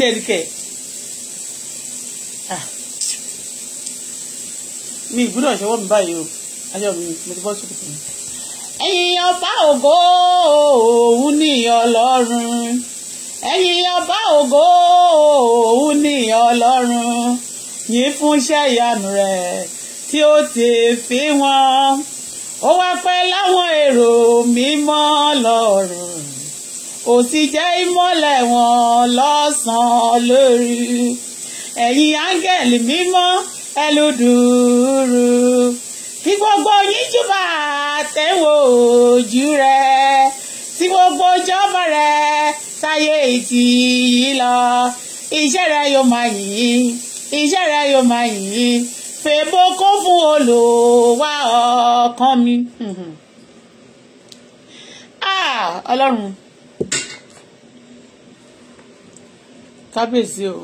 dẹ́nikẹ́ ah. mi ìgbúdọ̀ ṣọwọ́ mi báyìí o aṣọ mi mo ti bọ́ sókòtò mi. ẹ̀yin ọba ògo òun ni ọlọ́run ẹ̀yin ọba ògo òun ni ọlọ́run yìí fún iṣẹ́ ìyanu rẹ̀ tí ó ti fi wọ́n ó wá pẹ́ láwọn èrò mímọ́ lọ́rùn kò sì jẹ́ ìmọ́lẹ̀ wọn lọ́sàn-án lóru ẹ̀yin áńgẹ̀lì mímọ́ ẹ lù dùrù kí gbogbo yín júbà tẹ́wọ̀ ojú rẹ tí gbogbo jọba rẹ táyé ìtì yìí lọ iṣẹ́ rẹ yóò máa yìn iṣẹ́ rẹ yóò máa yìn fèbó kó fún olùwà ọkàn mi. Ah, Ọlọ́run. Ah, kábíyèsí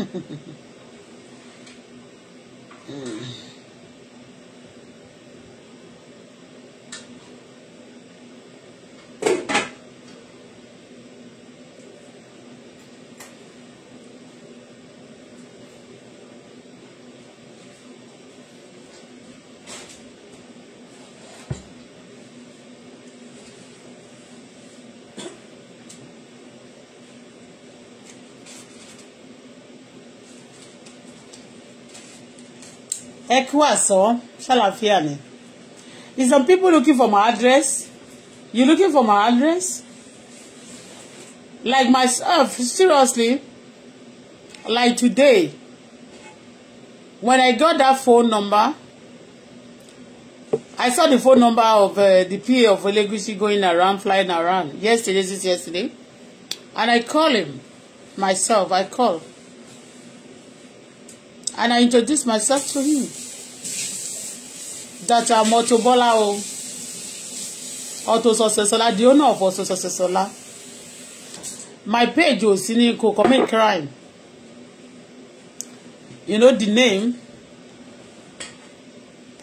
ẹ kú àsán ṣàlàfíà ni is some people looking for my address you looking for my address like myself seriously like today when I got that phone number I saw the phone number of uh, the PA of Olegusi going around flying around yesterday since yesterday and I call him myself I call and I introduce myself to him that I'm Auto Bola o Auto Successola the owner of Auto Successola my page was sí ní kò commit crime you know the name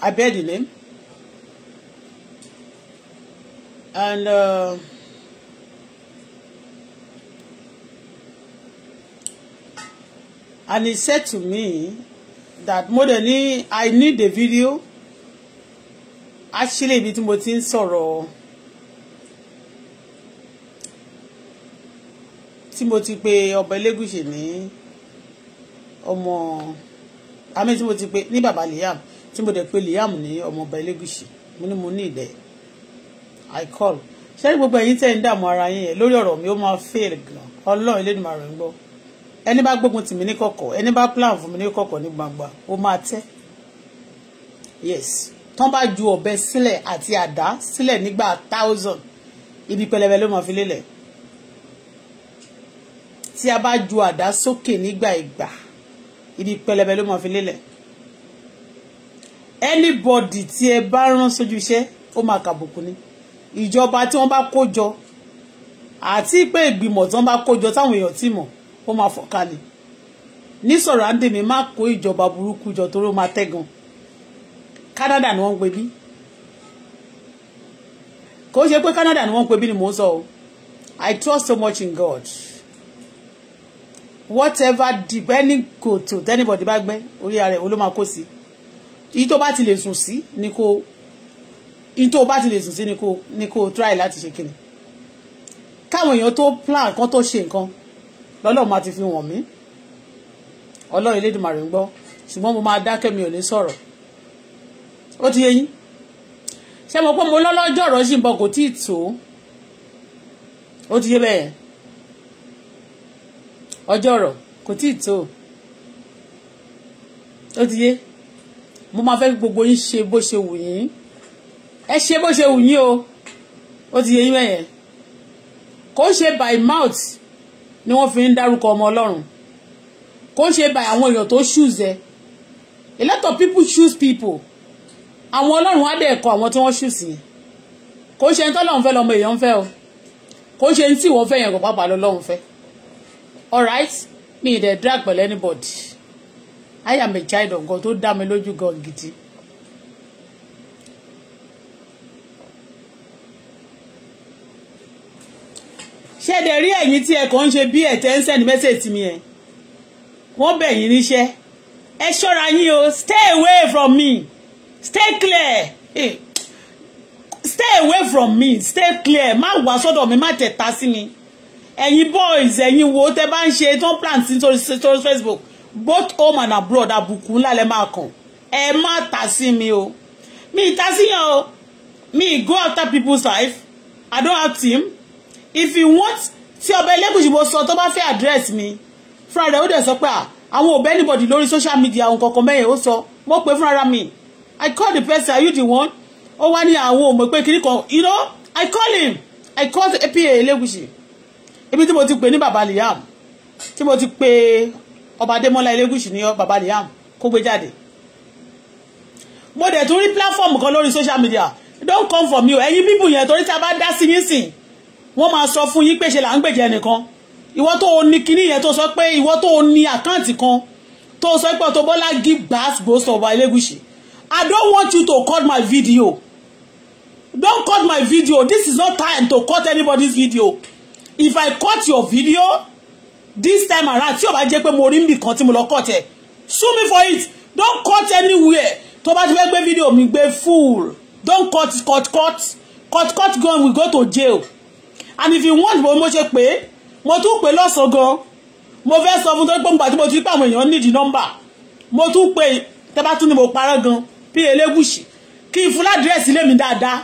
I bear the name and. Uh, And he said to me, that mo dẹ̀ ní i need the video actually ibi tí mo ti ń sọ̀rọ̀ tí mo ti pe ọba elégùsì ní ọmọ àmì tí mo ti pe ní baba liam tí mo dẹ̀ pe liam ní ọmọ ọba elégùsì mo ní mo ní ìdẹ i call ṣé gbogbo ẹ̀yin tẹ́ ń dààmú ara yín yẹn lórí ọ̀rọ̀ mi ó máa fail gan ọlọ́run elédùnmarè ń gbọ́ ẹni bá gbógun tì mí ní kọ̀kọ̀ ẹni bá plan fún mi ní kọ̀kọ̀ ní gbangba ó máa tẹ́ yes tán bá ju ọ̀bẹ sílẹ̀ àti àdá sílẹ̀ nígbà thousand ibi pẹlẹbẹ ló máa fi lélẹ̀ tí a bá ju àdá sókè nígbà ìgbà ibi pẹlẹbẹ ló máa fi lélẹ̀ anybody tí ẹ bá rán sójú iṣẹ́ ó máa kàbùkù ni ìjọba tí wọ́n bá kó jọ àti pé ìgbìmọ̀ tí wọ́n bá kó jọ táwọn èèyàn ti mọ̀ ó máa fọ̀kalẹ̀ ní sọ̀ràǹdì mi má kó ìjọba burúkú jọ torí máa tẹ̀gàn Canada ni wọ́n ń pe kò ṣe pé Canada ni wọ́n ń pe ni mò ń sọ o I trust so much in God whatever dìgbẹ́ any kòtò anybody, bá gbẹ́ orí ara ẹ̀ wo ló máa kó sí i tó bá ti lè sùn sí ni kò in tó bá ti lè sùn sí ni kò ni kò try láti ṣe kíni káwọn èèyàn tó plan kan tó ṣe nǹkan lọ́lọ́run máa ti fi wọ̀n mí ọlọ́run elédùnmarè ń gbọ́ ṣùgbọ́n mo máa dákẹ́ mi ò ní sọ̀rọ̀ ó ti yé yín ṣé mo pé mo lọ́lọ́jọ́ ọ̀rọ̀ ṣì ń bọ̀ kò tí ì tó ó ti yé bẹ́ẹ̀ ọjọ́ ọ̀rọ̀ kò tí ì tó ó ti yé mo máa fẹ́ gbogbo yín ṣe bó ṣe wù yín ẹ ṣe bó ṣe wù yín o ó ti yé yín mẹ́yẹn kò ń ṣe by mouth ni wọ́n fi ń dárúkọ ọmọ ọlọ́run kò ń ṣe by àwọn èèyàn tó choose a lot of people choose people àwọn ọlọ́run á dẹ̀ kọ àwọn tí wọ́n choose yẹn kò ń ṣe ń tọ́lọ́run fẹ́ lọ́mọ èèyàn ń fẹ́ o kò ń ṣe ń tí wọ́n fẹ́ yẹn kò pàpà lọ́lọ́run fẹ́ alright mi ì dẹ̀ drag pẹ̀lú anybody I am a child of God tó dá mi lójú gan gidi. ṣé ẹ dẹ̀ rí ẹ̀yin tí ẹ kàn ń ṣe bí ẹ̀tẹ́ ń sẹ́ni mẹ́sẹ̀ tì mí ẹ̀ wọ́n bẹ̀ yín níṣẹ́ ẹ ṣọ́ra yín o stay away from me stay clear hey. Eh, stay away from me stay clear má wá sọ́dọ̀ mi má tẹ̀ta sí mi ẹ̀yin boys ẹ̀yin wo tẹ́ bá ń ṣe tó ń plant nítorí nítorí Facebook both home and abroad àbùkù ńlá lẹ máa kàn ẹ má ta sí mi o mi ìta síyàn o mi go after people's life I don't have team if you want tí ọba Elégùṣì mo sọ tó bá fẹ́ address mi fúnra rẹ̀ ó dẹ̀ sọ pé ah, àwọn ò bẹ́ anybody lórí social media òun kankan mẹ́yìn ó sọ mo pè fúnra mi I call the person are you the one ó wá ní àwọn ò mọ̀ pé kiri kan you know I call him I call the APA Elégùṣì ibi tí mo ti pè ní baba Liam tí mo ti pè ọba Adémọ́lá Elégùṣì ní baba Liam kó gbé jáde mo dẹ̀ tún rí platform kan lórí social media don't come for me o ẹ̀yin bíbù yẹn torí tí a bá dá sí yín sìn wọ́n máa sọ fún yín pé ṣe là ń gbèjà ẹnìkan ìwọ tó o ní kinní yẹn tó sọ pé ìwọ tó o ní àkáǹtì kan tó sọ pé Auto Bola give bass ghost of Elegushi I don't want you to cut my video don't cut my video this is not time to cut anybody's video if I cut your video this time around tí o bá jẹ́ pé mo rí nbì kan tí mo lọ cut ẹ̀ sue me for it don't cut anywhere tó bá ti fẹ́ gbé fídíò mi gbé full don't cut cut cut cut cut gun we go to jail and if you want mo mo ṣe pé mo tún pè lọ́sàn-án gan mo fẹ́ sọ fún tó pé nígbà tí mo ti pé èèyàn nídìí nọ́mbà mo tún pè tẹ́ tún ni mo parọ́ gan bí Elégùṣì kí n fún ládírẹ́sì ilé mi dáadáa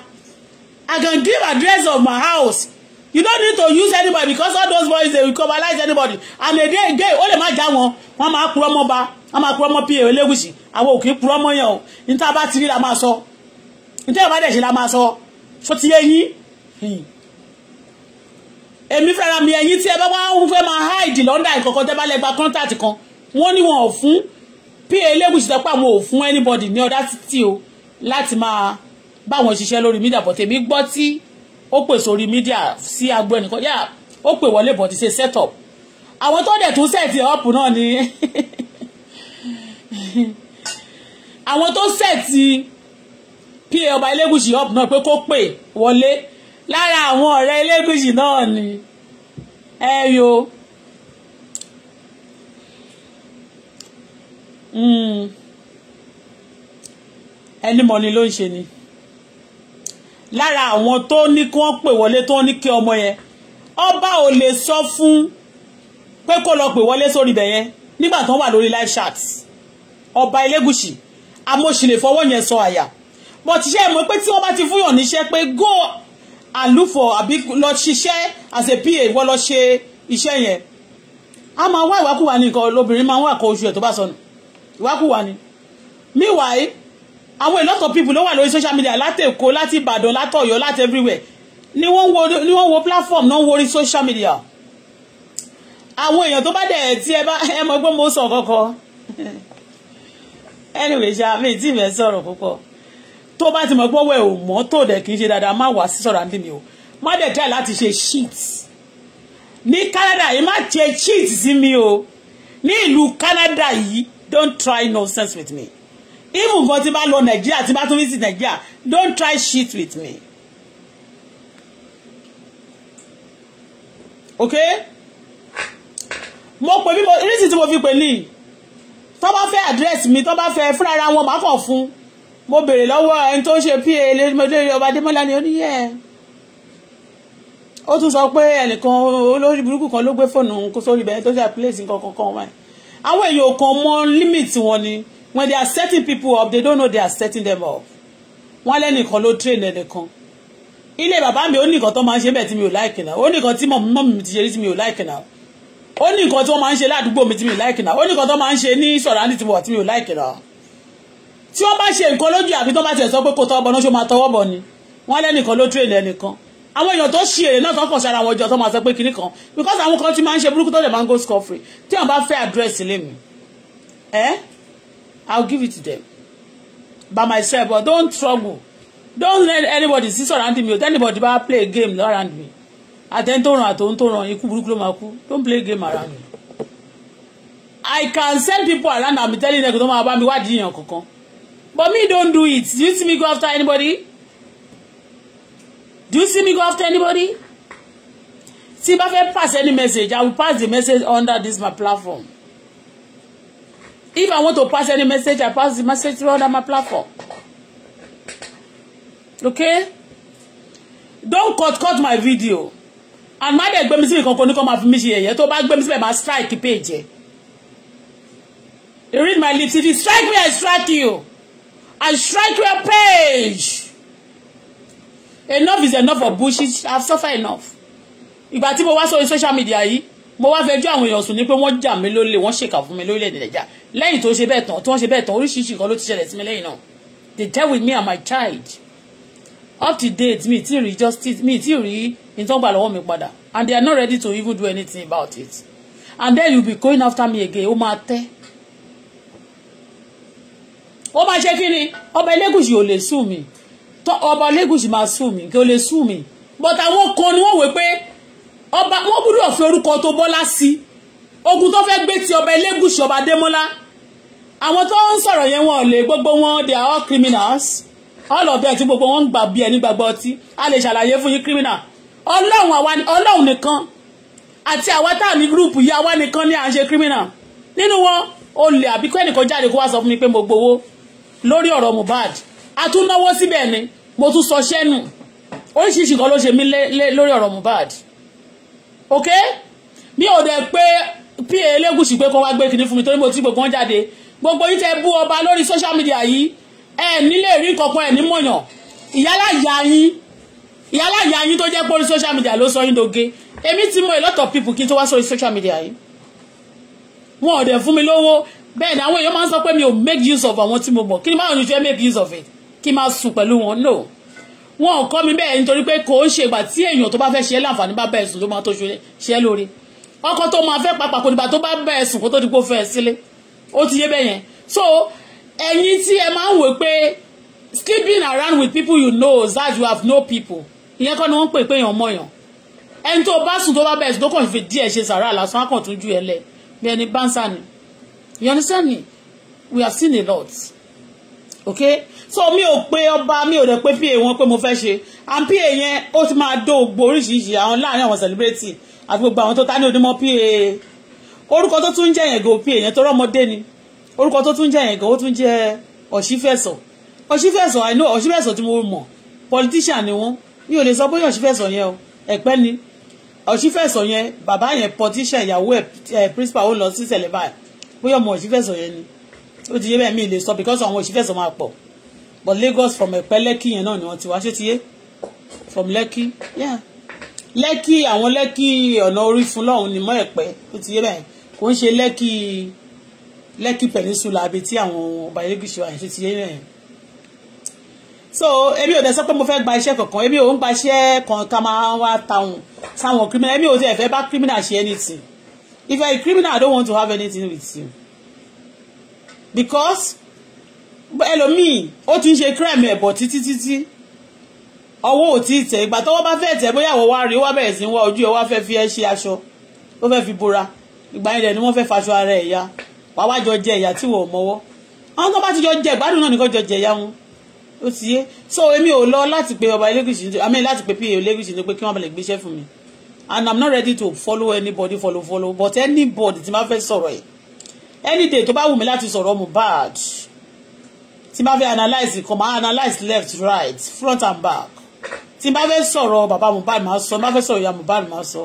I can give address of my house you no need to use anybody because all those boys dey commercialize anybody and they dey gay ó lè má já wọn wọn máa purọ́ mọ́ ba wọn máa purọ́ mọ́ pa Elégùṣì àwọn ò kì í purọ́ mọ́ yẹn o níta bá ti la máa sọ níta bá dẹ̀ ṣe la máa sọ sọ ti yé yín. Hmm èmi fẹ́ra mi ẹ̀yin tí ẹ bá wá ń fẹ́ máa hide lọ́ndà ìkọ̀kan tẹ́ bá lẹ́gba contact kan wọ́n ní wọn ò fún pa elégùsì tẹ́pọ̀ àwọn ò fún anybody ní ọ̀dá títí o láti máa bá wọn ṣiṣẹ́ lórí mídíà but èmi gbọ́ tí ó pè sórí mídíà sí agbo ẹnìkan yá ó pè wọlé but ṣe set up àwọn tó dẹ̀ tún set up náà ni àwọn tó set pa ọba elégùsì up náà pé kó pè wọlé lára àwọn ọ̀rẹ́ Elégùṣì náà ni ẹ yo. Hmm. ẹni mọ̀ ni ló ń ṣe ni lára àwọn tó ní kí wọ́n pè wọlé tó ní kí ọmọ yẹn ọba ò lè sọ fún pé kó lọ pè wọlé sórí ibẹ̀ yẹn nígbà tó wà lórí live chat ọba Elégùṣì amóṣìlè fọwọ́ yẹn sọ àyà bọ́n ti ṣe é mọ̀ pé tí wọ́n bá ti fúnyàn níṣẹ́ pé go and look for àbí lọ ṣiṣẹ́ as a PA wọ́n lọ ṣe iṣẹ́ yẹn a máa wá ìwákùwà ní nǹkan lóbìnrin máa ń wà kọ oṣù ẹ̀ tó bá sọnù ìwákùwà ni meanwhile àwọn a lot of people ló wà lórí social media láti Èkó láti Ìbàdàn láti Ọ̀yọ́ láti everywhere ni wọ́n wo ni wọ́n wo platform náà ń wo social media àwọn èèyàn tó bá dẹ̀ tí ẹ bá ẹ mọ̀ pé mo sọ kọ́kọ́ anyway ṣá mi ì tí ì sọ̀rọ̀ púpọ̀ tó bá ti mọ̀ pé ọwọ́ ò mọ́ tó dẹ̀ kì í ṣe dáadáa má wá sí sọ̀rọ̀ àǹdí mi o má dẹ̀ try láti ṣe shit ní Canada yìí má ṣe shit sí mi o ní ìlú Canada yìí don't try nonsense with me even nǹkan tí bá lọ Nàìjíríà tí bá tún visit Nàìjíríà don't try shit with me okay mo pè bí mo irísì tí mo fi pè ní tó bá fẹ́ address mi tó bá fẹ́ fúnra ara wọn máa kàn fún un mo béèrè lọ́wọ́ ẹni tó ń ṣe pa elémọdé ọba adémọ́lá ni ó ní yẹ ó tún sọ pé ẹnìkan olórí burúkú kan ló gbé fóònù kó sórí bẹ́ẹ̀ tó ṣe àpilẹ̀sì kankan wáyé àwọn èèyàn kan mọ limit wọn ni when they are setting people up they don't know they are setting them up wọn lẹ́nìkan ló train ẹnìkan ilé bàbá mi ó ní nǹkan tó máa ń ṣe bẹ́ẹ̀ tí mi ò láìkì náà ó ní nǹkan tí mọ̀mọ́ mi ti ṣe rí tí mi ò láìkì náà ó ní nǹkan tí wọ́n máa ń ṣe ládùúgbò mi tí mi ò láìkì náà ó ní nǹkan tó máa ń ṣe ní sọ̀rọ̀ àǹdí tí mo wà tí mi ò láìkì náà tí wọ́n bá ṣe nǹkan lójú àbí tó bá tiẹ̀ sọ pé kó tọwọ́ bọ̀ náà ṣó máa tọwọ́ bọ̀ ni wọ́n lẹ́nìkan ló tírèlì ẹnìkan àwọn èèyàn tó ṣe èrè náà tó kàn sára wọn jọ tó máa sọ pé kinní kan because àwọn kan ti máa ń ṣe burúkú tó lè máa go scot free tí wọ́n bá fẹ́ address lé mi eh i will give it to them by myself but don't struggle don't let anybody see around me or anybody bá play a game around me àtẹ̀ntóran àtòǹtóran ikú burúkú ló máa kú don't play a game around me i can send people around am telling them kò tó máa bá mi wádìí èèyàn kankan But me don't do it. Do you see me go after anybody? Do you see me go after anybody? See, if I pass any message, I will pass the message under this my platform. If I want to pass any message, I pass the message through under my platform. Okay? Don't cut cut my video. And má dẹ̀ gbé mi come kankan ní kọ́ máa fi mí ṣe yẹ̀yẹ́ tó bá gbé mi síbẹ̀ máa strike page You read my lips. If you strike me, I strike you and strike your page. Enough is enough for bushes. I've suffered enough. Ìgbà tí mo wá sórí social media yìí, mo wá fẹjọ́ àwọn èèyàn sùn ní pé wọ́n jà mí lólè, wọ́n ṣèkà fún mi lórílẹ̀-èdè Nàìjíríà. Lẹ́yìn tó ṣe bẹ́ẹ̀ tán, tí wọ́n ṣe bẹ́ẹ̀ tán, oríṣiríṣi nǹkan ló ti ṣẹlẹ̀ sí mi lẹ́yìn náà. They dealt with me and my child. Up to date, mi ti rí justice, mi ti rí ìtọ́gbà lọ́wọ́ mi padà. And they are not ready to even do anything about it. And then you be going after me again, ó máa tẹ́ ó máa ṣe kí ni ọba elégùsì ò lè sù mí ọba elégùsì máa sù mí kí ó lè sù mí but àwọn kan ni wọ́n wé pé ọba wọ́n gbúdọ̀ fi orúkọ tó bọ́lá sí ogun tó fẹ́ gbé ti ọba elégùsì ọba démọ́lá àwọn tó ń sọ̀rọ̀ yẹn wọn ò lè gbogbo wọn they are all criminals all of them tí gbogbo wọn ń gbà bí ẹni gbàgbọ́ ọtí a lè ṣàlàyé fún yín criminal ọlọ́run nìkan àti àwa tá a ní gúrùpù yìí àwa nìkan ni à ń ṣe criminal nínú wọn olè àbíkọ́ ẹnìkan jáde kó wá sọ fún mi pé mo gbowó lórí ọ̀rọ̀ Mohbad a tún náwó síbẹ̀ ni mo tún sọ sẹ́nu oríṣiríṣi nǹkan ló ṣe mí lórí ọ̀rọ̀ Mohbad ok mi ò dẹ̀ pé pa Elégùṣì pé kó wá gbé kinní fún mi torí mo ti gbogbo wọn jáde gbogbo yìí tẹ́ bú ọba lórí social media yìí ẹ nílé rí kankan ẹ ní mọ̀yàn ìyálàyà yín ìyálàyà yín tó jẹ́ pé orí social media ló sọ yín doge èmi ti mọ a lot of people kí n tó wá sórí social media yìí wọn ò dẹ̀ fún mi lówó bẹ́ẹ̀ ni àwọn èèyàn máa ń sọ pé mi ò make use of àwọn tí mo mọ̀ kí ni báwọn oníṣẹ́ make use of it kí n máa sùn pẹ̀lú wọn no wọn ò kọ́ mi bẹ́ẹ̀ nítorí pé kò ń ṣe ìgbà tí èèyàn tó bá fẹ́ ṣe é láǹfààní bá bẹ́ẹ̀ sùn ló máa tó ṣe é lórí ọkọ tó máa fẹ́ papà kò nígbà tó bá bẹ́ẹ̀ sùn kó tó di pé ó fẹ́ sílé ó ti yé bẹ́ẹ̀ yẹn so ẹ̀yin tí ẹ máa ń wò pé sleeping around with people you know that you have no people ìyẹn kọ́ ni wọ́n ń pè pé èèyàn mọ̀yàn ẹni tó bá sùn tó bá bẹ́ẹ̀ sùn tó kàn fi díẹ̀ ṣe sàrà lásán á kàn tún ju ẹ lẹ bí ẹni báńsà ni you understand me we have seen a lot okay so mi ò pe ọba mi ò dẹ̀ pé pa wọn pé mo fẹ́ ṣe and pa yẹn ó ti máa dó gbogbo oríṣiríṣi àwọn láàrin àwọn celebrity àti gbogbo àwọn tó ta ní onímọ̀ pa orúkọ tó tún jẹ́ yẹn gan pa yẹn tó rọ́mọdé ni orúkọ tó tún jẹ́ yẹn gan ó tún jẹ́ ọ̀ṣífẹ̀sọ̀ ọ̀ṣífẹ̀sọ̀ i know ọ̀ṣífẹ̀sọ̀ ti mo mo. politician ni wọ́n mi ò lè sọ bóyá ọ̀ṣífẹ̀sọ̀ yẹn o ẹ̀pẹ́ ni ọ̀ṣífẹ̀sọ̀ yẹn bàbá yẹn politician ìyàwó ẹ̀ principal o lọ sí sẹ̀lẹ̀ bóyá ọmọ òṣìfẹsọ yẹn ni ó ti yé bẹ́ẹ̀ mi lè sọ because àwọn òṣìfẹsọ máa pọ̀ but Lagos from Ẹ̀pẹ́ Lẹ́kì yẹn náà ni wọ́n ti wá ṣé ti yé from Lẹ́kì yeah Lẹ́kì àwọn Lẹ́kì ọ̀nà orí fún lọ́hùn ni mọ́ Ẹ̀pẹ́ ó ti yé bẹ́ẹ̀ kò ń ṣe Lẹ́kì Lẹ́kì peninsula àbí tí àwọn ọba elégùsì wà ṣé ti yé bẹ́ẹ̀ so èmi ò dẹ̀ sọ pé mo fẹ́ gba iṣẹ́ kankan èmi ò ń gba iṣẹ́ kan ká máa wá táwọn sáwọn criminal èmi ò dẹ̀ fẹ́ bá criminal ṣe anything if you're a criminal I don't want to have anything with you because ẹlòmíì ó ti ń ṣe crime ẹ̀bọ̀ títí títí ọwọ́ ò tí ì tẹ̀ ìgbà tọ́wọ́ bá fẹ́ tẹ̀ bóyá àwọ̀ wá rí wá bẹ̀rẹ̀ sí wá ojú ẹ̀ wá fẹ́ fi ẹ́ ṣe aṣọ ó fẹ́ fi bora ìgbà yẹn dẹ̀ ni wọ́n fẹ́ faṣọ ara ẹ̀ ya wàá wá jọ jẹ ìyà tí wọ́n mọ́wọ́ àwọn tó bá ti jọ jẹ ìgbádùn náà nìkan jọ jẹ ìyà wọn ó ti yé so èmi ò lọ láti pe ọba elégùsì àmì láti pe pa elégùsì ni pé kí wọ́n balẹ̀ gbéṣẹ́ fún mi and i'm not ready to follow anybody follow follow but anybody tí máa fẹ́ sọ̀rọ̀ ẹ̀ any day tó bá wù mí láti sọ̀rọ̀ Mohbad tí máa fẹ́ analyse kan máa analyse left right front and back tí máa fẹ́ baba bàbá Mohbad máa sọ máa fẹ́ sọ̀rọ̀ ìyá Mohbad máa sọ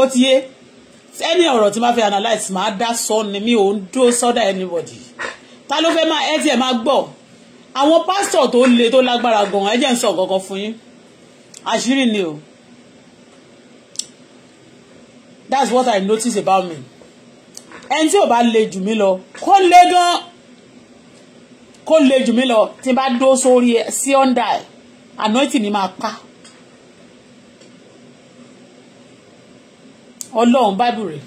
ó ti yé any ọ̀rọ̀ tí máa fẹ́ analyse máa dá sọ ni mi ò ń dó sọ́dà anybody ta ló fẹ́ máa ẹ tiẹ̀ máa gbọ́ àwọn pásítọ̀ tó le tó lágbára gan-an ẹ jẹ́ ń sọ kankan fún yín àṣírí ni o that's what I notice about me ẹni tí ò bá le jù mí lọ kó le gan kó le jù mí lọ tí n bá dó sórí ẹ sí ọ̀ndà ẹ anointing ni máa pa ọlọ́run báìbù rẹ̀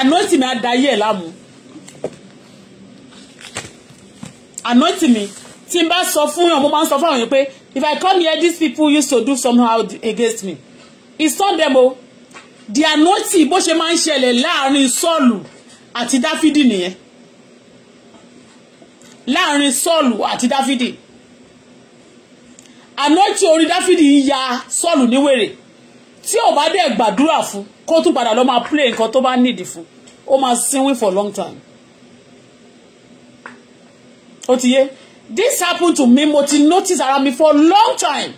anointing mi á da ayé ẹ̀ láàmú anointing mi tí n bá sọ fún yàn mo máa ń sọ fún àwọn yẹn pé if I come here these people used to do somehow against me ìsọ́ndẹ̀mọ́ the anointing bó ṣe máa ń ṣẹlẹ̀ láàrin sọ́ọ̀lù àti dáfídì nìyẹn láàrin sọ́ọ̀lù àti dáfídì anointing orí dáfídì ń ya sọ́ọ̀lù níwèrè tí ò bá dẹ̀ gbàdúrà fún kó tún padà lọ máa play nǹkan tó bá nídìí fún ó máa sinwin for long time ó ti yé this happened to me mo ti notice ara mi for long time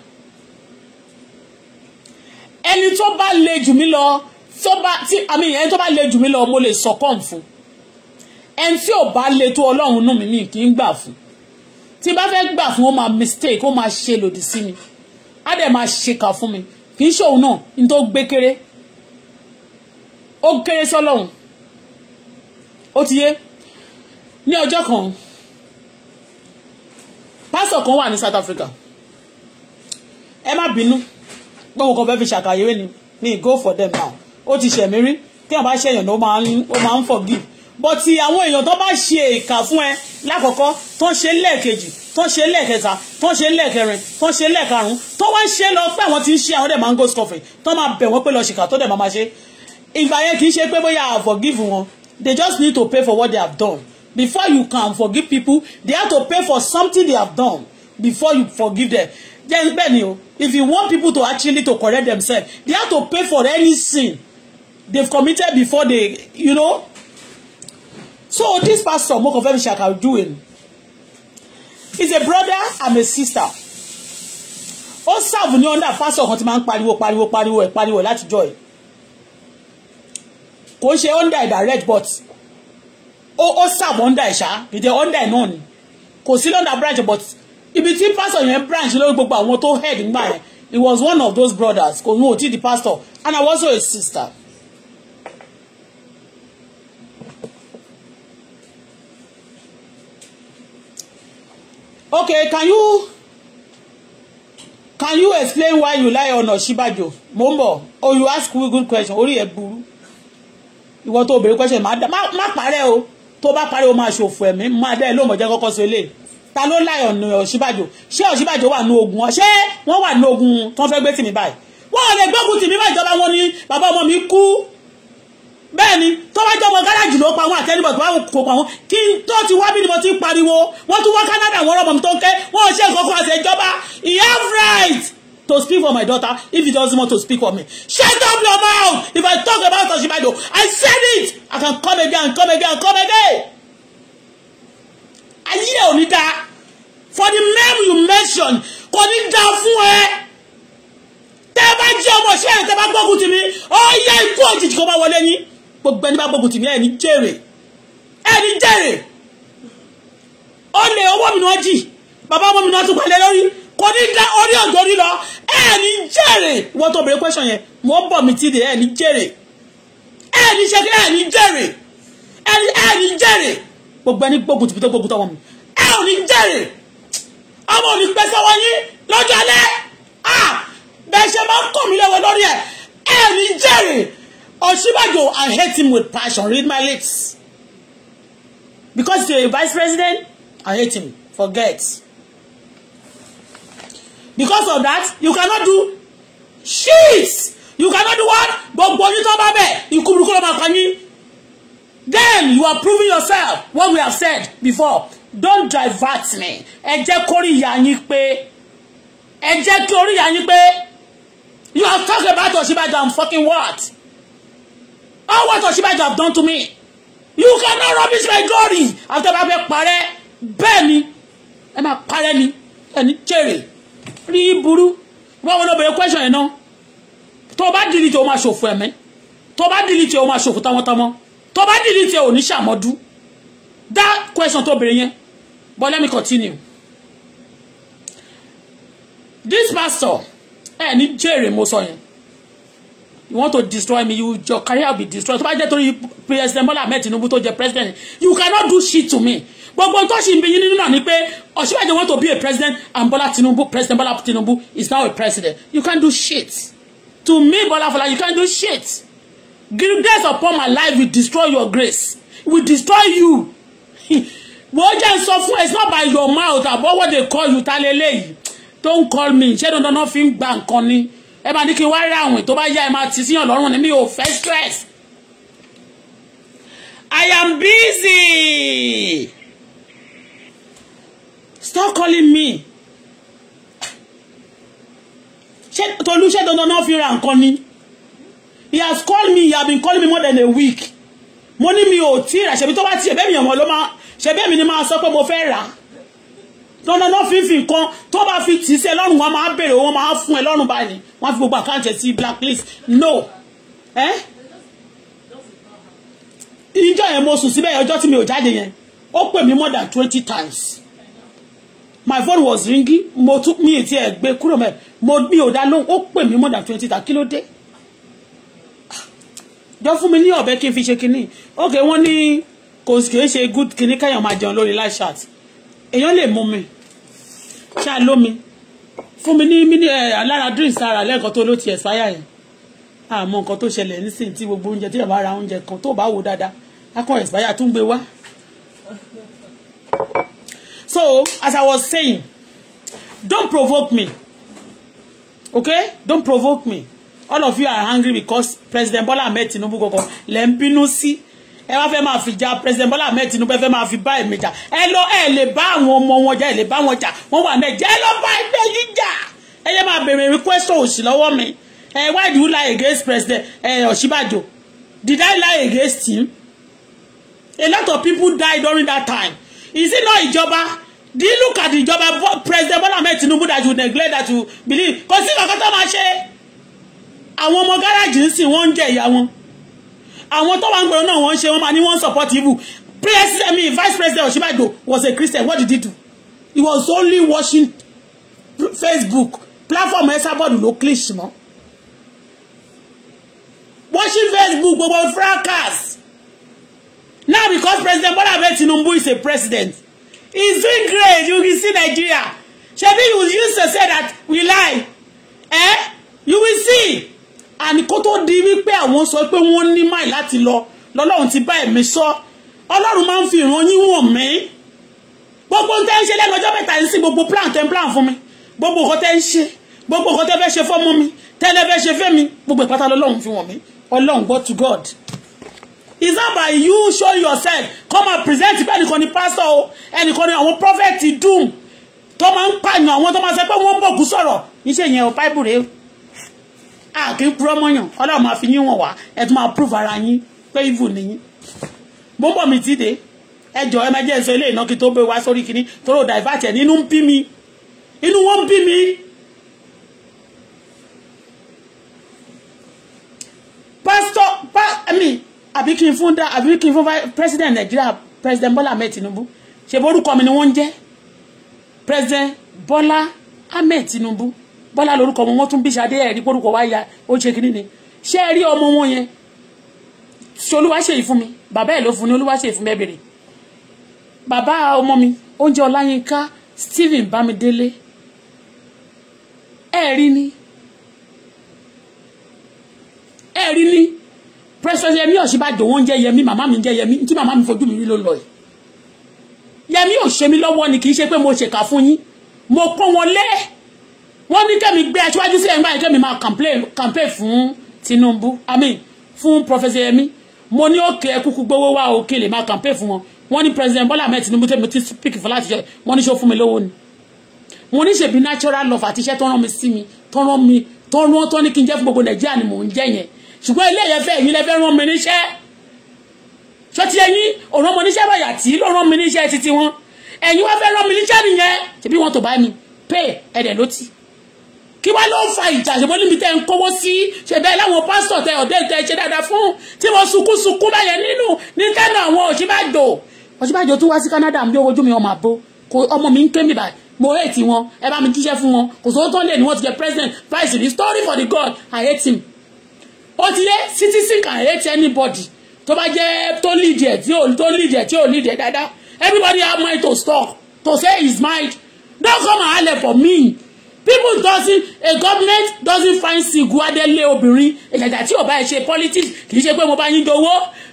ẹni tó bá le jù mí lọ tó bá tí àmì ẹni tó bá le jù mí lọ mo lè sọkàn fún ẹni tí ò bá le tó ọlọ́run nù mí mi kì í gbà fún tí bá fẹ́ gbà fún ó máa mistake ó máa ṣe lòdì sí mi á dẹ̀ máa ṣèkà fún mi kì í ṣòun náà ní tó gbé kéré ó kéré sọ́lọ́run ó ti yé ní ọjọ́ kan pásọ̀ kan wà ní South Africa ẹ má bínú pé mo kàn fẹ́ fi ṣàkàyèrè ni ni go for them now ó ti ṣẹ̀mí rí tí a bá ṣẹ̀yàn ló máa ń ó máa ń forgive but ti àwọn èèyàn tó bá ṣe ìkà fún ẹ lákọ̀ọ́kọ́ tó ń ṣe lẹ́ẹ̀kejì tó ń ṣe lẹ́ẹ̀kẹta tó ń ṣe lẹ́ẹ̀kẹrin tó ń ṣe lẹ́ẹ̀karùn tó wá ń ṣe lọ pé àwọn tí ń ṣe àwọn dẹ̀ máa ń go scoffing tó máa bẹ̀ wọ́n pé lọ ṣìkà tó dẹ̀ máa ṣe ìgbà yẹn kì í ṣe pé bóyá I forgive wọn they just need to pay for what they have done before you can forgive people they have to pay for something they have done before you forgive them jẹ́ gbẹ́ ni o if you want people to actually to correct themselves they have to pay for any sin they've committed before they you know so this pastor mo kàn fẹ́ mi ṣàkàjúwe ni he's a brother and a sister ó ṣàbù ní under pastor kan tí máa ń pariwo pariwo pariwo ẹ̀ pariwo látijọ́ ẹ̀ kò ṣe under direct but ó ó ṣàbù under ẹ̀ ṣá ìjẹ́ under ẹ̀ náà ni kò sí lọ́ndà branch but ibi tí pastor yẹn branch lórí gbogbo àwọn tó head nígbà yẹn he was one of those brothers kò ní òtí the pastor and I was also a sister. okay can you can you explain why you lie on Ọ̀ṣínbàjò mo ń bọ̀ or oh, you ask me good question orí ẹ̀ burú ìwọ tó béèrè question má parẹ́ o tó bá parẹ́ o máa ṣòfò ẹ̀mí má dá ẹ lóun ọ̀jẹ̀ kọ́kọ́ so eléyìí ta ló láì ọ̀nà òṣìbàjò ṣé òṣìbàjò wà nú ogun ṣé wọ́n wà nú ogun tó ń fẹ́ gbé tìmí báyìí wọ́n ò lè gbógun tìmí báyìí ìjọba wọn ni bàbá ọmọ mi kú bẹ́ẹ̀ ni tó bá jọmọ gáràjì ló pa wọn àtẹnubọ̀ tó bá kò pa wọn kí n tó ti wá bí ni mo ti pariwo wọ́n tún wá Canada wọn rọ́mọ mi tó ń kẹ́ wọ́n ò ṣe nǹkan kan àṣẹ he have right to speak for my daughter if he doesn't want to speak for me. Shut up your mouth if I talk about Oshibajo. I said it. I can come again, come again, come again ayé ò ní dáa for the name you mention kò ní dáa fún ẹ tẹ́ ẹ bá jẹ́ ọmọ ṣẹ́ ẹ̀ tẹ́ bá gbógun tì mí ó yẹ ikú òjijì kó bá wọlé yín gbogbo ẹni bá gbógun tì mí ẹ̀ ní jèrè ẹ̀ ní jèrè ó lè owó mi ni wọ́n jì bàbá ọmọ mi ni wọ́n tún palẹ̀ lórí kò ní dá orí ọ̀dọ́ rí lọ ẹ̀ jèrè wọ́n tó bèrè question yẹn mo ń bọ̀ mí ti dè ẹ̀ ní jèrè ẹ̀ ní ṣe ẹ̀ jèrè ẹ̀ jèrè gbogbo ẹni gbógun tìbí tó gbógun tọmọ mi ẹ ò ní jẹrè ọmọ ò ní pẹ́ sọ́wọ́ yín lọ́jọ́ alẹ́ bẹ́ẹ̀ ṣe máa ń kọ̀ mí lọ́wọ́ lórí ẹ̀ ẹ ò ní jẹrè Ọ̀ṣínbàjò I hate him with passion read my lips because he's a vice president I hate him forget because of that you cannot do shit you cannot do what gbogbo yín bá bẹ̀ ikú burúkú ló máa pa yín then you are proving yourself what we have said before don't divert me ẹ jẹ́ kórìíyá yín pé ẹ jẹ́ kí oríyá yín pé you have talked about Ọ̀ṣínbàjò and fucking what all what Ọ̀ṣínbàjò have done to me you cannot rubbish my glory after bá fẹ́ parẹ́ bẹ́ẹ̀ ni ẹ máa parẹ́ ni ẹni jèrè rí burú wọ́n wọn lọ bẹ̀rẹ̀ question yẹn náà tó o bá dìlì tí o máa ṣòfò ẹ̀mí tó o bá dìlì tí o máa ṣòfò tamọ́tamọ́ tó bá delete ẹ ò ní that question tó bèrè yẹn but let me continue this pastor ẹ ní jèrè mo sọ yẹn you want to destroy me you your career be destroyed tó bá jẹ́ torí president Bola Ahmed Tinubu tó jẹ́ president you cannot do shit to me gbogbo tó ṣì ń bí yín ni pé Ọ̀ṣínbàjò want to be a president and Bola Tinubu president Bola Tinubu is now a president you can't do shit to me Bola Fola you can't do shit grace upon my life will destroy your grace will destroy you wọ́n jẹ́ sọ fún ẹ̀ sọ́ba your mouth àbọ̀ what they call you ta lélẹ́yìí don't call me ṣé dandan náà fi ń gba nǹkan ni ẹ bá ní kí n wá rí àwìn tó bá yá ẹ máa ti síyàn lọ́rùn ni mi ò fẹ́ stress I am busy stop calling me ṣé Tolú ṣé dandan náà fi ra nǹkan ni he has called me he has been calling me more than a week mo ní mi ò tí ra ṣebí tó bá ti ẹ̀bẹ́ mi ọ̀mọ́ ló máa ṣebí mi ni máa sọ pé mo fẹ́ rà lọ́nàdán fífi nǹkan tó bá fi tì í sí ẹ lọ́rùn wọn máa bèrè wọn máa fún ẹ lọ́rùn báyìí wọn fi gbogbo àkáǹtì ẹ sí blacklist no ẹ́ ìjọ yẹn mo sùn síbẹ̀ ọjọ́ tí mi ò jáde yẹn ó pè mí more than twenty times my phone was ringing mo tún mi ì tiẹ̀ gbé kúrò mẹ́ mo mi ò dá lóhùn ó pè mí more than twenty times kí ló dé jọ fún mi ní ọ̀bẹ kí n fi ṣe kinní ok wọ́n ní kò sì kìí ṣe good kinní káyàn máa jẹun lórí live chat èèyàn lè mú mi ṣáà lómi fún mi ní mini alára drinks ara lẹ́ẹ̀kan tó ló ti ẹ̀sáyà yẹn àmọ́ nǹkan tó ṣẹlẹ̀ nísìnyí tí gbogbo oúnjẹ tí yàrá ara oúnjẹ kan tó bá wò dáadáa akọ ẹ̀sáyà tún gbé wá. so as i was saying don't provoke me okay don't provoke me all of you are angry because president Bola Ahmed Tinubu kankan lẹ́ ń bínú sí ẹ wá fẹ́ máa fi ja president Bola Ahmed Tinubu ẹ fẹ́ máa fi bá ẹ̀mí jà ẹ lọ ẹ lè bá àwọn ọmọ wọn jà ẹ lè bá wọn jà wọn wà náà jẹ́ ẹ lọ bá ẹgbẹ́ yìí jà ẹ yẹ máa bèrè request òsì lọ́wọ́ mi ẹ why do you lie against president ẹ Ọ̀ṣínbàjò did I lie against him a lot of people died during that time is it not ìjọba do you look at ìjọba president Bola Ahmed Tinubu that you neglect that you believe kò sí kankan tó máa ṣe àwọn ọmọ gáràjì ń sìn wọ́n ń jẹ ìyá wọn àwọn tó wà ń gbọ́dọ̀ náà wọ́n ṣe wọ́n máa ní wọ́n support evil president mi vice president Ọ̀ṣínbàjò was a Christian what did he do he was only watching Facebook platform Esabod ló cliché mọ́ watching Facebook gbogbo fracas now because President Bola Ahmed Tinubu is a president he's doing great you will see Nigeria shebi you use to say that we lie eh you will see àní kó tó di wípé àwọn sọ pé wọ́n ní máì láti lọ lọ́lọ́run ti bá ẹ̀mí sọ ọlọ́run máa ń fi ìran yín wọ̀n mí gbogbo ń tẹ́ ń ṣe lẹ́nu mẹ́ta yìí sí gbogbo plan tẹ́ ń plan fún mi gbogbo nǹkan tẹ́ ń ṣe gbogbo nǹkan tẹ́ fẹ́ ṣe fọ́mọ mi tẹ́lẹ̀ fẹ́ ṣe fẹ́ mi gbogbo ìpátá lọ́lọ́run fi wọ̀n mí ọlọ́run gbọ́ to God is that by you show yourself come and present pé ẹnìkan ni pastor o ẹnìkan ni àwọn prophet doom tó máa ń pààyàn àwọn tó máa ṣe pé wọ́n bòkú sọ̀rọ̀ níṣẹ́ yẹn o bible rèé a kì í purọ́ mọ́yàn ọlọ́run máa fi yín wọ̀n wá ẹ tún máa prove ara yín pé ìvù nìyí mo ń bọ̀ mí ti dé ẹ jọ ẹ máa jẹ́ ìsọ ilé ìná kí tó gbé wá sórí kínní tó rò divert ẹ̀ nínú ń bí mi inú wọn ń bí mi. pásítọ̀ pa mi àbí kí n fún dá àbí kí n fún president Nigeria president Bola Ahmed Tinubu ṣe borúkọ mi ni wọ́n ń jẹ́ president Bola Ahmed Tinubu bọ́lá lórúkọ wọn wọ́n tún bí ṣadé ẹ̀rí pórúkọ wáyà ó ṣe kínní ni ṣé ẹ rí ọmọ wọn yẹn ṣe olúwa ṣe yìí fún mi bàbá ẹ̀ ló fún ni olúwa ṣe yìí fún mi ẹ bèrè bàbá ọmọ mi oúnjẹ ọláyínká stephen bámidélé ẹ rí ni ẹ rí ni president yẹmi ọ̀ṣínbàjò oúnjẹ yẹmi màmá mi jẹ yẹmi tí màmá mi fojú mi rí ló lọ yìí ò ṣe mí lọ́wọ́ ni kì í ṣe pé mo ṣèkà fún yín mo kó wọn lẹ́ẹ̀ wọ́n ní kẹ́mi gbé aṣíwájú sílẹ̀ nígbà yẹn kẹ́mi máa campaign campaign fún Tinubu i mean fún Professor Yemi mo ní òkè ẹkúkú gbowó wá òkè lè máa campaign fún wọn wọ́n ní President Bola Ahmed Tinubu tẹ́mi ti speak for láti jẹ wọ́n ní ṣó fún mi lówó ni mo ní ṣèbí natural love àti iṣẹ́ tó rán mi sí mi tó rán mi tó rán tó ní kí n jẹ́ fún gbogbo Nàìjíríà ni mò ń jẹ́ yẹn ṣùgbọ́n ilé yẹn fẹ́ èyí lẹ fẹ́ rán mi níṣẹ́ ṣó ti ẹyin òun rán mi níṣẹ́ bàyà tí ló rán mi níṣẹ́ títí wọn ẹ̀yin wá fẹ́ rán mi níṣẹ́ nìyẹn ṣèbí wọn tó bá mi pay ẹ̀dẹ̀ ló ti kí wá ló ń fa ìjà ṣùgbọ́n níbi tẹ́ ń kówó sí ṣe bẹ́ẹ̀ láwọn pásítọ̀ tẹ ọ̀dẹ́ tẹ ṣe dáadáa fún tí wọ́n sunkún sunkún báyẹn nínú ní kánà àwọn Ọ̀ṣínbàjò Ọ̀ṣínbàjò tún wá sí Canada bí ojú mi ọmọ àbó ọmọ mi ń ké mi báyìí mo hate wọn ẹ bá mi jíṣẹ́ fún wọn kò sówó tán lè ní wọ́n ti jẹ president price the story for the God I hate him ó ti yé citizen can hate anybody tó bá jẹ́ tó lead ẹ̀ tí ò tó lead ẹ̀ tí ò lead ẹ̀ dáadáa everybody have mind to stop to say his mind don't come and hale for me people doesn't a government doesn't find siguadele obìnrin ìjàjà tí ò bá ẹ ṣe politics kì í ṣe pé mo bá yín dowó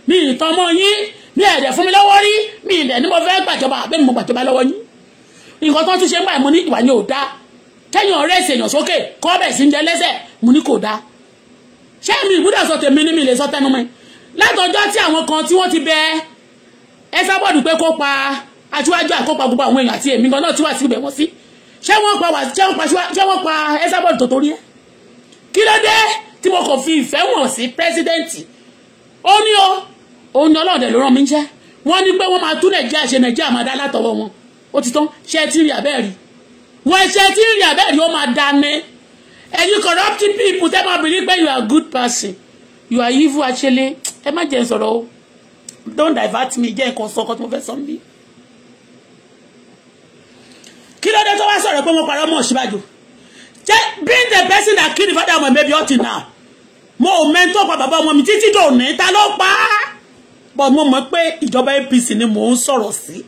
mi ìtàn mọ́ yín mi ẹ̀dẹ̀ fún mi lọ́wọ́ rí mi ìdẹ̀ ni mo fẹ́ gbàjọba àbẹ́ mi mo gbàjọba lọ́wọ́ yín nǹkan tó tún ṣe ń báyìí mo ní ìwà ni ò dáa kẹ́yìn ọ̀rẹ́ ẹ̀sìn èèyàn sókè kọ́ bẹ̀ sí ń jẹ lẹ́sẹ̀ mo ní kò dáa ṣé mi ìbúdà sọ tèmi ní mi lè sọ tẹnu mi látọjọ́ tí àwọn kan tí wọ́n ti bẹ ẹ sábọ̀dù pé kó pa aṣíwájú àkópa gbogbo àwọn èèyàn àti èmi gan náà tí wàá sí wọ́n sí ṣé wọ́n pa wà ṣé wọ́n pa ṣé wọ́n pa Esabod tó torí ẹ̀ kí ló dé tí mo kàn fi ìfẹ́ wọn sí pẹ́sidẹ́ǹtì ó ní o òun ni ọlọ́ọ̀dẹ ló rán mi jẹ́ wọ́n ní pé wọ́n máa tún nàìjíríà ṣe nàìjíríà máa dá látọwọ́ wọn ó ti tán ṣe tí ń rí àbẹ́ẹ̀rí wọ́n ṣe tí ń rí àbẹ́ẹ̀rí ó máa dání ẹ̀yin corrupting people tẹ́ máa believe pé you are good person you are evil actually ẹ má jẹ́ sọ̀rọ̀ o don't divert me jẹ́ nǹkan sọ́kọ́ tí mo fẹ́ sọ níbí kí ló dé tó wá sọ̀rọ̀ pé mo parọ́ mọ́ Ọ̀ṣínbàjò being the person that kill the father of my baby up now mo ò mẹ́ńtọ́ pa bàbá ọmọ mi títí dòní ta ló pa á but mo mọ̀ pé ìjọba APC ni mò ń sọ̀rọ̀ sí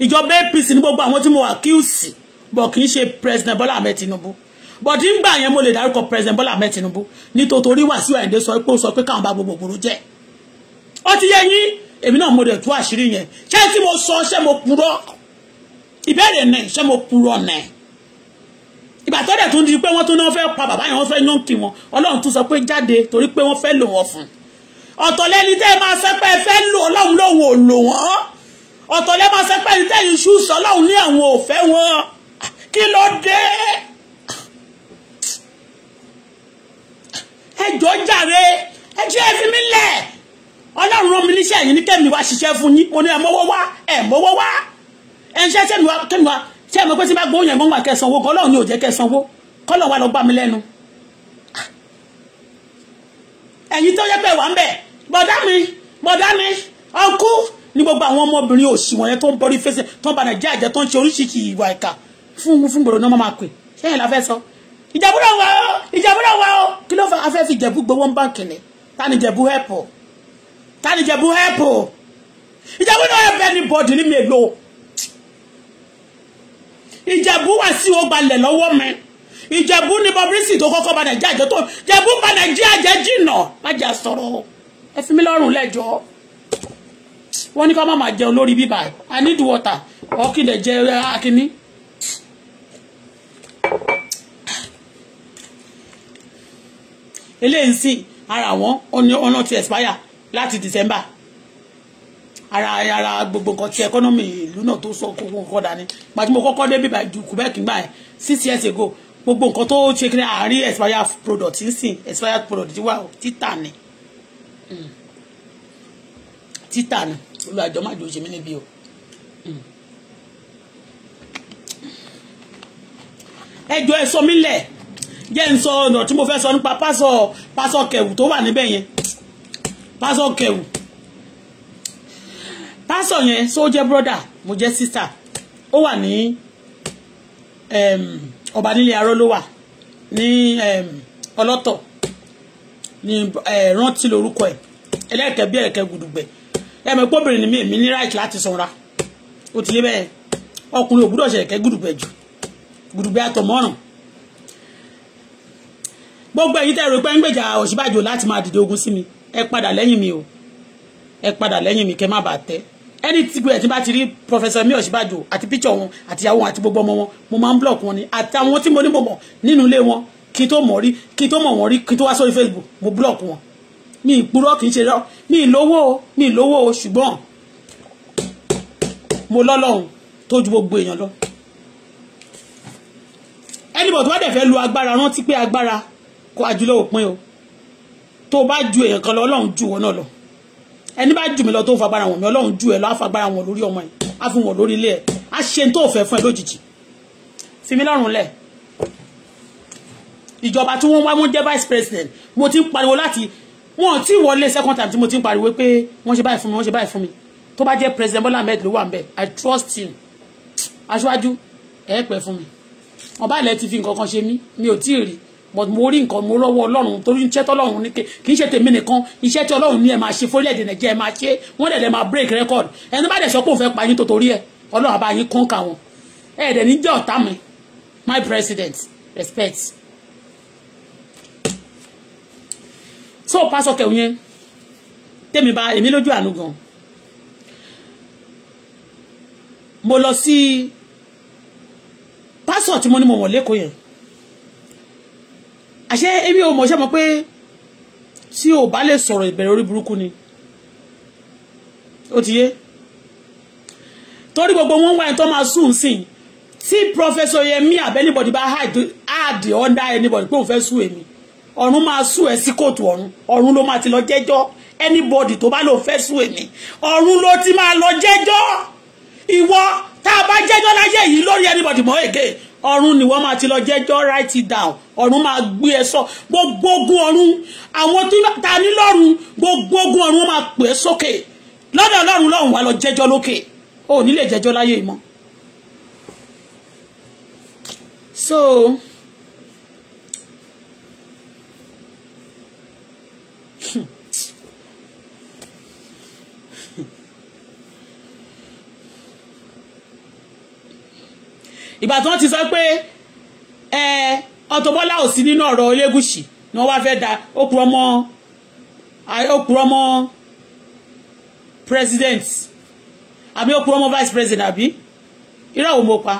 ìjọba APC ni gbogbo àwọn tí mo accuse but kì í ṣe president Bọ́lá Ahmed Tinubu but nígbà yẹn mo lè dárúkọ president Bọ́lá Ahmed Tinubu nítorí Wàsíù Àyìndé sọ pé ó sọ pé káwọn bá gbogbo ògbòrò jẹ́ ó ti yẹ yín èmi náà mo dẹ̀ tú àṣírí yẹn ṣé tí mo sọ ṣé mo purọ́ ìbéèrè ní ṣé mo purọ́ ní ìgbà tó dẹ̀ tún di pé wọ́n tún náà fẹ́ pa bàbá yẹn wọ́n fẹ́ yán kí wọn ọlọ́run tún sọ pé jáde torí pé wọ́n fẹ́ lò wọ́n fún ọ̀tọ̀ lẹ́ni tẹ́ máa sọ pé ẹ fẹ́ lò ọlọ́run lòun ò lò wọ́n ọ̀tọ̀ lẹ́ máa sọ pé ẹni tẹ́ iṣu sọ ọlọ́run ní àwọn ò fẹ́ wọn kí ló dé ẹjọ́ jàre ẹjọ́ ẹ fi mí lẹ̀ ọlọ́run rán mi níṣẹ́ yìí ní kẹ́mi wá ṣiṣẹ́ fún yín mo ní ẹ mọ́wọ́ wá ẹ mọ́wọ́ wá ẹnṣẹ́ sẹ́nu wa kẹ́nu wa ṣé ẹ mọ̀ pé tí bá gbowó yẹn mọ́ wà kẹsànwó kọ́ lọ́ọ̀ ni ò jẹ́ kẹsànwó kọ́ lọ́ọ̀ wa lọ gbà mí lẹ́nu. ẹ̀yin tó yẹ pé wà ń bẹ̀ bọ̀dá mi bọ̀dá mi ọkú ní gbogbo àwọn ọmọbìnrin òsì wọ̀nyẹn tó ń bọ́rí fẹsẹ̀ tó ń ba nàìjíríà jẹ́ tó ń ṣe oríṣiríṣi ìwà ìkà fún fún gbòòrò náà máa pè ṣé yẹn la fẹ́ sọ ìjẹ̀búrà wa o ìjẹ̀búrà wa o kí ló fà afẹ́ fi ìjẹ̀bú gbowó ń báǹkì ni tani ìjẹ̀bú help tani ìjẹ̀bú help ìjẹ̀bú náà help anybody ní mi èlò ìjẹ̀bú wà sí o gbalẹ̀ lọ́wọ́ mi ìjẹ̀bú ní bọ́bírísì tó kọ́kọ́ ba nàìjíríà jẹ́ tó jẹ̀bú ba nàìjíríà jẹ́ jìnà má sọ̀rọ̀ ẹ fi mí lọ́rùn lẹ́jọ́ wọ́n ní ká má máa jẹun lórí bíbà i need water ọkìlẹ̀ jẹ́ uh, akínní. eléyìí sí ara wọn ọ̀nà ti expire láti december ara ara gbogbo nǹkan tí ẹkọ́nọ́mì ìlú náà tó sọ gbogbo nǹkan dání pàtí mo kọ́kọ́ dé bíbá ju Quebec gbà ẹ̀ six years ago gbogbo nǹkan tó ṣe kí ni àárín expired product ń sìn expired product wà ó títà ni mm. títà ni olùwàjọ má jòjì mí níbi o. Mm. ẹjọ ẹ sọ mí lẹ̀ jẹ́ n sọ ọ̀nà tí mo fẹ́ sọ nípa pásọ pásọ kẹwù tó wà níbẹ̀ yẹn pásọ kẹwù pásọ yẹn so jẹ́ brọ́dà mo jẹ́ sísà ó wà ní ọba nílé arọ́ ló wà ní ọlọtọ ní rántí lórúkọ ẹ ẹlẹkẹ bí ẹ̀kẹ́ gùdùgbẹ̀ ẹ̀mẹ́ pọ́bìnrin ni mi ní right láti sanra ó ti yé bẹ́ẹ̀ ọkùnrin ò gbúdọ̀ ṣe ẹ̀kẹ́ gùdùgbẹ̀ jù gùdùgbẹ̀ àtọ̀mọ́ràn gbogbo èyí tẹ́ rò pé ń gbèjà Ọ̀ṣínbàjò láti máa dìde ogun sí mi ẹ padà lẹ́yìn mi o ẹ padà lẹ́yìn mi kẹ́ má bàa tẹ́ ẹni tí gbé ẹtí bá ti rí Professor mi Ọ̀ṣínbàjò àti píchọ wọn àti ìyàwó wọn àti gbogbo ọmọ wọn mo máa ń block wọn ni àtàwọn tí mo ní mo mọ̀ nínú ilé wọn kí tó mọ̀ rí kí tó mọ̀ wọn rí kí tó wá sórí Facebook mo block wọn mi ìpurọ́ kì í ṣe rọ mi ìlówó o mi ìlówó o ṣùgbọ́n mo lọ́lọ́run tó ju gbogbo èèyàn lọ ẹnìbọ̀ tó bá dẹ̀ fẹ́ lu agbára rántí pé agbára kó ajúlọ òpin o tó bá ju èèyàn kan lọ Ọlọ́run ju wọn náà lọ ẹni bá jù mí lọ tó ń fagbára wọn mi ọlọ́run jù ẹ lọ àfagbára wọn lórí ọmọ ẹ á fi wọn lórí ilé ẹ á ṣe tó fẹ́ fún ẹ lójijì fi mí lọ́rùn lẹ̀ ìjọba tí wọ́n wá wọ́n jẹ́ vice president mo ti ń pariwo láti wọn ti wọlé second time tí mo ti ń pariwo pé wọ́n ṣe báyìí fún mi wọ́n ṣe báyìí fún mi tó bá jẹ́ president Bọ́lá Ahmed ló wà ń bẹ̀ I trust him aṣáájú ẹ pẹ́ fún mi ọba ilẹ̀ ti fi nǹkan kan ṣe mí mi ò tí ì rí but mo rí nǹkan mo lọ́wọ́ ọlọ́run torí iṣẹ́ tọ́lọ́run ní kì í ṣe tèmi nìkan iṣẹ́ tí ọlọ́run ní ẹ máa ṣe fórílẹ̀-èdè nàìjíríà ẹ máa ṣe wọ́n dẹ̀ lẹ́ máa break record ẹni bá dẹ̀ sọ pé òun fẹ́ pa yín tó torí ẹ ọlọ́run àbá yín kọ́ńkà wọn ẹ dẹ̀ ní jẹ́ ọ̀tá mi my president respect. so pásọ kẹwìn yẹn tèmi bá èmi lójú àánú gan mo lọ sí pásọ tí mo ní mo wọ̀ lẹ́kọ̀ọ́ yẹn àṣẹ èmi o mọ̀ ṣe mọ̀ pé tí o bá lè sọ̀rọ̀ ìbẹ̀rẹ̀ orí burúkú ni ó ti yé torí gbogbo wọn wá ẹni tó máa sùn sìn tí prọfẹsọ Yẹmí àbẹ anybody bá hard under anybody pé òun fẹ́ sùn èmi ọ̀run máa sùn ẹ̀ sí kóòtù ọ̀run ọ̀run ló máa ti lọ jẹ́jọ́ anybody tó bá lòun fẹ́ sùn èmi ọ̀run ló ti máa lọ jẹ́jọ́ ìwọ tá a bá jẹ́jọ́ láyé yìí lórí anybody mọ́ èké ọ̀run ni wọ́n máa ti lọ jẹ́jọ́ write it down ọ̀run máa gbé ẹ sọ gbogbo ogun ọ̀run àwọn tí ta ní lọ́run gbogbo ogun ọ̀run máa pè é sókè lọ́dọ̀ ọlọ́run lọ́run wà lọ jẹ́jọ́ lókè ò ní lè jẹ́jọ́ láyé mọ́ so. ìgbà tí wọ́n ti sọ pé ẹ Auto Bola ò sí nínú ọ̀rọ̀ Elégùṣì ni wọ́n wá fẹ́ da okùn ọmọ okùn ọmọ president àbí okùn ọmọ vice president àbí irọ́ òun mo pa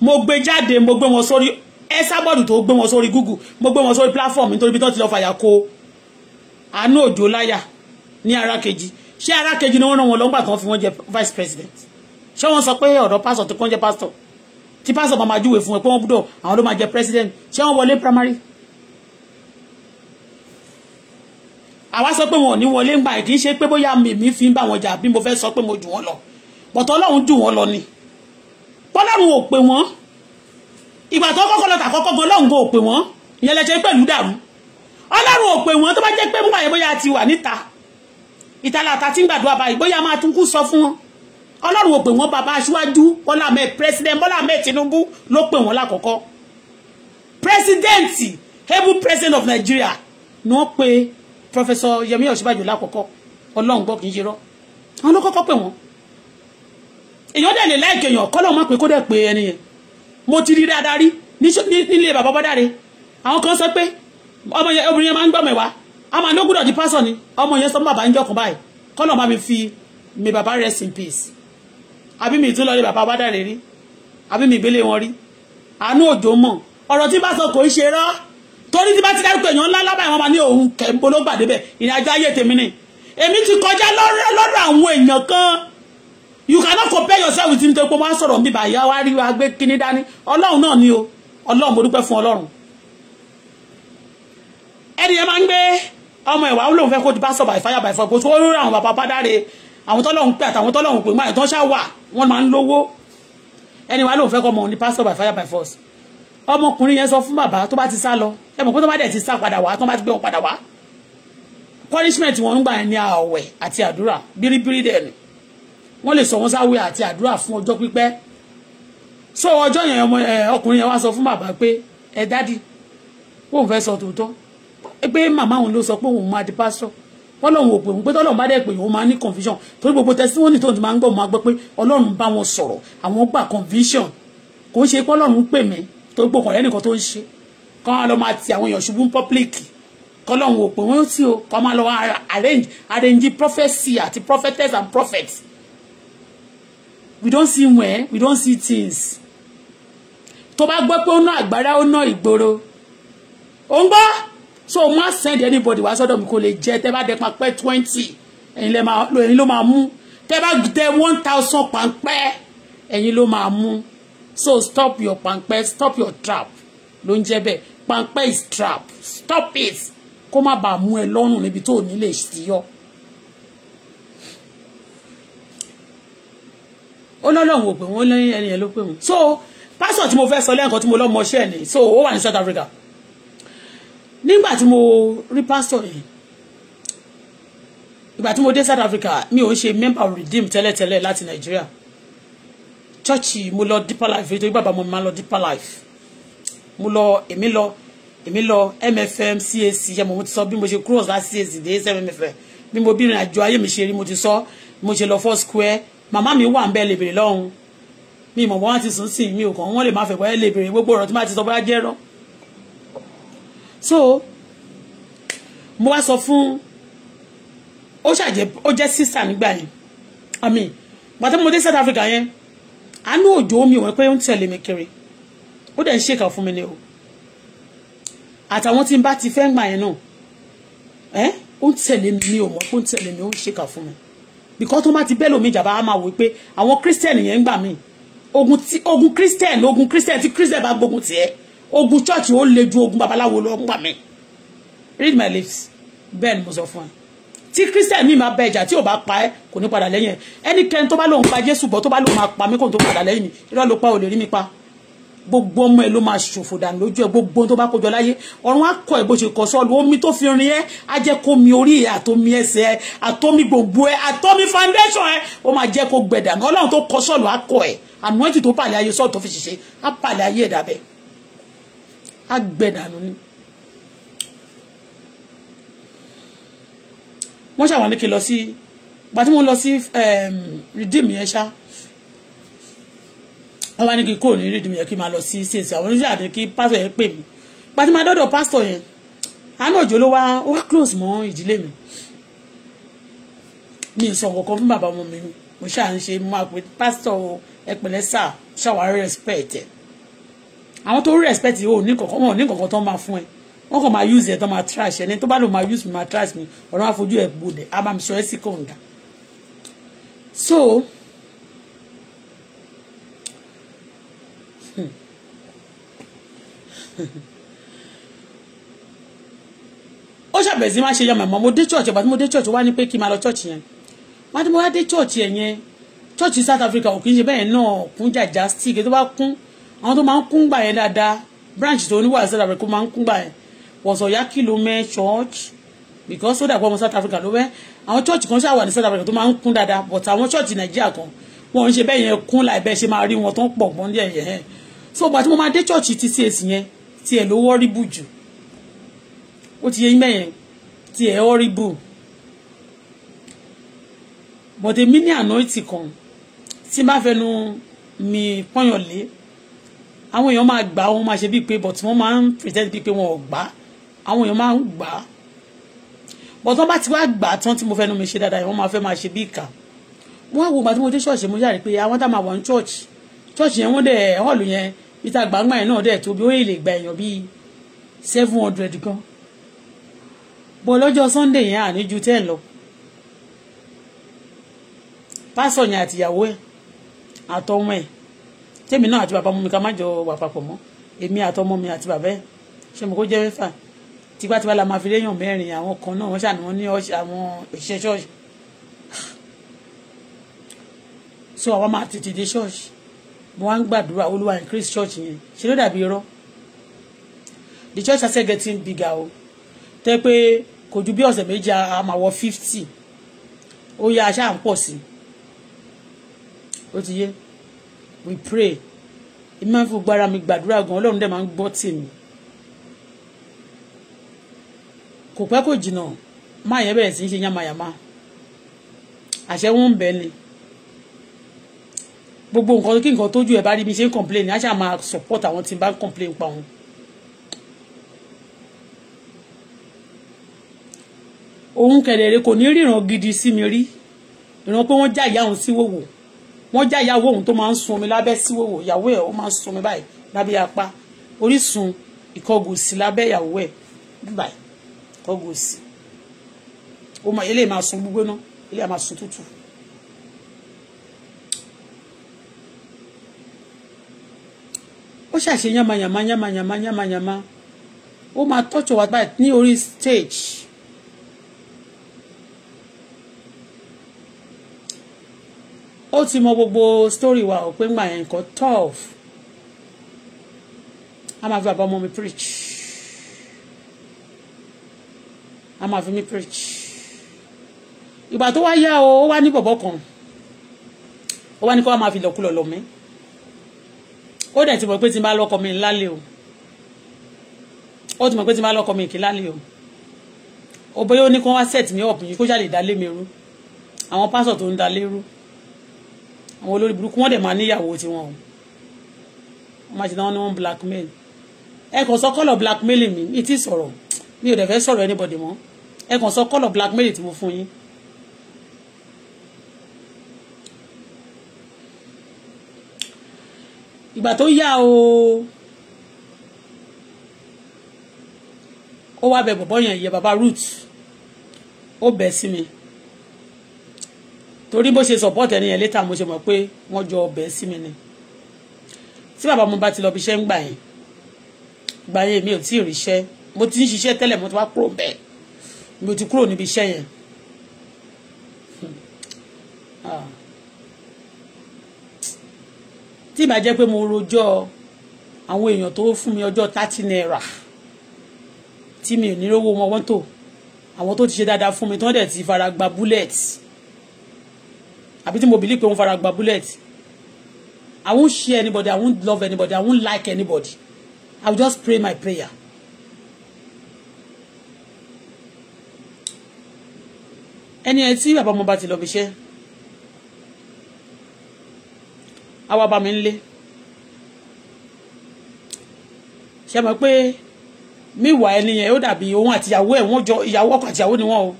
mo gbé jáde mo gbé wọn sórí ẹ sábọ̀dù tó gbé wọn sórí Google mo gbé wọn sórí platform nítorí bí wọ́n ti lọ́ọ́ fàyà kó àánú òjò láyà ní ara kejì ṣé ara kejì ni wọ́n ràn wọ́n lọ́gbà kan fi wọ́n jẹ vice president ṣé wọ́n sọ pé ọ̀dọ̀ pásọ̀ tó kàn jẹ́ pásọ̀ tí pásọ̀ máa máa júwe fún ẹ pé wọ́n gbúdọ̀ àwọn ló máa jẹ president ṣé wọ́n wọlé primary. àwa sọ pé wọn ò ní wọlé ń gbà kì í ṣe pé bóyá mèmí fi ń bá wọn jà bí mo fẹ́ sọ pé mo jù wọ́n lọ bọ̀tọ̀ ọlọ́run jù wọ́n lọ ni bọ́lọ́run ò pè wọ́n ìgbà tó kọ́kọ́ lọ́tà kọ́kọ́ gan ọlọ́run kò pè wọ́n ìyẹn lẹ́sẹ̀ pẹ̀lú dàrú ọlọ́run ò pè wọ́n tó bá jẹ́ pé mú àyè bóyá ti wà níta ìtàlàtà tí ń gbàdúrà báyìí bóyá máa tún kú sọ fún wọn ọlọ́run ò pè wọ́n bàbá aṣíwájú bọ́lá ahmed president bọ́lá ahmed tinubu ló pè wọ́n lákọ̀ọ́kọ́ president able president of nigeria ni wọ́n pe professor yemi Osinbajo. lákọ̀ọ́kọ́ ọlọ́run gbọ́ kì í ṣe rọ́ wọn ló kọ́kọ́ pè wọ́n èèyàn dẹ̀ lè láìkè èèyàn kọ́lọ́ má pé kó dẹ̀ pé ẹni yẹn mo ti rí dáadáa rí nílé bàbá bọ́dáre àwọn kan sọ pé ọmọ yẹn obìnrin yẹn máa ń gbọ́ mẹ́wàá a máa ló gbúdọ̀ di pásọ̀ ni ọmọ yẹn sọ bàbá ń jọkùn báyìí kọ́lọ́ má mi fi mi bàbá rest in peace àbí mi tún lọlé bàbá Bádàrè rí àbí mi ìbílẹ̀ wọn rí àánú òjò mọ̀ ọ̀rọ̀ tí bá sọ kò í ṣe rọ́ torí tí bá ti dárúkọ èèyàn ńlá lábàá wọn máa ní òun kẹ̀mbó ló gbà débẹ̀ ìrìn àjò ayé tèmi ni èmi ti kọjá lọ́dọ̀ àwọn èèyàn kan you cannot compare yourself with him tó pé wọ́n á sọ̀rọ̀ mi bàyá wá rí wa gbé kíní dání ọlọ́run náà ni o ọlọ́run mo dúpẹ́ fún ọlọ́run ẹni máa ń gbé ọmọ ìwà ó lóun fẹ́ kó ti bá sọ by fire kó tó rọrùn àwọn bàbá Bádàrè àwọn tọ́lọ́hún pé àtàwọn tọ́lọ́hún pé máa tán ṣá wà wọ́n máa ń lówó ẹni wàá lóun fẹ́ kọ́ ọmọ òní pastor by fire by force ọmọkùnrin yẹn sọ fún bàbá tó bá ti sá lọ ẹ mọ̀ pé tó bá dẹ̀ ti sá padà wá tó bá ti gbé wọn padà wá punishment wọn ń gbà ní ààwẹ̀ àti àdúrà bíríbírí dẹ̀ ni wọ́n lè sọ wọn sáwẹ̀ àti àdúrà fún ọjọ́ pípẹ́ so ọjọ́ yẹn ọkùnrin yẹn wá sọ fún bàbá pé ẹ dádì òun fẹ́ sọ tòótọ́ pé màmá òun ló sọ pé òun máa di pásítọ̀ ọlọ́run ò pè pé tọ́lọ́run bá dẹ̀ pé òun máa ní confusion torí gbogbo testimony tó ti máa ń gbọ́ máa gbọ́ pé ọlọ́run bá wọn sọ̀rọ̀ àwọn gbà confusion kò ń ṣe pé ọlọ́run pè mí tó gbọ́ kọ̀ọ̀yẹ́ nìkan tó ń ṣe kọ́ ọ lọ máa ti àwọn èèyàn ṣubú public kọ́lọ́run ò pè wọ́n sí o kọ́ máa lọ arrange arrange prophecy àti prophetess and prophets we don see where we don see things tó bá gbọ́ pé ó ná àgbàrá ó ná ìgboro ó ń gbọ́ so má send anybody wá sọ́dọ̀ mi kò lè jẹ́ tẹ́ bá dẹ pańpẹ́ twenty ẹ̀yin lè máa ẹ̀yin ló máa mú tẹ́ bá dẹ one thousand pańpẹ́ ẹ̀yin ló máa mú so stop your pańpẹ́ stop your trap ló ń jẹ́ bẹ́ẹ̀ pańpẹ́ is trap stop it kó má bàa mú ẹ lọ́rùn níbi tó ò ní lè sí yọ. ó lọ́lọ́run ò pè wọ́n lẹ́yìn ẹni yẹn ló pè wọ́n so pásọ̀ tí mo fẹ́ sọ lẹ́yìn kan tí mo lọ́mọṣẹ́ ni so ó wà ní South Africa nígbà tí mo rí pásítọ̀ yìí ìgbà tí mo dé South Africa mi ò ń ṣe member of Redeem tẹ́lẹ̀tẹ́lẹ̀ láti Nigeria. chọ́ọ̀chì mo lọ Deeper Life nítorí bàbá mo máa lọ Deeper Life mo lọ èmi lọ èmi lọ MFM CAC yẹmọ mo ti sọ bí mo ṣe cross láti CAC dé sẹ́mẹ́fẹ́ bí mo bí ìrìn àjò ayé mi ṣe rí mo ti sọ mo ṣe lọ four square màmá mi wà ń bẹ́ẹ̀ lè bèrè lọ́hùn mi ìmọ̀ wọn ti sùn sí mi ò kàn wọ́n lè má fẹ́ bọ́ ẹ lè bèrè gbogbo ọ̀rọ̀ tí má ti sọ bá jẹ́ so mo wá sọ fún ó ṣàjẹ́ ó jẹ́ sísà nígbà yẹn àmì gbàtẹ́ mo dé South Africa yẹn àánú òjò mi ò wọ́n pé ó ń tẹ̀lé mi kiri ó dẹ̀ ń ṣèkà fún mi ni o àtàwọn tí n bá ti fẹ́ ń gbà yẹn náà ẹ́ ó ń tẹ̀lé mi mi ò mọ̀ pé ó ń tẹ̀lé mi ó ń ṣèkà fún mi because tó má ti bẹ́ẹ̀ lómi ìjàmbá á máa wò pé àwọn christian yẹn ń gbà mí ogun christian ogun christian tí christian bá gbógun tiẹ̀ ogun church ó le ju ogun babaláwo lọ ń gbà read my lips Ben ni mo christian mi ma beja. ẹjà tí ò bá pa ẹ kò ní padà lẹ́yìn ẹ ẹnikẹ́ni tó ba lo pa jésù bọ́ tó bá lóun máa pa mí kò tó padà lẹ́yìn mi irọ́ ló pa ò lè rí mi pa gbogbo ọmọ ẹ ló máa ṣòfò dànù lójú ẹ gbogbo tó bá kójọ láyé ọ̀run á kọ ẹ bó ṣe kọ sọ́ọ̀lù omi tó fi rin ẹ á jẹ́ kó mi orí ẹ àtomi ẹsẹ̀ ẹ àtomi gbogbo ẹ àtomi foundation ẹ ó máa jẹ́ kó gbẹ̀dà ọlọ́run tó kọ sọ́ọ̀lù á kọ ẹ ànúwẹ́tì tó pàlẹ́ ayé sọ́ọ̀tù tó fi ṣiṣẹ́ á pàlẹ́ ayé ẹ̀dá bẹ́ẹ̀ agbẹ̀dànù ni. wọ́n ṣàwọn ní kí n lọ sí gba tí mo lọ sí ehm, redeem yẹn ṣá wọ́n wá ní kí n kúrò ní redeem yẹn kí n máa lọ sí ṣèṣe àwọn oníṣẹ́ àti kí pásítọ̀ yẹn pè mí gba tí mo dọ́dọ̀ pásítọ̀ yẹn àánú òjò ló wá ó wá close mọ́ ìdílé mi mi ì sọ kankan fún bàbá ọmọ mi mo ṣáà ń ṣe mo máa pè pásítọ̀ ẹ̀pẹ̀lẹ́sà ṣàwárí respect ẹ̀ àwọn tó respect yìí ò ní kankan wọn ò ní kankan tó máa fún ẹ wọn kàn máa use ẹ tó máa trash ẹni tó bá lò máa use mi máa trash mi ọ̀rọ̀ máa fojú ẹ gbòdè a máa sọ ẹ sí kọ̀ǹda. so ó ṣàbẹ̀sí má ṣe yọ màmá mo dé church ọ̀bà tí mo dé church wá ní pé kí n máa lọ church yẹn wọ́n ti mo wá dé church yẹn church South Africa ò kì í ṣe bẹ́ẹ̀ náà kún jàjà stick tó bá kún àwọn tó máa ń kún gbà yẹn dáadáa branch tó oníwà South Africa máa ń kún gbà yẹn wọ̀sọ̀ yákì ló mẹ́ church because ó dàgbọ́ ọmọ South Africa ló mẹ́ àwọn church kan ṣáà wà ní South Africa tó máa ń kún dáadáa but àwọn church Nàìjíríà kan wọn ń ṣe bẹ́ẹ̀ yẹn kún láì bẹ́ẹ̀ ṣe máa rí wọn tó ń pọ̀ gbọ́n díẹ̀ yẹn hẹ́n so gbà tí mo máa dé church ti sí èsì yẹn tiẹ̀ ló wọ́rí bù jù ó ti yẹ yín mẹ́yẹn tiẹ̀ wọ́rí bù but èmi ní àná ìtì kan tí n bá fẹnu mi pọ́nyàn àwọn èèyàn máa gbà wọn máa ṣe bíi pé but wọ́n máa ń pretend bíi pé wọn ò gbà àwọn èèyàn máa ń gbà but wọ́n bá ti wá gbà á tán tí mo fẹ́ nu mi ṣe dáadáa wọ́n máa fẹ́ máa ṣe bíi ìkà wọ́n á wo ìgbà tí mo dé ṣọ́ọ̀ṣì mo yára pé àwọn táwọn àwọn church church yẹn wọ́n dẹ̀ hall yẹn peter gbangba yẹn náà dẹ̀ tóbi ó lè gba èèyàn bíi seven hundred gan bó lọ́jọ́ sunday yẹn àní ju ten lọ pásọ̀ yẹn àtìyàwó ẹ̀ àtọmọ ẹ̀ tèmi náà àti bàbá ọmọ mi ká má jọ wà papọ̀ mọ́ èmi àtọmọ mi àti bàbá ẹ̀ ṣe mo kó jẹ́ mẹ́fà tipátipá la máa fi léèyàn mẹ́rin àwọn kan náà wọ́n ṣàní wọ́n ní àwọn òṣìṣẹ́ ṣọ́ọ̀ṣì so àwa máa tètè dé ṣọ́ọ̀ṣì mo wá ń gbàdúrà olúwa increase church yẹn ṣe ló dàbí irọ́ the church has getting bigger o tẹ́ pé kò ju bí ọ̀sẹ̀ méjì a máa fifty ó yá aṣáà ń pọ̀ sí i ó ti yé we pray èmi máa ń fi gbogbo ara mi gbàdúrà gan ọlọ́run dẹ̀ máa ń gbọ́ tèmi kò pẹ́ kò jìnnà máa yẹn bẹ̀rẹ̀ sí í ṣe yánmayàmá àṣẹ wọn ń bẹ ni gbogbo nǹkan kí nǹkan tójú ẹ̀ bá rí mi ṣe ń complain ní àṣà máa support àwọn tí n bá ń complain pa wọn. òun kẹ̀lẹ̀ rẹ kò ní ríran gidi sí mi rí ìran pé wọ́n já òun sí Si wọ́n já ìyàwó òun tó máa ń sun omi lábẹ́ síwòwò ìyàwó ẹ̀ ó máa ń sun omi báyìí lábẹ́ apá orísun ìkọgòsì lábẹ́ ìyàwó ẹ̀ báyìí ìkọgòsì ó máa eléyìí máa sun gbígbóná eléyìí máa sun tútù. ó ṣàṣe yamayama yamayama yamayama ó máa tọ́jú wa báyìí ní orí stage ó ti mọ gbogbo story wa ò pé ń gbà yẹn nǹkan twelve a máa fi bàbá ọmọ mi preach a máa fi mi preach ìgbà tó wá yá o ó wá ní bọ̀bọ̀ kan ó wá ní kó wá máa fi lọ́kùlọ̀ lọ mí ó dẹ̀ ti mọ̀ pé tí bá lọ́kọ mi lálẹ́ o ó ti mọ̀ pé tí bá lọ́kọ mi kì lálẹ́ o ó bóyá ó ní kó wá set mi up yìí kó ṣàlè dá lé mi rú àwọn pásọ̀ tó ń dá lé rú àwọn olórí burúkú wọ́n dẹ̀ máa níyàwó tiwọn o wọ́n máa ṣe náà wọ́n ní wọ́n blackmail ẹ kàn sọ kọ́lọ̀ blackmail mi mi ti sọ̀rọ̀ mi ò dẹ̀ fẹ́ sọ̀rọ̀ anybody mọ́ ẹ kàn sọ kọ́lọ̀ blackmail tí mo fún yín. ìgbà tó yá o ó wá bẹ bọ̀bọ́ yẹn ìyẹn baba root ó bẹ̀ sí mi torí bó ṣe support ẹni yẹn later mo ṣe mọ̀ pé wọ́n jọ ọbẹ̀ sí mi ni tí bàbá mo bá ti lọ bí iṣẹ́ ń gbà yẹn gbà yẹn mi ò tí ì ríṣẹ́ mo ti ń ṣiṣẹ́ tẹ́lẹ̀ mo ti wá kúrò bẹ́ẹ̀ mi ò ti kúrò níbi iṣẹ́ yẹn hmm. ah. tí ìbá jẹ́ pé mo rojọ́ àwọn èèyàn tó fún mi ọjọ́ thirty naira tí mi ò ní rówó wọn wọ́n tó àwọn tó ti ṣe dáadáa fún mi tí wọ́n dẹ̀ ti fara gba bullet àbí tí mo believe pé òun fara gba bullet I won't share anybody I won't love anybody I won't like anybody I will just pray my prayer. ẹni ẹ tí bàbá ọmọ bá ti lọ bí iṣẹ́ àwa bá mi ń lé ṣe mọ̀ pé mi wà ẹni yẹn ó dàbí òun àtìyàwó ẹ̀ wọ́n jọ ìyàwó ọkọ àtìyàwó ni wọ́n o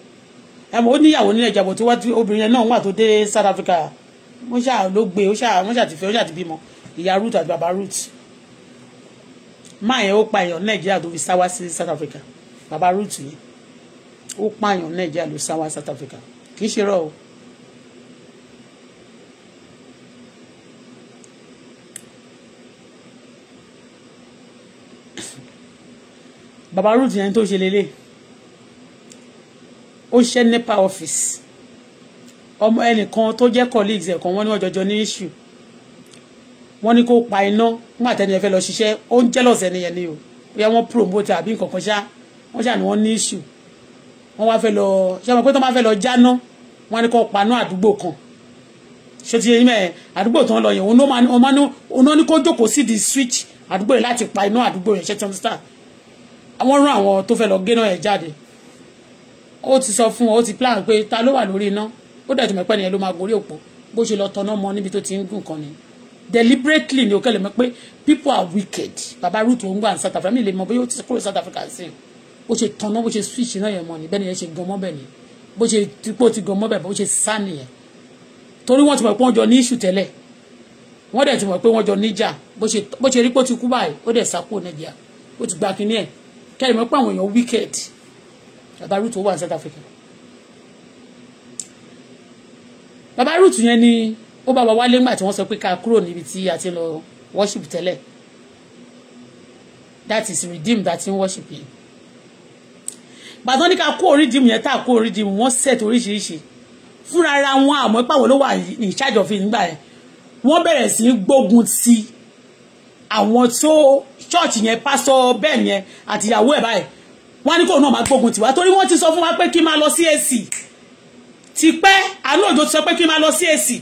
ó níyàwó nílẹ̀ ìjàbọ̀ tó wá tí obìnrin yẹn náà wà tó dé South Africa wọ́n ṣáà ló gbé ó ṣáà wọ́n ṣáà ti fẹ́ ó ṣáà ti bímọ ìyá root àti bàbá root máa yẹn ó pààyàn Nàìjíríà tó fi sá wá sí South Africa bàbá root yẹn ó pààyàn Nàìjíríà ló sá wá South Africa kì í ṣe rọ o. bàbá root yẹn tó ṣe lélẹ̀ ó ń ṣiṣẹ́ nepa office ọmọ ẹnìkan tó jẹ́ colleagues ẹ̀kan wọ́n ní ọjọ́jọ́ ní issue wọ́n ní kó pa iná nígbà tẹ́ni ẹ fẹ́ lọ ṣiṣẹ́ ó ń jealous ẹni yẹn ni o bóyá wọ́n promote àbí nǹkan kan ṣá wọ́n ṣàní wọ́n ní issue wọ́n wá fẹ́ lọ ṣé wọn pé tó máa fẹ́ lọ jáná wọ́n ní kó paná àdúgbò kan ṣé ti yẹn mẹ́ẹ̀ àdúgbò tó ń lọ yẹn òun náà ní kó jókòó sí di switch àdúgbò yẹn láti pa iná àdúgbò yẹn ṣe ti understand àwọn rán àwọn tó fẹ́ lọ gé ó ti sọ fún ọ ó ti plan pé ta ló wà lórí iná ó dẹ̀ ti mọ̀ pé ẹnìyẹn ló máa gorí òpó bó ṣe lọ tanná mọ́ níbi tó ti ń gùn kan ni deliberately ni o kẹlẹ̀ pé people are wicked baba root ò ń gbà South Africa mi lè mọ bóyá ó ti kúrò South Africa sí i bó ṣe tanná bó ṣe switch náà yẹn mọ́ ni bẹ́ẹ̀ ni yẹn ṣe gan mọ́ ni bó ṣe tipó ti gan mọ́ bó ṣe sá nìyẹn torí wọ́n ti mọ̀ pé wọ́n jọ ní issue tẹ́lẹ̀ wọ́n dẹ̀ ti mọ̀ pé wọ́n jọ níjà bó ṣe rí pé ti kú báyìí ó dẹ̀ sá kúrò Nàìjíríà ó ti gba kinní ẹ̀ kẹlẹ̀ mọ́ pé àwọn èèyàn wicked bàbá root ó wà ní South Africa bàbá root yẹn ni ó bá wa wálé ńgbà tí wọ́n sọ pé ká kúrò níbi tí a ti lọ worship tẹ́lẹ̀ that is redeem that in worship yẹn gbàtàn ní ká kó redeem yẹn tá kó redeem wọ́n set oríṣiríṣi fúnra ara wọn àmọ́ pàwọ́ ló wà ní charge of it nígbà yẹn wọ́n bẹ̀rẹ̀ sí í gbógun ti àwọn tó church yẹn pásọ bẹ́ẹ̀ yẹn àtìyàwó ẹ̀ báyìí wọ́n ní kò náà máa gbógun tiwa torí wọ́n ti sọ fún wa pé kí n máa lọ sí èsì ti pẹ́ àánú òjò ti sọ pé kí n máa lọ sí èsì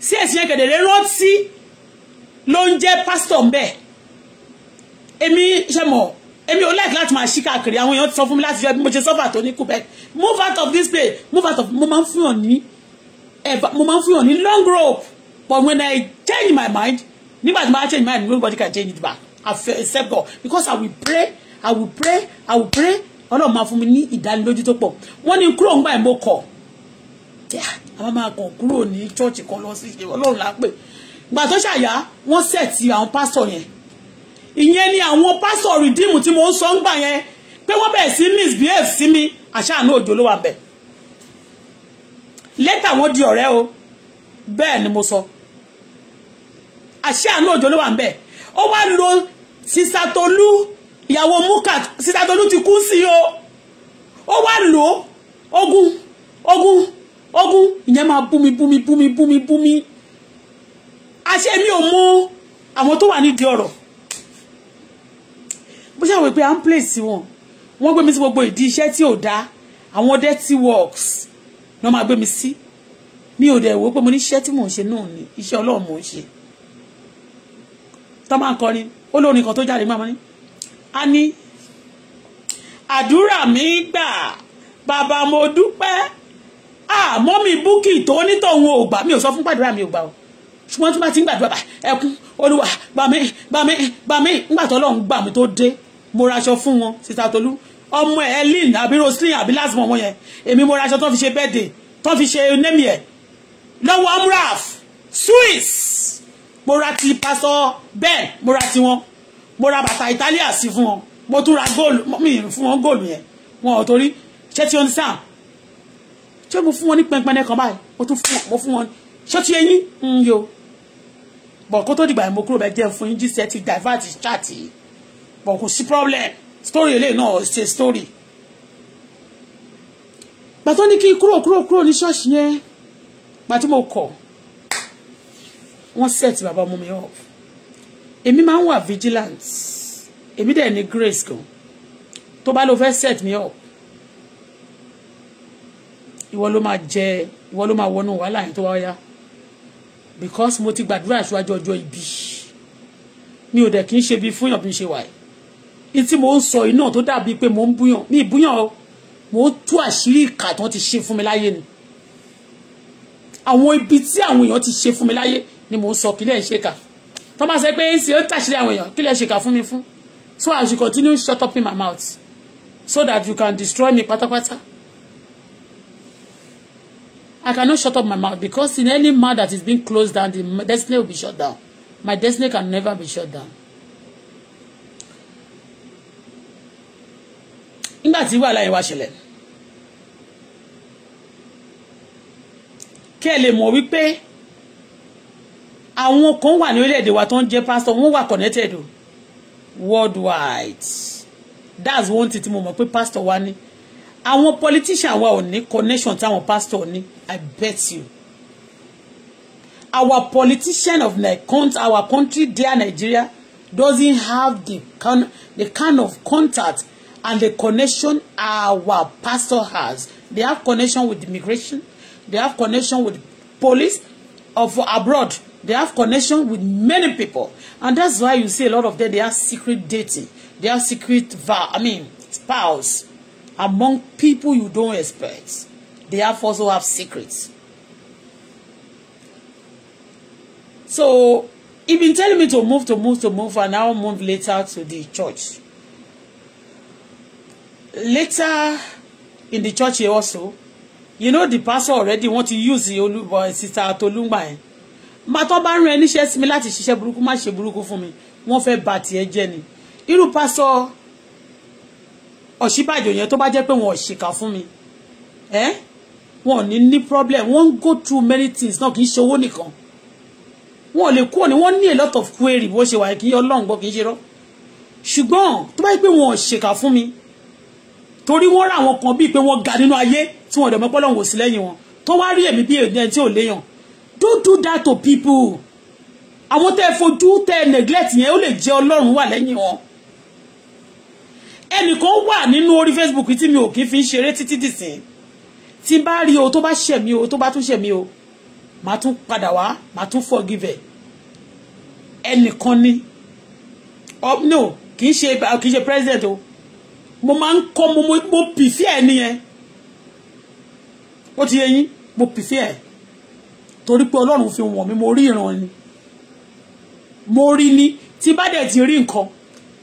sí èsì yẹn kedere rántí ló ń jẹ́ pásítọ̀ ńbẹ̀ èmi ṣe mọ̀ èmi ò láìkí láti máa ṣí káàkiri àwọn èèyàn ti sọ fún mi láti fi ẹbí mo ṣe sọ́fà tó ní Quebec move out of this place move out of mo máa ń fún yàn ní mo máa ń fún yàn ní long rope but when I change my mind nígbà tí mo bá change my mind nobody can change it back I feel except God because I will pray I will pray I will pray ọlọ́run máa fún mi ní ìdánilójú tó pọ̀ wọ́n ní kúrò ń gbà mo kọ̀ àwọn máa kàn kúrò ní chọ́ọ̀chì kan lọ sí ọlọ́run lápè gbà tó ṣàyà wọ́n sẹ̀tì àwọn pásọ̀ yẹn ìyẹn ni àwọn pásọ̀ rìdíìmù tí mo ń sọ ń gbà yẹn pé wọ́n bẹ̀rẹ̀ sí misbehave sí mi àṣàánú òjò ló wà bẹ̀ lẹ́tà wọn di ọ̀rẹ́ o bẹ́ẹ̀ ni mo sọ àṣàánú òjò ló wà ń bẹ̀ ó wá lo sísàtọ́lú ìyàwó Mukat sítadolú ti kú sí o ó wá lò ó ogun ogun ogun ìyẹn máa bú mi bú mi bú mi bú mi bú mi àṣẹ mi ò mú àwọn tó wà nídìí ọ̀rọ̀ bó ṣe wò pé à ń place wọn wọ́n gbé mi sí gbogbo ìdí iṣẹ́ tí ò dáa àwọn dirty works náà máa gbé mi sí mi ò dẹ̀ wò pé mo ní iṣẹ́ tí mò ń ṣe náà ni iṣẹ́ ọlọ́run mò ń ṣe tọ́ máa ń kọrin ó lórin kan tó jáde máa ń ní a ní àdúrà mi gbà bàbá mo dúpẹ́ àmọ́ mi búkì tó onítọ̀hún ò gbà mi ò sọ fún gbàdúrà mi ò gbà o ṣùgbọ́n tí wọ́n ti ń gbàdúrà ẹkún olúwa gbàmí gbàmí gbàmí ńgbà tó lọ́n gbà mí tó dé mo raṣọ fún wọn sísá tolú ọmọ ẹ lynn àbí roslyn àbí lásìmọ̀ wọn yẹn èmi mo raṣọ tó fi ṣe bẹ́ẹ̀dẹ̀ tó fi ṣe némi ẹ̀ lọ́wọ́ amraf swiss mo ra ti pásọ bẹ́ẹ̀ mo ra ti wọn mo ra bàtà Italia sí fún wọn mo tún ra góòlù mi fún wọn góòlù yẹn wọn ò torí ṣé tí wọn ní sáà ṣé mo fún wọn ní pẹnpẹnẹ kan báyìí mo tún fún mo fún wọn ṣé tí eyín ń mm, yo bọ̀ kó tó dìgbà yẹn mo kúrò bẹ́ẹ̀ jẹ́ fún yín jíṣẹ́ ti divert chat bọ̀ kò sí problem story eléyìí náà ṣe story gbàtọ́ ní kí n kúrò kúrò kúrò ní ṣọ́ọ̀ṣì yẹn gbàtí mo kọ̀ wọ́n set bàbá ọmọ mi up Emi máa ń vigilance. Emi de dẹ̀ grace gan tó bá ló fẹ́ set me up ìwọ ló je, Iwo ìwọ ló máa wọnú wàhálà yẹn tó wá yá because mo ti gbàdúrà síwájú ọjọ́ ibi mi ò dẹ̀ kí n ṣe bí fúnyàn bí n ṣe wà yìí mo ń sọ to tó dàbí pé mo ń búyàn ní o mo ń tú àṣírí ìkà ti ṣe fún mi láyé ni àwọn ibi tí àwọn èèyàn ti ṣe fún mi láyé ni mo ń sọ kílẹ̀ ń tó máa sọ pé ń sì ó tàṣírí àwọn èèyàn kí lè ṣèkà fún mi fún so as you continue shut up in my mouth so that you can destroy me pátápátá I cannot shut up my mouth because in any mouth that is being closed down the destiny will be shut down my destiny can never be shut down. nígbà tí wàhálà yìí wá ṣẹlẹ̀ kí ẹ lè mọ̀ wípé àwọn kan wà ní orílẹ̀-èdè wa tó ń jẹ́ pastor wọ́n wà connected worldwide that's one thing tí mo mọ̀ pé pastor wa ní àwọn politician wa ò ní connection táwọn pastor ní i bet you our politician of our country dear Nigeria doesn't have the kind, the kind of contact and the connection our pastor has. They have connection with immigration. They have connection with police of abroad. They have connection with many people. And that's why you see a lot of them, they have secret dating. They have secret, vow, I mean, spouse among people you don't expect. They have also have secrets. So he been telling me to move, to move, to move, and now move later to the church. Later in the church here also, you know the pastor already want to use the Oluwa uh, Sister Tolungba. Eh? bá tó bá rán ẹ níṣẹ́ sí mi láti ṣiṣẹ́ burúkú má ṣe burúkú fún mi wọ́n fẹ́ bà tiẹ̀ jẹ́ ni irú pásọ ọ̀ṣíbàjò yẹn tó bá jẹ́ pé wọn ṣìkà fún mi ẹ́ wọn ò ní ní problem wọ́n ń go through many things náà kì í ṣe owó nìkan wọn ò lè kúrò ní wọ́n ní a lot of query bó ṣe wà kì í ọlọ́run gbọ́ kì í ṣe rọ́ ṣùgbọ́n tó bá yẹ pé wọn ò ṣìkà fún mi torí wọ́n rà wọn kan bíi pé wọ́n ga nínú ayé tí wọ́n don't do that to people àwọn tẹ́ fojú tẹ́ neglect yẹn ó lè jẹ́ ọlọ́run wà lẹ́yìn wọn ẹnìkan wà nínú orí facebook tí mi ò kí fi ń ṣeré títí dìsìn tí bá rí o tó bá ṣẹ̀ mí o tó bá tún ṣẹ̀ mí o màá tún padà wá màá tún forgive ẹ ẹnìkan ni no kì í ṣe kì í ṣe president o mo máa ń kọ́ mo mo pìfẹ́ ẹ nìyẹn ó ti yẹ yín mo pìfẹ́ ẹ torí pé ọlọ́run fi wọ̀n mi mo rí ìran ni mo rí ni tí bá dẹ̀ ti rí nǹkan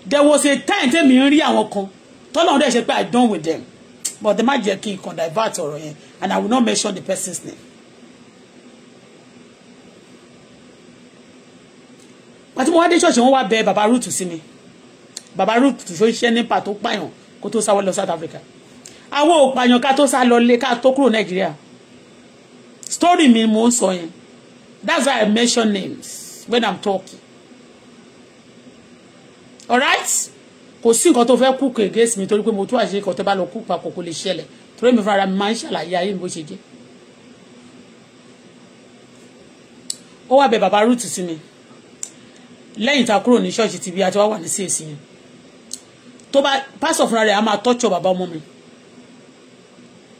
there was a time tẹ́mi ń rí àwọn kan tọ́lọ́run dẹ̀ ṣe pé i done with them but they má jẹ́ kí n divert ọ̀rọ̀ yẹn and i will not mention the person's name. àti mo wá dé ṣọ́ọ̀ṣì wọ́n wá bẹ bàbá rúùtù sí mi bàbá rúùtù tó ṣiṣẹ́ nípa tó pààyàn kó tó sáwọ́ lọ South Africa àwọn ò pààyàn ká tó sá lọ lé ká tó kúrò Nàìjíríà story mi more so. sọ that's why I mention names when I'm talking alright kò sí nǹkan tó fẹ́ cook against mi torí pé mo tún àṣeyẹ kan tó bá lọ cook papọ̀ kò lè ṣẹlẹ̀ torí mi fúnra mi máa ń ṣàlàyé ayé mi bó ṣe jẹ́ ó wá bẹ bàbá rúùtù sí mi lẹ́yìn tá a kúrò ní ṣọ́ọ̀ṣì tìbí àti wá wà ní síèsì yẹn tó bá pásọ̀ fúnra rẹ̀ a máa tọ́jọ́ bàbá ọmọ mi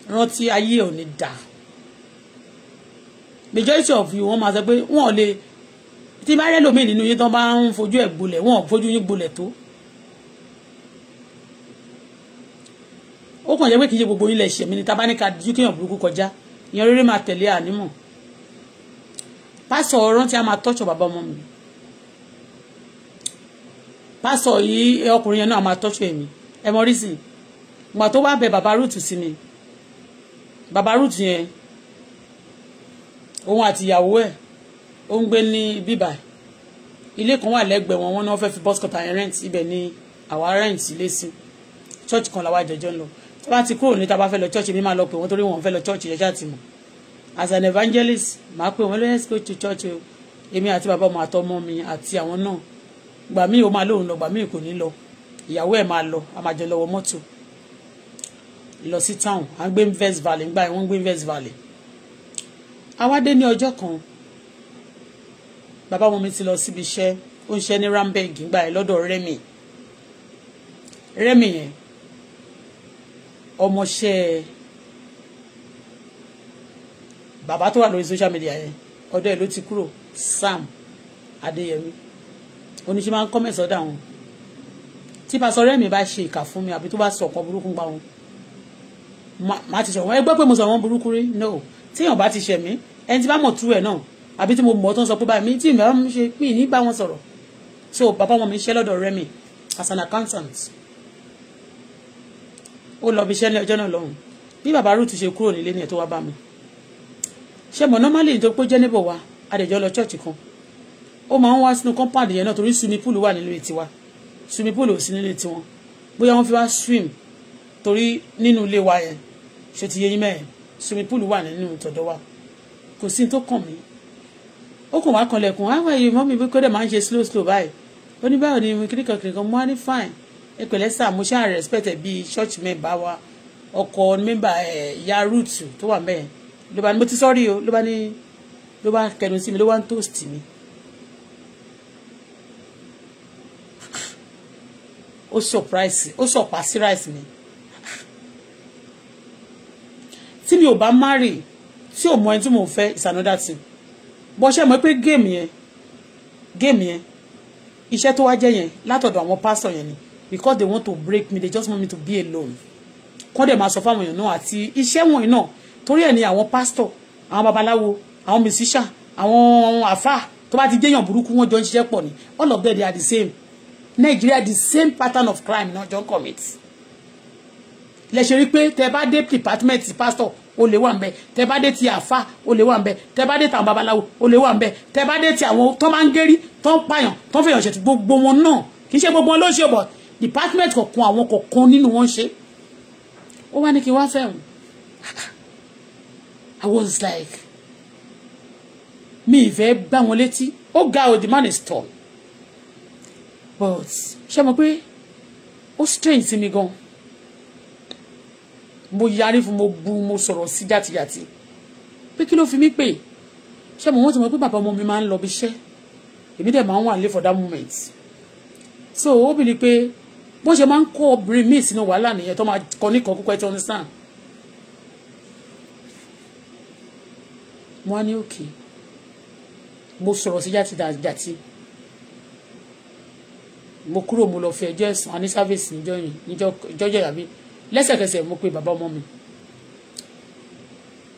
rántí ayé ò ní dáa majority of you wọ́n máa sọ pé wọ́n ò lè tí bá rẹ́ lómi nínú yín tán bá ń fojú ẹ̀ gbolẹ̀ wọ́n ò fojú yín gbolẹ̀ tó. ó kàn jẹ́ pé kì í ṣe gbogbo yín lẹ̀ ṣẹ̀mí ni tábà ní ká ju kéèyàn burúkú kọjá ìyẹn rere máa tẹ̀lé ànímọ̀ pásọ̀ ọ̀rọ̀ tí a máa tọ́jú bàbá ọmọ mi pásọ̀ yìí ọkùnrin yẹn náà máa tọ́jú ẹ̀mí ẹ mọ rí sí i ìgbà tó wá bẹ bàbá rúùtù sí mi bàbá rúùtù yẹn òun àti ìyàwó ẹ̀ ó ń gbé ní bíbà ilé kan wà lẹ́gbẹ̀ẹ́ wọn wọn ni wọ́n fẹ́ fi bus cutter yẹn rent ibẹ̀ ni àwa rent ilé sí church kan làwa jọjọ ń lọ tó bá ti kúrò ní tá a lọ church mi máa lọ pè wọ́n torí wọn fẹ́ lọ church yẹn ṣáàtì mọ̀ as an evangelist màá pè wọ́n let's go to church o èmi àti bàbá ọmọ àtọmọ mi àti àwọn náà gbà míì ó máa lóun lọ gbà míì kò ní lọ ìyàwó ẹ̀ máa lọ a máa jọ lọ mọ́tò lọ sí town à ń gbé Invest Valley ń gbà wọ́n ń gbé Invest Valley a wá dé ní ọjọ́ kan bàbá wọn mi ti lọ síbi iṣẹ́ ó ń ṣe ní Ramberg gbà ẹ lọ́dọ̀ Rẹ́mi Rẹ́mi yẹn ọmọọṣẹ́ bàbá tó wà lórí social media yẹn ọ̀dọ̀ ẹ̀ ló ti kúrò Sam Adéyẹmí oníṣẹ́ máa ń kọ́ mẹ́sàn-án dà wọn tí pásọ Rẹ́mi bá ṣe ìkà fún mi àbí tó bá sọ̀kan burúkú pa wọn má ti sọ̀rọ̀ wọn ẹgbẹ́ pé mo sọ̀rọ̀ wọn burúkú rí no téèyàn bá ti ṣẹ̀ mí ẹni tí bá mọ̀ tú ẹ̀ náà àbí tí mo mọ̀ tó ń sọ pé báyìí mi tí mi bá ń ṣe mí ní bá wọn sọ̀rọ̀ so bàbá wọn mi ṣẹ́ lọ́dọ̀ Rẹ́mi as an accountant ó lọ bí iṣẹ́ ní ọjọ́ náà lọ́hùn bí bàbá Ruth ṣe kúrò nílé ni ẹ̀ tó wá bá mi ṣe mọ̀ normally nítorí pé jẹ́ níbọ̀ wa adẹ̀jọ́ lọ church kan ó máa ń wá sínú compound yẹn náà torí swimming pool wà nílé tiwa swimming pool ò sí nílé tiwọn bóyá wọ́n fi wá swim torí nínú ilé wa yẹn ṣe ti yẹ yín mẹ́rin swimming pool wà nínú tọ̀dọ̀ wa kò sí tó kàn mí ó kàn wá kanlẹ̀kùn àwọn èèyàn mọ́ mi pé kó dẹ̀ máa ń ṣe slow slow báyìí ó ní báwo ni kíríkan kíríkan mo wá ní fine ẹ pẹ̀lẹ́ sà mo ṣáà respect ẹ̀ bíi church member wa ọkọ member ẹ̀ ya root tó wà mẹ́ẹ̀ ló bá ní mo ti sọ́rí o ló bá ní ló bá kẹnu sí mi ló wá ń toast mi ó surprise ó surpass rice mi. tí mi ò bá marry tí ò mọ ẹni tí mò ń fẹ́ is another thing bó ṣe mọ̀ pé géèmù yẹn géèmù yẹn iṣẹ́ tó wá jẹ́ yẹn látọ̀dọ̀ àwọn pásítọ̀ yẹn ni because they want to break me they just want me to be alone kọ́ dẹ̀ máa sọ fáwọn èèyàn náà àti iṣẹ́ wọ̀nyí náà torí ẹ̀ ni àwọn pásítọ̀ àwọn babaláwo àwọn mẹ̀síṣà àwọn àfáà tó bá ti jẹ́yàn burúkú wọn jọ ń ṣiṣẹ́ pọ̀ ni all of them they are the same Nigeria the same pattern of crime náà jọ ń commit lẹ rí pé tẹ bá dé department pastor ó lè wà ńbẹ̀ tẹ bá dé ti àfa ó lè wà ńbẹ̀ tẹ bá dé tàwọn babaláwo ó lè wà ńbẹ̀ tẹ bá dé ti àwọn tó máa ń gérí tó ń pààyàn tó ń fẹ̀yàn ṣètò gbogbo wọn náà kì í ṣe gbogbo wọn ló ṣe bọ̀ department kọ̀ọ̀kan àwọn kọ̀ọ̀kan nínú wọn ṣe ó wá ní kí n wá fẹ̀hùn I was like mi ìfẹ́ bá wọn létí ó ga o the man is tall but ṣé mo pé ó strange sí mi gan-an mo yarí fún mo bu mo sọ̀rọ̀ sí jàtìjàtì pé kí ló fi mí pè ṣé mo wọ́n ti mọ̀ pé bàbá ọmọ mi máa ń lọ bí iṣẹ́ èmi dẹ̀ máa ń wà nílé for that moment so ó bìí ni pé bó ṣe máa ń kó obìnrin míì sínú wàhálà nìyẹn tó máa kọ ní kọ̀ọ̀kú question understand wọ́n á ní òkè mo sọ̀rọ̀ sí jàtìjàtì mo kúrò mo lọ fi ẹjọ́ ẹ̀sùn anisávèsì níjọ́ yìí níjọ́ jẹ̀yà lẹ́sẹ̀kẹsẹ̀ mo pe baba ọmọ mi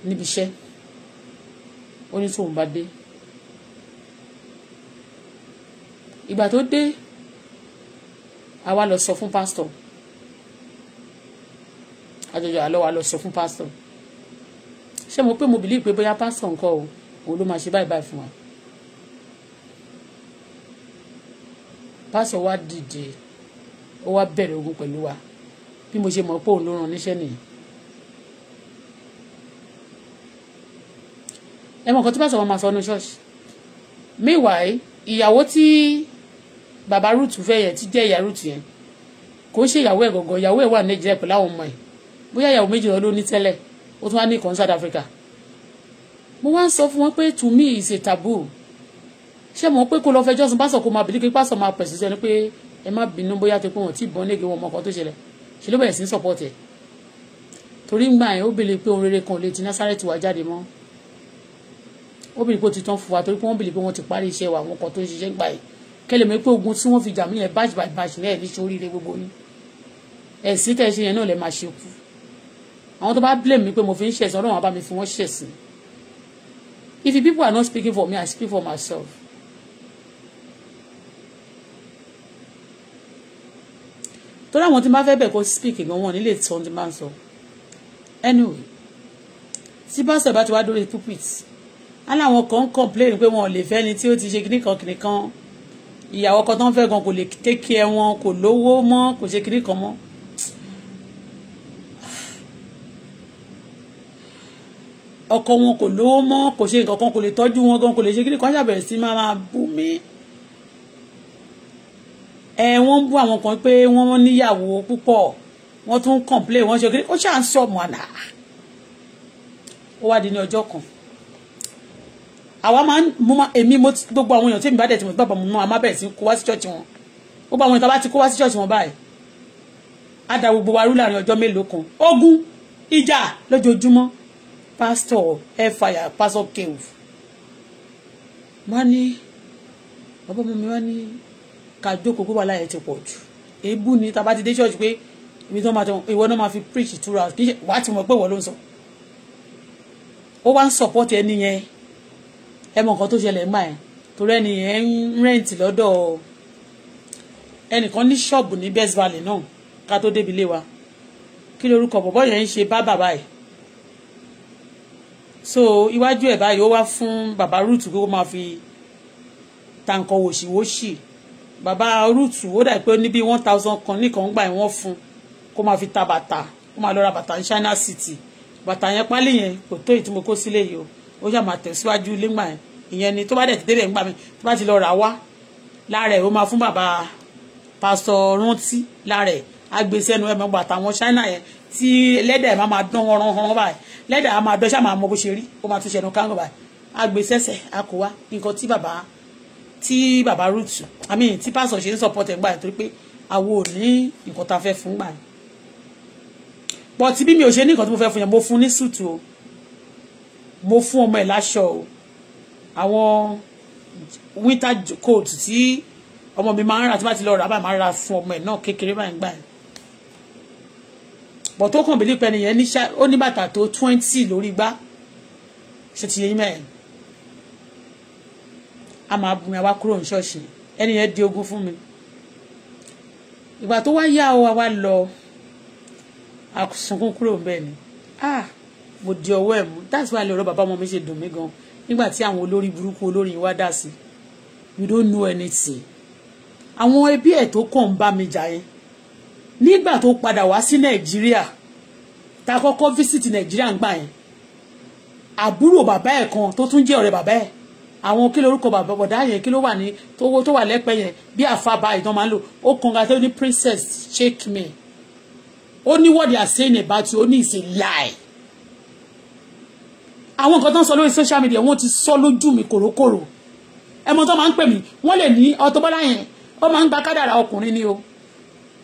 níbi iṣẹ́ ó ní tóun bá dé ìgbà tó dé a wá lọ sọ fún pásítọ̀ àjọjọ àlọ́ wa lọ sọ fún pásítọ̀ ṣé mo pé mo bìlí pé bóyá pásítọ̀ nǹkan o òun ló máa ṣe báyìí báyìí fún wa pásítọ̀ wa dìde ó wá bẹ̀rẹ̀ ogun pẹ̀lú wa bí mo ṣe mọ̀ pé òun ló rán níṣẹ́ nìyí. ẹ mọ̀ nǹkan tí pásítọ̀ wọn máa sọ ní ṣọ́ọ̀ṣì meanwhile ìyàwó tí bàbá Ruth fẹ́ yẹn ti jẹ́ ìyá Ruth yẹn kò ń ṣe ìyàwó ẹ̀ gọ̀gọ̀ ìyàwó ẹ̀ wà ní Nàìjíríà pẹ̀lú àwọn ọmọ ẹ̀ bóyá ìyàwó méjì lọ́ọ́ ní tẹ́lẹ̀ ó tún wá ní ìkan South Africa mo wá ń sọ fún wọn pé to me is a taboo ṣé mo pé kó lọ fẹjọ́ sùn pásítọ̀ kó máa bìlí kí pásítọ̀ máa pẹ̀sì sẹ́ni pé ẹ má bínú bóyá ti pé wọ́n ti bọ́n léèké wọn ọmọ kan tó ṣẹlẹ̀ ṣe ló bẹ̀rẹ̀ sí support ẹ̀ torí ń gbà yẹn ó bèèrè pé ohun rere kan lè ti Násárẹ́tì wá jáde mọ́ ó bèèrè pé ó ti tán fún wa torí pé wọ́n bèèrè pé wọ́n ti parí iṣẹ́ wa àwọn kan tó ń ṣiṣẹ́ gbà yìí kẹlẹ̀ mọ́ pé ogun tí wọ́n fi jà yẹn bájì bájì bájì náà ní sórí ilé gbogbo ni ẹ̀sìn tẹ̀ ṣe yẹn náà lè máa ṣe kú àwọn tó bá blame mi pé mo fi ń ṣẹ̀sìn ọlọ́run àbá mi fi wọ́n ṣẹ̀sìn if people are not speaking for me I speak for myself torí àwọn tí n fẹ́ bẹ̀ kó speak gan wọn nílé tán tí n bá ń sọ anyway tí pásítọ̀ bá ti wá dórí pulpit aláwọn kan ń complain pé wọn ò lè fẹ́ ni tí ó ti ṣe kíní kan kíní kan ìyàwó kan tó ń fẹ́ gan kò lè tẹ́kí ẹ wọn kò lówó mọ́ kò ṣe kíní kan mọ́. ọkọ wọn kò lówó mọ́ kò ṣe nǹkan kan kò lè tọ́jú wọn gan kò lè ṣe kíní kan ṣàbẹ̀rẹ̀ sí máa bú mi ẹ wọ́n ń bú àwọn kan pé wọ́n níyàwó púpọ̀ wọ́n tún ń complain wọ́n ṣe kí ó ṣáà ń sọ ọmọ àná ó wá di ní ọjọ́ kan àwa máa ń mú èmi mo gbogbo àwọn èèyàn tí èmi bá dẹ̀ tí mo gbàgbọ́ mo máa má bẹ̀rẹ̀ sí kó wá sí ṣọ́ọ̀ṣì wọn gbogbo àwọn èèyàn tá bá ti kó wá sí ṣọ́ọ̀ṣì wọn báyìí á da gbogbo wa rú láàrin ọjọ́ mélòó kan ogun ìjà lójoojúmọ́ pásítọ̀ ẹ̀fàyà pásítọ̀ kéwù wọ́n ní bàbá mi wọ́n ní ká jókòó pé wàhálà yẹn ti pọ̀ jù èébú ni tá a bá ti dé ṣọ́ọ̀ṣì pé ibi tí máa tọ́ ìwọ náà máa fi preach ìtura kì í ṣe wàá ti mọ̀ pé ìwọ ló ń sọ ó wá ń support ẹni yẹn ẹ mọ nǹkan tó ṣẹlẹ̀ ń gbà yẹn torí ẹni yẹn ń rent lọ́dọ̀ ẹnìkan ní ṣọ́ọ̀bù ní Best Valley náà ká tó débi ilé wa kí lorúkọ bọ̀bọ̀ yẹn ń ṣe bá bàbá ẹ̀ so iwájú ẹ̀ báyìí ó wá fún bàbá rúùtù kó máa fi tàǹkọ̀ wòṣìwòṣì bàbá rúùtù ó dà pé ó one thousand kan nìkan ń gbà ẹ̀ wọ́n fún kó máa fi ta bàtà kó máa lọ bàtà ní China City bàtà yẹn pálí yẹn kò tó èyí tí mo kó sílé yìí o ó yà máa tẹ̀síwájú lẹ́gbà yẹn ìyẹn ni tó bá dẹ̀ ti débẹ̀ ńgbà mi tó bá ti lọ rà wá lára ó máa fún bàbá pásítọ̀ rántí lára ẹ̀ agbésẹ́nu e ẹ̀ mọ́gbà àtàwọn China yẹn tí lẹ́dà ẹ̀ máa máa dán ọ̀ràn ọ̀ràn báyìí lẹ́dà á máa dán ṣáà máa mọ bó ṣe rí ó máa tún ṣẹnu káńgọ̀ báyìí agbésẹ́sẹ̀ e akọ̀wá nǹkan tí bàbá tí bàbá root i mean tí pásọ ṣe ń support ẹ̀ gbà torí pé àwo ò ní nǹkan tá a fẹ́ fún gbà yẹn but bí mi ò ṣe ní nǹkan tí mo fẹ́ fún yẹn mo fún ní sùtù o mo fún ọmọ ẹ̀ láṣọ o àwọn winter coat tí ọmọ mi máa ń rà tí bá ti lọ rà bá máa ń rà fún ọmọ ẹ̀ náà kékeré báyìí gbà yẹn but ó kàn bí lípẹ́ nìyẹn ó ní bàtà tó twenty lórí gbá ṣe ti yẹ yín mẹ́rin a máa bu mi àwa kúrò ní ṣọ́ọ̀ṣì ẹni yẹn di ogun fún mi ìgbà tó wá yá o àwa lọ àsunkún kúrò bẹ́ẹ̀ ni ah mo di ọwọ́ ẹ̀ mú that's why lọ́rọ̀ bàbá ọmọ mi ṣe dùn mí gan nígbà tí àwọn olórí burúkú olórí yìí wá dà sí you don't know anything àwọn ẹbí ẹ̀ tó kàn ń bá mi jà yẹn nígbà tó padà wá sí nàìjíríà ta kọ́kọ́ visit nàìjíríà ń gbà yẹn àbúrò bàbá ẹ̀ kan tó tún jẹ́ ọ̀rẹ́ bàbá ẹ̀ àwọn kí lorúkọ bàbá bọ̀dá yẹn kí ló wà ní owó tó wà lẹ́pẹ́ yẹn bí àfàbà ìtàn máa ń lò ó kànga tó ní princess shake me ó ní what they are saying about you ó ní it's a lie àwọn nǹkan tó ń sọ lórí social media wọ́n ti sọ lójú mi kòrókòrò ẹmọ tó máa ń pè mí wọ́n lè ní Auto Bola yẹn ó máa ń gba kádàrà ọkùnrin ni o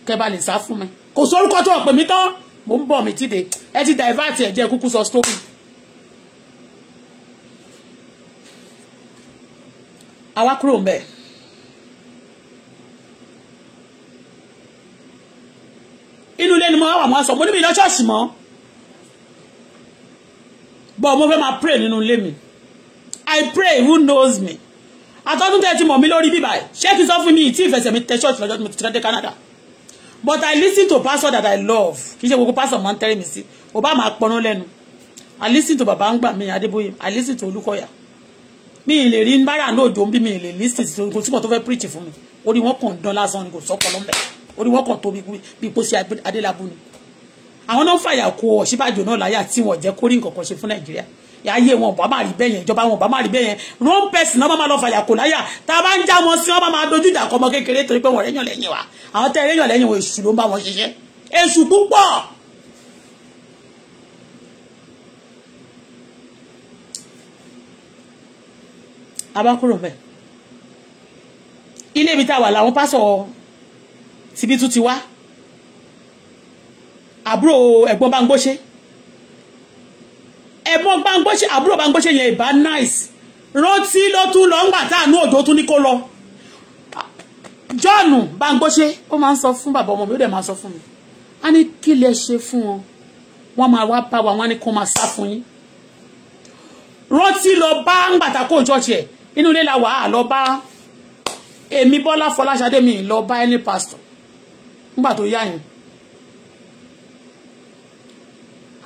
kẹba lè sá fún mi kò sórúkọ tó ọ̀pẹ̀ mi tán mò ń bọ̀ mi tíde ẹ ti divert ẹ̀ jẹ́ kúkú sọ story àwa kúrò mbẹ̀. inú ilé ni mo wà mo sọ mo ní mi iná ṣọ́ọ̀ṣì mọ́ but mo fẹ́ máa pray nínú ilé mi I pray who knows me àtọ́dún tẹ́ ti mọ̀ mí lórí bíbá ṣé kí n sọ fún mi ìtí ìfẹsẹ̀ mi tẹ ṣọ́ọ̀ṣì lọ́jọ́ tí mo ti dé Canada but I listen to pastor that I love kì í ṣe gbogbo pastor máa ń tẹ́rẹ̀ mi sí ò bá máa pọnú lẹ́nu I listen to baba ń gbà mí Adébóyè I listen to Olúkọ̀yà mi ì lè rí bára náà dùn bí mi ì lè lí sí kò síkò tó fẹ́ preach fún mi orí wọn kàn dán lásán ni kò sọ́kọ lọ́mbẹ́ orí wọn kàn tóbi bí pósí adélábù ni àwọn náà fàyà kó ọ̀ṣíbàjò náà láyà tí wọn jẹ́ kórìí nǹkan kan ṣe fún nàìjíríà ayé wọn bá má rí bẹ́ẹ̀ yẹn ìjọba wọn bá má rí bẹ́ẹ̀ yẹn wrong person náà máa lọ fàyà kò láyà tá a bá ń já wọn sí wọn bá máa dojú ìjà kọ ọmọ kékeré torí pé wọn rẹ́yàn lẹ́yìn wa àwọn tẹ́ rẹ́yàn lẹ́yìn wọn èṣù ló ń bá wọn ṣiṣẹ́ èṣù púpọ̀ abá kúrò bẹ́ẹ̀ ilé ibi tá a wà làwọn pásọ tìbí tún ti wá àbúrò ẹ̀gbọ́n bá ń gbóṣe ẹ̀gbọ́n bá ń gbóṣe àbúrò bá ń gbóṣe yẹn ìbá nice rántí ló tún lọ ń gbà táànú òjò tún ní kó lọ John bá ń gbóṣe ó máa ń sọ fún bàbá ọmọ mi ó dẹ̀ máa sọ fún mi a ní kí lẹ ṣe fún wọn wọ́n máa wá bá wa wọ́n á ní kó máa sá fún yín rántí lọ bá ń gbàtà kó jọ tiẹ̀ inú ilé la wà á lọ bá èmi Bọ́lá Fọláṣadé mi lọ bá ẹni pásítọ̀ nígbà tó yá yẹn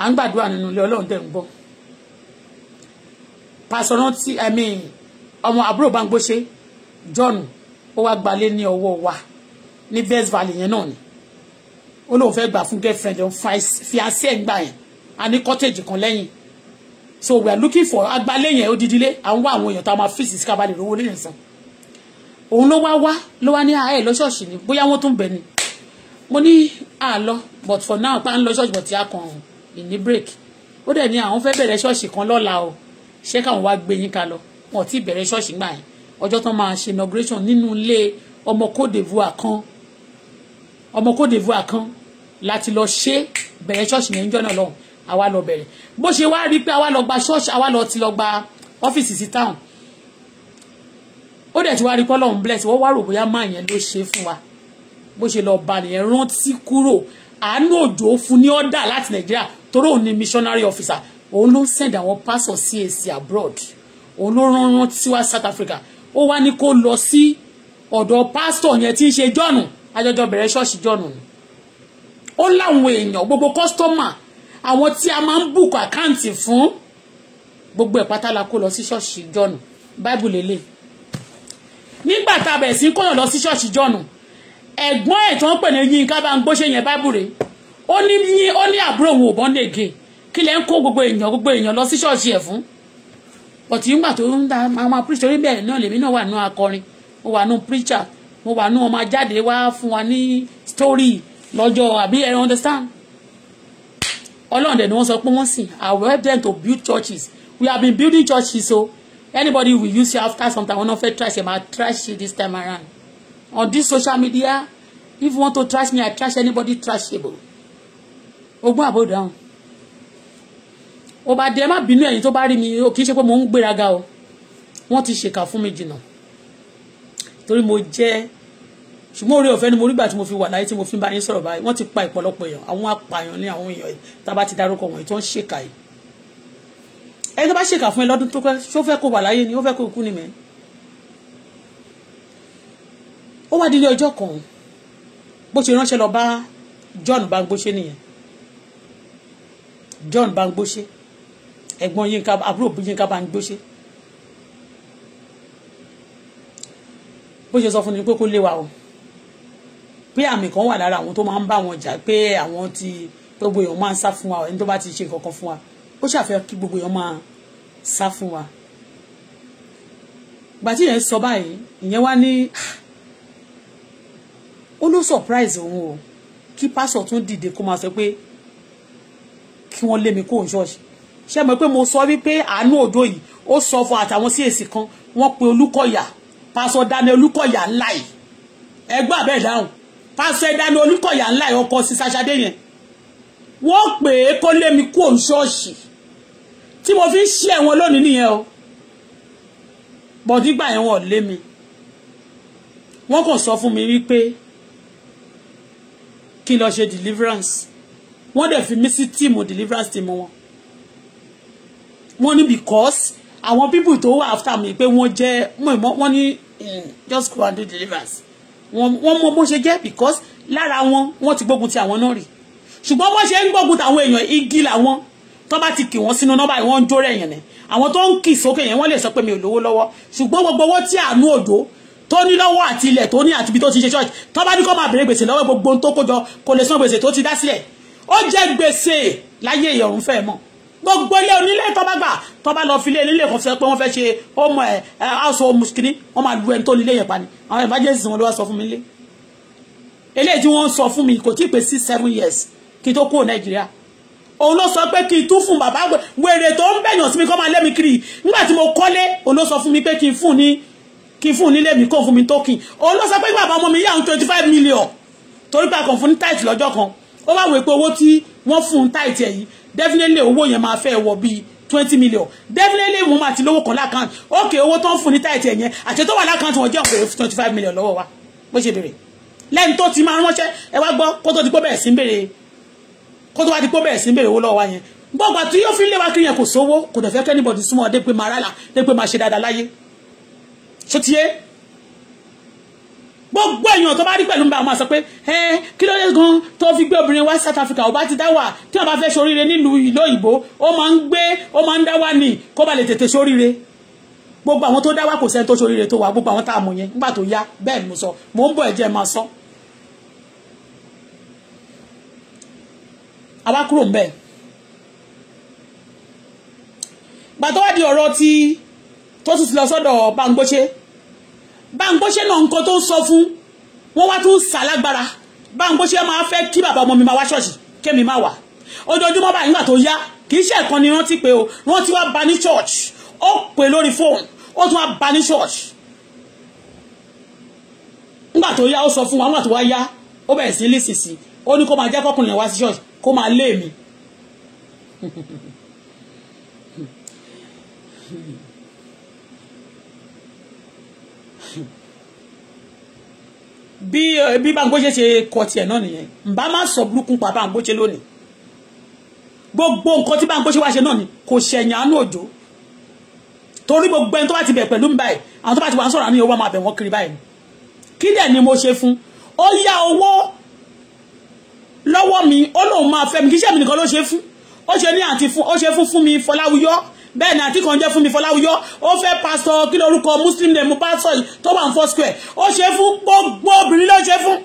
à ń gbàdúrà nínú ilé Ọlọ́run tẹ̀ ń gbọ́ pásítọ̀ rántí ẹ̀mí ọmọ àbúrò bá ń gbóṣe John ó wá gbalé ní ọwọ́ wa ní Best Valley yẹn náà ni ó lóun fẹ́ gbà fún girlfriend ọ̀hún fiancé ẹ̀ ń gbà yẹn a ní cottage kan lẹ́yìn so we are looking for agbalẹ̀ yẹn odidile à ń wá àwọn èèyàn tá a máa fèsì sí kábàlẹ̀ lówó lẹ́yìn san òun ló wá wá ló wá ní àárẹ̀ ah, lọ ṣọ́ọ̀ṣì ni bóyá wọ́n tún bẹ̀ ni mo ní àlọ but for now pa ń lọ ṣọ́ọ̀ṣì bọ̀tí akàn ìní break ó dẹ̀ ní àwọn ah, fẹ́ bẹ̀rẹ̀ ṣọ́ọ̀ṣì kan lọ́la o ṣé káwọn wá gbé yín ká lọ wọn ò tí ì bẹ̀rẹ̀ ṣọ́ọ̀ṣì gbà yẹn ọjọ́ tán máa ṣe inauguration nínú ilé ọmọ Côte d'Ivoire kan ọmọ Côte d'Ivoire kan láti lọ ṣe bẹ̀rẹ̀ ṣọ́ọ̀ṣì yẹn ń jọ́nà lọ́hùn àwa lọ bẹ̀rẹ̀ bó ṣe wá rí pé àwa lọ gba ṣọ́ọ̀ṣì àwa lọ ti lọ gba ọ́fíìsì sí táwọn ó dẹ̀ ti wá rí pé ọlọ́run bless wọ́n wá rò bóyá máa yẹn ló ṣe fún wa bó ṣe lọ ba nìyẹn rántí kúrò àánú òjò fún ní ọ́dà láti nàìjíríà torí òun ni missionary officer òun ló ń send àwọn pastor sí èsì abroad òun ló rán rántí wá South Africa ó wá ní kó lọ sí ọ̀dọ̀ pastor yẹn tí ń ṣe jọ́nù ajọjọ bẹ̀rẹ̀ ṣọ́ọ̀ṣì jọ́nù ó láwọn èèyàn gbogbo customer àwọn tí a máa ń bùkù àkáǹtì fún gbogbo ẹ̀ pátá la kó lọ sí ṣọ́ọ̀ṣì jọ̀nù báìbù lélẹ̀ nígbà tá a bẹ̀rẹ̀ sí kóyàn lọ sí ṣọ́ọ̀ṣì jọ̀nù ẹ̀gbọ́n ẹ̀ tó ń pè ní Yínká bá ń gbóṣe yẹn báìbù rè ó ní yín ó ní àbúrò òun ò bọ́n lè gé kí lẹ́ ń kó gbogbo èèyàn gbogbo èèyàn lọ sí ṣọ́ọ̀ṣì ẹ̀ fún bọ̀tí nígbà tó ń da àwọn apíríṣẹ́ orí bẹ́ẹ̀ náà lèmi náà wà nù akọrin mo wà nù preacher mo wà nù ọmọ ajáde wá fún wa ní story lọ́jọ́ àbí ẹ understand ọlọ́run dẹ̀ ni wọ́n sọ pé wọ́n sìn I will help them to build churches we have been building churches so anybody will use you after some time wọ́n náà fẹ́ trash ẹ̀ máa trash you this time around on this social media if you want to trash me I trash anybody trashable ogbon abo down ọba dẹ má bínú ẹ̀yin tó bá rí mi o kì í ṣe pé mo ń gbéraga o wọ́n ti ṣèkà fún mi jìnnà torí mo jẹ́ ṣùgbọ́n oore ọ̀fẹ́ ni mo rí gbà tí mo fi wà láyé tí mo fi bá yín sọ̀rọ̀ báyìí wọ́n ti pa ìpọ̀lọpọ̀ èèyàn àwọn apààyàn ní àwọn èèyàn yìí tá a bá ti dárúkọ wọ̀nyí tó ń ṣèkà yìí ẹni tó bá ṣèkà fún ẹ lọ́dún tó pẹ́ ṣó fẹ́ kó wà láyé ni ó fẹ́ kó kú ni mẹ́ ó wá dílé ọjọ́ kan bó ṣe ránṣẹ́ lọ bá John Bangbóṣe nìyẹn John Bangbóṣe ẹ̀gbọ́n Yínká àbúrò Yínká Bangbóṣe bó ṣe sọ fún ni pé kó lé wa o pé àmì kan wà lára àwọn tó máa ń bá wọn jà pé àwọn ti gbogbo èèyàn máa ń sá fún wa ẹni tó bá ti ṣe kankan fún wa ó ṣàfihàn kí gbogbo èèyàn máa sá fún wa gbàtí yẹn sọ báyìí ìyẹn wá ní ó ló surprise òun o kí pásọ tún dìde kó máa sọ pé kí wọ́n lé mi kó ṣọ́ọ̀ṣì ṣe mọ̀ pé mo sọ wípé àánú òdo yìí ó sọ fún àtàwọn CAC kan wọ́n pe olúkọ̀yà pásọ dání olúkọ̀yà ńlá yìí ẹgbẹ́ àbẹ́ ìdáhùn pásọ ẹ̀dánú olúkọ̀yà ńlá ẹ̀ ọkọ̀ sí sàṣàdé yẹn wọ́n pè é kó lé mi kú òun ṣọ́ọ̀ṣì tí mo fi ń ṣe ẹ̀wọ̀n lónìí nìyẹn o bọ̀dígbà yẹn wọ́n lé mi wọ́n kàn sọ fún mi wípé kí n lọ ṣe deliverance wọ́n dẹ̀ fi mí sí tíìmù deliverance tíìmù wọn wọ́n ní because àwọn people tó wà after mi pé wọ́n jẹ́ wọ́n ní hmm, just go and do deliverance wọ́n mọ bó ṣe jẹ́ because lára wọn wọ́n ti gbógun ti àwọn náà rí ṣùgbọ́n bó ṣe ń gbógun tàwọn èèyàn igi làwọn tó bá ti kì wọ́n sínú nọ́mbà ìwọ́n ń jó rẹ̀ yẹn ni àwọn tó ń kì sókè yẹn wọ́n lè sọ pé mi ò lówó lọ́wọ́ ṣùgbọ́n gbogbo owó tí àánú òjò tó ní lọ́wọ́ àti ilẹ̀ tó ní àti ibi tó ti ṣe church tó bá ní kó máa bèrè gbèsè lọ́wọ́ gbogbo tó kójọ kò lè san gbèsè tó ti dá sílẹ̀ ó jẹ́ gbèsè láyé ìyọ̀rùn fẹ́ mọ́ gbogbo ilé onílé tọ́ba gbà tọ́ba lọ fi ilé onílé kan sọ pé wọ́n fẹ́ ṣe ọmọ ẹ̀ house of muskini wọ́n máa lu ẹni tó nílé yẹn pa ni àwọn emergency wọn ló wá sọ fún mi lé eléyìí tí wọ́n sọ fún mi kò tí ì pé six seven years kí tó kúrò nàìjíríà òun ló sọ pé kí n tún fún bàbá wèrè tó ń bẹ̀yàn sí mi kọ́ máa lé mi kiri nígbà tí mo kọ́lé òun ló sọ fún mi pé kí n fún ní kí n fún nílé mi kó fún mi tókìn òun ló sọ pé bàbá ọmọ mi yà ń twenty five million torí pé a kàn fún ní táìtì lọ́jọ́ kan ó wá wèé pé owó tí wọ́n fún un táìtì ẹ̀ yìí definitely owó yẹn máa fẹ́ wọ bíi twenty million definitely mo máa ti lówó kan lákàntì ok owó tó ń fún ní táìtì ẹ̀yẹn àti tó wà lákàntì wọn jẹ́ òkèrè twenty five million lọ́wọ́ wa bó ṣe béèrè lẹ́yìn tó ti máa ránṣẹ́ ẹ wá gbọ́ kó tó ti pọ́ bẹ̀rẹ̀ sí ń béèrè kó tó wá ti pọ́ bẹ̀rẹ̀ sí ń béèrè owó lọ́wọ́ wa yẹn gbọ́gbà tí yóò fi lé wa kiri yẹn kò sówó kò dẹ̀ fẹ́ kẹ́nìbọ̀dì súnmọ́ dé pé máa rálà dé pé máa ṣe dáadáa láyé ṣó ti yé gbogbo èèyàn tó bá rí pẹ̀lú bá máa sọ pé ẹ kí ló dé gan tó fi gbé obìnrin wá South Africa ò bá ti dá wà tí wọn bá fẹ́ ṣoríire nílùú ìlú òyìnbó ó máa ń gbé ó máa ń dá wà ní kó ba lè tètè ṣoríire gbogbo àwọn tó dá wà kò sẹ́ni tó ṣoríire tó wà gbogbo àwọn tá a mọ̀ yẹn nígbà tó yá bẹ́ẹ̀ mo sọ mò ń bọ̀ ẹ̀jẹ̀ máa sọ. àwa kúrò ń bẹ̀ gbàtọ́wádìí ọ̀rọ̀ ti tó tún ti lọ sọ́dọ̀ Bámgbóṣé Báńgbóṣe náà nǹkan tó ń sọ fún wọn wá tún sà lágbára Báńgbóṣe máa fẹ́ kí bàbá ọmọ mi máa wá ṣọ́ọ̀ṣì kémi máa wà ojoojúmọ́ báyìí nígbà tó yá kì í ṣe ẹ̀kan ni rántí pé o rántí wá bá ní church ó pè lórí fóònù ó tún wá bá ní church nígbà tó yá ó sọ fún wa nígbà tó wá yá ó bẹ̀rẹ̀ sí lísìsì ó ní kó máa jẹ́ kọ́kùnrin wá sí church kó máa lé mi bí bí Bámgbóṣe ṣe kọ tiẹ̀ náà nìyẹn nbá má sọ burúkú pa Bámgbóṣe lónìí gbogbo nǹkan tí Bámgbóṣe wá ṣe náà ni kò ṣẹ̀yìn àánú òjò torí gbogbo ẹni tó bá ti bẹ̀ pẹ̀lú mi báyìí àwọn tó bá ti wà ń sọ̀rọ̀ àníyàn owó máa bẹ̀ wọ́n kiri báyìí kí dẹ̀ ni mo ṣe fún ó yá owó lọ́wọ́ mi ó lóun máa fẹ́ mi kí iṣẹ́ mi nìkan ló ṣe fún ó ṣe ní àǹtí fún ó ṣe fún fún mi Fọláwíyọ́ bẹ́ẹ̀ ni àti kan jẹ́ fún mi fọláwùyọ ó fẹ́ pásítọ̀ kí lórúkọ muslim dẹ̀ mú pásítọ̀ tó wà ní four square ó ṣe fún gbogbo obìnrin ló ṣe fún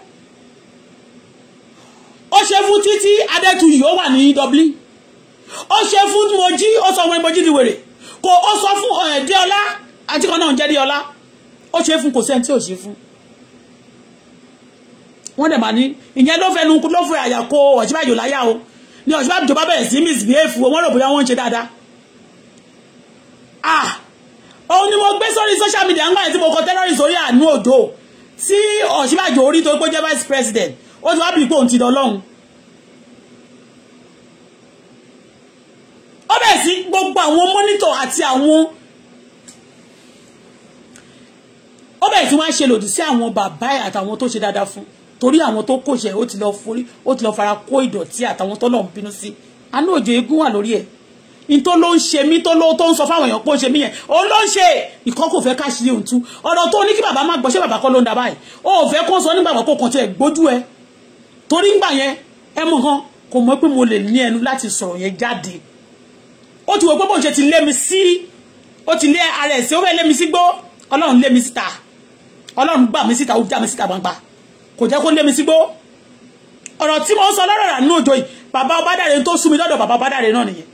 ó ṣe fún títí adétuyì ó wà ní dublin ó ṣe fún mojí ó sọ ọmọ ìmọ̀jí di wèrè kò ó sọ fún ọ̀ẹ́dẹ́ọlá àti kan náà ń jẹ́ díọlá ó ṣe fún kò sẹ́ni tí ò ṣe fún wọ́n dẹ̀ máa ní ìyẹn ló fẹnu ló fẹ́ àyàkó ọ̀ṣibàjò láyà o ni ọ̀ṣibàjò bá bẹ̀rẹ̀ sí misbehave wọ́n rò bóyá wọ́n ń ṣe dáadáa ah òun ni mo gbé sórí social media ńgbà tí mo kọ terrorist orí àánú òjò tí ọ̀ṣíbàjò orí tó pé jẹ́ vice president ó ti wá bí ipò òǹtí lọ́lọ́run ó bẹ̀rẹ̀ sí gbogbo àwọn mọ́nítọ̀ àti àwọn ó bẹ̀rẹ̀ sí wọ́n á ṣe lòdì sí àwọn bàbá ẹ̀ àtàwọn tó ṣe dáadáa fún torí àwọn tó kòṣẹ̀ ó ti lọ ó ti lọ fara kó ìdọ̀tí àtàwọn tó lọ́n bínú sí àánú òjò eégún wà lórí ẹ̀ in tó ló ń ṣe mí tó ló tó ń sọ fáwọn èèyàn pé ó ń ṣe mí yẹn òun ló ń ṣe ìkan kò fẹ́ ká ṣe òun tú ọ̀rọ̀ tó ní kí bàbá má gbọ́ ṣé bàbá kọ́ ló ń da báyìí ó fẹ́ kó sọ nígbà wọn kó kàn tiẹ̀ gbójú ẹ torí ngbà yẹn ẹ mọ̀ kan kò mọ̀ pé mo lè ní ẹnu láti sọ̀rọ̀ yẹn jáde ó ti wò pé bóun ṣe ti lé mi sí ó ti lé ara ẹ̀ sí ó fẹ́ lé mi sí gbó ọlọ́run lé mi síta ọlọ́run gbà mí síta ó já mi síta gbangba kò jẹ́ kó lé mi sí gbó ọ̀rọ̀ tí mo ń sọ lọ́rọ̀ rà nínú òjò yìí bàbá ọbádàre tó sú mi lọ́dọ̀ bàbá ọbádàre náà nìyẹn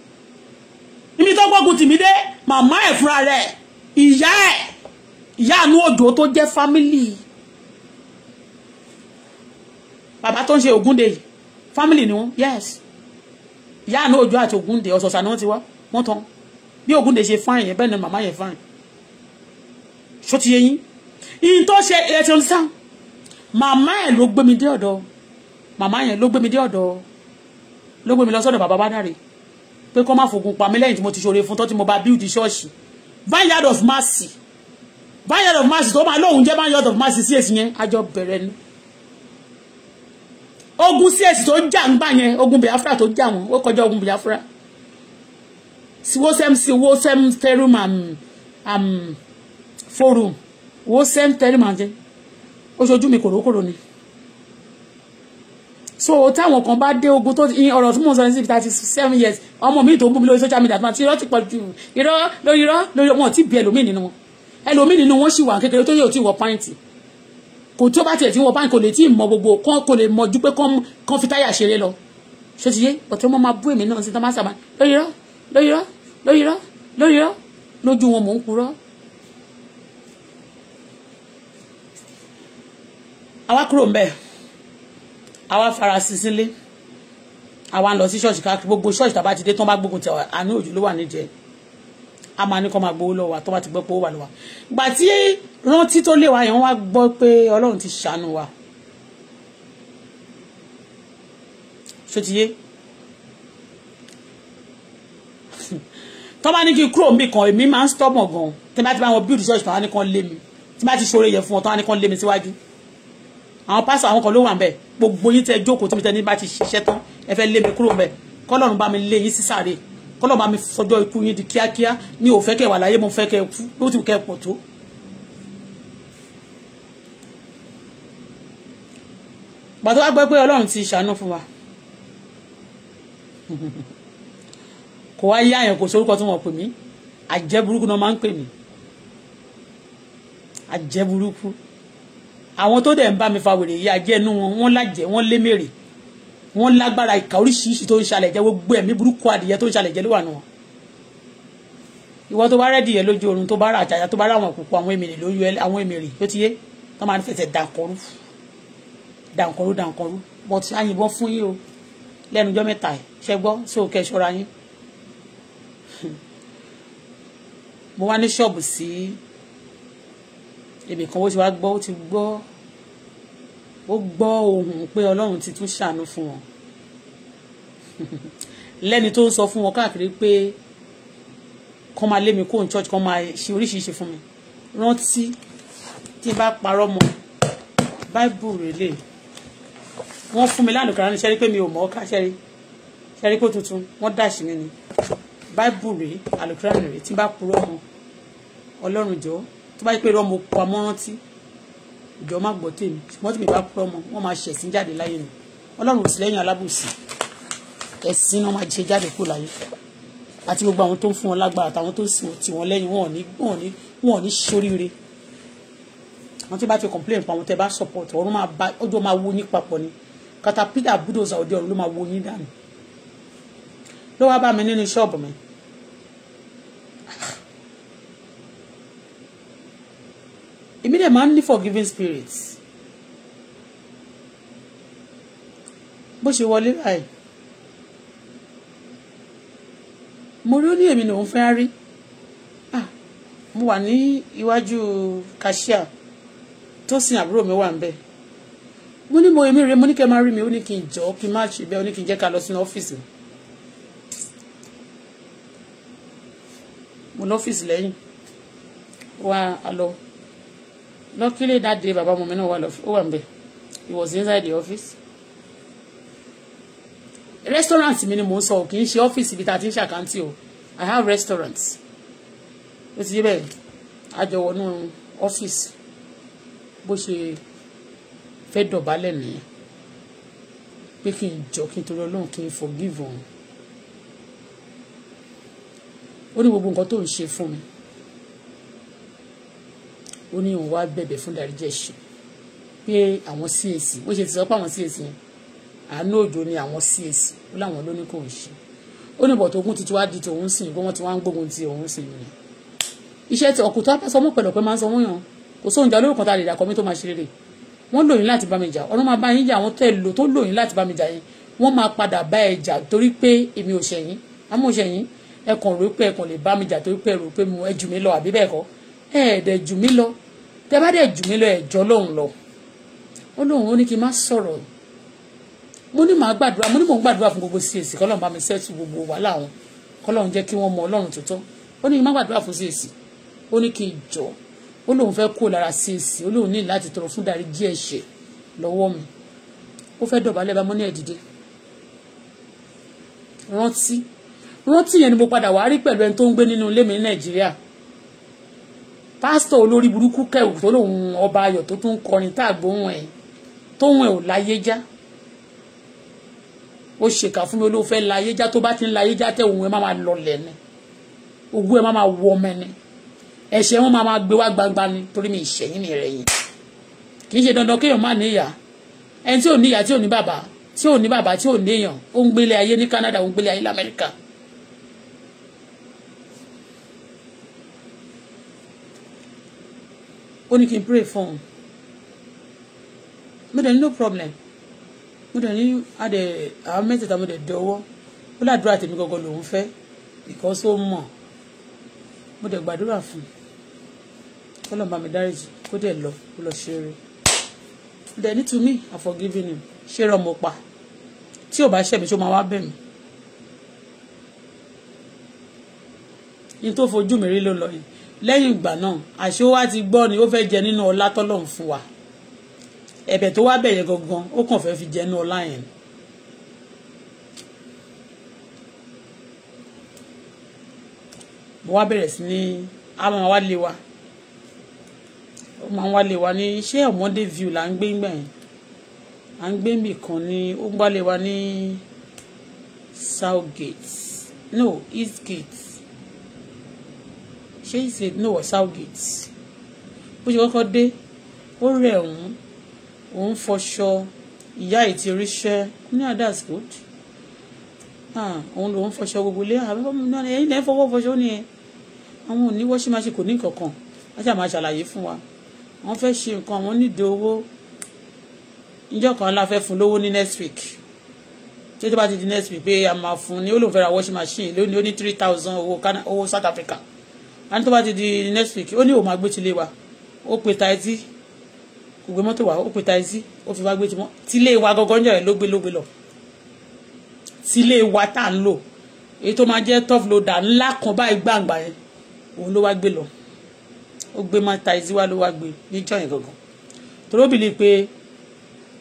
ibi tó gbógun tì mí dé màmá ẹ̀ fúnra rẹ̀ ìyá ẹ̀ ìyá àánú òjò tó jẹ́ fámìlì bàbá tó ń ṣe ògúnde yìí fámìlì ni wọn yes ìyá àánú òjò àti ògúnde ọ̀sọ̀ọ̀sà ni wọ́n ti wá wọ́n tán bí ògúnde ṣe fáìn yẹn bẹ́ẹ̀ ni màmá yẹn fáìn ṣó ti yé yín ìyìn tó ṣe ẹ̀ ti ń sá màmá ẹ̀ ló gbé mi dé ọ̀dọ̀ màmá yẹn ló gbé mi dé ọ̀dọ̀ ló gbé mi lọ sọ́dọ̀ bàbá bá dàrí pé kọ́ má fògùn pa lẹ́yìn tí mo ti fún tí mo bá ṣọ́ọ̀ṣì vineyard of mercy vineyard of mercy tó máa lóhun jẹ́ vineyard of mercy sí èsì yẹn àjọ bẹ̀rẹ̀ ni ogun sí èsì tó ń jà ń gbà yẹn ogun Biafra tó jà wọn ó kọjá ogun Biafra wosem si wosem terum am um, am forum wosem terum am jẹ so táwọn kan bá dé ogun tó ọ̀rọ̀ tí mo sọ ní sí thirty seven years ọmọ mi tó ń bú mi lórí social media àti irọ́ ti pọ̀ ju irọ́ lórí irọ́ lórí wọn ti bí ẹlòmíì nínú wọn ẹlòmíì nínú wọn sì wà kékeré tó yẹ ò tí wọ pàǹtì kò tó bá tiẹ̀ tí wọ pàǹtì kò lè tí ì mọ gbogbo kan kò lè mọ ju pé kan fi táyà ṣeré lọ ṣé ti yé ọ̀tí wọn máa bú èmi náà sí tán máa sábà lórí irọ́ lórí irọ́ lórí irọ́ àwa farasin sílé àwa ń lọ sí ṣọ́ọ̀ṣì káàkiri gbogbo ṣọ́ọ̀ṣì tàbá ti dé tán bá gbógun tiwa àánú òjò ló wà nídìí ẹ̀ a máa ní kọ́ máa gbowó lọ́wọ́ àtọ́wá ti gbọ́ pé ó wà lọ́wọ́ gbà tí rántí tó lé wa yẹn wọ́n wá gbọ́ pé ọlọ́run ti ṣàánú wa ṣòtìyé tọ́ bá ní kí n kúrò níbì kan èmi máa ń stọ́mọ̀ gan-an tí bá ti bá wọn bíúdì ṣọ́ọ̀ṣì tàwa ní kan lé mi tí bá ti ṣoore yẹn fún wọn tàwa ní kan lé mi síwájú àwọn pásọ àwọn kan ló wà ń bẹ gbogbo yín tẹ jókòó tí mi tẹ ní bá ti ṣiṣẹ́ tán ẹ fẹ́ lé mi kúrò ń bẹ kọ́lọ́run bá mi lé yín sí sáré kọ́lọ́run bá mi fọjọ́ ikú yín di kíákíá ní òfẹ́ kẹ́ wà láyé mo fẹ́ kẹ́ kú ló ti kẹ́ pọ̀ tó. pàtó wá gbọ́ pé ọlọ́run ti ṣàánú fún wa kò wá yá àyàn kò sórúkọ tí wọ́n pè mí àjẹ́ burúkú náà máa ń pè mí àjẹ́ burúkú àwọn tó dẹ̀ ń bá mi fa wèrè ìyá jẹ́ inú wọn wọ́n lájẹ́ wọ́n lémèrè wọ́n lágbára ìka oríṣiríṣi tó ń ṣàlẹ̀ jẹ́ gbogbo ẹ̀mí burúkú adìyẹ tó ń ṣàlẹ̀ jẹ́ ló wà nù wọn. ìwọ tó bá rẹ́dì yẹn lójú oorun tó bá ra àjàjà tó bá ra àwọn òkùnkùn àwọn èmèrè lóyún àwọn èmèrè tó ti yé tó máa ń fẹsẹ̀ dànkọ́rú dànkọ́rú dànkọ́rú but àyìnbọn fún yín o lẹ́nu ọjọ́ mẹ́ta ẹ̀ ṣẹ́ gbọ́ so kẹ́ ṣọ́ra yín. mo wá ní ṣọ́ọ̀bù sí ibì kan ó ti wá gbọ́ ó ti gbọ́ ó gbọ́ ohùn pé ọlọ́run ti tún ṣàánú fún wọn lẹ́ni tó ń sọ fún wọn káàkiri pé kọ́ máa lé mi kó n church kọ́ máa ṣe oríṣiríṣi fún mi rántí tí n bá parọ́ mọ́ bible rèlè wọ́n fún mi lánàá kàrá ní sẹ́rí pé mi ò mọ̀ ọ́ ká sẹ́rí sẹ́rí pé tuntun wọ́n dàṣì mí ni bible rèé àlùkùránì rèé tí n bá purọ́ mọ́ ọlọ́run jọ̀ọ́ tó bá yẹ pé irọ́ mo pa mọ́ rántí ìjọ má gbọ́ tèmi ṣùgbọ́n tí mi bá pẹ́ ọmọ wọ́n máa ṣẹ̀sín jáde láyé mi ọlọ́run ò sí lẹ́yìn alábòsí ẹ̀sìn náà máa ṣe jáde kó láyé àti gbogbo àwọn tó ń fún wọn lágbára àtàwọn tó sì tì wọ́n lẹ́yìn wọn ò ní wọn ò ní wọn ò ní ṣoríire àwọn tí bá ti complain pa àwọn tẹ bá support ọ̀run máa ba ọjọ́ máa wo yín papọ̀ ni katapila bulldozer òde ọ̀run ló máa wo yín dànù ló wá bá mi nínú ṣọ́ọ̀bù mi èmi dẹ̀ máa ń ní forgiving spirit bó ṣe wọlé báyìí mo rí ó ní èmi lòún fẹ́ rí ah, mo wà ní iwájú kashia tó sin àbúrò mi wà ń bẹ̀ mo ní mo èmi rè mo ní kẹ́ máa rí mi ó ní kí n jọ kí n má ṣe bẹ́ẹ̀ ó ní kí n jẹ́ ká lọ sínú ọ́fíìsì mo lọ́fíìsì lẹ́yìn wá a lọ luckily that day baba Wunmi náà wà lọ́fíìsì ó wà níbẹ̀ he was inside the office restaurant mi ni mò ń sọ kì í ṣe ọ́fíìsì ibi tá a ti o i have restaurants ó ti yé bẹ́ẹ̀ àjọwọ́nú ọ́fíìsì Office. ṣe fẹ́ dọ̀bálẹ̀ nìyẹn pé kí n jọ kí n torí ọlọ́run kí forgive òun ó ní gbogbo nǹkan to ń ṣe fún mi ó ní òun wá bẹ̀bẹ̀ fún ìdáríjì ẹ̀ṣẹ̀ pé àwọn CAC wọ́n ṣe ti sọ pé àwọn CAC yẹn àánú òjò ni àwọn CAC ó láwọn ló ní kò ń ṣe ó ní bọ̀tò ogun títí wá di tòun sìn pé wọ́n ti wá ń gbógun ti òun sìn nìyẹn iṣẹ́ tí ọkùnrin tó apá sọmọ pẹ̀lú ọ̀pẹ máa ń sọ wọ́n yàn kò sóhun jà lórí kan tá a lè dàkọ́ mi tó máa ṣe rere wọ́n lòyìn láti bá mi jà ọ̀nà máa bá yín jà àwọn tẹ̀lò tó lòyìn láti bá mi jà yín wọ́n máa padà bá ẹ jà torí pé èmi ò ṣẹ̀yìn àmọ́ ò ṣẹ̀yìn ẹ rò pé ẹ lè bá mi jà torí pé ẹ pé mo ẹ jù lọ àbí bẹ́ẹ̀ kọ́ ẹ ẹ̀dẹ̀ jù mí lọ tẹ bá dẹ̀ jù mí lọ ẹ̀jọ́ lòun lọ ó lóun ó ní kí n má sọ̀rọ̀ mo ní màá gbàdúrà mo ní mò ń gbàdúrà fún gbogbo CAC kọ́lọ́run bá mi sẹ́tù gbogbo wàhálà wọn kọ́lọ́run jẹ́ kí wọ́n mọ ọlọ́run tó tọ́ ó ní kí n má gbàdúrà fún CAC ó ní kí n jọ ó lóun fẹ́ kó lára CAC ó lóun ní láti tọrọ fún darí díẹ̀ ṣe lọ́wọ́ mi ó fẹ́ dọ̀bálẹ̀ bá mọ́ ní ẹ̀dìdẹ́ rántí rántí yẹn ni mo padà wá rí pẹ̀lú ẹni tó ń gbé nínú ilé mi ní Nàìjíríà pásítọ̀ olórí burúkú kẹwù tó lòun ọba ayọ̀ tó tún kọrin tá àgbóhùn ẹ̀ tóhun ẹ̀ ò láyé já ó ṣèkà fún mi olówó fẹ́ láyé já tó bá ti ń láyé já tẹ òun ẹ̀ máa lọlẹ̀ ni ogún ẹ̀ máa wọ ọmọ ni ẹ̀ṣẹ̀ wọn máa gbé wá gbangba ni torí mi ìṣẹ̀yìn mi rẹ̀ yìí kì í ṣe dandan kéèyàn má níyà ẹni tí ò níyà tí ò ní bàbá tí ò ní bàbá tí ò níyàn ó ń gbélé ayé ní Canada ó ń gbélé ayé lamẹ́ríkà ó ní kí n pray fún un mo dẹ̀ ní no problem mo dẹ̀ ní adẹ̀ àwọn mẹ́tẹ̀ẹ̀ta mo dẹ̀ dọwọ́ ó ládùúrà tèmi gangan lòun fẹ́ because ó mọ̀ mo dẹ̀ gbàdúrà fún un kọ́lọ̀ bá mi dáríjì kó dẹ̀ lọ kó lọ ṣeré dẹ̀ ní to me I forgive him ṣé rọ mo pa tí ò bá ṣẹ̀ mi ṣó máa wá bẹ̀ mí. ní tó fojú mi rí ló lọ yìí lẹ́yìn ìgbà náà àṣé ó wá ti gbọ́ ni ó fẹ́ jẹ nínú ọlá tọ́lọ́run fún wa ẹ̀bẹ̀ tó wá bẹ̀yẹ gangan ó kàn fẹ́ fi jẹ nínú ọlá yẹn. mo wá bẹ̀rẹ̀ sí ní àwọn wá lé wa ó máa ń wá lé wa ní ṣé ọ̀mọ́dé view là ń gbé ńgbà yẹn à ń gbé mì kan ní ó ń wá lé wa ní south gate no east gate ṣé ìsìn náà wọ Southgate bó ṣe kọ́kọ́ dé ó rẹ̀ òun òun fọṣọ ìyá ìtì oríṣẹ́ ní ah, that's good ah, òun lòun fọṣọ gbogbo ilé àbẹ́fọ́mù ah, náà ẹ̀yìn lẹ́yìn fọwọ́ fọṣọ ni ẹ àwọn òní wọ́ṣí máa ṣe kò ní kankan wọ́n ṣàmà ṣàlàyé fún wa wọ́n fẹ́ ṣe nǹkan wọ́n nídìí owó ìjọ kan la fẹ́ fún lówó ní next week tí ó bá ti di next week pé a máa fún ni ó lòun fẹ́ ra washing machine lónìí ó ní three thousand owó South Africa And tó bá ti di next week ó ní òun máa gbé tilé wa ó pe ta etí kò gbé mọ́tò wa ó pe ta etí ó fi wá gbé timọ́ tilé wa gangan jẹ́ ló gbé ló gbé lọ tilé wa tá à ń lò èyí tó máa jẹ́ tough loader ńlá kan báyìí gbàǹgbà yẹn òun ló wá gbé lọ ó gbé má ta etí wa ló wá gbé níjọ́ yẹn gangan torí ó pé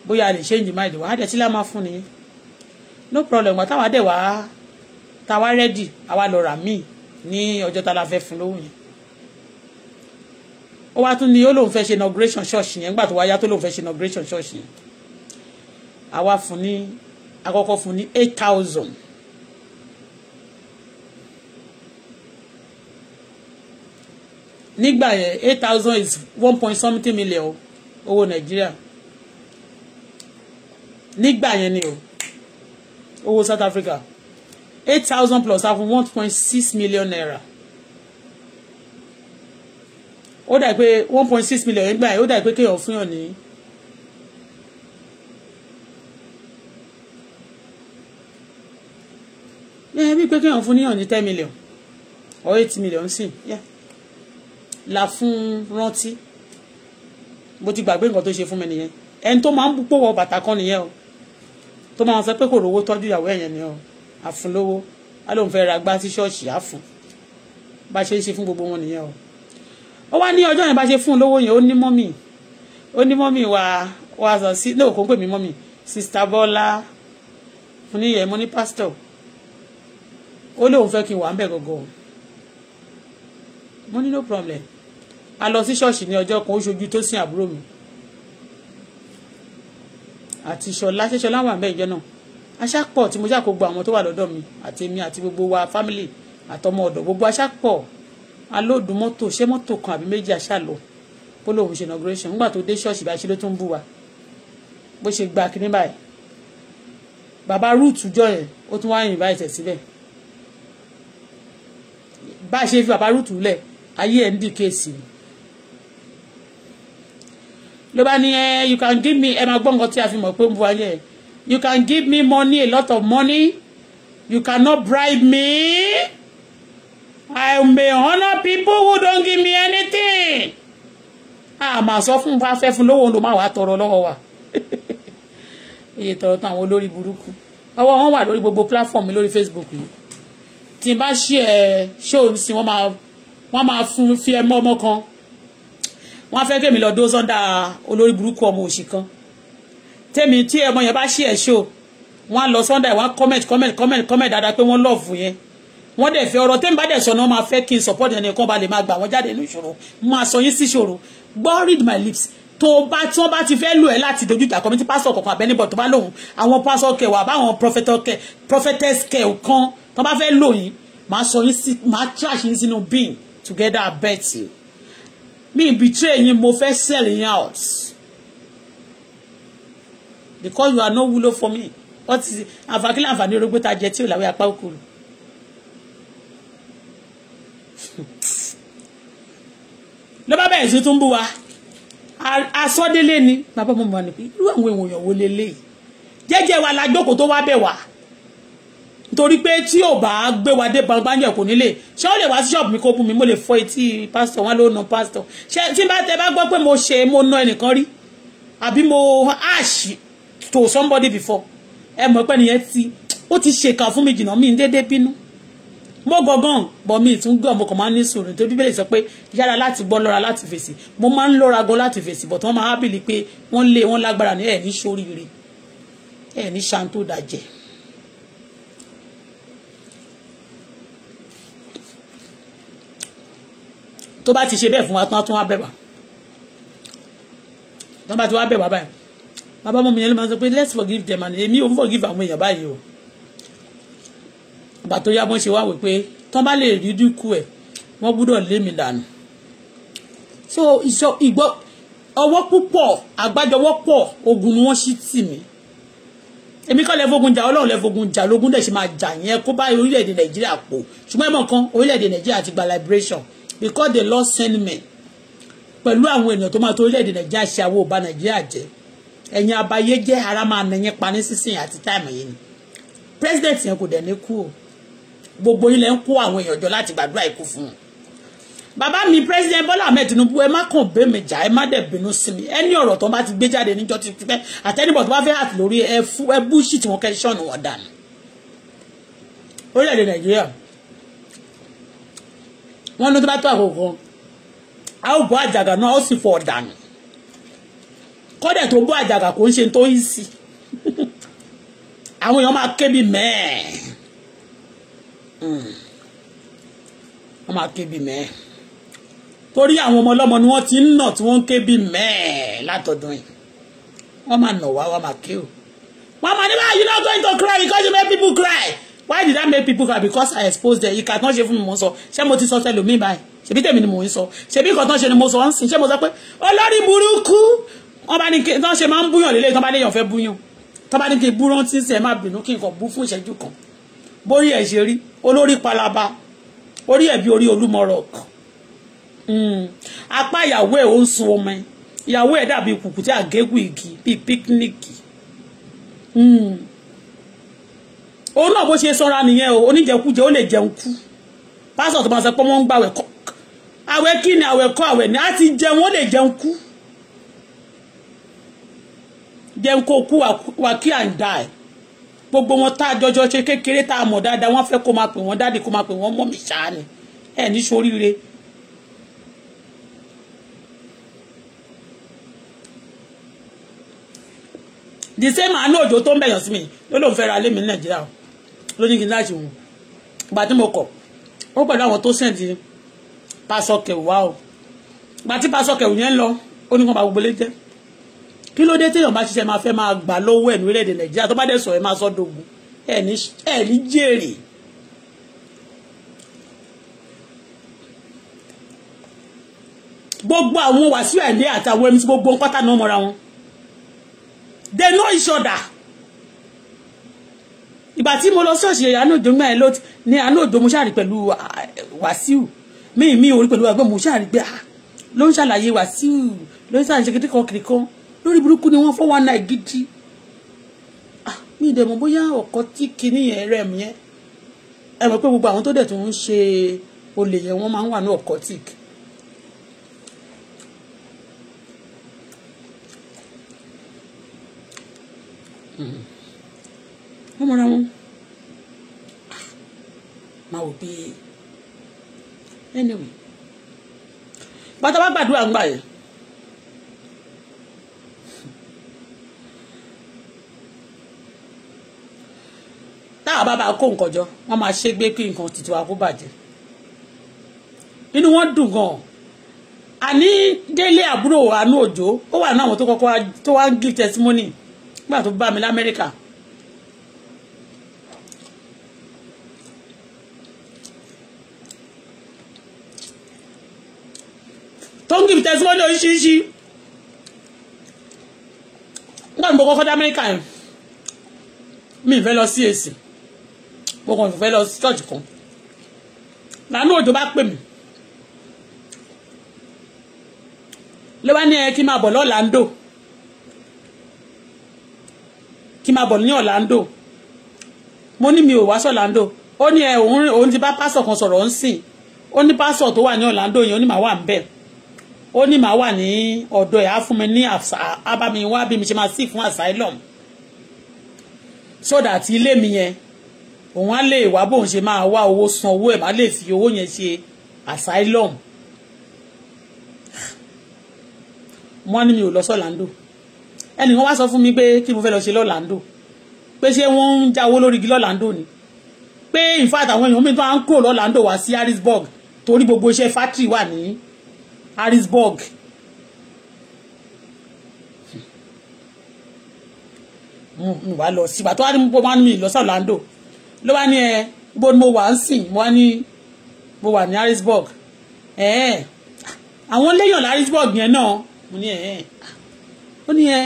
bóyá a lè change mind wa á dẹ̀ tí lá máa fún ni no problem wa táwa dẹ̀ wá táwa ready àwa lọ rà míì ní ọjọ́ tá a la fẹ́ fún lóhùn yẹn ó wá tún ní ó lóun fẹ́ ṣe inauguration church yẹn nígbà tó wáyá tó lóun fẹ́ ṣe inauguration church yẹn àwa fún ní àkọ́kọ́ fún ní eight thousand nígbà yẹn eight thousand is one point something million owó nàìjíríà nígbà yẹn ni o owó South Africa eight thousand plus àfún one point six million naira ó dà pé one point six million nígbà yẹn ó dà pé kéèyàn fún yàn ní. ẹ bí pé kéèyàn fún níyàn ní ten million or eight million sí yeah. la fún rántí bó ti gbàgbé nǹkan tó ṣe fún mi nìyẹn ẹni tó máa ń pòwọ bàtà kan nìyẹn o tó máa sọ pé kò rówó tọ́jú ìyàwó ẹ̀yẹn ni o àfúnlówó á lóun fẹ́ ra gbá sí ṣọ́ọ̀ṣì àfún bá ṣe ń ṣe fún gbogbo wọn nìyẹn o ó wá ní ọjọ́ yẹn bá ṣe fún un lówó yẹn ó ní mọ́mì ó ní mọ́mì wa wa sọ sí lóò kó ń pè mí mọ́mì sista Bọ́lá mo ní yẹ mo ní pásítọ̀ ó lóun fẹ́ kí n wà ń bẹ̀ gọ̀gọ̀ mo ní no problem a lọ sí ṣọ́ọ̀ṣì ní ọjọ́ kan ó ṣojú tó sin àbúrò mi àti ṣọlá ṣẹṣọlá wà ń bẹ̀ ìjọ náà aṣápọ̀ tí mo ṣàkó gba àwọn tó wà lọ́dọ̀ mi àti èmi àti gbogbo wa family àtọmọ ọ̀dọ̀ gbogbo aṣápọ̀ alóòdù mọ́tò ṣé mọ́tò kan àbí méjì aṣáàlọ́ bó lóun ṣe inauguration nígbà tó dé ṣọ́ọ̀ṣì bá ṣe ló tún bù wá bó ṣe gba kíní báyìí bàbá root jọ yẹn ó tún wá invite síbẹ̀ bá a ṣe fi bàbá root lẹ̀ ayé ẹ̀ ń dì kéèsì ló bá ní ẹ eh, you can give me ẹ máa gbọ́ nǹkan tí a fi mọ̀ pé ń bu ayé ẹ̀ You can give me money, a lot of money. You cannot bribe me. I may honor people who don't give me anything. Ah, máa sọ fún bá fẹ́ fún lówó ló máa wà tọrọ lọ́wọ́ wa. Iye tọrọ tán àwọn olórí burúkú. Ọwọ́ wọn wà lórí gbogbo platform mi lórí Facebook yìí. Tí n bá ṣí ẹ ṣóò sí wọ́n máa wọ́n máa fún fi ẹ mọ́ ọmọ kan. Wọ́n á fẹ́ kémi lọ dó sọ́dà olórí burúkú ọmọ òṣì kan tèmi tí ọmọ yẹn bá ṣí ẹ̀ ṣó wọ́n á lọ sunday wọ́n á comment comment comment comment dáadáa pé wọ́n love yẹn wọ́n dẹ̀ fẹ́ ọ̀rọ̀ tèmi bá dẹ̀ sọ ni wọ́n máa fẹ́ kí n support ẹni kan ba lè máa gbà wọ́n jáde ní ìṣòro máa sọ yín sí ìṣòro gbọ́ read my lips tó bá tí wọ́n bá ti fẹ́ lò ẹ́ láti dojú ìjà kọ́mítì pásítọ̀ kọ̀ọ̀kan àbẹ́nibọ̀ tó bá lòun àwọn pásítọ̀ kẹ̀ wà báwọn prophetess kẹ̀ kan tó bá fẹ́ lò yín màá sọ yín sí màá trash yín sínú bin together I bet you mi betray yín mo fẹ́ sell yín out because you are no wúlò for me what is àǹfààní àǹfààní orógbó ta jẹ tí ò láwé apá òkúrò. ló bá bẹ̀rẹ̀ sí tún bú wa asọ́délé ni bàbá mo mọ̀ nípa irú àwọn èèyàn wo leléyìí jẹ́jẹ́ wa la jókòó tó wá bẹ̀ wá nítorí pé tí ò bá gbé wa dé bangbájọ kò nílé ṣé ó lè wá sí ṣọ́ọ̀bù mi kó bú mi mo lè fọ etí pásítọ̀ wọn ló na pásítọ̀ ṣé tí bá tẹ bá gbọ́ pé mo ṣe mo na ẹnìkan rí àbí mo ash to somebody before ẹ mọ̀ pé nìyẹn ti ó ti ṣèkà fún mi jìnnà mi ń déédéé bínú mo gọgán bọ mi ìtún gbọ mo kàn máa ń ní sùúrù tó bíbélì sọ pé yára láti gbọ́ lọ́ra láti fèsì mo máa ń lọ́ra gan láti fèsì bọ̀ tí wọ́n máa hábìlì pé wọ́n lé wọ́n lágbára ní ẹ̀ ní sóríire ẹ̀ ní ṣàǹtó dàjẹ́. tó bá ti ṣe bẹ́ẹ̀ fún wa tán tún wá bẹ̀ wá tán bá ti wá bẹ̀ wá báyìí bàbá ọmọ mi yẹn ló máa sọ pé let's forgive them and èmi ò ń forgive àwọn èèyàn báyìí o ìgbà tó yá wọ́n ṣe wá wò pé tán bá lè rí dínkù ẹ̀ wọ́n gbúdọ̀ lé mi dànù so ìṣọ ìgbọ́ ọwọ́ púpọ̀ àgbájọwọ́ pọ̀ ogun ni wọ́n ṣí tì mí èmi kọ́ lẹ fogun jà ọlọ́run lẹ fogun jà lógún dẹ̀ ṣe máa jà yẹn kó bá orílẹ̀-èdè nàìjíríà pò ṣùgbọ́n ẹ̀mọ̀ kan orílẹ̀-èdè nàìjíríà ti gba liberation because they lost sentiment pẹ̀lú àwọn ènìyàn tó máa tó orílẹ̀-èdè nàìjíríà ṣe àwọn ò bà nàìjíríà jẹ́ ẹ̀yin abayé jẹ́ ara máa nà yín pa ní sísìn àti táìmù yìí ni president yẹn kò dẹ̀ ní kú o gbogbo yín lẹ ń kó àwọn èèyàn jọ láti gbàdúrà ikú fún un bàbá mi president Bọ́lá Ahmed Tinubu ẹ má kàn bẹ́ mi jà ẹ má dẹ̀ bínú sí mi ẹni ọ̀rọ̀ tó bá ti gbé jáde níjọ́ ti pẹ́ àtẹnibọ̀ tó bá fẹ́ àti lórí ẹ fú ẹ búṣì tí wọ́n kẹ́ sọ́ọ̀nù wọn dànù orílẹ̀-èdè Nàìjíríà wọ́n ní tó bá tó àkókò a ó àjàgà náà ó sì fọ ọ̀dànù kọ́dẹ̀ tó bọ́ àjàgà kò ń ṣe tó yìí sí àwọn èèyàn máa ké bí mẹ́ẹ̀ hmm. wọ́n máa ké mẹ́ẹ̀ torí àwọn ọmọ ọlọ́mọ ni wọ́n ti ń nà tí wọ́n ń ké bí mẹ́ẹ̀ látọ̀dún yìí wọ́n máa nà wá wọ́n máa ké o wọ́n máa ní bá ah, you not going to cry because you make people cry why did I make people cry because I expose them ìkà tán ṣe fún mi mò ń sọ ṣé mo ti sọ tẹlòmíì báyìí ṣèbí tèmi ni mo ń sọ ṣèbí nǹkan tán ṣe ni mo sọ ń sìn ṣé mo sọ pé olórí burúkú wọ́n bá ní kí wọ́n ṣe máa ń búyàn lélẹ́yìn tó bá léèyàn fẹ́ búyàn tó bá ní kí bú rántí sí ẹ má bínú kí nǹkan bú fún ìṣẹ́jú kan bórí ẹ̀ ṣe rí olórí palaba orí ẹ̀ bí orí olúmọ̀rọ̀ kan hmm. apá ìyàwó ẹ̀ ó ń sun ọmọ ẹ̀ ìyàwó ẹ̀ dàbí kùkù tí àgégùn igi bíi píkíníkì hmm. òun náà bó ṣe sanra nìyẹn o oníjẹkújẹ ó lè jẹun kú pásítọ̀ tó máa sọ pé wọ́n ń gbàwẹ̀ kọ́ àwẹ̀ kí ni àwẹ̀ kọ́ àwẹ̀ ni á ti jẹun ó lè jẹun kú jẹun kó kú wa kí à ń dà ẹ̀ gbogbo wọn tá a jọjọ ṣe kékeré tá a mọ̀ dáadáa wọ́n fẹ́ kó máa pè wọ́n dáàdì kó máa pè wọ́n mọ́mì ṣáá ni ẹ̀ ní soríire the same àánú òjò tó ń bẹ̀yàn sí mi ló lóun fẹ́ ra ilé mi ní nàìjíríà ló ní kí n láti wù ìgbà tí mo kọ̀ ó pẹ̀lú àwọn tó sẹ̀ǹdì pásọkẹ̀wá o ìgbà tí pásọkẹ̀wù yẹn lọ ó ní kàn bá gbogbo lé jẹ́ kí ló dé téèyàn bá ṣiṣẹ́ máa fẹ́ máa gbà lọ́wọ́ ẹ̀ nílẹ̀ èdè nàìjíríà tó bá dẹ̀ sọ ẹ̀ máa sọ dogun ẹ̀ ní jèrè. gbogbo àwọn wàsíù ẹ̀lé àtàwọn ẹ̀mí gbogbo pátá náà mọ́ra wọn they know each other ìgbà tí mo lọ ṣọ́ọ̀ṣì àánú ìdòmí ẹ̀ lọ́tí ní àánú ìdòmí ṣáàrí pẹ̀lú wàsíù míì míì orí pẹ̀lú ẹgbẹ́ mo ṣáàrí pé ló ń ṣàlàyé wàsíù ló ń ṣàlàyé kékeré kan kiri lórí burúkú ni wọ́n fọwọ́ náà gidi ah, mi ì dẹ̀mọ̀ bóyá ọ̀kọ́ tí kinní yẹn rẹ̀ mí yẹn ẹ mọ̀ pé gbogbo àwọn tó dẹ̀ tó ń ṣe olè yẹn wọ́n máa ń wà ní ọ̀kọ́tìk wọ́n mọ̀ra wọn ah, máa wò bí anyway bàtà bá gbàdúrà ń gbà yẹn táwọn bá bá kó nǹkan jọ wọ́n máa ṣe gbé kí nǹkan tìtù wa kó bàjẹ́ inú wọn dùn gan àní délé àbúrò àánú òjò ó wà náà àwọn tó kọ́kọ́ tó wá ń give testimony nígbà tó bá mi lamẹ́ríkà tó ń give testimony oríṣiríṣi nígbà tí mo dá amẹ́ríkà yẹn mi ì lọ sí èsì mo kàn fẹ́ lọ sí church kan lànà òjò bá pè mí ló bá ní ẹ kí n máa bọ̀ lọ́làndò kí n máa bọ̀ ní ọ̀làndò mo ní mi ò wá sọ̀làndò ó ní ẹ òun ti bá pásọ̀ kan sọ̀rọ̀ ń sìn ó ní pásọ̀ tó wà ní ọ̀làndò yẹn ó ní màá wà ń bẹ̀ ó ní màá wà ní ọ̀dọ̀ ẹ̀ á fún mi ní abami bí mi ṣe máa sí fún asylum so that ilé mi yẹn òun á lè wá bóun ṣe máa wá owó san owó ẹ̀ má lè fi owó yẹn ṣe asylum wọ́n ní mi ò lọ sí Orlando ẹnìkan wá sọ fún mi pé kí mo fẹ́ lọ ṣe lọ́làndò pé ṣé wọ́n ń jáwó lórí igi lọ́làndò ni pé in fact àwọn èèyàn mi tó à ń kúrò lọ́làndò wá sí Harrisburg torí gbogbo iṣẹ́ factory wà ní Harrisburg mo hmm, wá lọ sígbà tó wá ní mo máa ń mi lọ sí Orlando ló wá ní ẹ eh, bó ni mo wà ń sìn mo wá ní mo wà ní harrisburg ẹ eh, ẹ eh. àwọn léèyàn harrisburg yẹn náà mo ní ẹ ẹ ó ní ẹ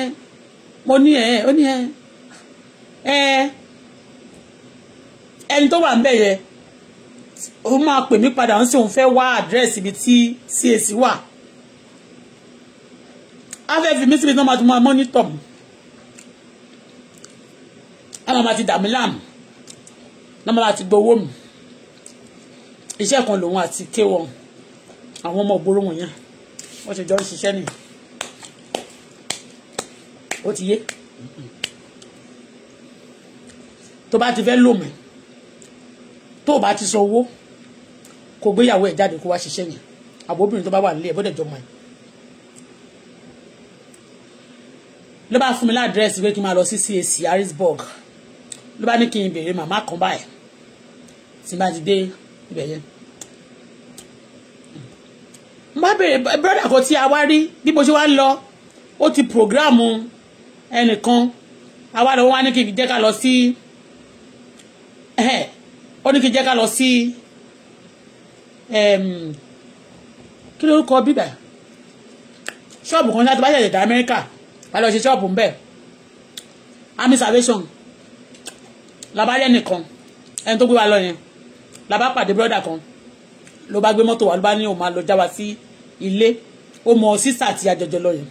mo ní ẹ ẹ ó ní ẹ ẹ ẹni tó wà ń bẹ̀ yẹn ó máa pè mí padà ń sí òun fẹ́ wá àdírẹ́sì ibi tí CAC wà afẹ́fẹ́ mi síbi tí wọ́n máa tún máa mọ́nítọ̀ a máa ma ti dàmí láàmú náà máa ti gbowó mi iṣẹ́ kan lòun àti kéwọn àwọn ọmọ ògbóró wọ̀nyẹn wọ́n ti jọ ń ṣiṣẹ́ nìyí ó ti yé tó bá ti fẹ́ lò mí tó bá ti san owó kó gbéyàwó ẹ̀ jáde kó wá ṣiṣẹ́ yẹn àbóbìnrin tó bá wà nílé ẹ̀ bọ́dẹ̀ jọ mọ́ ẹ̀ ló bá fún mi ládírẹ́sì pé kí n máa lọ sí CAC Harrisburg ló bá ní kí n béèrè màmá kan báyìí tí bá ti dé ibẹ̀ yẹn. n bá bèrè brọ́dà kan tí a wá rí bí mo ṣe wá lọ ó ti programu ẹnìkan àwa lọ wá ní kí n jẹ́ ká lọ sí ó ní kí n jẹ́ ká lọ sí kí ló kọ bíbẹ̀ ṣọ́ọ̀bù kan ṣáà tó bá ṣẹ̀ṣẹ̀ dá Amẹ́ríkà wà lọ ṣe ṣọ́ọ̀bù ń bẹ̀ army salvation labalẹ̀ nìkan ẹni tó gbé wa lọ yẹn la bá pàdé brọ́dà kan ló bá gbé mọ́tò wá ló bá ní òun máa lọ já wa sí ilé ó mọ sísà àti àjọjọ lọ yẹn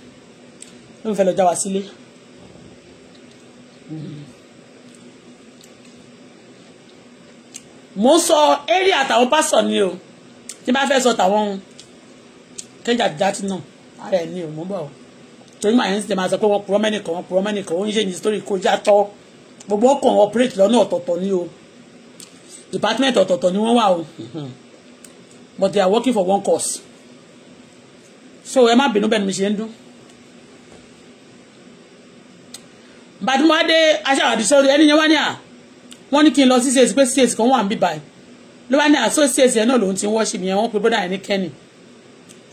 ló ń fẹ́ lọ já wa sílé. mo ń sọ area àtàwọn pásọ ni o tí bá fẹ́ sọ tàwọn kẹjà dátì náà ara ẹ̀ ni o mo bọ̀ o torí màá yẹn ń sè máa sọ pé wọ́n purọ́ mẹ́nìkan wọ́n purọ́ mẹ́nìkan ó ń ṣe ní sítórí kó já tọ́ gbogbo ọkàn operate lọ́nà ọ̀tọ̀ọ̀tọ̀ ni o department ọ̀tọ̀ọ̀tọ̀ ni wọ́n wà o hmm. but they are working for one course. so ẹ má bínú bẹ́ẹ̀ ni mi ṣe ń dún. bàdúmọ́dé aṣáwádìí sọ́ọ́rì ẹni yẹn wá ní à wọ́n ní kí n lọ sí ṣèṣì pé ṣèṣì kan wà ń bí báyìí ló bá ní àṣọ ṣèṣì ẹ̀ náà lòun ti wọ́ọ̀ṣì mi yẹn wọ́n pe bọ́dà yẹn ní kẹ́nì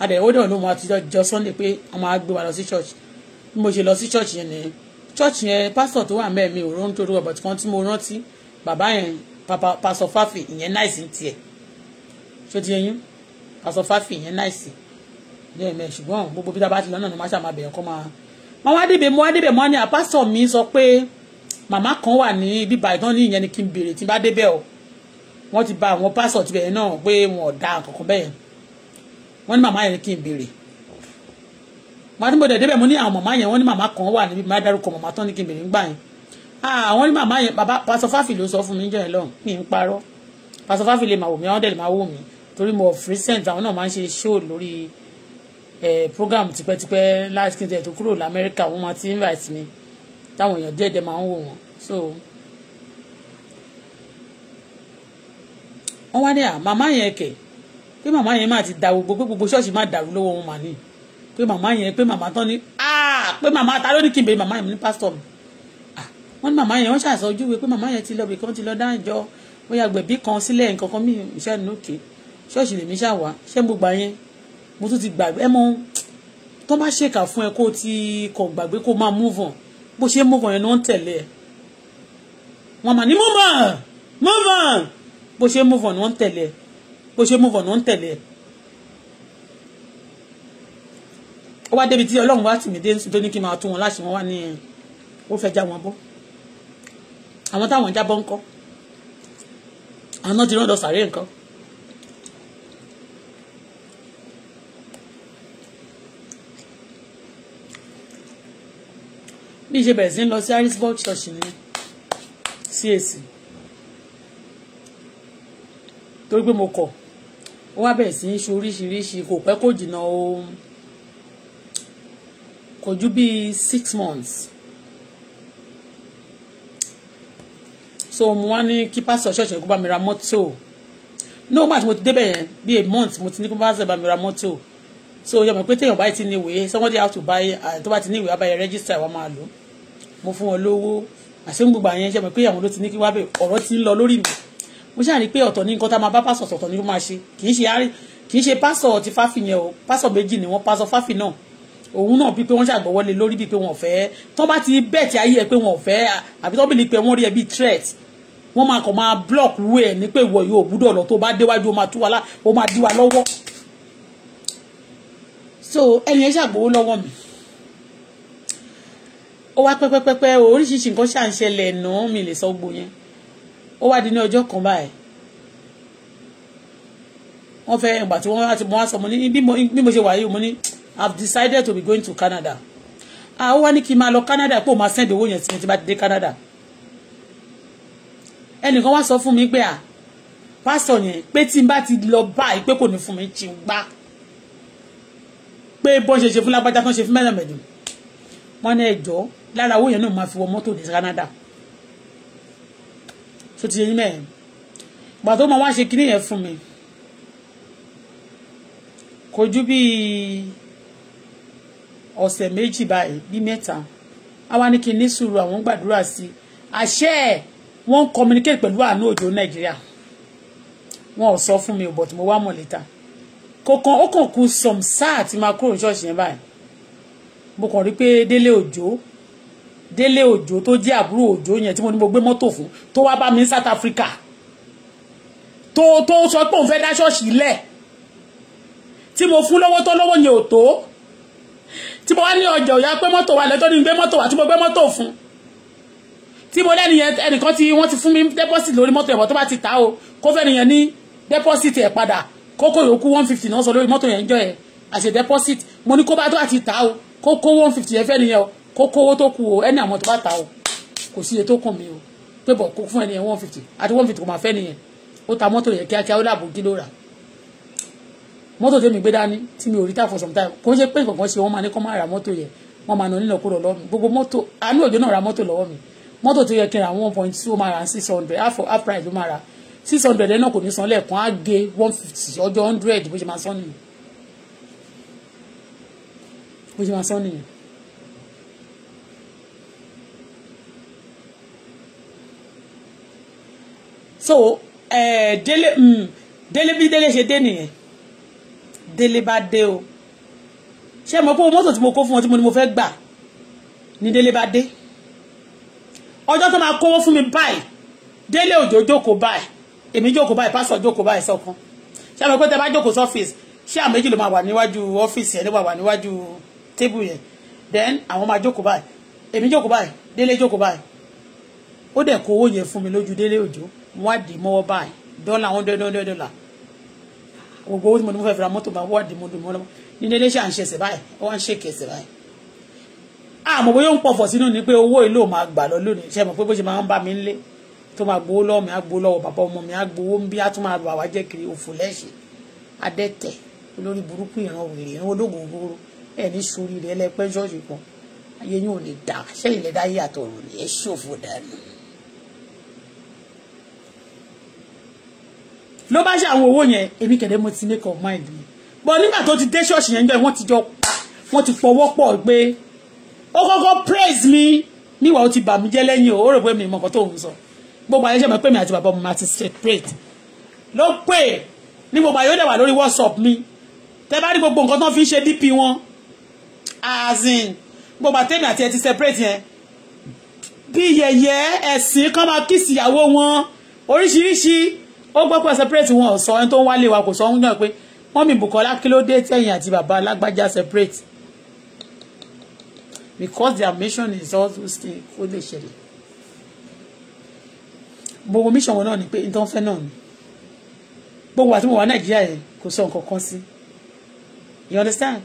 adẹ̀wò náà ló mọ àtijọ́ jọ sunday pé a máa gbé wa lọ sí church bí mo ṣe lọ sí church yẹn nìyẹn church yẹn pásítọ̀ tó wà mẹ́ẹ̀ mi ò rọ́n torí ọ̀bọ̀ tí kan tí mo rántí bàbá yẹn papa pastor fafi ìyẹn náìsì tiẹ̀ ṣó ti yẹn pastor fafi ìyẹn náìsì lẹ́ẹ̀mẹ́ ṣùgbọ́n gbogbo bí tábà ti lọ́nà ni wọ́n ṣàmà bẹ̀rẹ̀ kọ́ máa wọ́n wá débè mọ́ wá débè mọ́ ni àpásọ̀ mi sọ pé màmá kan wà ní bíbá ìtàn ní ìyẹn ni kí n béèrè tí n bá débẹ̀ o wọ́n ti ba àwọn pásọ̀ tibẹ̀ náà pé wọn ò da kankan bẹ́ẹ̀ wọ́n ní màmá yẹn ni kí n béèrè wọ́n á débè mọ́ ní àwọn màmá yẹn wọ́n ní màmá kan wà ní bíbá Ah, àwọn ní màmá yẹn bàbá pásọ fáfì ló sọ fún mi jẹ́ lọ́hùn mi ń parọ́ pásọ fáfì lè máa wò mí àwọn dẹ̀ lè máa wò mí torí mo of recent àwọn náà máa ń ṣe show lórí program tipẹ́tipẹ́ láti kí n tẹ̀ tó kúrò lamẹ́ríkà wọ́n máa ti invite mi táwọn èèyàn díẹ̀ dẹ̀ máa ń wò wọ́n so. wọ́n wá ní à màmá yẹn kẹ̀ pé màmá yẹn máa ti da gbogbo pé gbogbo ṣọ́ọ̀ṣì máa dàrú lọ́wọ́ wọn màá ní pé màmá yẹn pé màmá tán ní pé màmá ta ló ní kí n bèrè màmá yẹn ní pásítọ̀ mi wọ́n ní màmá yẹn wọ́n ṣàṣọjú wípé màmá yẹn ti lọ bì kan ti lọ dáńjọ wọ́n yà gbẹ̀bí kan sílẹ̀ nǹkan kan mí iṣẹ́ nínú òkè ṣọ́ọ̀ṣì lèmi ṣàwà ṣé mo gbà yẹn mo tún ti gbàgbé ẹ mọ tó bá ṣèkà fún ẹ kó o ti kọ̀ gbàgbé kó o máa move on bó ṣe move on yẹn náà ń tẹ̀lé ẹ wọ́n máa ní move on move on bó ṣe move on náà ń tẹ̀lé ẹ bó ṣe move on náà ń tẹ̀lé ẹ ó wá débi tí ọlọ́run wá tì mí dé tó ní kí n máa tú wọn láṣìí wọn wá ní ó fẹ́ já wọn bọ́ àwọn táwọn jábọ́ ńkọ́ àwọn náà ti rán lọ sàárè ńkọ́. bí ṣe bẹ̀rẹ̀ sí ń lọ sí harrisburg church ní CAC torí pé mo kọ̀ ó wá bẹ̀rẹ̀ sí ń ṣe oríṣiríṣi kò pẹ́ kò jìnnà o kò ju bíi six months so mo wá ní kí pásítọ̀ ṣọ́ọ̀ṣì kó bá mi ra mọ́tò no match mo ti débẹ̀ yẹn bí a month mo ti ní kó pásítọ̀ bá mi ra mọ́tò so yẹ mọ̀ pé téèyàn bá ti ní ìwé somebody have to buy tó bá ti ní ìwé abáyẹ register wa máa lò mo fún wọn lówó àṣé ń gbogbo àyẹn ṣe mọ̀ pé àwọn ló ti ní kí wá bẹ̀ ọ̀rọ̀ ti ń lọ lórí mi mo ṣáà rí i pé ọ̀tọ̀ ní nǹkan tá a máa bá pásọ̀ sọ̀tọ̀ ni ó máa ṣe kì í ṣe àárí kì í ṣe pásọ̀ ti fáfì yẹn o pásọ̀ méjì ni wọ́n pásọ̀ fáfì náà òun náà bíi pé wọ́n ṣàgbọ́wọ́lé lórí bíi pé wọ́n fẹ́ tán bá ti bẹ́ẹ̀tì ayé ẹ pé wọ́n fẹ́ àbí tán bìlì pé wọ́n rí ẹ bíi threat wọ́n máa kàn máa block wé ẹ̀ ní pé ìwọ yóò gbúdọ̀ lọ tó bá déwájú ó máa tú wa lá ó máa dí wa lọ́wọ́ so ẹni ẹ ṣàgbówó lọ́wọ́ mi ó wá pẹ́pẹ́pẹ́pẹ́ oríṣiríṣi nǹkan ṣà ń ṣẹlẹ̀ nù mí lè sọ gbò yẹn ó wá di ní ọjọ́ kan báyìí wọ́n fẹ́ ìgbà tí wọ́n ti mọ́ wá sọ mo ní bí mo ṣe wà yìí mo ní I've decided to be going to Canada àwọn wá ní kí n máa lọ Canada pé ó máa send owó yẹn sí mi tí bá ti dé Canada ẹnìkan wá sọ fún mi pé à pásítọ̀ yẹn pé tí n bá ti lọ báyìí pé kò ní fún mi tí n gbá pé bọ́n ṣe ṣe fún lágbájá tó ń ṣe fún mẹ́lẹ̀mẹ́lẹ́ wọn ní ẹjọ́ lára owó yẹn náà máa fi wọ mọ́tò ní Canada tó ti yẹn mẹ́ẹ̀ gbà tó máa wá ṣe kinní yẹn fún mi kò ju bíi ọ̀sẹ̀ méjì báyìí bíi mẹ́ta àwa ní kí n ní sùúrù àwọn gbàdúrà sí àṣẹ ẹ̀ wọ́n communicate pẹ̀lú àánú òjò nàìjíríà wọn ò sọ fún mi but mo wá mọ̀ létà kọ̀ọ̀kan ó kàn kú some sáà tí máa kúrò ní ṣọ́ọ̀ṣì yẹn báyìí mo kàn rí pé délé òjò délé òjò tó jẹ́ àbúrò òjò yẹn tí mo ní mo gbé mọ́tò fún tó wá bá mi ní South Africa tó tó sọ pé òun fẹ́ dá ṣọ́ọ̀ṣì lẹ̀ tí mo fún lọ́wọ́ tó lọ́wọ́ yẹn ò tó tí mo wá ní ọjà òyà pé mọ́tò wà lẹ́tọ́ ní gbé mọ́tò wà tí mo gbé mọ́tò fún tí mo lẹ́nu yẹn ẹnìkan tí wọ́n ti fún mi deposit lórí mọ́tò ẹ̀bọ̀ tó bá ti ta o kó fẹ́ nìyẹn ní deposit ẹ̀ padà kókó yòókù one fifty náà sọ lórí mọ́tò yẹn jọ yẹn as a deposit mo ní kó bá tó bá ti ta o kókó one fifty yẹn fẹ́ nìyẹn o kókó owó tó kù o ẹni àwọn tó bá ta o kò sí iye tó kàn mí o pé bọ̀ kó fún ẹnìyẹn one fifty àti one fifty kò máa fẹ́ nìyẹn ó ta mọ́tò yẹn kíákíá ó láàbò kí ló rà mọ́tò tèmi gbé dání tí mi ò rí tà for some time kò ń ṣe pé nǹkan kan ṣe wọ́n máa ní kó máa ra mọ́tò yẹn wọ́n máa nà nílòkulò lọ́wọ́ mi gbogbo mọ́tò àánú òjò náà ra mọ́tò lọ́wọ́ mi mọ́tò tó yẹ kí n ra one point two ó máa ra six hundred half half price ló máa ra six hundred ẹ̀ náà kò ní san lẹ́ẹ̀kan á gé one fifty ọjọ́ hundred bó ṣe máa san nìyẹn bó ṣe máa san nìyẹn. so eh, délé mm, délé bí délé ṣe dé nìyẹn délé bá dé o ṣé mo pé mọ́tò tí mo kó fún wọn tí mo ní mo fẹ́ gbà ní délé bá dé ọjọ́ tó máa kówó fún mi báyìí délé òjò jókòó báyìí èmi jókòó báyìí pásọ̀ jókòó báyìí sọ́kàn ṣé àmọ́ pé tẹ bá jókòó sọ́fíìsì ṣé àmọ́ méjì ló máa wà níwájú ọ́fíìsì ẹ̀ ló máa wà níwájú tébù yẹn then àwọn máa jókòó báyìí èmi jókòó báyìí délé jókòó báyìí ó dẹ̀ kó owó yẹn fún mi lójú délé òjò wọ́n á dì mọ́wọ́ báyìí dọ́là one hundred one hundred dollar gbogbo owó tí mo ní mo fẹ́ fi ra mọ́tò bá wọ́n á dì mọ́tò mọ́lọ́mọ́ ní délé àmọ́ ah, bóyá ó ń pọ̀fọ̀ sínú ni pé owó ìlú máa gbà lọ lónìí ṣe mọ̀ pé bó ṣe máa ń bá mi lé tó máa gbowó lọ́wọ́ mi á gbowó lọ́wọ́ bàbá ọmọ mi á gbowó ń bí á tún máa bà wá jẹ́ kiri òfò lẹ́sìn adẹ́tẹ̀ olórí burúkú ìran òwèrè ìran ológun gbogbo ẹ̀ ní sórí rẹ̀ ẹlẹ́pẹ́ ṣọ́ọ̀ṣì kan ayé yóò lè dà sẹ́yìn lẹ́dá yàtọ̀ rò ní ẹ̀ ṣòfò dànù. ló bá ṣe àwọn owó yẹn èmi kẹ̀dẹ́ mo ti make up mind mi but nígbà tó ti dé ṣọ́ọ̀ṣì yẹn gbẹ́ wọ́n ti jọ pa wọ́n ti fọwọ́ pọ̀ gbé ó kọ́kọ́ praise mi níwà ó ti bà mí jẹ́ lẹ́yìn o ó rò pé mi mọ̀ nǹkan tó ń sọ gbogbo ayé ṣe mọ̀ pé mi àti bàbá ọmọ máa ti separate ló pè ní gbogbo ayé ó dẹ̀ wà lórí whatsapp mi tẹ́ bá ní gbogbo nǹkan tó ń fi ṣe dp wọn as gbogbo àtẹ́mi àti ẹ ti separate yẹn bí yẹ̀yẹ́ ẹ̀sìn kan máa kí ìyàwó wọn oríṣiríṣi ó gbọ́ pé separate wọn ò sọ ẹni tó ń wálé wa kò sọ ń gbà pé mọ́mì Bùkọ́lá kí ló dé tẹ̀yìn àti bàbá alágbájá separate because their mission is all those things ó lè ṣẹlẹ̀ gbogbo mission wọn náà ni pé ìtàn fẹ́ náà ni gbogbo àti mo wà nàìjíríà yẹn kò sọ nǹkan kan sí you understand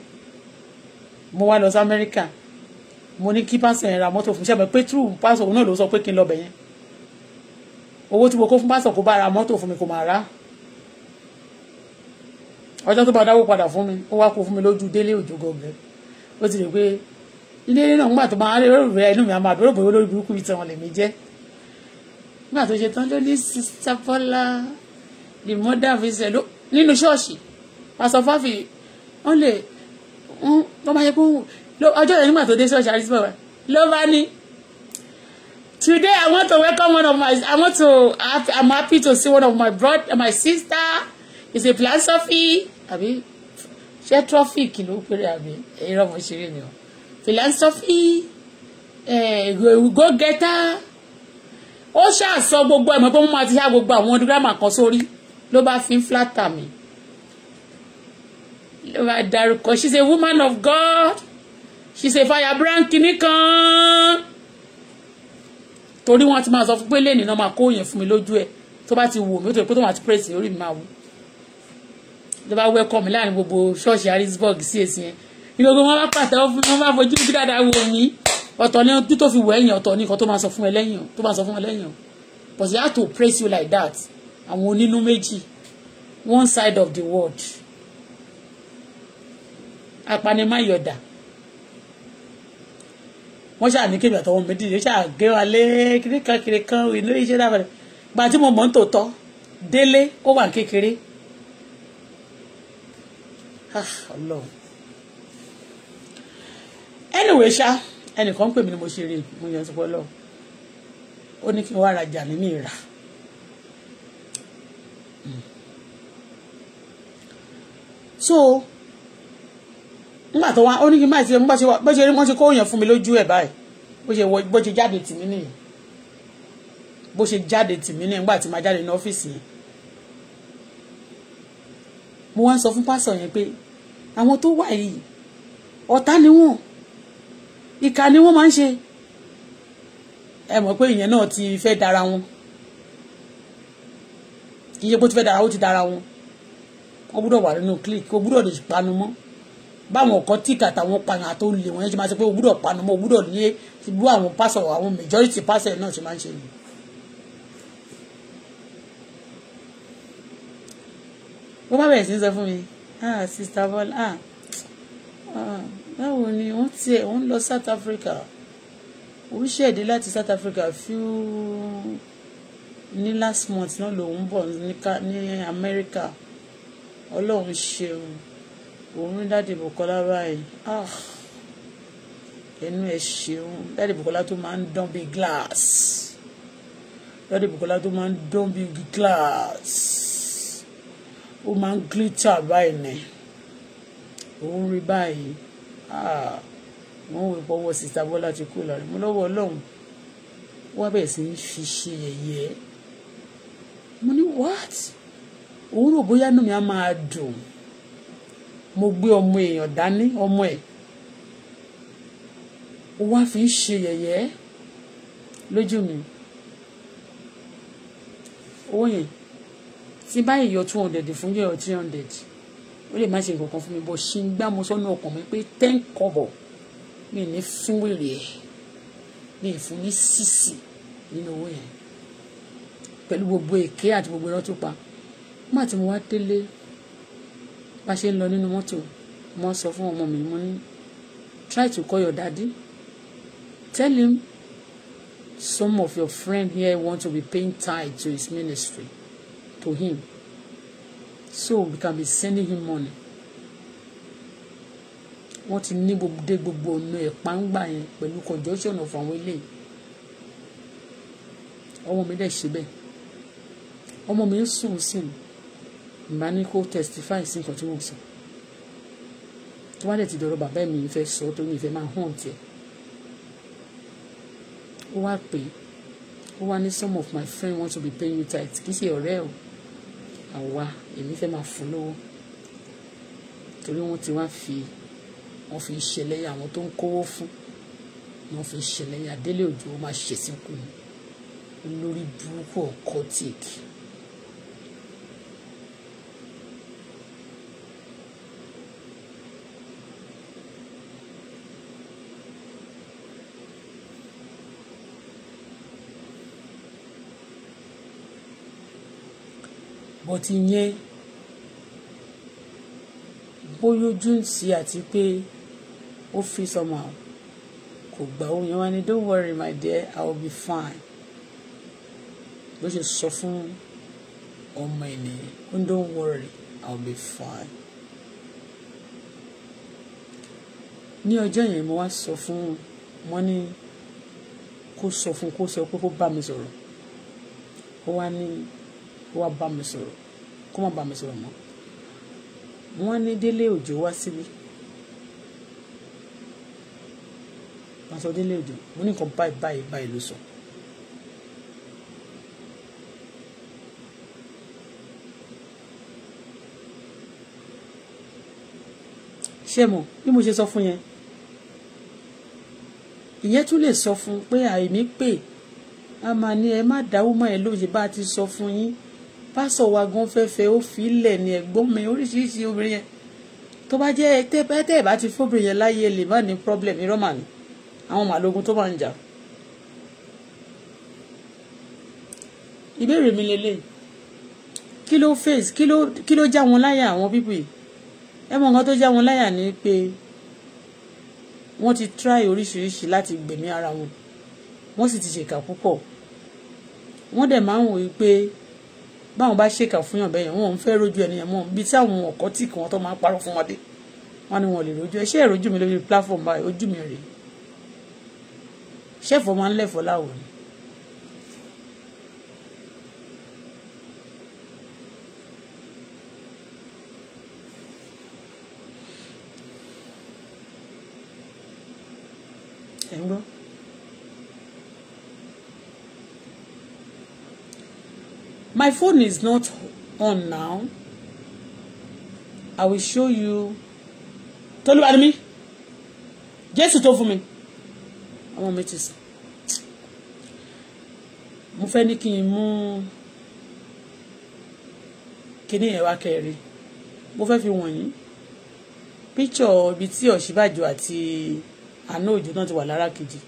mo wá lọ sí amẹ́ríkà mo ní kí pásọ̀ yẹn ra mọ́tò fún ṣẹ́mi pé true pásọ̀ òun náà ló sọ pé kí n lọ bẹ̀ yẹn owó tí mo kó fún pásọ̀ kó bá ra mọ́tò fún mi kò máa rà ọjọ́ tó bá dáwó padà fún mi ó wá kó fún mi lójú délé òjò gọ̀ọ̀gẹ́ ó ti rè pé ilé náà ńgbà máa ń rẹ inú mi àmọ́ àbúrò bòyó lórí burúkú yìí tán lèmi jẹ́ ńgbà tó ṣe tán ló ní sista Bọ́lá the mother of Israel nínú ṣọ́ọ̀ṣì pásọ fáfì wọ́n lè wọ́n máa yẹ kó ọjọ́ yẹn nígbà dé ṣọ́ọ̀ṣì àrísí bàbá ló bá ní today I want to welcome one of my I want to I'm happy to see one of my brother my sister is a philosophy àbí ṣé traffic ló péré àbí èyí rọ̀ mọ́ ṣeré mi o philosophy go getter ó ṣàṣọ gbogbo ẹ̀mọ́ pé mo máa ti ṣá gbogbo àwọn dírámà kan sórí ló bá fi ń flatter mi ló bá dárúkọ she's a woman of God she's a firebrand kìíní kan torí wọn ti máa sọ fún pé lẹ́nu náà máa kó òyìn fún mi lójú ẹ̀ tó bá ti wò mí ó tó lè pé tó máa ti pèsè orí mi máa wò ló bá wẹ́kọ̀ mi láàrin gbogbo ṣọ́ọ̀ṣì Harrisburg sí èsì yẹn ìgbogbo wọn bá pàtẹ́wọ́ fún mi wọn bá fojú sí dáadáa wò mí ọ̀tọ̀ ní ọdún tó fi wọ ẹ̀yìn ọ̀tọ̀ ní nǹkan tó máa sọ fún ẹ lẹ́yìn tó máa sọ fún ẹ lẹ́yìn but you have to praise you like that àwọn onínú méjì one side of the world apanimayọ̀dà wọ́n ṣáà ní kébì àtọwọ́ mi dìde ṣáà gé wa lé kíríkan kíríkan ìlú iṣẹ́ dábàlẹ̀ gba tí mo mọ̀ ń tò tọ́ délé ó wà kékeré ah, ọlọ́run anyway ṣá ẹnìkan pè mí ni mo ṣe rí mo yàn sípò lọ ó ní kí n wá rajà ní mi so nígbà wa wá ó ní kí n báyìí ti bó ṣe bó ṣe rí wọ́n ti kó yàn fún mi lójú ẹ̀ báyìí bó ṣe wọ bó ṣe jáde tì mí nìyẹn bó ṣe jáde tì nìyẹn nígbà tí jáde ní ọ́fíìsì yẹn mo wá ń sọ fún pásọ yẹn pé àwọn tó wà yìí ọ̀tá ni wọ́n ìkà ni wọ́n máa ń ṣe ẹ mọ̀ pé ìyẹn náà ti fẹ́ dára wọn kì í ṣe pé ó ti fẹ́ dára ó ti dára wọn wọ́n gbúdọ̀ wà nínú click ó gbúdọ̀ lè panu mọ́ báwọn ọ̀kan tí kàtà wọn pààyàn àtó lè wọ́n yẹn ṣe máa ṣe pé ó gbúdọ̀ panu mọ́ ó gbúdọ̀ ní ti bú àwọn pásọ̀ àwọn majority pásọ̀ náà ṣe máa ń ṣe nìyí. ó bá bẹ̀rẹ̀ sí sọ fún mi ah sista Bọ́lá ah. ah báwo ni wọ́n tiẹ̀ wọ́n lọ South Africa òun ṣèdí láti South Africa few ní last month náà lòun bọ̀ ní America ọlọ́run ṣeun òun ní dáàdì Bùkọ́lá báyìí ah ẹnu ẹ ṣeun dáàdì Bùkọ́lá tó máa ń dán bíi glass dáàdì Bùkọ́lá tó máa ń dán bíi glass ó máa ń glitter báyìí nẹ òun rí báyìí Ah, mo ń wo ìpọwọ́ sista Bọ́lá ti kú lára mo lọ́wọ́ Ọlọ́run wọ́n bẹ̀rẹ̀ sí í fi ṣe yẹ̀yẹ́ mo ní what òun rò bóyá inú mi á máa dùn mo gbé ọmọ èèyàn dání ọmọ ẹ̀ ó wá fi ń ṣe yẹ̀yẹ́ lójú mi owó yẹn tí báyìí yọ two hundred fún yẹ ọ three hundred ó lè má ṣe nǹkan kan fún mi bọ̀ ṣì ń gbá mo sọ́nà ọkàn mi pé ten kọ́bọ̀ mi ní fún wèrè ẹ̀ mi ì fún ní sísì nínú owó yẹn pẹ̀lú gbogbo èké àti gbogbo irọ́ tó pa má ti mo wá délé bá ṣe ń lọ nínú mọ́tò mo sọ fún ọmọ mi mo ní try to call your daddy tell him some of your friend here want to be paying tithe to his ministry to him so we can be sending him money wọ́n ti ní dé gbogbo ọ̀nà ẹ̀pá ń gbà yẹn pẹ̀lú conjunction of àwọn ilé ọmọ mi dẹ̀ ṣe bẹ́ẹ̀ ọmọ mi ń sùn sí mi ìmá ní kó testify sí nǹkan tí wọ́n sọ tó wá dẹ̀ ti dọ̀rọ̀ bàbá mi ìfẹ́ sọ tó ní ìfẹ́ máa hàn tiẹ̀ ó wá pè é ó wá ní some of my friends want to be paying you tight kì í ṣe ọ̀rẹ́ o àwa èmi fẹ́ máa fún lówó torí wọ́n ti wá fi wọ́n fi ṣẹlẹ́yà àwọn tó ń kówó fún wọ́n fi ṣẹlẹ́yà délé òjò ó máa ṣèsìnkú olórí burúkú ọkọ tíìkì but ìyẹn bóyá sí àti pé ó fi sọmọ kò gbà ó yẹn wá ní don't worry my dear i will be fine ló ṣe sọ fún ọmọ ènìyàn oh, don't worry i will be fine. ní ọjọ́ yẹn mo wá sọ fún wọn ní kó sọ fún kó sọ pé kó bá mi sọ̀rọ̀ ó wá ní kó wá bá mi sọ̀rọ̀ kó má bá mi sọ̀rọ̀ mọ́ wọ́n ní délé òjò wá síbí wọ́n sọ délé òjò mo ní nǹkan báyìí báyìí báyìí ló sọ. ṣé mo bí mo ṣe sọ fún yẹn ìyẹn tún lè sọ fún pé àìní pè á máa ní ẹ má dáwọ́ mọ́ ẹ lóye bá a ti sọ fún yín pásọ wa gan fẹ́fẹ́ ó fi ilẹ̀ ní ẹ̀gbọ́n mi oríṣiríṣi obìnrin yẹn tó bá jẹ́ tẹ́tẹ́ ìbá ti fóbìnrin yẹn láyé lè má ní problem irọ́ mà ní àwọn màlógun tó máa ń jà. ìbéèrè mi lélẹ̀ kí ló face kí ló kí ló já wọn láyà àwọn pípì yìí ẹ mọ nǹkan tó já wọn láyà ni pé wọ́n ti try oríṣiríṣi láti gbẹ̀mí ara wọn wọ́n sì ti ṣèkà púpọ̀ wọ́n dẹ̀ máa ń wòye pé báwọn bá ṣèkà fún yàn bẹ́yẹn wọn ò ń fẹ́ rojú ẹnìyàn mọ́ bí tí àwọn ọ̀kọ́ tì kí wọ́n tó máa parọ́ fún wọn dé wọn ni wọn lè rojú ẹ ṣé ẹ rojú mi lórí platform báyìí ojú mi rèé ṣẹ́fọ̀ máa ń lẹ̀fọ́ láwọ̀ ni. ẹ̀ my phone is not on now i will show you tolúwadimi jésù tó fún mi ọmọ mi ti sùn mo fẹ́ ní kí n mú kíní yẹn wá kẹrin mo fẹ́ fi wọ̀nyí píkṣọ̀ ibi tí ọ̀ṣíbàjò àti àánú òjò náà ti wà lára kejì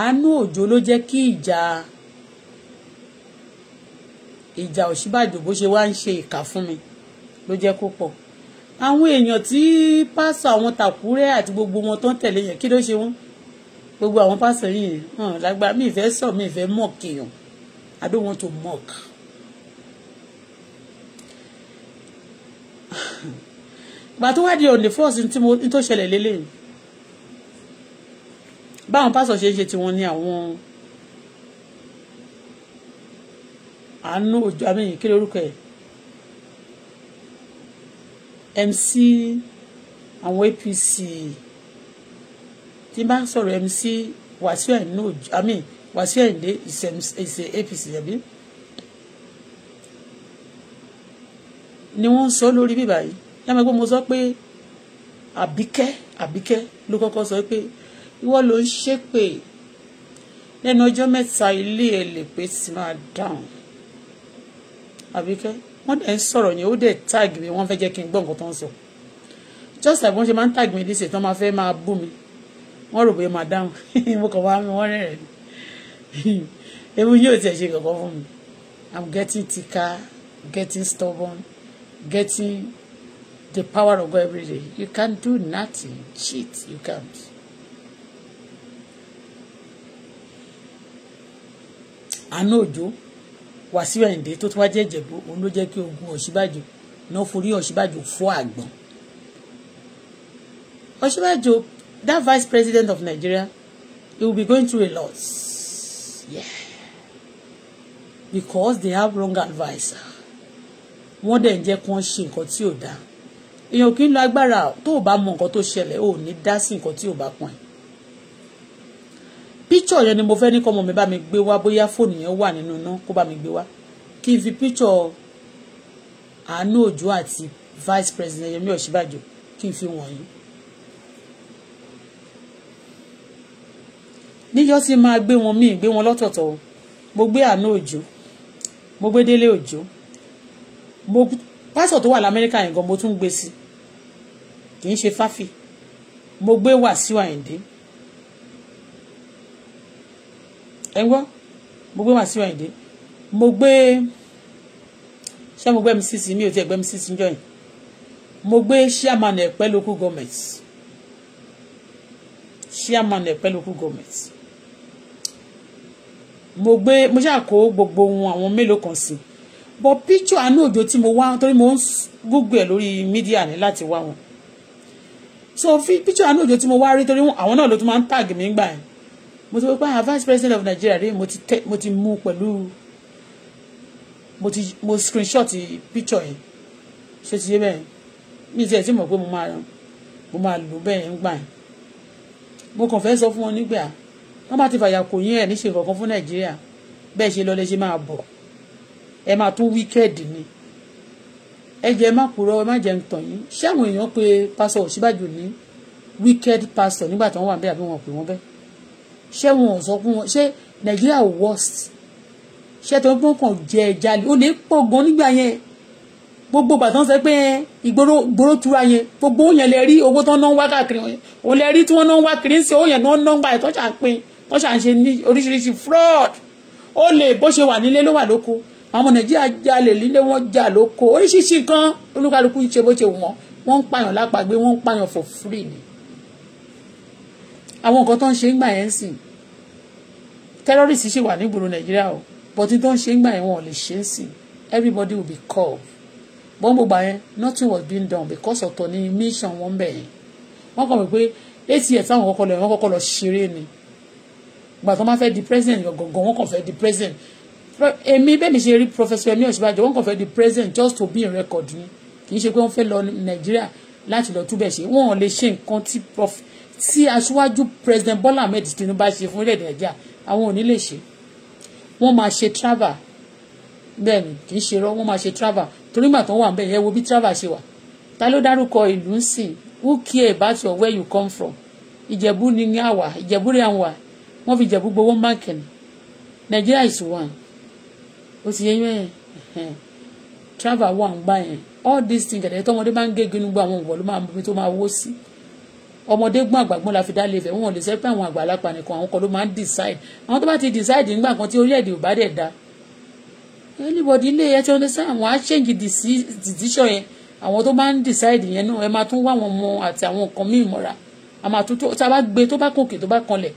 àánú òjò ló jẹ́ kí ìjà. Ja ìjà Ọ̀ṣínbàjò bó ṣe wá ń ṣe ìkà fún mi ló jẹ́ kó pọ̀ àwọn èèyàn tí pásọ àwọn tàkúrẹ́ àti gbogbo wọn tó ń tẹ̀lé yẹn kí ló ṣe wọ́n gbogbo àwọn pásọ yìí hàn lágbára mi ìfẹ́ sọ mi ìfẹ́ mọ̀ kéèyàn I don't want to mock. gbà tó wá di òní fọ́ọ̀sì tí mo tó ṣẹlẹ̀ lélẹ́yìn báwọn pásọ ṣe ń ṣe tiwọn ni àwọn. àánú òjò àmì kí ló orúkọ ẹ̀ MC àwọn APC tí n bá sọ̀rọ̀ MC Wàsíù Àìnú òjò àmì Wàsíù Àìndé ìṣe APC àbí ni wọ́n ń sọ lórí bíbá yìí yàmẹ́ pé mo sọ pé àbíkẹ́ àbíkẹ́ ló kọ́kọ́ sọ pé ìwọ ló ń ṣépè lẹ́nu ọjọ́ mẹ́ta ilé ẹ̀ lè pé sí máa dáhùn àbíkẹ́ wọ́n dẹ̀ ń sọ̀rọ̀ yẹn ó dẹ̀ tag mi wọ́n fẹ́ jẹ́ kí n gbọ́ nǹkan tó ń sọ just like wọ́n ṣe máa ń tag mi ní ìṣètò máa fẹ́ máa bú mi wọ́n rò pé máa dáhùn mo kàn wá mi wọ́n rẹ̀ ni ewu yóò tiẹ̀ ṣe kankan fún mi i'm getting tika, getting stubborn getting the power of God every day you can't do nothing cheat you can't. àná òjò wàsíù ẹ̀ǹdẹ́ tó tún wá jẹ́ ìjẹ̀bú òun ló jẹ́ kí ogun ọ̀ṣíbàjò náà forí ọ̀ṣíbàjò fọ́ àgbọ̀n. ọ̀ṣíbàjò that vice president of Nigeria he will be going through a lot yeah. because they have wrong adviser wọ́n dẹ̀ ń jẹ́ kí wọ́n ṣe nǹkan tí ò dáa èèyàn kì í lo agbára tó o bá mọ nǹkan tó ṣẹlẹ̀ ò ní dá sí nǹkan tí ò bá pọ̀n ẹ̀ picture yẹn ni mo fẹ́ ní kọ́mọ mi bá mi gbé wá bóyá fóònù yẹn wà nínú iná kó bá mi gbé wá kí n fi picture àánú òjò àti vice president yẹmí ọ̀ṣíbàjò kí n fi wọ̀nyí. níjọ́ sì máa gbé wọn míì gbé wọn lọ́tọ̀ọ̀tọ̀ o mo gbé àánú òjò mo gbé délé òjò mo pásọ̀ tó wà lamẹ́ríkà yẹn gan mo tún gbé sí kì í ṣe fáfì mo gbé wàsíù àyìndé. ẹ gbọ́ mo gbé Wàsíù Àyìndé mo gbé ṣé mo gbé mi sísìn mi ò tiẹ̀ gbé mi sísìn jọ yìí mo gbé chairman ẹ̀pẹ́ local government chairman ẹ̀pẹ́ local government mo gbé mo ṣáà kó gbogbo ohun àwọn mélòó kan sí but picture àánú òjò tí mo wá torí mo ń google ẹ̀ lórí mídíà ní láti wá wọn so picture àánú òjò tí mo wá rí torí àwọn náà ló tún máa ń tag mi gbà yẹn mo ti wọ pé vice president of Nigeria rí mo ti mú pẹ̀lú mo ti mo screenshot picture yẹn ṣé ti yé bẹ́ẹ̀ mi ti ẹ̀ ti mọ̀ pé mo máa mo máa lò bẹ́ẹ̀ ń gbà yẹn mo kàn fẹ́ sọ fún wọn nígbà wọ́n bá ti fàyà kò yín ẹ̀ níṣe kankan fún Nàìjíríà bẹ́ẹ̀ ṣe lọ́lẹ́ ṣe máa bọ̀ ẹ máa tún wíkẹ́ẹ̀dì ni ẹ jẹ́ má kúrò ẹ má jẹ́ ń tàn yín ṣé àwọn èèyàn pé pásọ Ọ̀ṣínbàjò ní wíkẹ́ẹ̀dì pásọ nígbà tí wọ́n wà bẹ́ẹ̀ àbí wọn pè wọ́n bẹ́ẹ̀ ṣé wọn ò sọ fún wọn ṣé Nàìjíríà worst ṣé tó ń pọ́n kàn jẹ jalè ó lè pọ̀ gan nígbà yẹn gbogbo bàtàn sẹ pé ìgboro ìgboro tura yẹn gbogbo yẹn lè rí owó tó ń ná wá káàkiri wọn ò lè rí tí wọ́n ná wá kiri ń ṣe owó yẹn náà ń ná gbà yẹn tó ṣà ń pín tó ṣà ń ṣe ní oríṣiríṣi fraud ó lè bó ṣe wà nílé ló wà lóko àwọn ọmọ Nàìjíríà jalè lílé wọn jà lóko oríṣiríṣi kan olúkálukú ń ṣe bó ṣe wù wọn wọ́n ń pààyàn lápàgbé wọ́n ń pààyàn for free ni àwọn nǹkan tó ń ṣe ń gbà yẹn sìn terrorist ṣì wà nígboro nàìjíríà o but tó ń ṣe ń gbà yẹn wọn ò lè ṣe é sìn everybody will be called bọ́n gbogbo yẹn nothing was being done because ọ̀tọ̀ ni mission wọn bẹ̀ yẹn wọ́n kàn wípé eight years táwọn kọ́kọ́ lọ yẹn wọ́n kọ́kọ́ lọ ṣeré ni gbà tó máa fẹ́ di president gangan wọ́n kàn fẹ́ di president èmi bẹ́ẹ̀ ṣe rí professor Yẹmí Ọ̀ṣínbàjò wọ́n kàn fẹ́ di president just to be in record ni kì í ṣe pé wọ́n fẹ́ lọ nàìjíríà láti lọ túbẹ̀ ṣe wọ́n lè ṣe nǹkan tí tí aṣíwájú president Bọ́lá Ahmed Tinubu ṣe fún ilẹ̀ Nàìjíríà àwọn ò ní lè ṣe wọ́n máa ṣe travel bẹ́ẹ̀ ni kì í ṣe rọ́ wọ́n máa ṣe travel torí màtọ́ wà bẹ́ẹ̀ yẹn wo bí travel ṣe wà ta ló dárúkọ ìlú ń sìn who care about your where you come from ìjẹ̀bú ni ní àwà ìjẹ̀bú rẹ̀ àwà wọ́n fi ìjẹ̀bú gbowó máàkì ni Nigeria is one ó ti yẹ yẹn travel wà ń gbà yẹn all these things ẹ̀dẹ̀ tọ́mọdé máa ń gé gínú gbọ́ àwọn òwò ló máa mú mi tó máa wó sí ọmọdé gbọ́n àgbàgbọ́n la fi dá lè fẹ́ wọn lè sẹ́ pé àwọn àgbàlagbà nìkan àwọn kan ló máa ń decide àwọn tó bá ti decide nígbà kan tí orílẹ̀-èdè ò bá dẹ̀ da anybody ilé ẹ ti understand àwọn á change decision yẹn àwọn tó máa ń decide yẹn náà ẹ máa tún wá àwọn ọmọ àti àwọn nǹkan míì mọ́ra a máa tún tá a bá gbé tó bá kòkè tó bá kanlẹ̀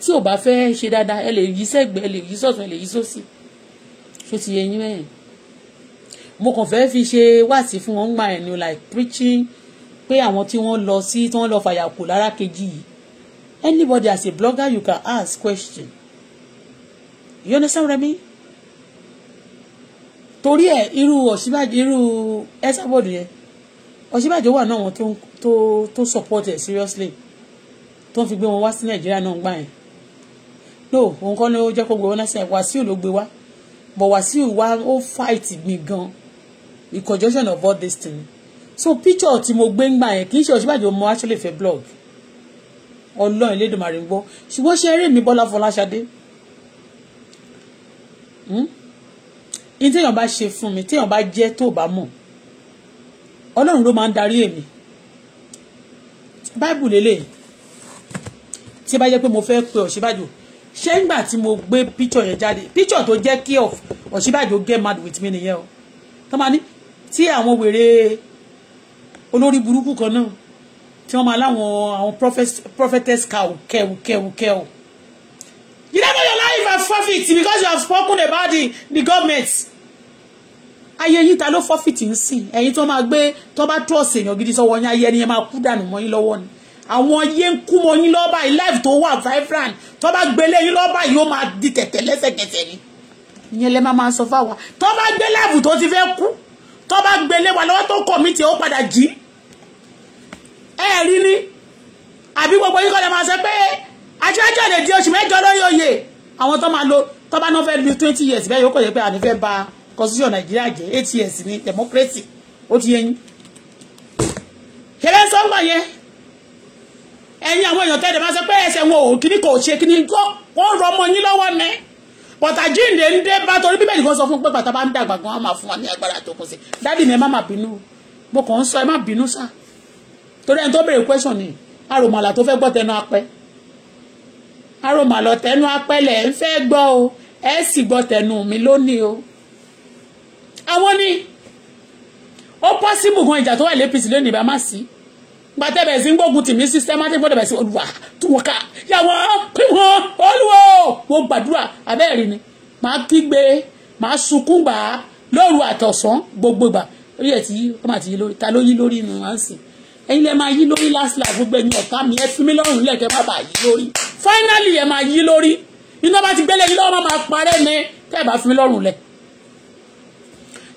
tí ò bá fẹ́ ṣe dáadáa ẹ lè yí sẹ́gbẹ́ ẹ lè yí sọ̀tún ẹ lè yí sósì ṣó ti yẹ yín mẹ́yìn mo kàn fẹ́ fi ṣe wáàsí fún wọn gbà ẹ̀ ni like preaching pé àwọn tí wọ́n lọ sí tí wọ́n lọ fàyàkù lára kejì yìí anybody as a blogger you can ask question you understand what I mean torí ẹ irú Ọ̀ṣínbàjò irú Esabod yẹn Ọ̀ṣínbàjò wà náà wọn tó tó tó support ẹ seriously tó ń fi gbé wọn wá sí Nàìjíríà náà gbà yẹn no òun kọ́ ni ó jẹ́ kó gbé wọn lásìkò Wàsíù ló gbé wá but Wàsíù wá ó fight mi gan in conjunction of all these things so picture tí mo gbé ńgbà yẹn kì í ṣe Ọ̀ṣínbàjò mo actually fẹ́ blog ọlọ́run Elédùmarè ń gbọ́ ṣùgbọ́n ṣe eré mi Bọ́lá Fọláṣadé hmm? ní téèyàn bá ṣe fún mi téèyàn bá jẹ́ tó bá mọ̀ ọlọ́run ló máa ń darí èmi báìbù lélẹ̀ tí bá jẹ́ pé mo fẹ́ pe Ọ̀ṣínbàjò ṣé ńgbà tí mo gbé píchọ̀ yẹn jáde píchọ̀ tó jẹ́ kí Ọ̀ṣínbàjò get mad with me nìyẹn o tó máa ní tí àwọn wèrè olórí burúkú kan náà tí wọ́n máa láwọn àwọn prophetess cow kẹwù kẹwù kẹwù. you never your life as forfeit because you have spoken about the the government. ayé yìí ta ló forfeit ń sìn ẹ̀yin tí wọ́n máa gbé tí wọ́n bá tó ọ̀sẹ̀ èèyàn gidi sọ́wọ́ yín ayé ẹni yẹn máa kú dànù mọ́ yín lọ́wọ́ ni àwọn yé ń kú mọ́ yín lọ́wọ́ báyìí life tó wà vibrant tó bá gbélé yín lọ́wọ́ báyìí ó máa di tẹ̀tẹ̀ lẹ́sẹ̀kẹsẹ̀ ni ìyẹn lẹ́ máa máa sọ fáwa tó bá gbé life tó ti fẹ́ kú tó bá gbélé wa lọ́wọ́ tó kọ̀mítì ó padà jí ẹ rí ni àbí gbogbo yín kọ́ lè máa ṣe pé aṣáájáde di oṣù mẹ́jọ lórí oyè àwọn tó máa lo tó bá náà fẹ́ lu twenty years bẹ́ẹ̀ yóò kọ̀ yẹ pé àní fẹ́ ba constitution nàìjíríà jẹ́ eight years ní democracy ó ti yẹ yín kẹlẹ́ sọ́ngbà yẹn ẹ̀yin àwọn èèyàn tẹ́lẹ̀ máa ṣe pé ẹsẹ̀ wọn ò kíní kò ṣe kíní wọ́n rọ ọmọ yín lọ́wọ́ mẹ́ẹ́ but àjíǹde ń dé bá torí bíbélì kan sọ fún pé bàtà bá ń dàgbà gan á máa fún wa ní agbára tó kún sí dádì mi ẹ má má bínú mo kàn ń sọ ẹ má bínú sá torí ẹni tó béèrè question ni àròmàlà tó fẹ́ gbọ́ tẹnu apẹ́ àròmàlà tẹnu apẹ́ lẹ̀ ń fẹ́ gbọ́ o ẹ sì gbọ́ tẹnu mi lónìí o àwọn ni ó pọ́sibù gan ìjà tó wà lẹ́pìsì lónìí bá má sí gbàtẹ́bẹ̀ sí ń gbógun tì mí systematic gbọ́dọ̀ sí olùwà tún wọ́n ká yàwọ́ pín wọn olúwo mo gbàdúrà abẹ́ẹ̀rí ni màá kígbe màá sunkún gbà á lóru àtọ̀sán gbogbo ìgbà orí ẹ̀ ti yí ọmọ àti yí lórí ta ló yí lórí inú wa ń sìn ẹ̀yin máa yí lórí last life gbogbo ẹ̀yin ọ̀tá mi ẹ fi mí lọ́rùn lẹ́kẹ̀ẹ́ má bàa yí lórí finally ẹ máa yí lórí iná bá ti gbélé yín lọ́wọ́ máa parẹ́ ni tẹ́ ẹ bá fi mí lọ́rùn lẹ̀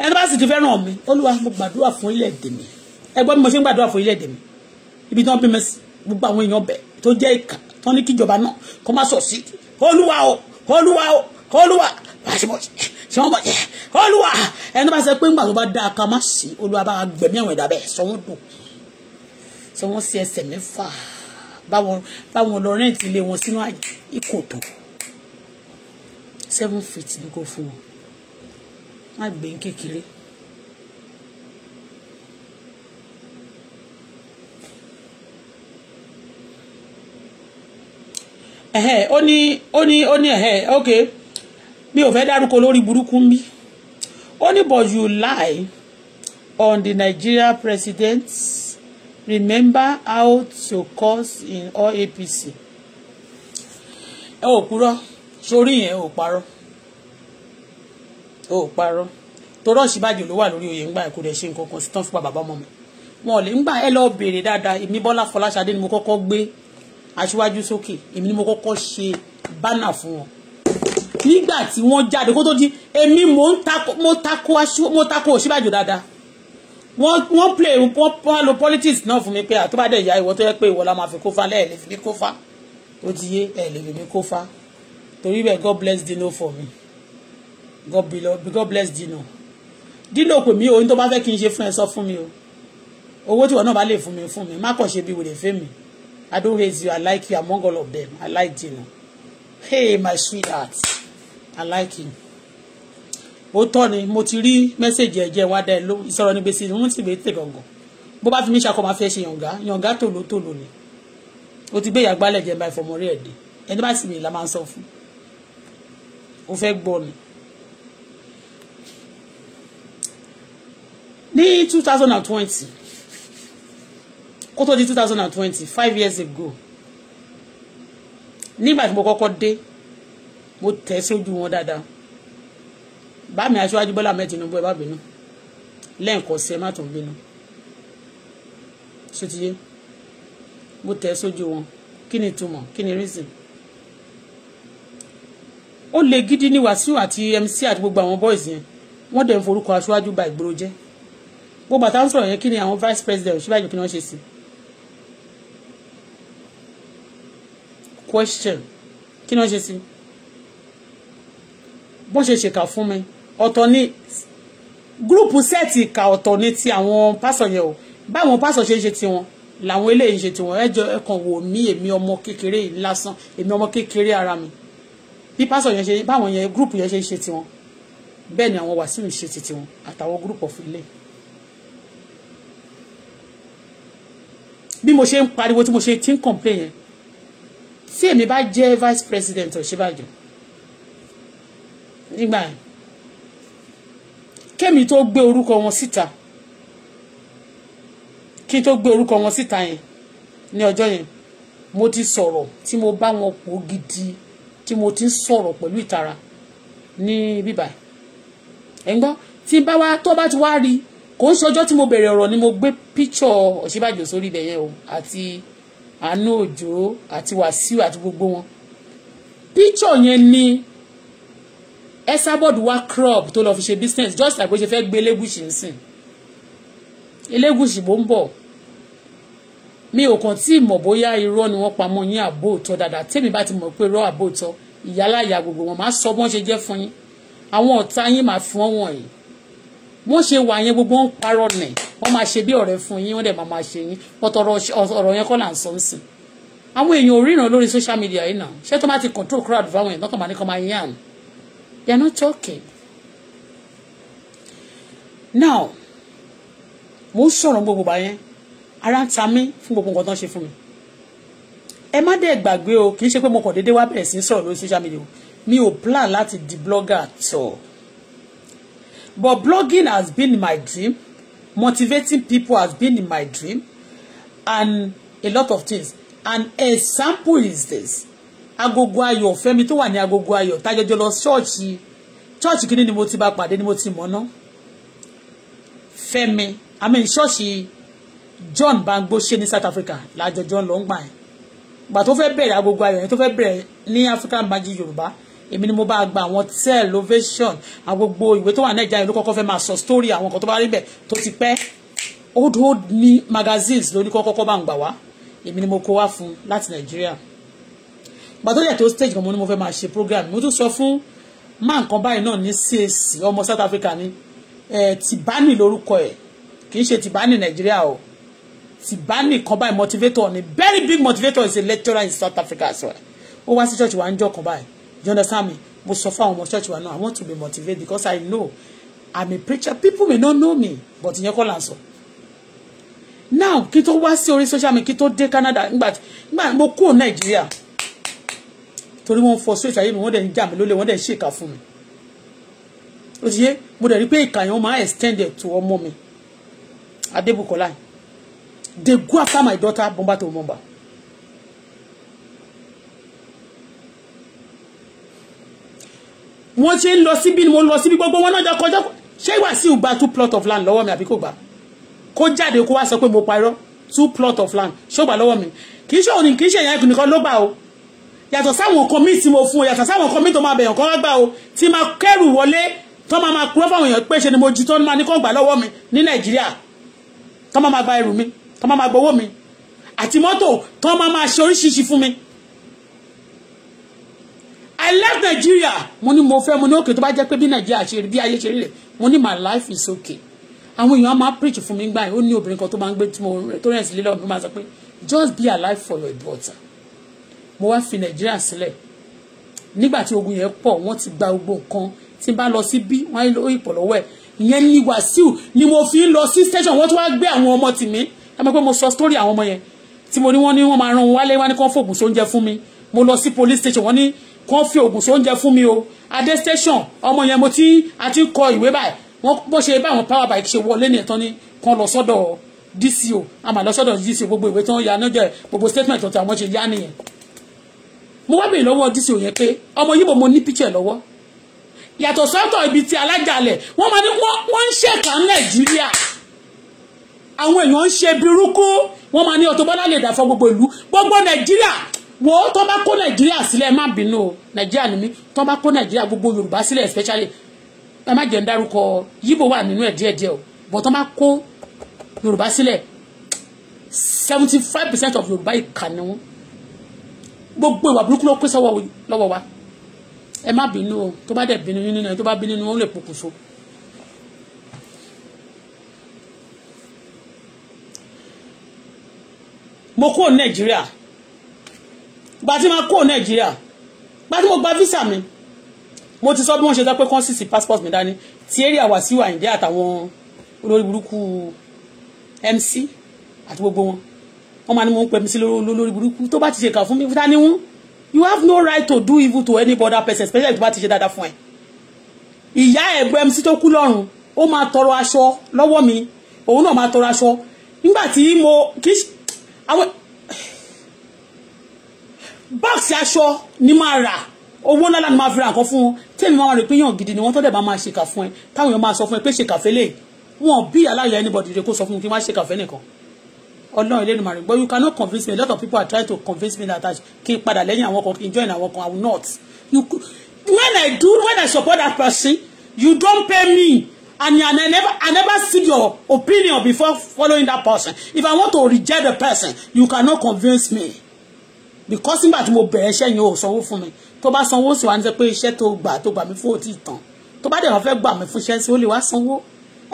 ẹni bá sì ti fẹ́ràn mi olúwa mo gbàdúrà fún ilẹ̀ èdè mi ẹ gbọ́ bí mo ṣe ń gbàdúrà fún ilẹ̀ èdè mi ibi tí wọ́n bímọ sí gbogbo àwọn èèyàn bẹ̀ tó jẹ́ ìkà tó ní kíjọba náà kó má sọ̀ sí olúwa o olúwa o olúwa ṣe wọ́n bọ̀ jẹ́ olúwa ẹni bá ṣe pé ńgbà tó bá dáa ká má sí olúwa bá gbẹ̀mí àwọn ẹ̀dá sọ wọ́n dùn sọ wọ́n sí ẹsẹ̀ mẹ́fà báwọn lọ rẹ́ǹtì ilé wọn sínú ìkòtò seven feet ló kó fún wọn má gbé e kékeré. ẹ̀hẹ́ ó ní ó ní mi ò fẹ́ dárúkọ lórí burúkú ń bí ó ní but you lie on the Nigeria president remember how to cause in all APC ẹ ò kúrọ sórí yẹn ò parọ ò parọ́ torọ ṣìbàjò ló wà lórí oyè ńgbà ẹ̀kọ́ rẹ̀ ṣe nǹkan kan sí tán fún bàbá ọmọ mi wọn ò lè ẹ dáadáa èmi Fọláṣadé ni mo gbé aṣíwájú sókè èmi ni mo kọ́kọ́ ṣe bánà fún wọn nígbà tí wọ́n jáde kó tó di èmi mo ń tako mo tako mo tako òṣìbàjò dáadáa wọ́n wọ́n play wọ́n wá lo politics náà fún mi pé àtúbà dẹ̀ ìyá ìwọ tó yẹ pé ìwọ la máa fi kófa lẹ́ẹ̀ lè fi mí kófa ó ti yé ẹ̀ lè fi mí kófa torí bẹ́ẹ̀ God bless Dino for me God, be, God bless Dino Dino pè mí o ní tó bá fẹ́ kí n ṣe fún ẹ sọ fún mi o owó tí wọn náà bá lè fún mi fún mi má kàn ṣe bí wèrè fẹ́ mi. I don't hate you. I like you among all of them. I like you. Hey, my sweetheart. I like you. Ó tọ́ ni mo ti rí mẹ́sẹ̀gì ẹ̀jẹ̀ wa dá ẹ ló ìsọ̀rọ̀ ní gbèsè ìwọ́n sì gbèsè gàngàn. Bó bá fi mí ṣakọ máa fẹ́ ṣe yànga, yànga tòló tòló ni. O ti gbé ìyàgbá lẹ̀jẹ̀ bá ìfọ̀mọ́ rí ẹ̀dẹ̀. Ẹni bá sì mi la máa ń sọ O fẹ́ gbọ́ ni. Ní two thousand and twenty, kó tó di two thousand and twenty five years ago nígbà tí mo kọ́kọ́ dé mo tẹ̀ sójú wọn dáadáa bá mi aṣáájú Bọ́lá Ahmed Tinubu ẹ bá bínú lẹ́ǹkan sí ẹ má tún bínú sotiye mo tẹ̀ sójú wọn kí ni túmọ̀ kí ni reason ó le gidi ní Wàsíù àti MC àti gbogbo àwọn boys yẹn wọ́n dẹ̀ ń forúkọ aṣáájú ba ìgboro jẹ́ gbogbo àtàwọn sọ̀rọ̀ yẹn kí ni àwọn vice president Ọ̀ṣínbàjò kí ni wọ́n ṣe sí i question kí ni wọ́n ṣe sí bọ́n ṣe ṣèkà fún mi ọ̀tọ̀ ni gúrùpù sẹ́ẹ̀tì ìkà ọ̀tọ̀ ni ti àwọn pásọ̀ yẹn o báwọn pásọ̀ ṣe ń ṣe tiwọn làwọn eléyìí ń ṣe tiwọn ẹjọ ẹkàn wò mí èmi ọmọ kékeré yìí lásán èmi ọmọ kékeré ara mi bí pásọ̀ yẹn ṣe báwọn yẹn gúrùpù yẹn ṣe ń ṣe tiwọn bẹ́ẹ̀ ni àwọn wàsíù ń ṣe ti tiwọn àtàwọn gúrùpù ọ̀fìn lẹ́yìn. bí mo ṣe ń pariwo tí mo ṣe ti ń complain yẹn tí èmi bá jẹ́ vice president Ọ̀ṣínbàjò nígbà yẹn kémi tó gbé orúkọ wọn síta kí n tó gbé orúkọ wọn síta yẹn ní ọjọ́ yẹn mo ti sọ̀rọ̀ tí mo bá wọn pò gidi tí mo ti sọ̀rọ̀ pẹ̀lú ìtara ní bíbá ẹ̀ ń gbọ́ tí bá wa tó bá ti wá rí kò ń ṣọjọ́ tí mo bẹ̀rẹ̀ ọ̀rọ̀ ni mo gbé píṣọ̀ Ọ̀ṣínbàjò sórí ibẹ̀ yẹn o àti àánú òjò àti wàsíù àti gbogbo wọn píchọ̀ yẹn ni Esabod wá crop tó lọ fi ṣe business just like bó ṣe fẹ́ gbé elégùsì ń sìn elégùsì bó ń bọ̀ mi ò kàn tí ì mọ̀ bóyá irọ́ ni wọ́n pamọ́ yín àbò òtọ́ dáadáa tèmi bá ti mọ̀ pé irọ́ àbò òtọ́ ìyálàyà gbogbo wọn máa sọ bọ́n ṣe jẹ́ fún yín àwọn ọ̀tá yín máa fún wọn yìí wọ́n ṣe wà yẹn gbogbo ń parọ́ nẹ̀ wọ́n máa ṣe bí ọ̀rẹ́ fún yín wọ́n dẹ̀ máa máa ṣe yín pọ̀tọ̀rọ̀ ọ̀rọ̀ yẹn kọ́ là ń sọ ń àwọn èèyàn ò ríran lórí social media yìí náà ṣé tó máa ti control crowd fáwọn èèyàn lọ́kàn máa ní kọ́ máa yàn they are not talking now mo ń sọ̀rọ̀ gbogbo bá yẹn ara ń ta mí fún gbogbo nǹkan tó ń ṣe fún mi ẹ má dẹ̀ gbàgbé o kì í ṣe pé mo kàn déédéé wá bẹ̀rẹ̀ sí sọ̀rọ̀ lórí social media mi ò plan láti di blogger tọ̀. So But blogging has been my dream. Motivating people has been in my dream. And a lot of things. And a sample is this. Agogo Ayọ̀ Fẹ́mi tó wà ní Agogo Ayọ̀ tájọjọ lọ ṣọ́ọ̀ṣì ṣọ́ọ̀ṣì kìíní ni mo ti bá ni mo ti mọ̀ ná. Fẹ́mi I mean ṣọ́ọ̀ṣì John Bangbo ṣe South Africa lajo John ń But yẹn. Gbà tó fẹ́ bẹ̀rẹ̀ Agogo Ayọ̀ yẹn tó fẹ́ bẹ̀rẹ̀ ní African Magic Yorùbá èmi ni mo bá gba àwọn tell ovation àwọn gbogbo ìwé tó wà ní ẹja ìlú kọ́kọ́ fẹ́ máa sọ story àwọn nǹkan tó bá rí bẹ̀ tó ti pẹ́ old old ní magazines lóní kọ́kọ́ bá ń gbà wá èmi ni mo kó wá fún láti nàìjíríà gbà tó yẹ tó stage gan mo ní mo fẹ́ máa ṣe program mo tún sọ fún má nǹkan báyìí náà ní CAC ọmọ South Africa ni ẹ tìbánì lórúkọ ẹ kì í ṣe tìbánì nàìjíríà o tìbánì kan báyìí motivator ni very big motivator is a lecturer in South Africa as well ó wá sí church wa ń jọ kan báyìí you understand me mo sọ fún àwọn ọmọ church wa náà i want to be motivated because i know i'm a preacher people may not know me but in your call answer. now kito wa si sí orí social media kí tó Canada but nígbà mo kúrò Nàìjíríà torí wọ́n fọ straight ayé mi wọ́n dẹ̀ ń jà mí lólè wọ́n dẹ̀ mi ó ti yé mo de rí pé ìkà yẹn wọ́n to ọmọ mi Adébùkọ́lá they go after my daughter bomba to bọ́mbà. wọ́n ṣe ń lọ síbí ni mo ń lọ síbí gbogbo wọn náà jọ kọjá ṣé Wàsíù gba two plot of land lọ́wọ́ mi àbí kò gbà kó jáde kó wá sọ pé mo parọ́ two plot of land ṣó gbà lọ́wọ́ mi kì í ṣe òní kì í ṣe ìyẹn nìkan ló gbà o yàtọ̀ sáwọn nǹkan míì tí mo fún o yàtọ̀ sáwọn nǹkan míì tó máa bẹ̀yàn kan wá gbà o tí máa kẹ́rù wọlé tó máa máa kúrò fáwọn èèyàn pé ṣe ni mo jí tó máa ní kàn gbà lọ́wọ́ mi ní Nàìjíríà tó máa máa gba ẹrù mi tó máa máa gbowó mi àti mọ́tò tó máa máa ṣe oríṣiríṣi fún mi I left Nigeria mo ní mo fẹ́ mo ní òkè tó bá jẹ́ pé bí Nigeria ṣe rí bí ayé ṣe rí lẹ̀ mo ní my life is okay àwọn èèyàn máa preach fún mi gbà yìí ó ní obìnrin kan tó máa ń gbé tó rẹ̀ sí lílọ́ọ̀bù máa sọ pé just be alive for your daughter mo wá fi Nigeria sílẹ̀ nígbà tí ogun yẹn pọ̀ wọ́n ti gba gbogbo nǹkan tí n bá lọ sí bí wọ́n á lọ ìpọ̀ lọ́wọ́ ẹ̀ ìyẹn ni Wàsíù ni mo fi ń lọ sí station wọ́n tún wá gbé àwọn ọmọ tìmí ẹ mọ̀ pé mo sọ story àwọn ọmọ yẹn tí mo ní wọ́n ní wọ́n máa rán wọn wálé wá ní kán fòògùn sóúnjẹ fún mi mo lọ sí police station wọ́n ní kàn fi oògùn sóúnjẹ fún mi o adé station ọmọ yẹn mo ti a ti kọ ìwé báyìí wọ́n bó ṣe báwọn power bike ṣe wọlé ní ẹ̀tọ́ ni kan lọ sọ́dọ̀ DCO àmà lọ sọ́dọ̀ DCO gbogbo ìwé tí wọ́n ya níjẹ́ gbogbo statement ọ̀tọ̀ àwọn ṣe yá nìyẹn mo wá bèèrè lọ́wọ́ DCO yẹn pé ọmọ yìí mo ní picture lọ́wọ́ yàtọ̀ sọ́tọ̀ ibi tí alájàlẹ̀ wọ́n máa ní wọ́n ń ṣèkà ní Nàìjíríà àwọn èèyàn ń ṣe burúkú wọ́n máa ní Auto Bola lè dà fọ gbogbo ìlú gbogbo Nàìjíríà wo tó bá kó nàìjíríà sílẹ̀ má bínú o nàìjíríà ni mí tó bá kó nàìjíríà gbogbo yorùbá sílẹ̀ especially ẹ má jẹ́ ń dárúkọ yíbo wà nínú ẹ̀ díẹ̀díẹ̀ o but tó bá kó yorùbá sílẹ̀ seventy five percent of yorùbá ìkà ni wọn gbogbo ìwà burúkú ló pé sọ́wọ́ lọ́wọ́ wa ẹ má bínú o tó bá dẹ̀ bínú nínú ẹ tó bá bínú nínú ó lè pokùnso. mo kúrò nàìjíríà gba tí máa kó nàìjíríà gba tí mo gba visa mi mo ti sọ bí wọ́n ṣe sọ pé kán sì sí passport mi dání ti area Wàsíù Àyìndé àtàwọn olórí burúkú MC àti gbogbo wọn wọ́n máa ní mo ń pẹ́ mi sí lórí burúkú tó bá ti ṣe kà fún mi ta ni wọ́n you have no right to do evil to any other person especially tó bá ti ṣe dáadáa fún ẹ ìyá ẹ̀gbọ́n MC tó kú lọ́rùn ó máa tọrọ aṣọ lọ́wọ́ mi òun náà máa tọrọ aṣọ nígbà tí mo kì í àwọn bọ́ọ̀sì aṣọ ni máa rà owó ńlá ni máa fi ra nǹkan fún wọn tí èmi máa rè pé yàn gidi ni wọ́n tọ́dẹ̀ bá máa ṣèkà fún ẹ táwọn èèyàn máa sọ fún ẹ pé ṣèkà fẹ́lẹ̀ wọn bí aláya anybody rẹ kó sọ fún mi kí wọ́n ṣèkà fẹ́ nìkan ọlọ́run ilé ni màá you cannot convince me a lot of people are trying to convince me that kí n padà lẹ́yìn àwọn kan kí n join àwọn kan I will not you when I do when I support that person you don't pay me and I never I never see your opinion before following that person if I want to reject the person you cannot convince me because nígbà tí mo bẹ̀rẹ̀ iṣẹ́ yẹn ò sanwó fún mi tó bá sanwó sì wá ní sẹ́ pé iṣẹ́ tó gbà tó gbà mí fún òtí ìtàn tó bá dẹ̀ wọ́n fẹ́ gbà mí fún iṣẹ́ sí ó lè wá sanwó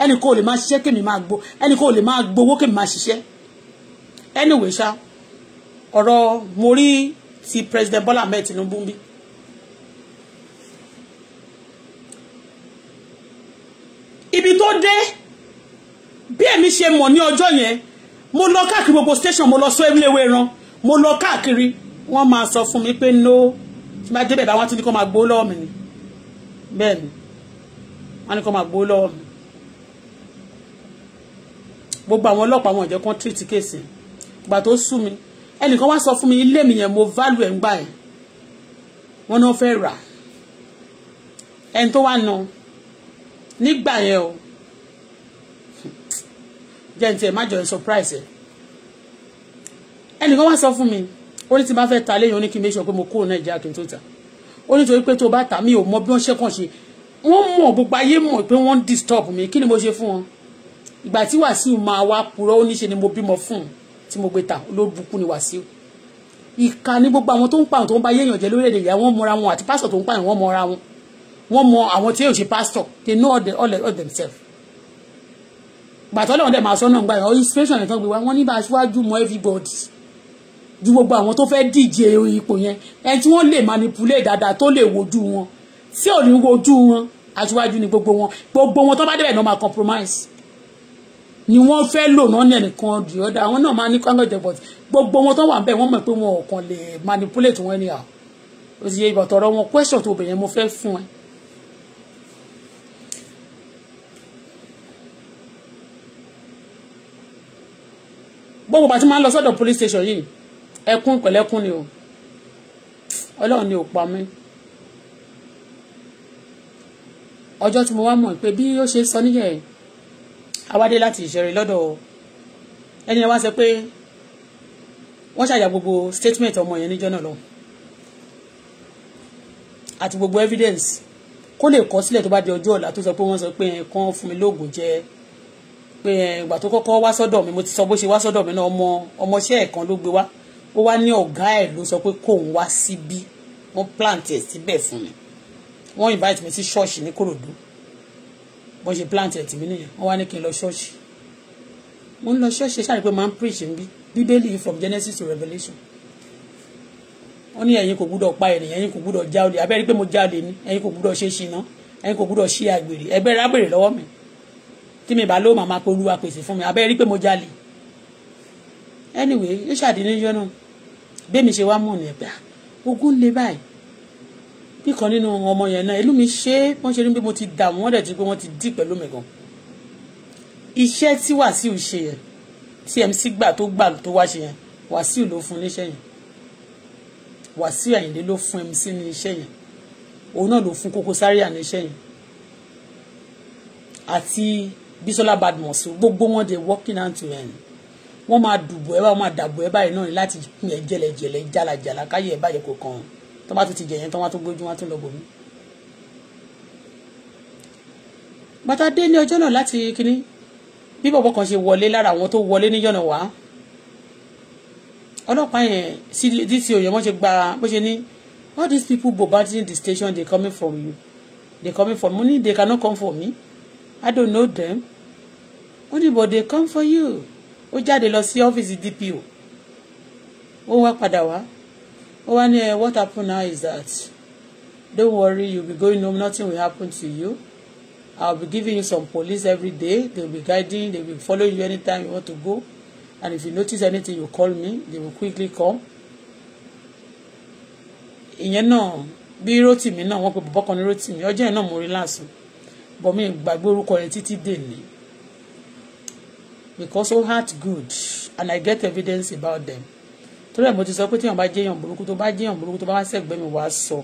ẹnì kò lè máa ṣiṣẹ́ kémi máa gbó ẹnì kò lè máa gbowó kémi máa ṣiṣẹ́ anyway ṣá ọ̀rọ̀ mo rí ti president Bola Ahmed Tinubu bí ibi tó dé bí èmi ṣe mọ̀ ní ọjọ́ yẹn mo lọ káàkiri gbogbo station mo lọ sọ ewúrẹ́wé ran mo lọ káàkiri wọ́n máa sọ fún mi pé no tí bá débẹ̀ bá wọ́n ti ní kó máa gbó lọ́wọ́ mi ni bẹ́ẹ̀ ni wọ́n ní kó máa gbó lọ́wọ́ mi gbogbo àwọn ọlọ́pàá wọn ìjẹ́ kan tírìtì kéèsì ìgbà tó sú mi ẹnìkan wá sọ fún mi ilé mi yẹn mo válù ẹ̀ ń gbà ẹ̀ wọ́n náà fẹ́ rà ẹni tó wá na nígbà yẹn o jẹ́ ní tiẹ̀ má jọ ẹ̀ surprise ẹ̀ ẹnìkan wá sọ fún mi ó ní tí n bá fẹ́ ta léyìn oníkí méṣọ pé mo kúrò nàìjíríà kí n tó ta ó ní torí pé tó bá ta mi ò mọ bí wọ́n ṣe ṣe wọ́n mọ̀ gbogbo ayé mọ̀ pé wọ́n disturb mi kí ni mo ṣe fún wọn ìgbà tí wàsíù máa wá purọ́ ó níṣe ni mo bímọ fún un tí mo gbé ta ló bukú ni wàsíù ìka ní gbogbo àwọn tó ń pààrọ̀ tó ń bá yéèyàn jẹ lórílẹ̀ ìyá wọn mọra wọn àti pásítọ̀ tó ń pààrọ̀ wọn mọra wọn wọn mọ àwọn tí yóò ṣe pásítọ̀ they know all, the, all, the, all themselves gbàtọ́ lọ́wọ́n dẹ̀ máa sọ náà gbà yàn inspiration nìkan gbé wa wọ́n ní bá aṣíwájú mọ everybody ju gbogbo àwọn tó fẹ́ díje ipò yẹn ẹni tí wọ́n lè manipulate dáadáa tó lè wojú wọn tí ò ní wojú wọn aṣíwájú ni gbogbo wọn gbogbo wọn tó bá débẹ̀ náà máa compromise ni wọ́n fẹ́ lò náà nẹ̀nìkan di ọ̀dà àwọn náà máa ní kọ́ńgọ̀jẹ̀ but gbogbo wọn tó wà bẹ́ẹ̀ wọ́n mọ̀ pé wọn ò kàn lè manipulate wọn anyhow ó ti yẹ ìgbà tọrọ wọn question tó bẹ̀yẹn mo fẹ́ fún ẹ. gbogbo bàtí máa ń lọ sọ́dọ̀ police station yìí ẹkún pẹ̀lẹ́kún ni o ọlọ́run ni ò pa mí ọjọ́ tí mo wá mọ̀ pé bí ó ṣe sọ níyẹn awádé láti ìṣẹ̀rẹ̀ lọ́dọ̀ ẹni wá sọ pé wọ́n ṣàyà gbogbo statement ọmọ yẹn níjọ́ náà lọ àti gbogbo evidence kó lè kọ sílẹ̀ tó bá di ọjọ́ ọ̀la tó sọ pé wọ́n sọ pé ẹ̀kan fún mi lóògùn jẹ pé ìgbà tó kọ́kọ́ wá sọ́dọ̀ mi mo ti sọ bó ṣe wá sọ́dọ̀ mi náà ọmọ ọmọọṣẹ́ ẹ̀kan ló gbé wá ó wá ní ọ̀gá ẹ̀ ló sọ pé kóun wá síbí wọ́n plant ẹ̀ síbẹ̀ fún mi wọ́n invite mi sí ṣọ́ọ̀ṣì ní Kòròdú wọ́n ṣe plant ẹ̀ tì mí nìyẹn wọ́n wá ní kí n lọ ṣọ́ọ̀ṣì mo ń lọ ṣọ́ọ̀ṣì ṣáà rí pé máa ń preach ń bí bíbélì from Genesis to Revelation wọ́n ní ẹ̀yin kò gbúdọ̀ pa ènìyàn ẹ̀yin kò gbúdọ̀ já olè abẹ́rẹ́ pé mo já olè ní ẹ̀yin kò gbúdọ̀ ṣe ṣìnà ẹ̀yin kò gbúdọ̀ ṣe àgbèrè ẹgbẹ́ rẹ̀ àgbèrè lọ́wọ́ mi tí mi bá ló màmá polúwa pèsè fún mi abẹ́rẹ́ pé mo jalè anyway yóò ṣàdínníyàn náà bẹ́ẹ̀ mi ṣe wá mọ̀ ní ẹgbà ogun le báyìí kíkan nínú ọmọ yẹn náà ìlú mi ṣe é wọ́n ṣe ní pé mo ti dààmú wọ́n dẹ̀ ti pé wọ́n ti dì pẹ̀lú mi gan iṣẹ́ tí Wàsíù ṣe yẹn tí MC gbà tó gbà tó wá ṣe yẹn Wàsíù ló fún níṣẹ́ yẹn Wàsíù Àyìndé ló fún MC ní iṣẹ́ yẹn òun náà ló fún Koko Zaria níṣẹ́ yẹn àti Bisola Badmus gbogbo wọn dey working hand to end wọ́n máa dùbò ẹ báyìí wọ́n máa dàbò ẹ báyìí náà láti pín jẹlẹjẹlẹ jálajàla káyé ẹ báyìí kò kàn tó bá tún ti jẹ yẹn tó wá tún gbójú wá tún lọ bòmí. bàtà dé ní ọjọ́ náà láti kínní bí bọ̀bọ̀ kan ṣe wọlé lára àwọn tó wọlé níjọ́ náà wá ọlọ́pàá yẹn dc òyìn wọ́n ṣe gba bó ṣe ní all these people bombarding the station they coming from you they coming from me they cannot come for me i don't know them only but they come for you ó jáde lọ sí ọ́fíìsì DPO ó wá padà wá ó wá ní eh, what happened now is that don't worry you be going home nothing will happen to you i'll be giving you some police every day they'll be guiding they'll be following you anytime you want to go and if you notice anything you call me they will quickly come ìyẹn náà bí Rótìmí náà wọ́n pe bọbọ kan ní Rótìmí ọjọ́ yẹn náà mo rí láàsùn bọmí gbàgbé orúkọ yẹn títí dè ní because ó heart good and I get evidence about them torí ẹ̀ mo ti sọ pé téèyàn bá jẹ́yàn burúkú tó bá jẹ́yàn burúkú tó bá wá sẹ́gbẹ́ mi wàá sọ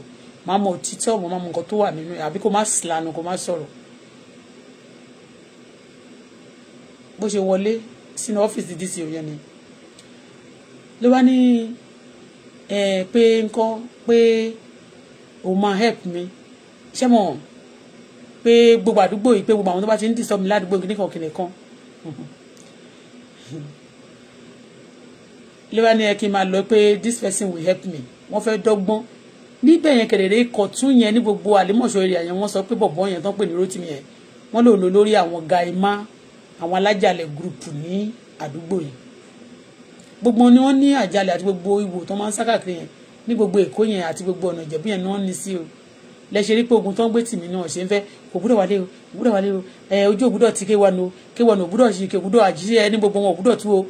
máa mọ òtítọ́ ọ̀mọ́ máa mọ nǹkan tó wà nínú ẹ̀ àbí kó má sìlànà kó má sọ̀rọ̀ bó ṣe wọlé sínú ọ́fíìsì dc òyìn ni ló wá ní ẹ pé nǹkan pé òun máa help me. ṣé mo pé gbogbo àdúgbò yìí pé gbogbo àwọn tó bá ti ń dìsọ́ mi ládùúgbò kìnìkan kìnìkan. lẹ́wà ní ẹ kí n máa lọ pé this person will help me wọ́n fẹ́ dọ́gbọ́n níbẹ̀ yẹn kẹ̀lẹ́rẹ́ ikọ̀ tún yẹn ní gbogbo àlẹ́mọ̀ṣọ́ èrè àyẹn wọ́n sọ pé bọ̀bọ̀ yẹn tán pè ní Rótìmí yẹn wọ́n lòun lórí àwọn gaima àwọn alájàlẹ̀ gúrùpù ní àdúgbò yẹn gbogbo ni wọ́n ní àjàlẹ̀ àti gbogbo ìwò tó máa ń sá káàkiri yẹn ní gbogbo Èkó yẹn àti gbogbo ọ̀nà Ìjẹ̀bú yẹn ni wọ́n ní sí o lẹ́sẹ̀ rí pé ogun tó ń gbé tìmí náà ṣe ń fẹ́ kò gbúdọ̀ wálé o kò gbúdọ̀ wálé o ẹ ojú ògbúdọ̀ ti kéwàá nu kéwàá nu ògbúdọ̀ ṣe kéwàá àjíṣe ẹ ní gbogbo wọn ògbúdọ̀ tú o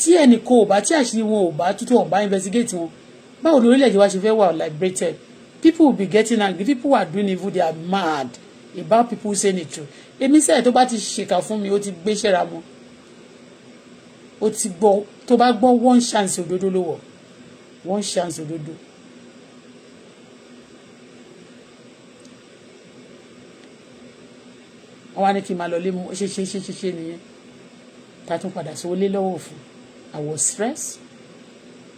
tí ẹnìkan ò bá tí àṣírí wọn ò bá tútù wọn bá investigate wọn báwo ni orílẹ̀-èdè wa ṣe fẹ́ wà liberated people will be getting angry people are doing evil they are mad about people saying the truth èmi sẹ́yìn tó bá ti ṣèkà fún mi ó ti gbé ṣẹ́ra mọ́ ó ti gbọ́ tó bá gbọ́ one chance òdodo ló wọ̀ one chance òdodo. wọ́n wá ní kí n máa lọ lé mu ṣe ṣe ṣe ṣe nìyẹn ta tún padà sówó lé lọ́wọ́ fún un. I was stressed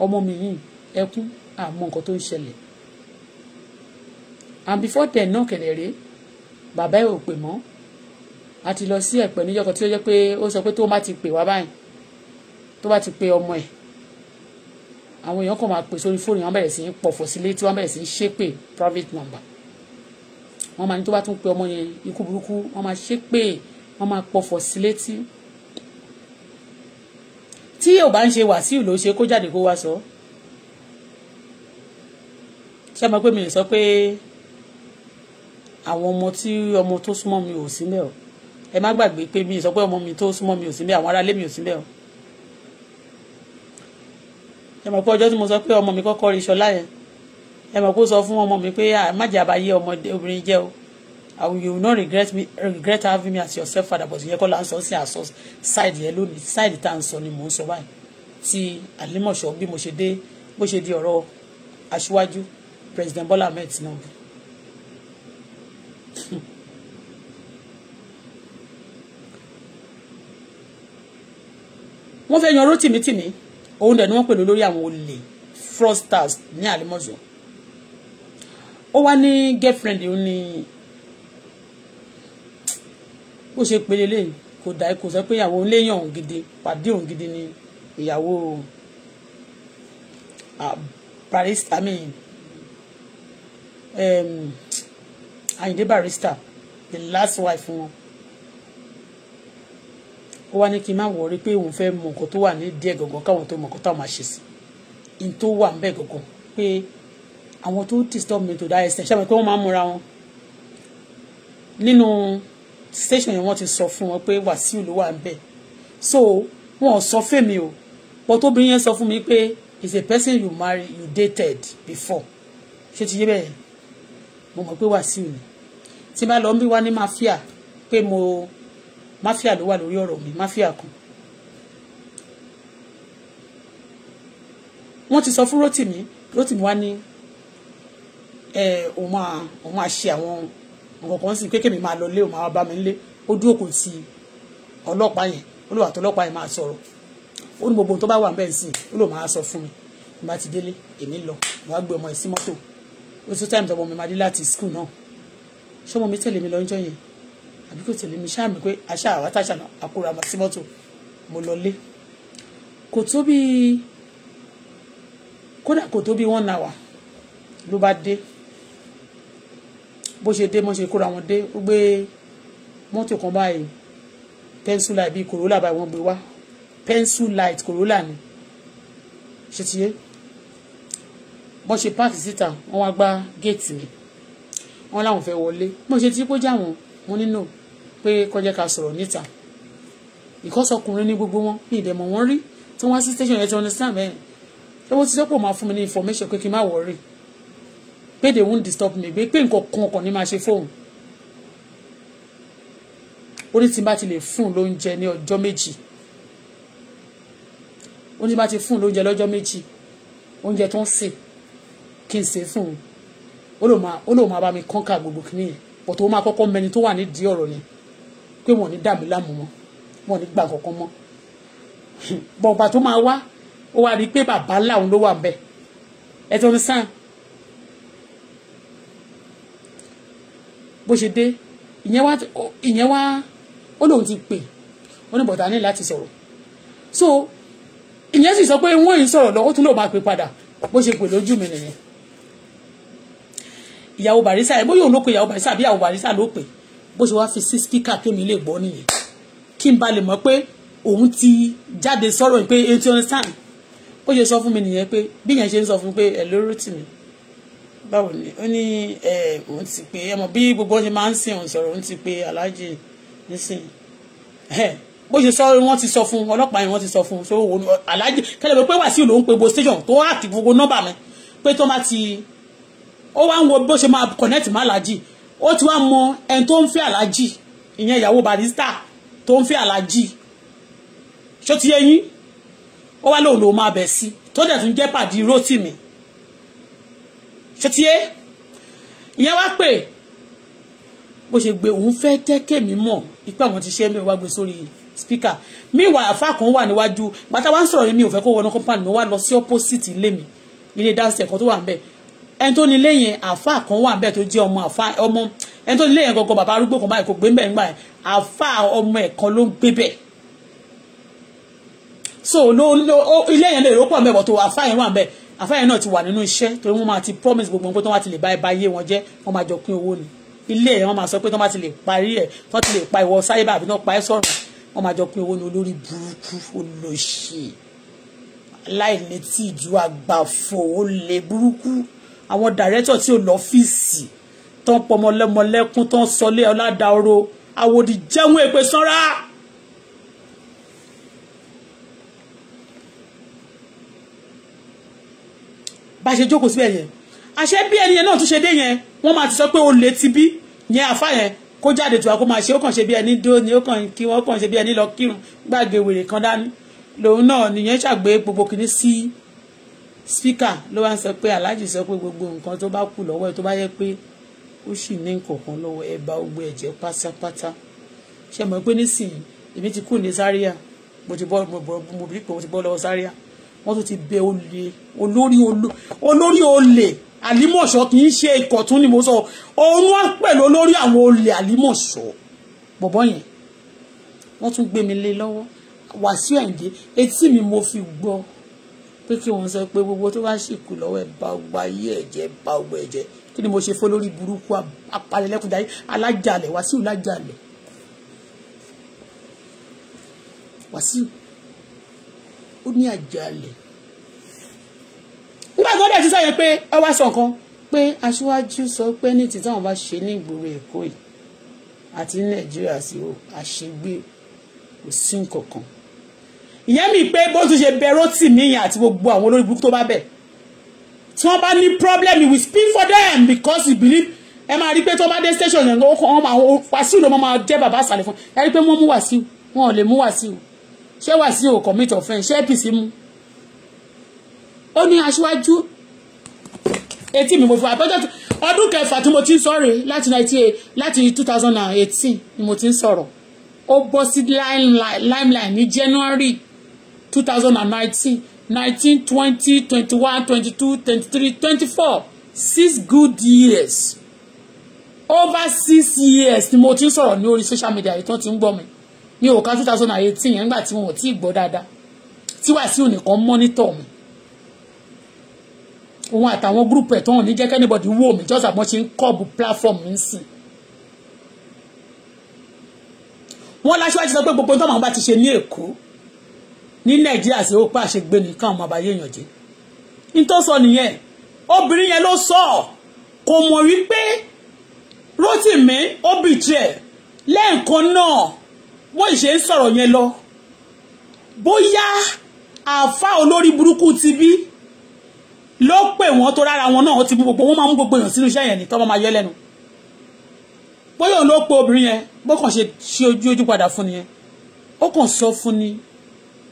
ọmọ mi yìí ẹkún àmọ́ nǹkan tó ń ṣẹlẹ̀ and before then náà kẹ̀lẹ̀ rèé bàbá ẹ̀ ò pè mọ́ a ti lọ sí ẹ̀pẹ̀ níjọ́kọ̀ tí ó jẹ́ pé ó sọ pé tó bá ti pè wá báyìí tó bá ti pè ọmọ ẹ̀ àwọn èèyàn kàn máa pè sórí fóònù wọn bẹ̀rẹ̀ sí í pọ̀fọ̀ sílé tí wọ́n bẹ̀rẹ̀ sí í ṣépè private number wọ́n máa ní tó bá tún pè ọmọ yẹn ikú burúkú wọ́n máa ṣépè wọ́n máa pọ̀fọ̀ sílé tí tí ò bá ń ṣe wàsíù ló ṣe kó jáde kó wá sọ ṣé ọmọ pé mi lè sọ pé àwọn ọmọ tí ọmọ tó súnmọ́ mi ò sílẹ̀ o ẹ má gbàgbé pé mi lè sọ pé ọmọ mi tó súnmọ́ mi ò sílẹ̀ àwọn aráalé mi ò sílẹ̀ o ẹ mọ̀ pé ọjọ́ tí mo sọ pé ọmọ mi kọ́kọ́ rí iṣọ́ láyẹn ẹ mọ̀ kó sọ fún ọmọ mi pé má jẹ́ àbáyé ọmọ obìnrin jẹ́ o you will not regret me regret having me as your stepfather but ìyẹn kọ́ la ń sọ sí side yẹn lónìí side tá à ń sọ ni mò ń sọ báyìí ti àlímọ̀ṣọ́ bí mo ṣe dé bó ṣe di ọ̀rọ̀ aṣíwájú president Bola Ahmed Tinubu. wọ́n fẹ́ yan rótìmítìmí òun dẹ̀ ni wọ́n pè lórí àwọn olè fraudsters ní àlímọ̀ṣọ́ ó wá ní girlfriend òun ní bó ṣe pele lè kò dá kò sọ pé ìyàwó léèyàn òun gidi pàdé òun gidi ni ìyàwó barista mi Àyìndé barista the last wife wọn ó wá ní kí n má wọrí pé òun fẹ́ mọ nǹkan tó wà ní díẹ̀ gangan káwọn tó mọ nǹkan táwọn máa ṣe sí i tó wà ń bẹ̀ gangan pé àwọn tó disturb me to that extent ṣáà pé wọ́n máa ń múra wọn nínú. No, station yẹn wọ́n ti sọ fún wọn pé Wàsíù ló wà ń bẹ̀ so wọn ò sọ fèmí o but obìnrin yẹn sọ fún mi pé is a person you marry you dated before ṣé ti yé bẹ́ẹ̀ mo mọ̀ pé Wàsíù ni tí bá lọ ń bí wá ní mafia pé mo mafia ló wà lórí ọ̀rọ̀ mi mafia kan wọ́n ti sọ fún Rótìmí Rótìmí wá ní òun máa òun máa ṣe àwọn ọ̀kọ̀ọ̀kan sì kékeré mi máa lọ lé o máa bá mi lé ó dúró kò sí ọlọ́pàá yẹn olùwà tó ọlọ́pàá yẹn máa sọ̀rọ̀ ó ní gbogbo tó bá wà ń bẹ́ẹ̀ sí i ó lò máa sọ fún mi ìgbà tí délé èmi lọ wàá gbé ọmọ ẹ̀ sí mọ́tò ó tún táìmù tọmọ mi máa dé láti skul náà ṣọmọ mi tẹ̀lé mi lọ́jọ́ yẹn àbí kò tẹ̀lé mi ṣáàmì pé àṣà àwátàṣà àkúrà máa sí mọ́tò mo lọ lé kò tó bíi kódà kò tó bíi one hour ló bá dé bó ṣe dé mọ́ ṣe kóra wọn dé ó gbé mọ́tò kan báyìí pencil light bíi corolla báyìí wọ́n gbé wá pencil light corolla ni ṣe ti yé bọ́n ṣe páàkì síta wọ́n wá gba géètì mi wọ́n láwọn fẹ́ wọlé bọ́n ṣe tí kó já wọn wọn nínú pé kọjá ká sọ̀rọ̀ níta ìkọ́sọ̀ ọkùnrin ní gbogbo wọn ní ìdẹ̀mọ̀ wọn rí tí wọ́n wá sí station yẹn ti understand bẹ́ẹ̀ lọ́wọ́ ti sọ́pọ̀ máa fún mi ní information pé kí n má wọ̀ọ́rì pé they won't disturb me pé pé nǹkan kan kàn ní máa ṣe fóun orí tí n bá ti lè fún un lóúnjẹ ní ọjọ́ méjì ó ní bá ti fún un lóúnjẹ lọ́jọ́ méjì oúnjẹ tó ń sè kí n sè fún un ó lò máa ó lò máa bá mi kọ́ńkà gbogbo kìíní yẹn bọ̀ tó máa kọ́kọ́ mẹni tó wà nídìí ọ̀rọ̀ ni pé wọ́n ní dàmí láàmú mọ́ wọ́n ní gbà kankan mọ́ bọ̀ọ̀bà tó máa wá ó wá rí i pé bàbá làwọn ló wà bẹ́ẹ̀ ẹ tó ń sàn bó ṣe dé ìyẹn wá ìyẹn wá ó lóun ti pè ó ní bọ̀dá ní láti sọ̀rọ̀ so ìyẹn sì sọ pé wọ́n yìí sọ̀rọ̀ lọ ó tún lóun máa pè padà bó ṣe pè lójú mi nìyẹn ìyàwó barisa ẹ bóyá òun ló pe ìyàwó barisa àbí ìyàwó barisa ló pè bó ṣe wá fi sí spíkà kí omi lè gbọ́ nìyẹn kí n ba lè mọ̀ pé òun ti jáde sọ̀rọ̀ pé etí ọ̀nà sàn bó ṣe sọ fún mi nìyẹn pé bí yẹn ṣe ń sọ fún mi pé ẹ̀ lóró tì mí báwo ni ó ní ẹ òun ti pé ẹ mọ̀ bí gbogbo ṣe máa ń sìn òun sọ̀rọ̀ òun ti pé aláàjì nísìn ẹ bó ṣe sọ wọ́n ti sọ fún ọlọ́pàá yẹn wọ́n ti sọ fún so òun aláàjì kẹlẹ pé wàsíù lòún pe gbogbo station tó wà kí gbogbo nọ́mbà mi pé tó má ti ó wá ń wo bó ṣe máa connect má aláàjì ó ti wá mọ ẹni tó ń fẹ́ aláàjì ìyẹn ìyàwó barista tó ń fẹ́ aláàjì ṣó ti yẹ yín ó wá lóun lòun máa bẹ̀ sí tó dẹ̀ tún jẹ́ pàdé rótì ṣètìyé ìyẹn wá pè bó ṣe gbé òun fẹ́ jẹ́ kémi mọ̀ ipá àwọn ti ṣe mi wá gbé sórí spíkà mi ìwà àfa kan wà níwájú bàtà wá ń sọ̀rọ̀ yẹn mi ò fẹ́ kó wọnú kọ́mpánì mi wá lọ sí ọ́pọ́sìtì ilé mi ilé dance. ẹ̀kọ́ tó wà ń bẹ̀ ẹni tó ní ilé yẹn àfa kan wà ń bẹ̀ tó jẹ́ ọmọ àfa ọmọ ẹni tó ní ilé yẹn gangan bàbá arúgbó kan báyìí kò gbé ń bẹ̀ nígbà àfa ọmọ ẹ̀ ló ń gbé bẹ̀ so ló ilé yẹn lè rọ́pọ̀ mẹ́wọ̀ tó àfa yẹn wà ń bẹ̀ àfáàyàn náà ti wà nínú iṣẹ́ torí wọ́n máa ti promise gbogbo nǹkan tó wá ti lè bá ẹ bá yé wọn jẹ́ wọ́n máa jọ pín owó ni ilé ẹ̀ wọ́n máa sọ pé tó bá ti lè parí ẹ̀ tó ti lè pa ìwọ sáyé bàbí náà pa ẹ́ sọ̀rọ̀ wọ́n máa jọ pín owó ni olórí burúkú olóṣè aláìlétí ìjú àgbàfò olè burúkú àwọn dàrẹ́tọ̀ tí ò lọ́fíìsì tó ń pọmọlẹ́mọlẹ́kún tó ń sọlé ọládàáró àwòdì jẹ́wọ́n èpè sanra. bá ṣe jókòó síbẹ̀ yẹn àṣẹ bí ẹni yẹn náà tún ṣe dé yẹn wọ́n máa ti sọ pé o lè ti bí yẹn àfa yẹn kó jáde tó a kó máa ṣe ó kàn ṣe bí ẹni dó ni ó kàn kí wọ́n kàn ṣe bí ẹni lọ kírun gbàgbé wèrè kan dání lòun náà nìyẹn ṣàgbé gbogbo kìíní sí spíkà ló wá ń sọ pé aláàjì sọ pé gbogbo nǹkan tó bá kù lọ́wọ́ ẹ tó bá yẹ pé ó sì ní nǹkankan lọ́wọ́ ẹ bá gbogbo ẹ̀jẹ̀ pátápátá ṣe mọ̀ pé nísìnyí èmi ti kú ní sáríà mo ti bọ́ lọ́wọ́ sáríà wọ́n tún ti bẹ olè olórí olórí olè àlímọ̀ṣọ́ kì í ṣe ikọ̀ tún ni mo sọ òun wá pẹ̀lú olórí àwọn olè àlímọ̀ṣọ́ bọ̀bọ́ yẹn wọ́n tún gbé mi lé lọ́wọ́ wàsíù àyìndé etí mi mo fi gbọ́ pé kí wọ́n sọ pé gbogbo tó bá ṣìkù lọ́wọ́ ẹ̀ bá gba ayé ẹ̀jẹ̀ bá gbọ́ ẹ̀jẹ̀ kí ni mo ṣe fọ́ lórí burúkú apanilẹ́kùndáyé alájàlẹ̀ wàsíù lájàlẹ̀ wàsíù ó ní àjálẹ nígbà tó dẹ̀ ti sáyẹn pé ọ wá sọ nǹkan pé aṣíwájú sọ pé ní ti táwọn bá ṣe ní ìgboro èkó yìí àti nàìjíríà sí o àṣegbè kò sí nǹkan kan ìyẹn mi pé bó tún ṣe bẹ̀rù tì mí àti gbogbo àwọn olórí burúkú tó bá bẹ̀ tí wọ́n bá ní problem we speak for them because we believe ẹ máa rí pé tó bá dé station yẹn wọ́n máa wàsíù ló máa jẹ́ bàbá àsàlẹ̀ fún ẹ rí pé wọ́n mú wàsíù wọn ò lè mú wàsíù ṣé Wàsíù commit offence ṣé APC mú ó ní aṣíwájú etí mi mo fi àtọ́jọ́ ọdún kẹfà tí mo ti ń sọ̀rọ̀ láti nineteen láti two thousand and eighteen ni mo ti ń sọ̀rọ̀ ó bọ́ sí limelight ní January two thousand and nineteen nineteen twenty twenty one twenty two twenty three twenty four six good years over six years ni mo ti ń sọ̀rọ̀ ní orí social media yìí tó ti ń gbọ́ mi mi ò ka two thousand and eighteen yẹn nígbà tí wọn ò tí ì gbọ́ dáadáa tí Wàsíù nìkan mọ́nítọ̀ mi òun àtàwọn gúrùpù ẹ̀ tó hàn ní jẹ́ kẹ́nìbọ̀dì wò mí just àbọ̀n ṣe ń kọ́ọ̀bù platform mi sìn. wọ́n láṣíwájú sọ pé gbogbo tó àwọn bá ti ṣe ní Èkó ní Nàìjíríà sí ó pàṣẹ gbé nìkan àwọn àbáyé èèyàn jẹ́ ní tó sọ nìyẹn obìnrin yẹn ló sọ kò mọ̀ wípé Rótìmí ó bìtì lẹ́ẹ̀kan náà bó ìṣe ń sọ̀rọ̀ yẹn lọ bóyá àfa olórí burúkú ti bí ló pè wọ́n tó rárá wọn náà ti mú gbogbo wọn máa mú gbogbo èèyàn sínú iṣẹ́ yẹn ní tọ́ máa yọ lẹ́nu bóyá òun ló pe obìnrin yẹn bó kàn ṣe ṣe ojú ojú padà fún nìyẹn ó kàn sọ fún ni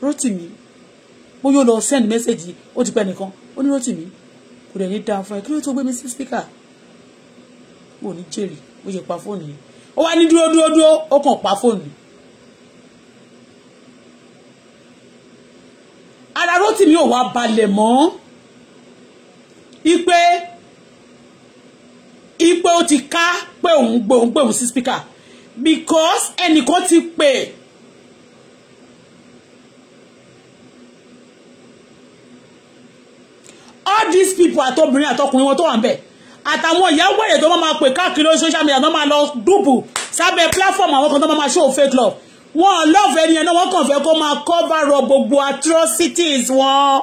Rótìmí bóyá ó lọ send message ó ti pẹ́ nìkan ó ní Rótìmí kò dẹ̀ ní dáa fún ẹ kí ló tó gbé mi sí speaker ò ní jèrè ó ṣe pa fóònù yẹn ó wá ní dúró dúró dúró ó kàn pa fóònù yẹn ara Rótìmí ò wá balẹ̀ mọ́ ipe ipe ó ti ká pé òun gbé òun gbé òun sí speaker because ẹnìkan ti pè all these people àtọbìnrin àtọkùnrin wọn tó wà ń bẹ̀ àtàwọn ìyàwó ẹ̀yẹ̀ tó máa pè káàkiri lórí social media tó máa lọ dùbù sábẹ́ platform àwọn kan tó máa show fake love wọn ò lọ́ọ̀fẹ́ ni ẹ̀nà wọn kàn fẹ́ kó máa cover up gbogbo atrocities wọn.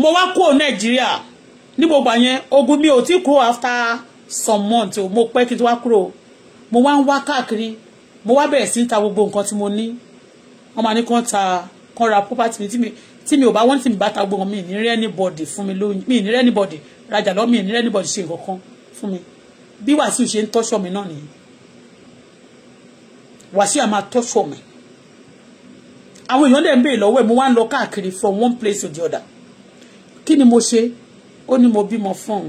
mo wá kúrò nàìjíríà ní gbogbo àyẹn ogun mi ò tí kúrò after some months mo pẹ́ kí n tó wá kúrò mo wá ń wá káàkiri mo wá bẹ̀rẹ̀ sí ń ta gbogbo nǹkan tí mo ní wọ́n máa ní kán ta kán ra property mi tí mi ò bá wọ́n tí mi bá ta gbogbo mi ní rẹ́ anybody fún mi lóyún mi ní rẹ́ anybody rajà lọ́ mi ní rẹ́ anybody ṣe nǹkan kan fún mi bí wàásù ṣe ń tọ́ṣọ̀ mi náà nìyí Wasi àmà tọ́sù ọ̀mẹ́ àwọn èèyàn dẹ̀ ń béè lọ́wọ́ ẹ̀ mo wá ń lọ from one place to the other Kini ni mo ṣe ó ní mo bímọ fún un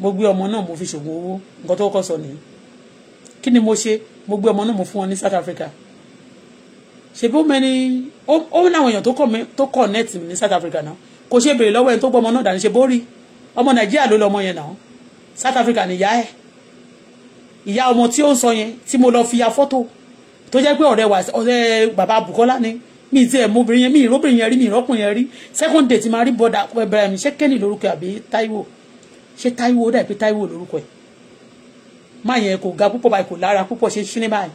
mo gbé ọmọ náà mo fi ṣògùn owó nǹkan tó kọ́ sọ nìyí kí mo ṣe mo gbé ọmọ náà mo fún wọn ní South Africa ṣebí ó mẹ́ni ó ní àwọn èèyàn tó kọ̀ nẹ́ẹ̀tì ní South Africa náà kò ṣe béèrè lọ́wọ́ ẹni tó gbọ́ ọmọ náà dání ṣe bó rí ọmọ Nàìjíríà ló lọ ọmọ yẹn náà South Africa ni nìyá eh ìyá ọmọ tí ó ń sọ yẹn tí mo lọ fi ya fọ́tò tó jẹ́ pé ọ̀rẹ́ wa ọ̀rẹ́ bàbá Bukola ni mi ti ẹ̀ mobìnrin yẹn mi ìrọ́bìnrin yẹn rí mi ìrọ́kùnrin yẹn rí second date máa rí bọ́dà ẹ̀bẹ̀rẹ̀ mi ṣé kẹ́ni lórúkọ àbí Táíwò ṣé Táíwò dà pé Táíwò lórúkọ ẹ̀ má yẹn kò ga púpọ̀ báyìí kò lára púpọ̀ ṣe ṣí ní báyìí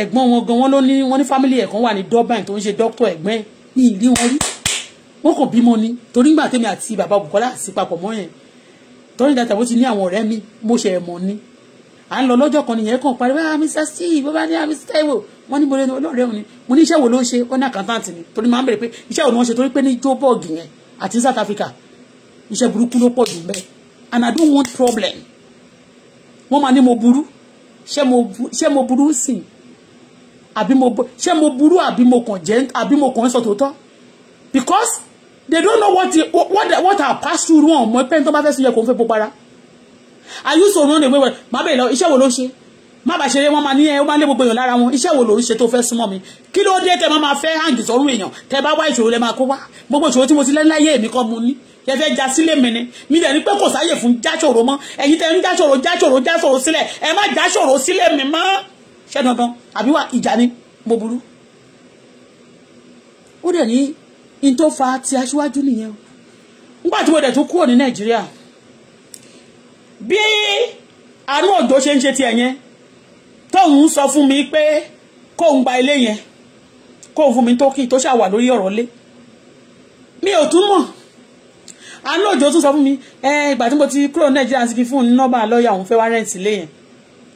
ẹ̀gbọ́n wọn gan wọn ló ní wọn ní fámìlì ẹ̀ kan wà ní Durban tó ń ṣe dókítọ̀ ẹ̀gbọ́n ẹ̀ ní ìrí wọn rí wọn kò bímọ ni torí ńgbà tèmi àti bàbá Bukola sí papọ̀ mọ́ yẹn torí dàtà bó ti ní àwọn ọ̀rẹ́ mi mo ṣe ẹ̀mọ́ ni à ń lọ lọ́jọ́ kan nìyẹn kàn parí báyà mr steve bó bá ní ah, mr taiwo wọ́n ní mo lè ní olóòrẹ́ òní mo ní iṣẹ́ wo ló ń ṣe wọ́n ní àkántáǹtì ni torí máa ń bèrè pé iṣẹ́ wo ni wọ́n ṣe torí pé ní joburg yẹn àti south africa iṣẹ́ burúkú ló pọ̀ jù bẹ́ẹ̀ and i don't want problem wọ́n máa ní mo burú ṣé mo burú sí i àbí mo ṣé mo burú àbí mo kàn jẹ́ àbí mo kàn ń sọ tòótọ́ because they don't know what the, what what are pass through wọn mọ pẹ́ni tó bá fẹ́ sílẹ̀ kò ń fẹ́ po para i use orun de wẹ́wẹ́ má bẹ̀rẹ̀ lọ iṣẹ́ wo ló ṣe má bàa ṣeré wọn máa ní ẹ ó máa ń lé gbogbo èèyàn lára wọn iṣẹ́ wo ló ń ṣe tó fẹ́ súnmọ́ mi kí ló dé tẹ máa máa fẹ́ hàǹgì sọ́rùn èèyàn tẹ bá wá ìṣòro lẹ máa kó wá gbogbo ìṣòro tí mo ti lẹ́láyé èmi kan mo ní ẹ fẹ́ já sílé mi ni mi dẹ̀ ní pé kò sáyè fún jáṣòro mọ́ ẹ̀yin tẹ ń jáṣòro jáṣòro jáṣòro sílẹ̀ ẹ má jáṣòro sílé mi mọ́ ṣẹ́ dandan àbí wà ìjà ni mo burú ó dẹ̀ ní in tó fa ti aṣíwájú nìyẹn nígbà tí mo dẹ̀ tún kúrò ní nàìjíríà bí àánú òjò ṣe ń ṣe tiẹ̀ yẹn tóun sọ fún mi pé kóun gba ilé yẹn kóun fún mi tó kí tó ṣàwà lórí ọ̀rọ̀ lé mi ò tún mọ̀ àánú òjò tún sọ fún mi ẹ ìgbà tí mo ti kúrò ní nàìjíríà ti fi fún un nọ́mbà lọ́ọ̀yà òun fẹ́ wá rẹ́ǹtì lé yẹn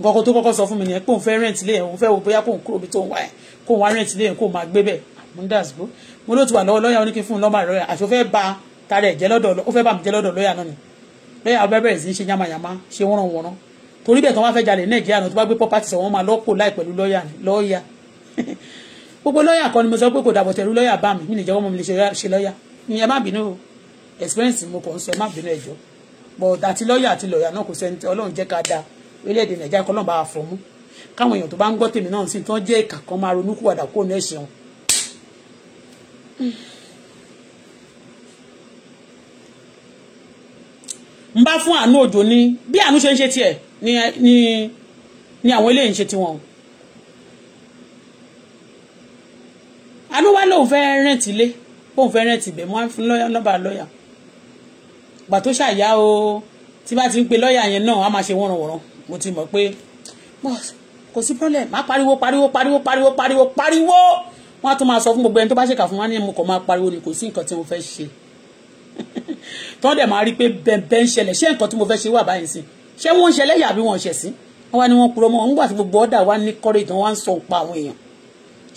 nǹkan tó kọ́kọ́ sọ fún mi nìyẹn pé òun fẹ́ rẹ́ǹtì lé yẹn òun fẹ́ wò bóyá kóun kúrò bí tóun wà kóun wá rẹ́ǹtì lé yẹn kóun máa gbé bẹ́ẹ̀ mo ń dàsìkò mo ló ti wà lọ́wọ́ lọ́yà oníkin fún lọ́mà lọ́yà àṣọ fẹ́ ba tare ẹ̀ jẹ́ lọ́dọ̀ ó fẹ́ bà mí jẹ́ lọ́dọ̀ lọ́yà náà ni lọ́yà ọbẹ̀ bẹ̀rẹ̀ sí í ṣe yamayama ṣe wọ́n ràn wọ́n rán torí bẹ́ẹ̀ tó wá fẹ́ jalè nàìjíríà náà tó bá gbé property sọ wọ́n máa lọ́pò láì pẹ̀lú lawyer lọ́yà gbogbo lọ́yà kan ni mo sọ pé kò dàbọ̀ tẹ̀lú lọ́yà bá mi mi lè jẹ́ wọ́n mo lè ṣe lọ́yà ni ẹ má bínú o experience mo kàn ń sọ ẹ má bínú ẹjọ́ but àti lọ́yà àti lọ́yà náà kò sẹ́ni ọlọ́run jẹ́ ká da orílẹ̀-èdè nàìjíríà kọ́ lọ́n bá fọ́ mú káwọn èèyàn tó bá ń gbọ́ tèmi náà sì tán jẹ́ ìkà kan máa ronú kúwàdà kó ní ẹ̀ṣẹ̀ ń bá fún àánú òjò ní bí àánú ṣe ń ṣe tiẹ̀ ni ni ni àwọn eléyìí ń ṣe tiwọn. àánú wá lóun fẹ́ rẹ́ǹtì ilé bóun fẹ́ rẹ́ǹtì ibẹ̀ mo á fún nọ́mbà lọ́ọ̀yà gbà tó ṣàyà o tí bá ti ń pe lọ́ọ̀yà yẹn náà á máa ṣe wọ́nranwọ̀nran mo ti mọ̀ pé kò sí problem má pariwo pariwo pariwo pariwo pariwo pariwo wọ́n á tún máa sọ fún gbogbo ẹni tó bá ṣèkà fún wa ní mo kàn máa pariwo ni kò sí nǹkan tí mo fẹ́ ṣe tọ́ dẹ̀ máa rí i pé bẹ̀ẹ̀bẹ̀ ń ṣẹlẹ̀ ṣé nǹkan tí mo fẹ́ ṣe wà báyìí sí ṣé wọ́n ń ṣẹlẹ̀ yàbí wọ́n ṣẹ̀ sí wọ́n wá ní wọ́n purọ́ mọ́ wọn nígbà tí gbogbo ọ̀dà wa ní kọ́rẹ́ ìtàn wa ń sọ pa àwọn èèyàn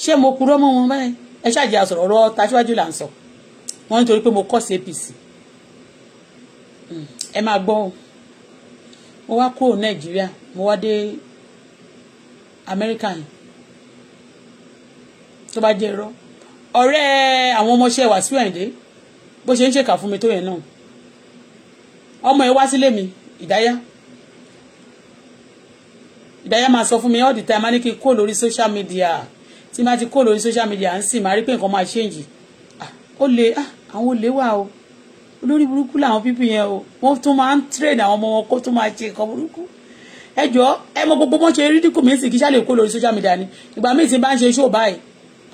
ṣé mo purọ́ mọ́ wọn báyìí ẹ ṣáàjì àsọ̀rọ̀ ọ̀rọ̀ tàṣíwájú là ń sọ wọ́n nítorí pé mo kọ́ sí APC ẹ máa gbọ́ mo wá kúrò Nàìjíríà mo wá dé Amẹ́ríkà yìí tó bá jẹ́ irọ́ ọ̀rẹ́ àwọn ọmọọṣẹ́ wàsíù àyìndé bó ṣe ń ṣèkà fún mi tó yẹn náà ọmọ ẹ wá sílé mi ìdáyà ìdáyà máa sọ fún mi all the time máa ní kí n kó lórí social media tí máa ti kó lórí social media ń sìn máa rí pé nǹkan máa ṣéǹjì ó lè àwọn olè wà o olórí burúkú làwọn pípì yẹn o wọ́n tún máa ń train àwọn ọmọ wọn kó tún máa ṣe nǹkan burúkú ẹ jọ ẹ mọ gbogbo mọ ṣe rí dínkù mi sì kí sálè kó lórí social media ni ìgbà míì ti bá ń ṣe ṣó báyìí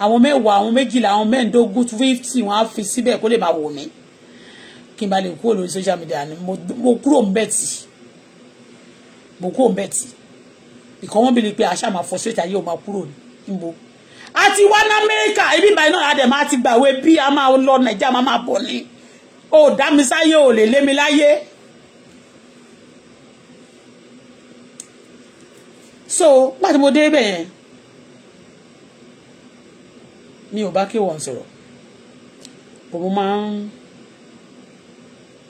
àwọn mẹ́wàá àwọn méjìlá àwọn mẹ́ẹ̀ẹ́dógún fífítì wọn á fi síbẹ̀ kó lè máa wò mí kí n bá lè kúrò lórí social media ni mo kúrò ń bẹ̀ tì mo kúrò ń bẹ̀ tì ìkọ́ wọn bí ni pé àṣà máa frustrate ayé ò máa kúrò níbo a ti wá ní Amẹ́ríkà ibi ìbàyẹn náà àdẹ̀ máa ti gbàwé bí a máa lọ Nàìjíríà máa máa bọ̀ ni ó dá mi sáyé ò lè lé mi láyé. so pàtó mo dé bẹ́ẹ̀ mi ò bá kéwọ̀n sọ̀rọ̀ bó mo máa ń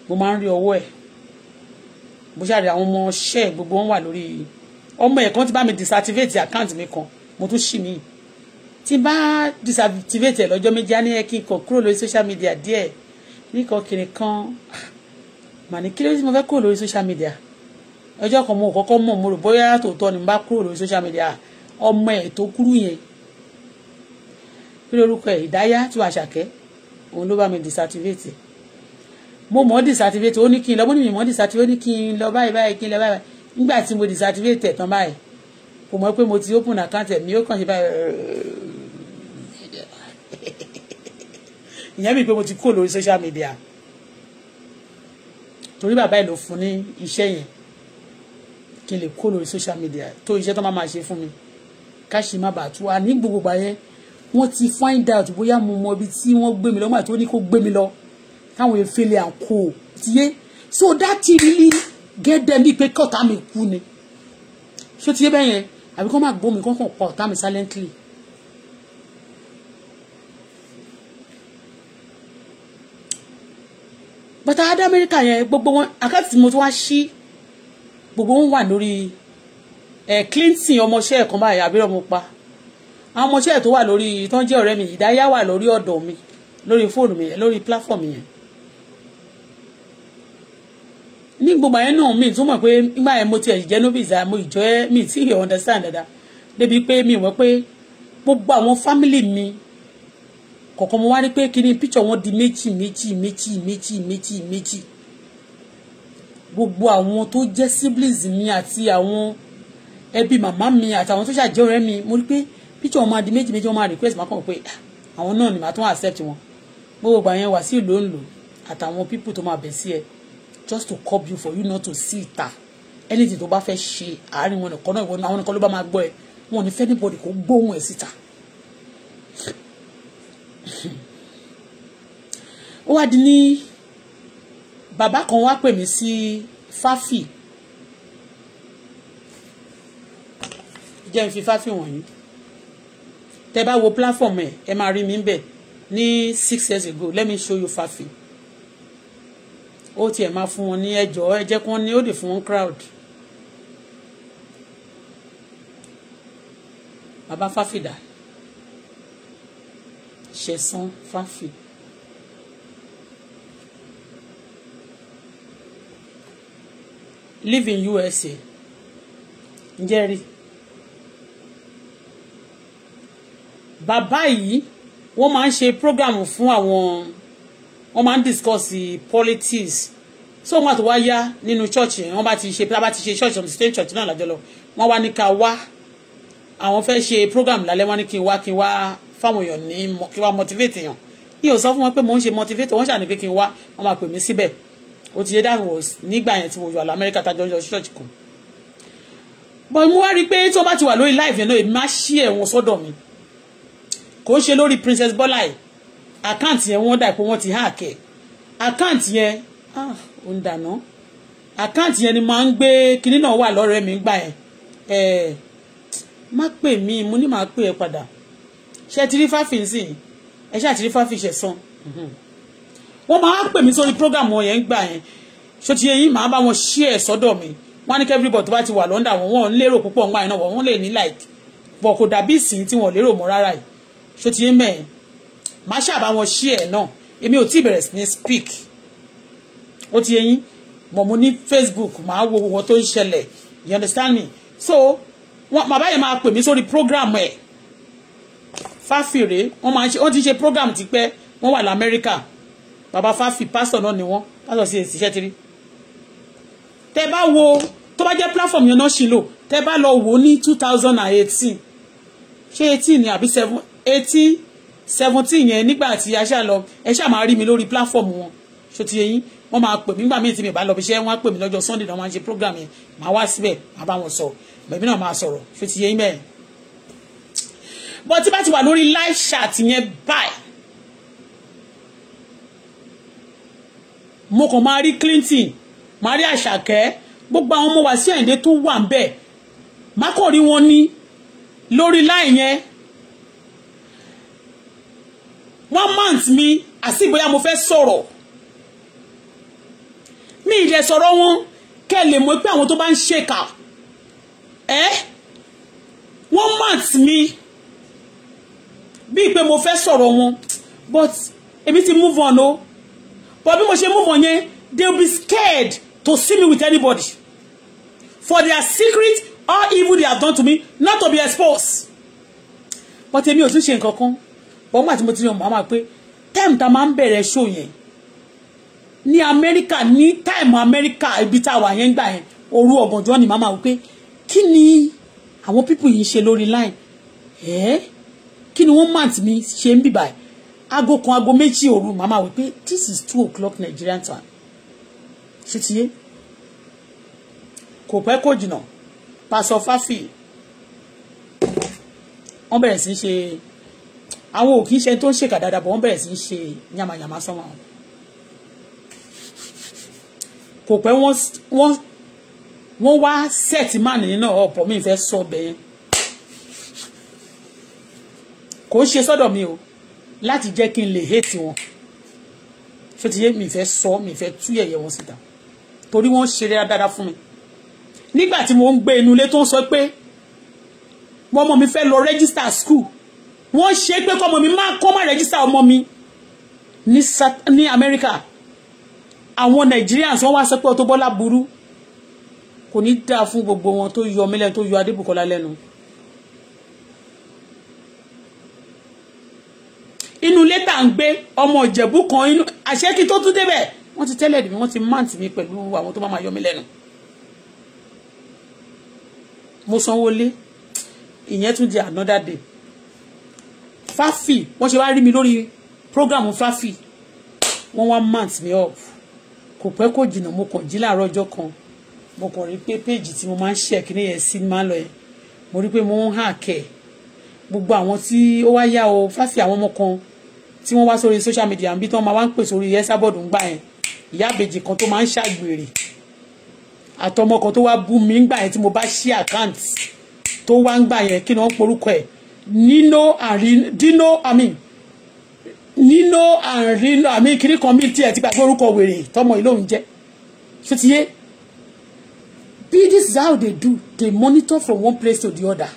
mo máa ń rí ọwọ́ ẹ̀ mo ṣáà rí àwọn ọmọ ṣẹ́ gbogbo wọn wà lórí ọmọ ẹ̀ kan ti bá mi deactivate account mi kan mo tún ṣì mí tí bá deactivate ẹ̀ lọ́jọ́ méjì á ní ẹ kí n kàn kúrò lórí social media díẹ̀ nìkan kiri kan mà kí ló dé mo fẹ́ kúrò lórí social media ọjọ́ kan mo kọ́kọ́ mọ̀ mo rò bóyá tòótọ́ ni mo bá kúrò lórí social media ọmọ ẹ̀ tó kúrú yẹn kí lórúkọ ẹ̀ ìdáyà tí wàá ṣàkẹ́ òun ló bá mi deactivate mo mọ̀ ọ́ deactivate ó ní kí n lọ bó ní mi mọ̀ ọ́ deactivate ó ní kí n lọ báyìí báyìí kí n lọ báyìí nígbà tí mo deactivate ẹ̀ tán báyìí kò mọ̀ pé mo ti open account ẹ̀ mi ó kàn ṣe báyìí ìyẹn mi pé mo ti kúrò lórí social media torí bàbá ẹ̀ ló fún ní iṣẹ́ yẹn kí n lè kúrò lórí social media tó iṣẹ́ tó máa máa ṣe fún mi ká ṣì má bàa tú wa ní gbogbo gbà wọ́n ti find out bóyá mo mọ ibi tí wọ́n gbé mi lọ nígbà tó ní kó gbé mi lọ káwọn efele àkó ti yé so that really get them bíi pé kọ́ta mi kú ni ṣé ti yé bẹ́ẹ̀ yẹn àbí kọ́ máa gbómi kọ́ kàn pa ọ̀tá mi silently. bàtà adé amẹ́ríkà yẹn gbogbo wọn àkáǹtì mo tún wá sí gbogbo wọn wà lórí ẹ̀ eh, Clinton ọmọọṣẹ́ ẹ̀kan báyìí àbí ọmọ pa àwọn ọmọọṣẹ́ ẹ̀ tó wà lórí tó ń jẹ́ ọ̀rẹ́ mi ìdáyà wà lórí ọ̀dọ̀ mi lórí fóònù mi lórí pláfọ̀mù yẹn ní gbogbo àyẹn náà mi tún pé nígbà yẹn mo ti ẹ̀jẹ̀ nóbìsà mo ìjọ ẹ́ mi tí yẹ̀ understand dada débi pé mi wọ́n pé gbogbo àwọn fámìlì mi kọ̀ọ̀kan mo wá rí pé kíní píchọ̀ wọn di méjì méjì méjì méjì méjì méjì gbogbo àwọn tó jẹ́ siblings mi àti àwọn ẹbí màmá mi àtàwọn tó ṣàjẹ́ ọ̀rẹ́ mi mo rí pé picture wọn máa di méjì méjì wọn máa request máa kàn pé ah, àwọn náà ni màá tún accept wọn gbogbo ìgbà yẹn wà sí ìlú òǹlò àtàwọn people tó máa bẹ̀ sí ẹ just to curb you for you not to see ìta anything tó bá fẹ́ ṣe àárín wọn nìkan náà àwọn nìkan ló bá máa gbọ́ ẹ wọn ò ní fẹ́ anybody kó gbóhùn ẹ síta ó wá di ní bàbá kan wá pè mí sí fáfì jẹ́ n fi fáfì wọ̀nyí tẹ bá wo platform ẹ ẹ máa rí mi ń bẹ ní six years ago let me show you fafi ó tiẹ̀ máa fún wọn ní ẹjọ́ ẹ jẹ́ kí wọ́n ní ó dì fún crowd. Baba fáfidà ṣẹ̀sán fáfi. live in USA ǹjẹ́ rí bàbá yìí wọ́n máa ń ṣe program fún àwọn wọ́n máa ń discuss politics so wọ́n àti wá yá nínú church wọ́n bá ti ṣe bá ti ṣe church on the same church náà lájọ lọ wọ́n wá ní ká wá àwọn fẹ́ ṣe program lálẹ́ wọ́n ní kí n wá kí n wá fáwọn èèyàn ní kí n wá motivate èèyàn yìí ò sọ fún wọn pé mò ń ṣe motivate wọ́n ṣàní pé kí n wá wọ́n máa pè mí síbẹ̀ ó ti yé dáhùn nígbà yẹn tí mo yọ àlọ́ amẹ́ríkà tájọ́ yọ church kù bọ́n mo wá rí i pé tí wọ́n bá ti wà lórí live náà èmi má ṣí ẹ̀wọ̀n sọ́dọ̀ mi kò ṣe lórí princess bọ́lá ẹ̀ àkáǹtì yẹn wọ́n dà pé wọ́n ti hack ẹ̀ àkáǹtì yẹn ah, ó ń dànù àkáǹtì yẹn ni máa ń gbé kinní náà wà lọ́rẹ́ mi gbà ẹ̀ ẹ̀ má pè mí mo ní màá pè ẹ́ padà ṣe ti rí fáfin sí ẹ ṣáà ti rí fáfin ṣẹ̀ san wọ́n máa pè mí sórí program wọn yẹn gbà yẹn ṣó ti yẹ yín màá bá wọn ṣí ẹ̀ sọ́dọ̀ mi wọ́n ní kẹ́fíríbọ̀ tó bá ti wà lọ́ndà wọn wọ́n ń lérò púpọ̀ ńgbà yẹn náà wọ́n lè ní like bọ̀ kò dàbí ìsìn tí wọ́n lérò mọ́ rárá yìí So ti yé mẹ́ẹ̀ má ṣàbá wọn ṣí ẹ̀ náà èmi ò tí ì speak ó ti yé yín mo ní Facebook ma wo wọn tó ń you understand me so wọn bàbá yẹn máa pè mí sórí program ẹ̀ fáfìrè wọn máa ń ṣe wọn ti ṣe program tipẹ́ wọn America. Baba bàbá fáfì pásítọ̀ náà ni wọ́n pásítọ̀ sí èsì ṣẹ́tìrí tẹ bá wo tó bá jẹ́ platform yẹn náà ṣì lò tẹ bá lọ wò ó ní two thousand and eighteen ṣé eighteen ni àbí seven eighteen seventeen yẹn nígbà tí a ṣáà lọ ẹ ṣáà máa rí mi lórí pláfọ́ọ̀mù wọn ṣó ti yé yín wọ́n máa pè mí nígbà míì tí mi bá lọ bí iṣẹ́ wọ́n á pè mí lọ́jọ́ sunday náà wọ́n á ṣe program yẹn màá wá síbẹ̀ màá bá wọn sọ̀rọ̀ bẹ̀mí náà máa sọ̀rọ̀ ṣó ti yé yín bẹ́ẹ̀. bọ́ tí bá ti wà lórí live chat yẹn báyìí mo kàn máa rí clinton máa rí àṣàkẹ́ gbogbo àwọn ọmọ wa sí àyíndé tó wà ń bẹ̀ má kò rí wọn ní lórí láì yẹn one month mi àti bóyá mo fẹ́ sọ̀rọ̀ mi ì dẹ̀ sọ̀rọ̀ wọn kẹ́ lè mọ̀ pé àwọn tó bá ń ṣèkà ẹ́ one month mi bíi pé mo fẹ́ sọ̀rọ̀ wọn but èmi ti move on o but bí mo ṣe move on yẹn they will be scared to see me with anybody for their secret or evil they have done to me not to be exposed but èmi ò tún ṣe nǹkan kan wọ́n gbà tí mo ti yan màmá pé time ta máa ń bẹ̀rẹ̀ show yẹn ní amẹ́ríkà ní time amẹ́ríkà ibi tá a wà yẹn gbà yẹn òru ọ̀gànjọ́ ni màmá wípé kí ni àwọn pípù yìí ń ṣe lórí line ẹ́ kí ni wọ́n máa tì mí ṣe ń bìbà ẹ̀ aago kan aago méjì òru màmá wípé this is two o'clock Nigerian time ṣe ti yé kò pẹ́ kò jìnnà pásọ fáfì wọ́n bẹ̀rẹ̀ sí ṣe àwọn ò kì í ṣe tó ń ṣèkà dáadáa bọ̀ wọ́n bẹ̀rẹ̀ sí í ṣe yàmàyàmà sọ́wọ́n àwọn kò pẹ́ wọ́n wọ́n wá sẹ́ẹ̀tì máàlì nínú ọ̀pọ̀ mi fẹ́ sọ bẹ́ẹ̀ kò ń ṣe sọ́dọ̀ mi o láti jẹ́ kí n lè hate wọn ṣé ti yé mi fẹ́ sọ mi fẹ́ tú yẹ̀yẹ́ wọn síta torí wọ́n ṣe dáadáa fún mi nígbà tí mo ń gbé inú ilé tó ń sọ pé wọ́n mọ̀ mi fẹ́ lọ rẹ́gísítà school wọ́n ṣe pé kọ́ ọmọ mi máa kọ́ má rẹ́jísà ọmọ mi ní ní Amẹ́ríkà àwọn Nigerians wọ́n wá sọ pé Auto Bola burú kò ní dáa fún gbogbo wọn tó yọ mílẹ̀ tó yọ Adébùkọ́lá lẹ́nu. inú ilé tá à ń gbé ọmọ Ìjẹ̀bú kan inú àṣẹ kí tó tún débẹ̀ wọ́n ti tẹ́lẹ̀ mi wọ́n ti máǹtì mi pẹ̀lú àwọn tó má máa yọ mí lẹ́nu. mo sanwó lé ìyẹn tún di another day Fafi, wọ́n ṣe wá rí mi lórí program fáfì wọ́n wá mount me up kò pẹ́ kò jìnnà mo kàn jí láàárọ̀ ọjọ́ kan mo kàn rí pé péèjì tí mo máa ń ṣe ẹ̀kíní yẹn sí máa ń lọ yẹn mo rí pé mo ń hàn kẹ̀ gbogbo àwọn tí ó wá yá o fáfì àwọn ọmọ kan tí wọ́n wá sórí social media àbí tí wọ́n máa wá ń pè sórí ẹ́sàbọ̀dù ń gbà yẹn ìyá àbèjì kan tó máa ń ṣàgbèrè àtọmọ kan tó wá bú mi ń gbà yẹn tí mo bá ṣí àkáǹtì tó wá ń gbà yẹn kí ni wọ́n porúkọ ẹ̀ Nino Arino Dino I mean Nino Arino I mean kiri kan mi tiẹ̀ ti gbàgbé orúkọ wèrè tọmọ yìí lóun jẹ́ ṣé ti yé be this is how they do they monitor from one place to the other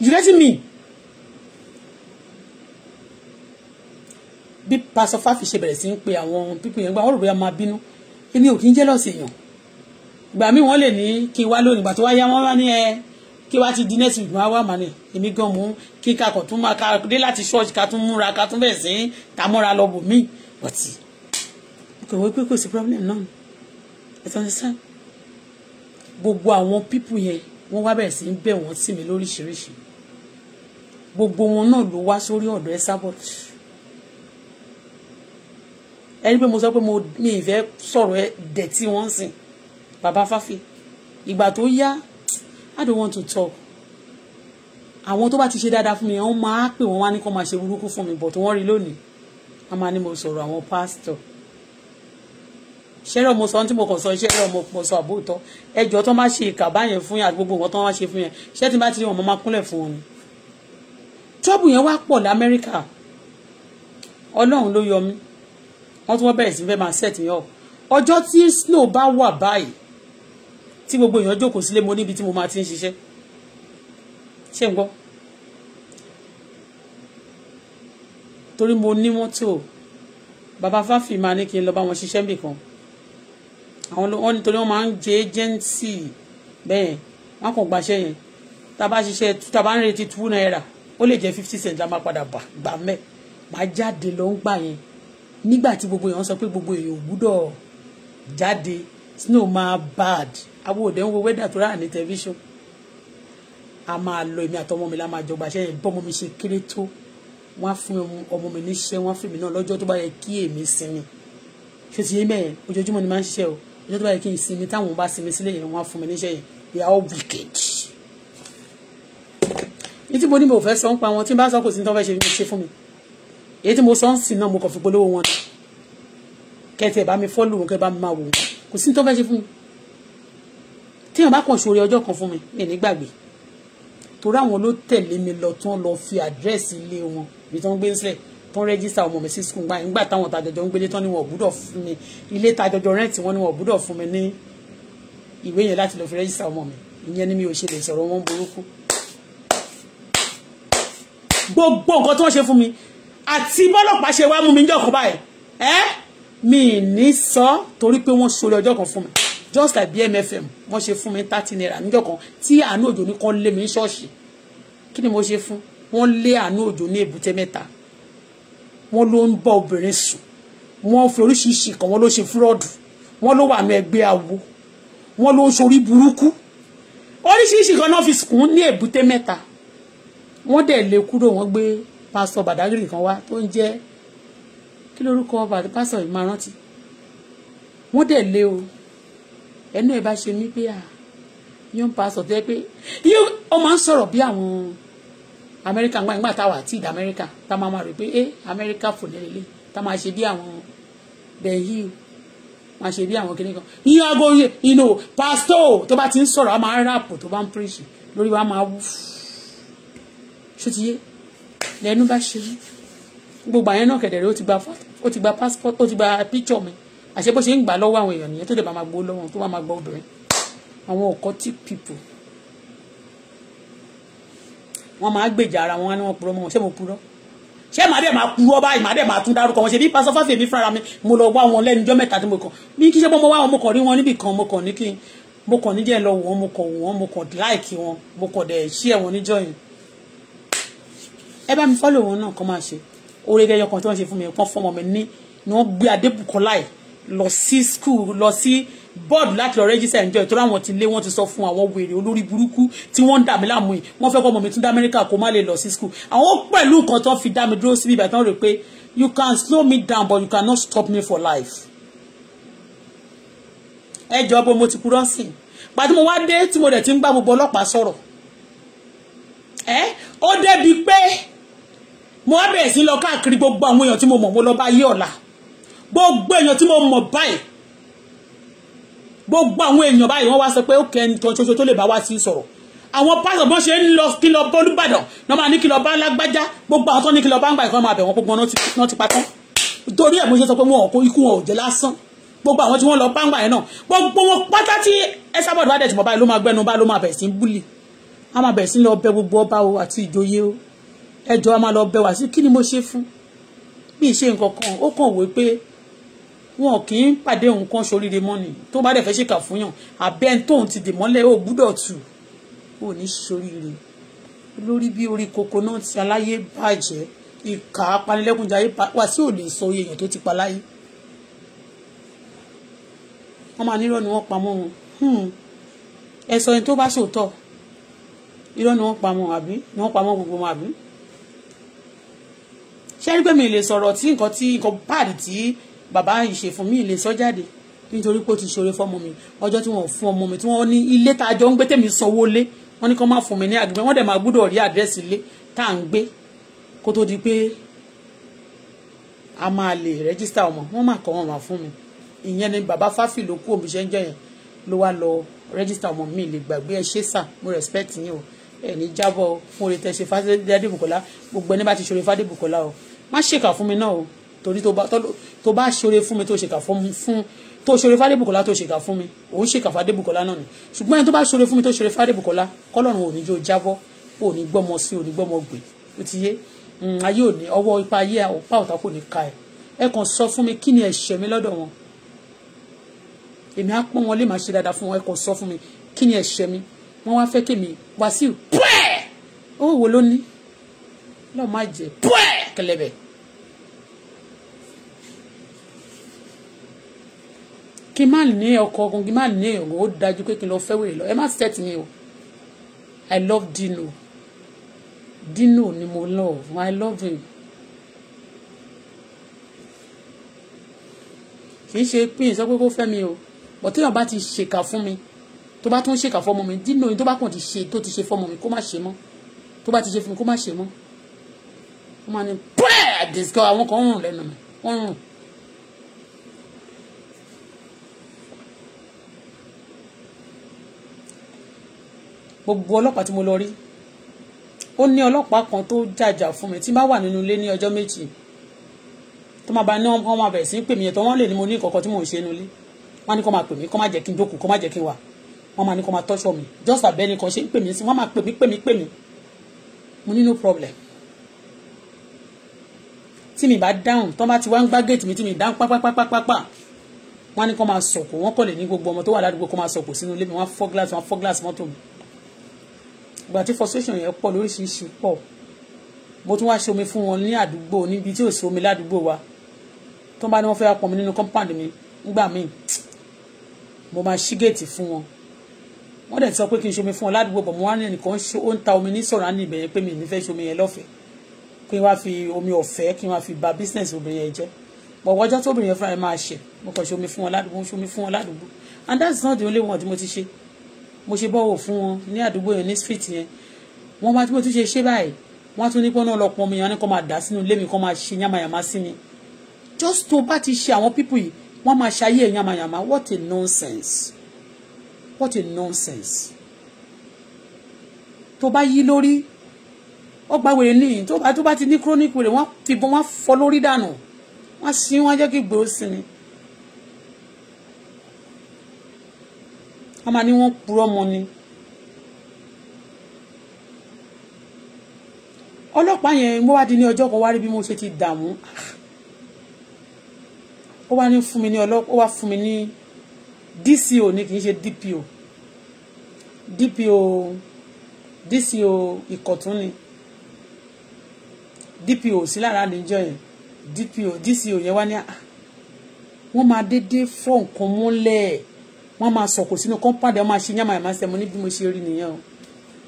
you getting me bí pásọ fáfi ṣe bẹ̀rẹ̀ sí ń pe àwọn pípín yẹn gba ọ̀rọ̀ bóyá máa bínú èmi ò kí ń jẹ́lọ́sì èèyàn ìgbà míì wọ́n lè ní kí n wá lónìí ìgbà tó wá yá wọ́n wá ní ẹ kí wá ti di next week máa wà màní èmi gan mú kí kakọ̀ tún máa ká dé láti church ká tún múra ká tún bẹ̀rẹ̀ sí ká múra lọ bò mí ọ̀tí. kò wọ́n pé kò sí problem náà ẹ tọ́ ní sáà gbogbo àwọn pípù yẹn wọ́n wá bẹ̀rẹ̀ sí ń bẹ̀ wọ́n sí mi lóríṣiríṣi gbogbo wọn náà ló wá sórí ọ̀dọ̀ ẹ sábọ̀t ẹni pé mo sọ pé mo mi ìfẹ́ sọ̀rọ̀ ẹ dẹ̀ tí wọ́n ń sìn bàbá fáfi ìgbà tó yá I don't want to talk àwọn tó bá ti ṣe dáadáa fún mi wọ́n máa pè wọ́n wá ní kó máa ṣe burúkú fún mi but wọ́n rí lónìí wọ́n máa ní mo sọ̀rọ̀ àwọn pásítọ̀ ṣẹ́rọ̀ mo sọ ohun tí mo kàn sọ ṣẹ́rọ̀ mo sọ àbóòtọ́ ẹjọ́ tó máa ṣe ìkà báyẹn fún yẹn àti gbogbo nǹkan tó máa ṣe fún yẹn ṣé tí n bá ti rí wọn mo máa kúnlẹ̀ fún wọn ni. trọ́bù yẹn wá pọ̀ lamẹ́ríkà ọlọ́run ló yọ mí wọ́n tún wọ́n bẹ̀rẹ̀ sí fẹ́ máa set me up ọjọ́ tí snow bá wà báyìí tí gbogbo èèyàn jókòó sílé mo níbi tí mo máa ti ń ṣiṣẹ́ ṣé ń gbọ́ torí mo ní mọ́tò bàbá fáfì máa ní kí n lọ bá wọn ṣiṣẹ́ níbì kan àwọn wọn nítorí wọn máa ń jẹ ẹ́jẹ́ǹsì bẹ́ẹ̀ wọn kàn gbaṣẹ́ yẹn tá a bá ṣiṣẹ́ tá a bá ń retí two naira ó lè jẹ́ fifty cent la máa padà gbà mẹ́ máa jáde lọ ń gbà yẹn nígbà tí gbogbo èèyàn sọ pé gbogbo èèyàn ò gbúdọ̀ jáde snow máa bad àwọn òde ń wo wẹ́dà tó rà ní tẹlifíṣàn a máa lọ èmi àtọmọ mi la máa jọ gbàṣẹ yẹn bọ́mọ mi ṣe kéré tó wọ́n á fún ọmọ mi níṣẹ́ wọ́n á fún mi náà lọ́jọ́ tó bá yẹ kí èmi sinmi ṣé ti yé mẹ́yẹn ojoojúmọ́ ni máa ń ṣiṣẹ́ o ọjọ́ tó bá yẹ kí n sinmi táwọn bá sinmi sílé yẹn wọ́n fún mi níṣẹ́ yẹn they are all wicked. ní tí mo ní mo fẹ́ sọ ń pa wọn tí n bá sọ kò sí ní tí wọ́n fẹ́ ṣe fún mi èyí tí mo sọ ń sìn náà mo kàn fi polówó wọn kẹ́tẹ̀ bá mi fọ́lù wọn kẹ́ bá mi máa wò kò sí ní tí wọ́n fẹ́ ṣe fún mi téèyàn bá kàn ṣoore ọjọ́ kan fún mi mi ní gbàgbé torí àwọn ló tẹ̀lé mi lọ tán lọ fi àdírẹ́sì ilé wọn ibi tí wọ́n gbé ń sílẹ̀ tán rẹ́gísítà ọmọ mi sí skul gbà nígbà táwọn tajọjọ ń gbélé tán ni wọn ò gbúdọ̀ fún mi ilé tajọjọ rẹ́ǹtì wọn ni wọn ò gbúdọ̀ fún mi ní ìwé yẹn láti lọ fi rẹ́gísítà ọmọ mi ìyẹn ni mi ò ṣe lè sọ̀rọ̀ wọn burúkú. gbogbo nǹkan tí wọ́n ṣe fún mi àti bọ́lọ́pàá ṣe wá mú mi ní ọkọ̀ báyìí ẹ́ mi ní sọ torí pé wọ́n ṣoore ọjọ́ kan fún mi just like BMFM wọ́n ṣe fún mi thirty naira níjọ́ kan tí àánú òjò ní kan lé mi ní ṣọ́ọ̀ṣì kí ni mo ṣe fún wọ́n lé àánú òjò ní èbúté mẹ́ta wọ́n ló ń bá obìnrin sùn wọ́n fi oríṣiríṣi kan wọ́n ló ṣe fúrọ́ọ̀dù wọ́n ló wà ní ẹgbẹ́ awo wọ́n ló ń ṣorí burúkú oríṣiríṣi kan náà fi sùn ní èbúté mẹ́ta wọ́n dẹ̀ lé kúrò wọ́n gbé pásítọ̀ bàdágìrì kan wá tó ń jẹ́ kí lórúkọ pásítọ̀ yìí máa rántí dẹ̀ lé o ẹnu ẹ bá ṣe mí pé à yóò ń pa aṣọ tó yẹ pé yóò ó máa ń sọ̀rọ̀ bí àwọn amẹ́ríkà ń gbà nígbà táwa àti ìdá amẹ́ríkà tá máa máa rò pé ẹ eh, amẹ́ríkà fò lélẹ̀ tá máa ṣe bí àwọn bẹ̀híù máa ṣe bí àwọn kìnìkan yíyan aago inú pásítọ̀ tó bá ti ń sọ̀rọ̀ a máa ń ráàpù tó bá ń píríṣì lórí wa máa wú ṣó ti yé lẹ́nu bá ṣe gbogbo àyẹn náà kẹ̀dẹ̀rẹ́ ó ti gba passport ó ti gba picture mi àṣẹ bó ṣe ń gbà lọ́wọ́ àwọn èèyàn nìyẹn tó dẹ̀ bá máa gbó lọ́wọ́ tó bá máa gbọ́ obìnrin àwọn ọ̀kọ́tì people wọ́n máa gbèjà ara wọn ni wọ́n purọ́ mọ́ wọn ṣé mo purọ́ ṣé màá dẹ̀ máa purọ́ báyìí màá dẹ̀ máa tún dárúkọ wọn ṣe bí pásọ Fáṣèmí fúnra mi mo lọ wá wọn lẹ́nujọ́ mẹ́ta tí mo kàn bí kí ṣe pé mo wá wọn mo kàn rí wọn níbì kan mo kàn ní kí mo kàn níjẹ́ lọ wọn mo kàn wọn mo kàn láìkì wọn mo kàn dẹ̀ ṣí ẹ̀ wọn níjọ́ yẹn ẹ bá mi fọ́lọ̀ wọn náà kọ́ máa ṣe oore ẹyọ kan tí wọ́n ṣe fún mi kàn fọ́mọ mi ní ni wọ́n gbé Adébùkọ́lá yìí lọ sí school lọ sí board láti lọ register ǹjọ́ ìtura wọn ti lé wọn ti sọ fún àwọn wèrè olórí burúkú tí wọ́n ń dà mí láàmú yìí wọ́n fẹ́ kọ́ ọmọ mi tún dá amẹ́ríkà kó má lè lọ sí school àwọn pẹ̀lú nǹkan tó fi dá mi dúró síbi ìgbà tí wọ́n rò pé you can slow me down but you cannot stop me for life. ẹ jọ bó mo ti purọ́ sí i pàtó mo wá dé tí mo dẹ̀ ti ń gbá gbogbo ọlọ́pàá sọ̀rọ̀ ẹ ó débi pé mo wá bẹ̀rẹ̀ sí lọ káàkiri gbogbo àwọn èèyàn tí mo mọ̀ mo lọ bá yé ọ̀la gbogbo èèyàn tí mo mọ̀ báyìí gbogbo àwọn èèyàn báyìí wọ́n wá sọ pé ó kẹ́ni kan ṣoṣo tó lè bá wá sí sọ̀rọ̀ àwọn pásọ̀ bọ́n ṣe ń lọ kí lọ bọ́ nìbàdàn náà máa ní kí lọ bá lágbájá gbogbo àwọn tó ní kí lọ bá ń gbà ìkan máa bẹ̀ wọ́n gbogbo náà ti patán torí ẹ̀ mo ṣe sọ pé wọn kò ikú wọn ò jẹ́ lásán gbogbo àwọn tí wọ́n lọ bá ń gbà yẹn náà gbogbo wọn pátá tí ẹ sábọ̀dù bá dẹ̀ tí mo báyìí ló máa gbẹnu a máa bẹ̀ sí lọ bẹ gbogbo o àti ìjòyè o ẹjọ́ a máa lọ bẹ wá sí kí ni mo ṣe fún mi ṣe nǹkan kan ó kàn wé wọn kì í pàdé òun kan sóríire mọ́ni tó bá dẹ̀ fẹ́ ṣèkà fún yàn àbẹ́ tóun ti dè mọ́lẹ̀ ó gbúdọ̀ tù ó ní sóríire lórí bí orí koko náà ti aláyé bàjẹ́ ìkà apanilẹ́kúnjayé wá sí òde sọ iye èèyàn tó ti pa láyé wọ́n máa nírọ̀ ni wọ́n pamọ́ wọn hmm. ẹ sọ ẹni tó bá ṣòótọ́ irọ́ ni wọ́n pamọ́ àbí ni wọ́n pamọ́ gbogbo wọn àbí ṣé ẹni pé mi lè sọ̀rọ̀ tí nǹkan tí nǹkan báàdì tí bàbá yìí ṣe fún mi ìlè sọ jáde nítorí pé ó ti ṣoore fọmọ mi ọjọ́ tí wọ́n fún ọmọ mi tí wọ́n ní ilé tá a jọ ń gbé tèmi sanwó lé wọ́n ní kó má fún mi ní àgbẹ̀ wọ́n dẹ̀ máa gbúdọ̀ rí àdírẹ́sì ilé tá à ń gbé kó tó di pé a máa lè rẹ́gísítà ọmọ wọ́n máa kọ́ wọn wá fún mi ìyẹn ni bàbá fáfì ló kú òbí ṣe ń jẹ yẹn ló wá lọ rẹ́gísítà ọmọ mi lè gbàgbé ẹ ṣe sà mo respect yín o ẹni jábọ̀ fún oore tẹ ṣe fádébùkọ́lá gbogbo ẹni bá ti ṣoore fádébùkọ́lá o má ṣèkà fún mi náà o torí tó bá ṣoore fún mi tó ṣèkà fún tó ṣoore fàdébùkọ́lá tó ṣèkà fún mi òun ṣèkà fàdébùkọ́lá náà ni ṣùgbọ́n ẹni tó bá ṣoore fún mi tó ṣoore fàdébùkọ́lá kọ́lọ́run òní jó jábọ́ òní gbọ́mọ sí òní gbọ́mọ gbè ó ti yé hmm, ayé òní ọwọ́ ipa ayé ọ̀pá ọ̀tá kò ní ka ẹ̀ ẹ kàn sọ fún mi kí ni ẹ̀ṣẹ̀ mi lọ́dọ̀ wọn èmi á pọ́n wọn lè máa ṣe dáadáa fún wọn ẹ kàn sọ fún mi kí ni ẹ̀ṣẹ̀ mi wọ́n wá fẹ́ kémi Wàsíù pẹ́ẹ́ owó wo ló ní lọ́ọ́ má jẹ pẹ́ẹ́ kẹlẹ́bẹ̀ẹ́ kí n má ní ọkọ ogun kí n má ní èèyàn ó dájú pé kí n lọ fẹ́ wèrè lọ ẹ má set mi o i love Dino Dino ni mo love i love him kì í ṣe pín in sọ pé kó fẹ́ mi o bọ̀ téèyàn bá ti ṣèkà fún mi tó bá tún ṣèkà fọmọ mi Dino ni tó bá kàn ti ṣe tó ti ṣe fọmọ mi kó má ṣe mọ́ tó bá ti ṣe fún mi kó má ṣe mọ́ ó máa ní pẹ́ẹ́ àdìsíkọ́ àwọn kan ń rùn lẹ́nu mi ń rùn. gbogbo ọlọ́pàá tí mo lọ rí ó ní ọlọ́pàá kan tó jàjà fún mi tí n bá wà nínú ilé ní ọjọ́ méjì tó máa bá ní wọn máa bẹ̀rẹ̀ sí pè mí yẹn tó wọ́n lè ní mo ní ìkọ̀kọ̀ tí mò ń ṣe nulẹ̀ wọ́n á ní kó máa pè mí kó máa jẹ́ kí n jókòó kó máa jẹ́ kí n wà wọ́n máa ní kó máa tọ́ṣọ̀ mi just abẹ́ni kan ṣe ń pè mí sí wọ́n máa pè mí pè mí pè mí mo ní no problem tí mi bá dáhùn tó bá ti wá ń gbá géètì mi tí mi dáhùn pápápápápá wọ́n á ní kó máa sọ̀kò wọ́n kọ̀ lè ní gbogbo ọmọ tó wà ládùúgbò kó máa sọ̀kò sínú ilé mi wọ́n á fọ́ gíláàsì wọ́n á fọ́ gíláàsì mọ́tò mi ìgbà tí frustration yẹn pọ̀ lóríṣiríṣi pọ̀ mo tún wá ṣe omi fún wọn ní àdúgbò níbi tí ò sí omi ládùúgbò wa tó bá ní wọ́n fẹ́ wá pọn mi nínú compound mi nígbà míì mo máa ṣí géètì fún wọn wọ́n dẹ̀ ti sọ pé kí n ṣe omi fún wọn ládùúgbò bọ̀ mo wá ní ẹnìkan ó ń ta omi ní sọ̀rọ̀ á ní ibẹ̀ yẹn pé mi ò ní fẹ́ ṣe omi yẹn lọ́fẹ̀ẹ́ kí n wá fi omi ọ̀fẹ́ kí n wá fi ba business obìnrin yẹn jẹ́ bọ̀ wọ́jọ́ tó obìnrin yẹn fúnra ẹ̀ máa ṣe mo kàn ṣe omi fún wọn ládùúgbò ṣe omi fún wọn ládùúgbò and that's not the only one tí mo ti ṣe mo ṣe bọ́wọ̀ fún wọn ní àdúgbò yẹn ní street yẹn wọ́n bá tí mo tún ṣe ṣe báyìí wọ́n tún ní pé náà lọ́pọ̀ mi yẹn wọ́n ní kó máa dà sínú ilé mi kó máa ṣe yàmàyàmà sí mi just tó bá ti ṣe àwọn pípù yìí wọ́n máa ṣayé ẹ̀ yàmàyàmà what a nonsense what a nonsense tó bá yí lórí ó gba wèrè níyìn tó bá ti ní chronic wèrè wọ́n fi bọ́n wọ́n fọ́ lórí dànù wọ́n sin wọ́n jẹ́ kí gbòó sinmi a máa ní wọ́n purọ́ mọ́ ni. ọlọ́pàá yẹn mo wá di ní ọjọ́ kan wá rí bí mo ṣe ti dààmú ó wá ní fún mi ní ọlọ́pàá ó wá fún mi ní DCO ni kì í ṣe DPO DPO DCO Ìkọ̀tún ni DPO sí lára níjọ yẹn DPO DCO yẹn wá ní ah, wọ́n máa déédéé fọ́ nǹkan mọ́lẹ̀ wọ́n máa sọ̀kò sínú compound ẹ̀ wọ́n máa ṣe yàmà yàmà sẹ́ mo ní bí mo ṣe rí nìyẹn o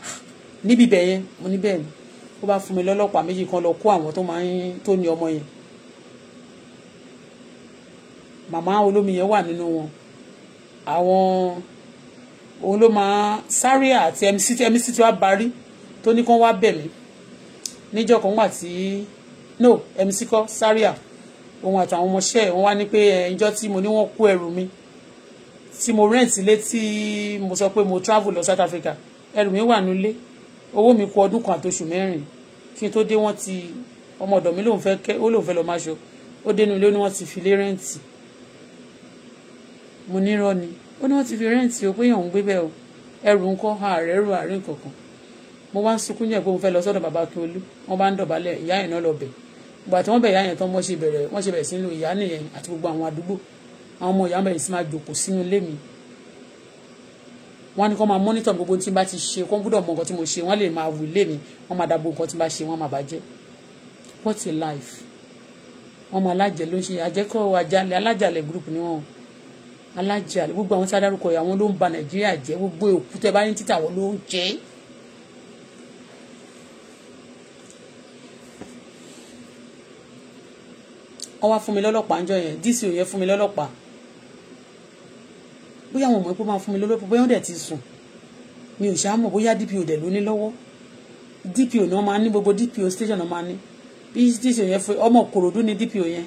níbi bẹ̀ yẹn mo ní bẹ́ẹ̀ ni ó bá fún mi lọ́lọ́pàá méjì kan lọ kó àwọn tó máa ń tó ní ọmọ yẹn màmá olómi yẹn wà nínú wọn àwọn òun ló máa sáré àti mc mc tí wàá barí tó ní kán wá bẹ̀ mí kan wà tí no mc kọ́ sáríà òun àtàwọn ọmọọṣẹ́ wọn wá ní pé ẹjọ́ tí mo ní wọ́n kó ẹrù mi tí mo rent ilé tí mo sọ pé mo travel lọ South Africa ẹrù mi wà nílé owó mi kù ọdún kan àtòṣù mẹ́rin kí n tó dé wọ́n ti ọmọ ọ̀dọ̀ mi lòun fẹ́ kẹ́ ó lòun fẹ́ lọ máa ṣọ ó dénú ilé ó ní wọ́n ti fi lé rẹ́ǹtì mo nírọ́ ni ó ní wọ́n ti fi rẹ́ǹtì o pé èèyàn ń gbé bẹ́ẹ̀ o ẹrù ń kọ́ ààrẹ ẹrù àárín kankan mo wá ń sunkún yẹn pé mo fẹ́ lọ sọ́dọ̀ bàbá Akínolú wọ́n bá ń dọ̀bálẹ̀ ìyá yẹn náà lọ bẹ̀ ìgbà tí wọ́n bẹ̀ ìyá yẹn tán wọ́n ṣe bẹ̀rẹ̀ wọ́n ṣe bẹ̀rẹ̀ sínú ìyá nìyẹn àti gbogbo àwọn àdúgbò àwọn ọmọ ìyá bẹ̀rẹ̀ sí máa jòkó sínú ilé mi wọ́n ní kó máa mọ́nítọ̀ gbogbo tí n bá ti ṣe kó gbúdọ̀ mọ nǹkan tí mo ṣe wọ́n lè máa wù ilé mi wọ́n máa dàgbò nǹkan tí n bá ṣe wọ́n máa bàjẹ́ what a life wọ́n máa alájẹ ló ń ṣe àjẹkọ́ àjálẹ̀ alájàlẹ̀ group ni wọ́n alájàlẹ̀ gbogbo àwọn tí adarúkọ yìí àwọn ló ń ba Nàìjíríà jẹ́ gbogbo òkú tẹ́ bá ní títà wọ́n ló ń jẹ́ ó wá fún mi lọ́lọ́pàá ń jọ yẹn díìsì ò yẹ fún mi lọ́lọ́pàá bóyá àwọn ọmọ epo máa fún mi lólópo bóyá wọ́n dẹ̀ ti sùn mi ò ṣáà mọ̀ bóyá DPO dẹ̀ ló ní lọ́wọ́ DPO náà máa ní gbogbo DPO station náà máa ní bí DPO yẹn fún ọmọ Ìkòròdú ní DPO yẹn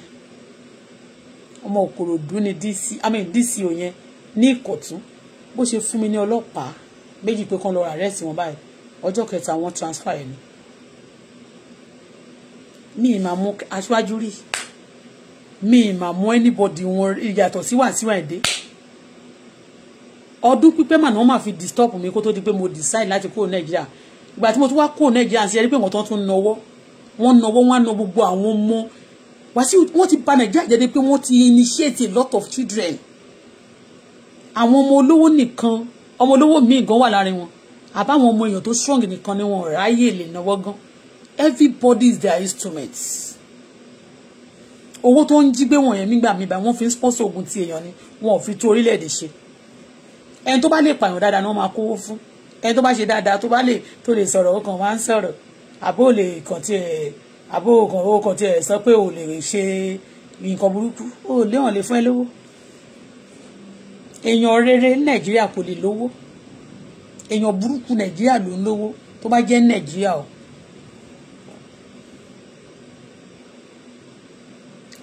ọmọ Ìkòròdú ní DC I mean DCO yẹn ní Ìkọ̀tún bó ṣe fún mi ní ọlọ́pàá méjì pé kán lọ àrẹ́sì wọn báyìí ọjọ́ kẹta wọn transfer ẹ̀ ni mi ì máa mú aṣáájú rí mi ì máa mú anybody wọn yàtọ̀ sí wàásù àìdé ọdún pípẹ́ mà náà máa fi disturb mi kó tó di pé mo decide láti kúrò nàìjíríà ìgbà tí mo tún wá kúrò nàìjíríà sí ẹni pé wọ́n tán tún nọwọ́ wọ́n nọwọ́ wọ́n á nọ gbogbo àwọn ọmọ wàásù wọ́n ti bà nàìjíríà jẹ́ pé wọ́n ti initiate a lot of children àwọn ọmọ olówó nìkan ọmọ olówó míì gan wà láàrin wọn àbáwọn ọmọ èèyàn tó strong nìkan ni wọn ráyè lè náwó gan everybody is their instrument owó tó ń jí gbé wọ̀nyẹn nígbà mi bá wọ́n fi ń sponsor ogun ti èèyàn ni wọn ò fi tó orílẹ̀-èdè ṣe ẹni tó bá lè pààyàn dáadáa ni wọ́n máa kówó fún ẹni tó bá ṣe dáadáa tó bá lè tó lè sọ̀rọ̀ ó kàn wá ń sọ̀rọ̀ àbó lè kàn tiẹ̀ àbó kàn ó kàn tiẹ̀ sọ pé ò lè ṣe nǹkan burúkú ó léwọ̀n lè fún ẹ lówó èèyàn rere nàìjíríà kò lè lówó èèyàn burúkú nàìjíríà ló ń lówó tó bá jẹ́ nàìjíríà o.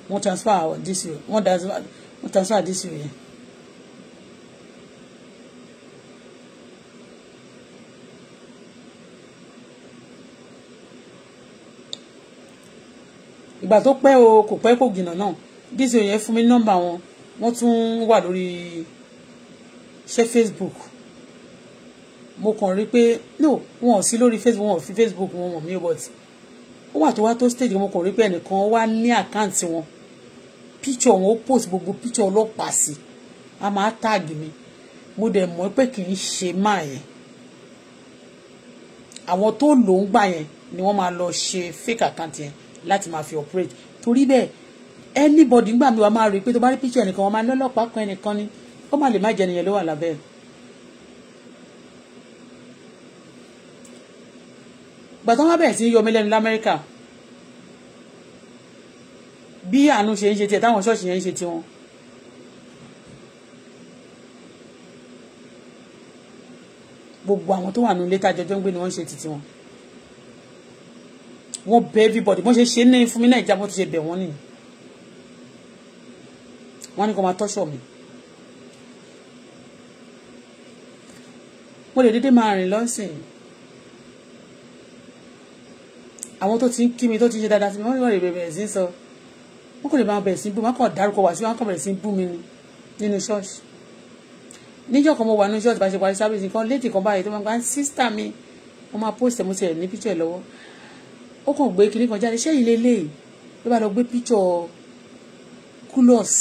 wọ́n transfer this year wọ́n transfer this year yẹn. ìgbà tó pẹ́ o kò pẹ́ kò jìnnà náà bí ti òyìn fún mi nọ́mbà wọn wọ́n tún wà lórí ṣe Facebook mo kàn rí pé no wọn ò sí lórí Facebook wọn ò fi Facebook wọn wọ̀n mí but ó wà tó wá tó stage mo kàn rí pé ẹnìkan wá ní àkáǹtì wọn píchọ wọn ó post gbogbo píchọ ọlọ́pàá sí a máa tag mi mo dẹ̀ mọ̀ pé kì í ṣe máa yẹn àwọn tó lò ń gbà yẹn ni wọ́n máa lọ ṣe fake account yẹn láti máa fi operate torí bẹ́ẹ̀ anybody ńgbà mi wàá máa rí i pé tó bá rí picture ẹnìkan wọn máa lọ́lọ́pàá kan ẹnìkan ni ó má lè má jẹ nìyẹn ló wà lábẹ́ ẹ̀. gbàtà wọn bẹ̀rẹ̀ sí í yọmí lẹ́nu lamẹ́ríkà bí àánú ṣe ń ṣe tiẹ̀ táwọn ṣọ́ọ̀ṣì yẹn ń ṣe tiwọn. gbogbo àwọn tó wà nínú ilé tájọjọ́ ń gbé ni wọ́n ń ṣe ti tiwọn wọ́n bẹ everybody wọ́n ṣe ṣe ní fún mi náà ìjà wọ́n ti ṣe bẹ̀ wọ́n nìyí wọ́n ní kó máa tọ́ṣọ̀ mi. mo lè dédé máa rìn lọ́sìn àwọn tó ti ń kí mi tó ti ṣe dáadáa sí mi wọ́n lè bẹ̀rẹ̀ sí sọ wọ́n kò lè máa bẹ̀rẹ̀ sí bú mi wọ́n kàn dárúkọ wá sí wọ́n kàn bẹ̀rẹ̀ sí bú mi nínú ṣọ́ọ̀ṣì níjọ́ kan mo wà nínú ṣọ́ọ̀ṣì bá ṣe parí sábẹ́sì kan léèdì kan báyìí tó máa gba sísítà mi wọ́n máa pósìtẹ̀ mo ti rẹ̀ ní píṣẹ̀ lọ́wọ́ ó kàn gbé kinní kan jáde ṣẹ́yìn lélẹ́yìí ló bá lọ gbé píchọ̀ kúlọ̀s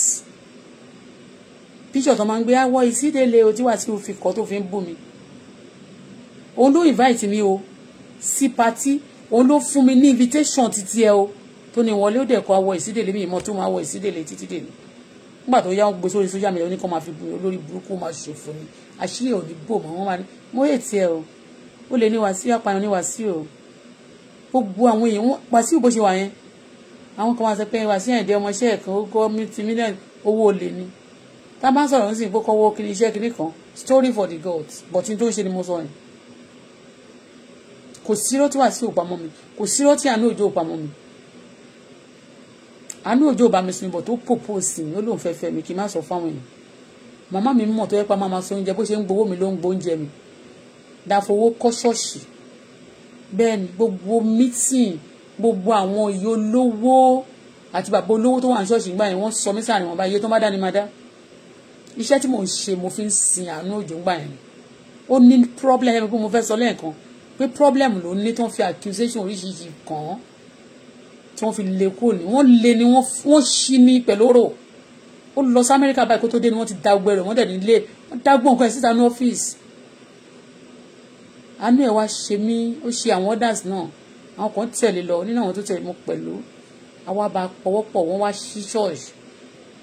píchọ̀ tó máa ń gbé awọ ah, ìsídẹ̀lẹ̀ otíwà tí o fi kọ́ tó fi ń bù mí òun ló invite mi o sí patí òun ló fún mi ní invitation títí ẹ o tó ní wọlé ó dẹ̀ kọ́ awọ ah, ìsídẹ̀lẹ̀ mi ìmọ̀ tó máa wọ ìsídẹ̀lẹ̀ títí dèní nígbà tó yá wọn gbé sórí sójà mílíọ̀nù kan máa fi bu olórí burúkú máa ṣòfò ni àṣírí ò bò mọ́ wọn máa ní mo yè tiẹ̀ o ó lè ní wàásù apààyàn ní wàásù o gbogbo àwọn èèyàn wọn Wàsíù bó ṣe wà yẹn àwọn kan wá sọ pé Wàsíù Àyìndé ọmọọṣẹ́ ẹ̀kan ó kọ́ ti mílíọ̀nù owó olè ni tá a bá ń sọ̀rọ̀ ń sìn kó kọ́wọ́ kí ni iṣẹ́ kìíní kan story for the gods but n tó ń ṣe ni mo sọ yẹn kò sírọ́ tí Wàsíù òpamọ́ mi kò sírọ́ tí àánú òjò òpamọ́ mi àánú òjò bá mi sùn bọ̀ tó pòpòsì ó lóun fẹ́ fẹ́ mi kì í má sọ fáwọn èèyàn màmá mi mọ̀ tó yẹ pa máa ma sọ oúnjẹ bó ṣe ń gbowó mi ló ń gbóúnjẹ mi dáfowó kọ́ ṣọ́ọ̀ṣì bẹ́ẹ̀ ni gbogbo meeting gbogbo àwọn ìyó lówó àti bàbá olówó tó wà ní ṣọ́ọ̀ṣì gbà yẹn wọ́n sọ mí sáà ni wọ́n bá iye tó má dá ni má dá iṣẹ́ tí mò ń ṣe mo fi ń sin àánú òjò gbà yẹn ó ní problem pé mo fẹ́ sọ lẹ́ẹ̀kan pé problem ló ní tó ń fi accusation oríṣiríṣi kàn án tí wọ́n fi lé kúrò ní wọ́n lé ni wọ́n ṣí ní pẹ̀lú rò ó lọ sí Amẹ́ríkà báyìí kó tó dé ni wọ́n ti da gbẹ̀rẹ̀ wọ́n dẹ̀ nílé wọ́n dá gbọ̀ǹkan ẹ̀ síta ní ọ́fíìsì àánú ẹ̀ wá ṣe mí ó ṣe àwọn others náà àwọn kan tẹ̀lé lọ nínú àwọn tó tẹ̀lé mọ́ pẹ̀lú àwa bá pọ̀wọ́pọ̀ wọ́n wá sí church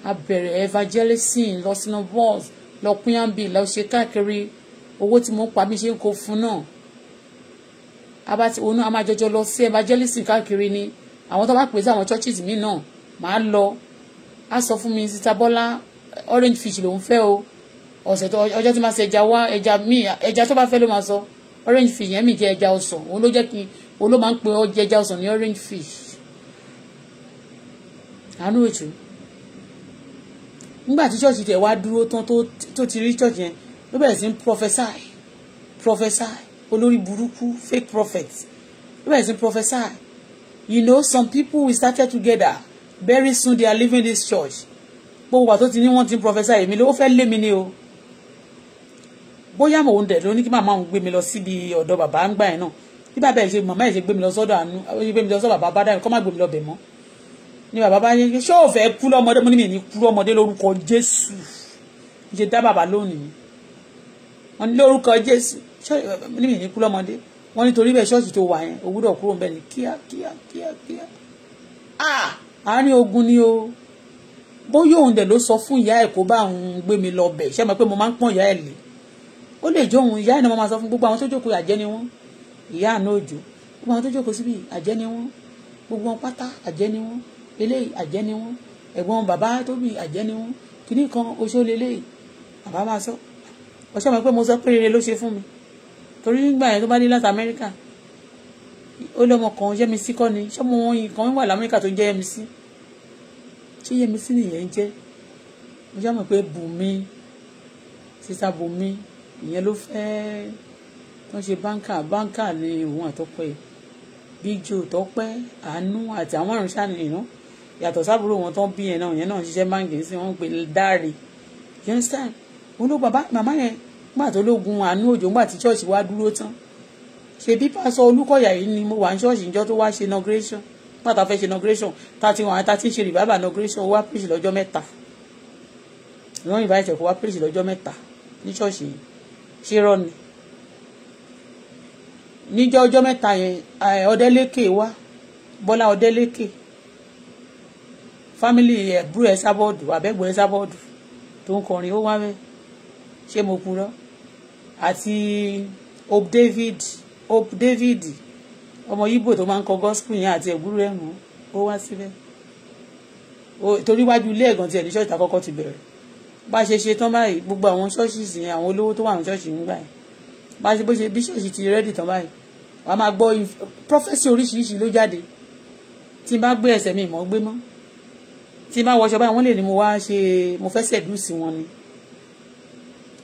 a bẹ̀rẹ̀ evangelism lọ sínú bus lọ pín àǹbì lọ ṣe káàkiri owó tí mo ń pa mí ṣe ń kó fún náà abati òun náà a máa jọjọ lọ sí evangelism káàkiri ni àwọn tó bá pèsè àwọn churches mi náà màá lọ á sọ fún mi sita bọ́lá orange fish lòún fẹ́ o ọ̀sẹ̀ tó ọjọ́ tí máa ṣe ẹja wá ẹja míì ẹja tó bá fẹ́ ló máa sọ. So orange fish yẹn mi jẹ́ ẹja ọsàn òun ló jẹ́ kí òun ló máa ń pe ọjẹ́ ẹja ọsàn ní orange fish àánú ètò nígbà tí church tẹ̀ wá dúró tán tó ti rí church yẹn ló bẹ̀rẹ̀ sí prophesy prophesy olórí burúkú fake prophet ló bẹ̀rẹ̀ sí prophesy you know some people we started together very soon they are leaving this church gbogbo àtó ti ní wọ́n ti prophesy èmi ló fẹ́ lé mi ní o bóyá mò ń dẹ̀ ló ní kí màmá òun gbé mi lọ síbi ọ̀dọ̀ bàbá ń gbà yẹn náà bí bàbá ẹ̀ ṣe màmá ẹ̀ ṣe gbé mi lọ sọ́dọ̀ àánú ó ṣe gbé mi lọ sọ́dọ̀ bàbá bá dáhùn kọ́ má gbé mi lọ bẹ̀ mọ́ ni bàbá bá yẹ ṣé ò kú lọ́mọdé mo ní mi ní kú lọ́mọdé lórúkọ Jésù ṣe dá bàbá lónìí wọn ní lórúkọ Jésù ní mi ní kú lọ́mọdé wọn nítorí bẹ́ẹ̀ ṣọ́ọ̀ṣì tó wà yẹn òwúrọ̀ kúrò bẹ́ẹ̀ ni kíá kíá kíá kíá ah! àárín ogun ni o bóyá òun dẹ̀ ló sọ fún ìyá ẹ̀ kó bá òun gbé mi lọ bẹ̀ ṣé mo máa ń pọ́n ìyá ẹ̀ lé ó lè jó òun ìyá ẹ̀ náà wọ́n máa sọ fún gbogbo àwọn tó jókòó àjẹ́ ni wọ́n ìyá àná òjò gbogbo àwọn tó jókòó síbi àjẹ́ ni wọ́n gbogbo wọn pátá àjẹ́ ni wọ́n eléyìí àjẹ́ ni wọ́n ẹ̀gbọ́n bàbá tó bí àjẹ́ ni wọ́n kìíní kan oṣó leléyìí bàbá máa sọ ọṣọ mi pé mo sọ pé ló ṣe fún mi torí nígbà yẹn tó bá dé láti Amẹ́ríkà ó lọ́mọ kan Yẹmisí kọ́ ni ṣọ́mọ wọn yìí kan wà l'Amẹ́ríkà tó ń jẹ́ Yẹmisí ṣé Yẹmisí nìyẹn ń jẹ́ mo ṣá pé Bùnmi sísá Bùnmi ìyẹn ló fẹ́ tó ń ṣe báńkà báńkà ni òun àtọ́pẹ́ Big Joe tọ́pẹ́ àánú àti àwọn àrùn sáà nìyẹn náà yàtọ̀ sábúrò wọn tó ń bí yẹn náà yẹn náà ń ṣiṣẹ́ báńkì sí wọn ń pè dáre you understand òun ló bàbá màmá yẹn nígbà tó lógun àánú òjò nígbà tí ṣọ́ọ̀ṣì wá dúró tán ṣe bí pásọ olúkọ̀yà yìí ni mo wà ní ṣọ́ọ̀ṣì níjọ́ tó wá ṣe inauguration nígbà tá a fẹ́ ṣe inauguration tá a ti wọ̀n àti ṣe revival inauguration wá pèsè lọ́jọ́ mẹ́ta wọ́n invite ẹ̀ kó wá pèsè lọ́jọ́ mẹ́ta ní ṣọ́ọ̀ṣì yìí ṣe rọ ni níjọ́ ọjọ́ mẹ́ta yẹn ọdẹ́lẹ́kẹ̀ wá bọ́lá ọdẹ́lẹ́kẹ̀ fámìlì ẹ̀búrò ẹ̀ sábọ́ọ̀dù àbẹ́gbọ̀ ẹ̀ sábọ́ọ̀dù tó ń kọrin ó wá mẹ́ ṣé mo purọ́ àti Hope David Hope David ọmọ Yíbò tó máa ń kọ gospel yẹn àti ẹ̀búrò ẹ̀ mú ó wá síbẹ̀ torí wájú ilé ẹ̀gàn tiẹ̀ ní ṣọ́ọ̀tà kọ́kọ́ ti bẹ̀rẹ̀ bá ṣe ṣe tán báyìí gbogbo àwọn ṣọ́ọ̀ṣì sì àwọn olówó tó wà ní ṣọ́ọ̀ṣì nígbà yìí bá ṣe bó ṣe bí ṣọ́ọ̀ṣì ti rẹ́dì tán báyìí wàá máa gbọ́ prọfẹ́sì oríṣiríṣi ló jáde tí n bá gbé ẹsẹ̀ mi ìmọ̀ gbé mọ́ tí n bá wọṣọ báyìí wọ́n lè ní mo wá ṣe mo fẹ́ sẹ̀dúùsì wọn ni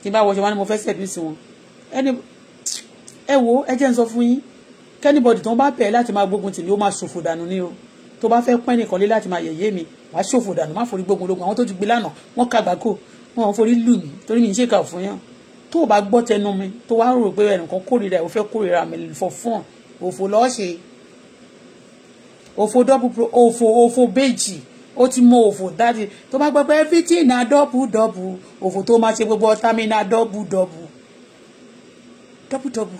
tí n bá wọṣọ báyìí mo fẹ́ sẹ̀dúùsì wọn ẹni ẹ wo ẹ jẹ́ n sọ fún yín kẹ́nìbọ̀dì tó ń bá bẹ̀ẹ́ láti máa gbógun tì ní ó máa ṣòfò dànù ní o tó bá fẹ́ pẹ́ nìkan lé láti máa yẹ̀yẹ́ mi wàá ṣòfò dànù má forí gbógun ológun àwọn tó ti gbé lánàá wọ́n kàgbákò wọ́n forí lù mí torí mi ń ṣèkà fún yàn tó o bá gbọ́ tẹnu mi tó wá rò pé ẹnìkan kórìíra ẹ̀ o fẹ́ kórìíra mi for fun òfò lọ́ọ́ ṣe òfò dọ́pù òfò òfò bèjì ó ti mọ òfò dáàdi tó bá gbọ́ pé everything na dọ́pù dọ́pù òfò tó máa ṣe gbogbo ọ̀tá mi na dọ́pù dọ́pù dọ́pù dọ́pù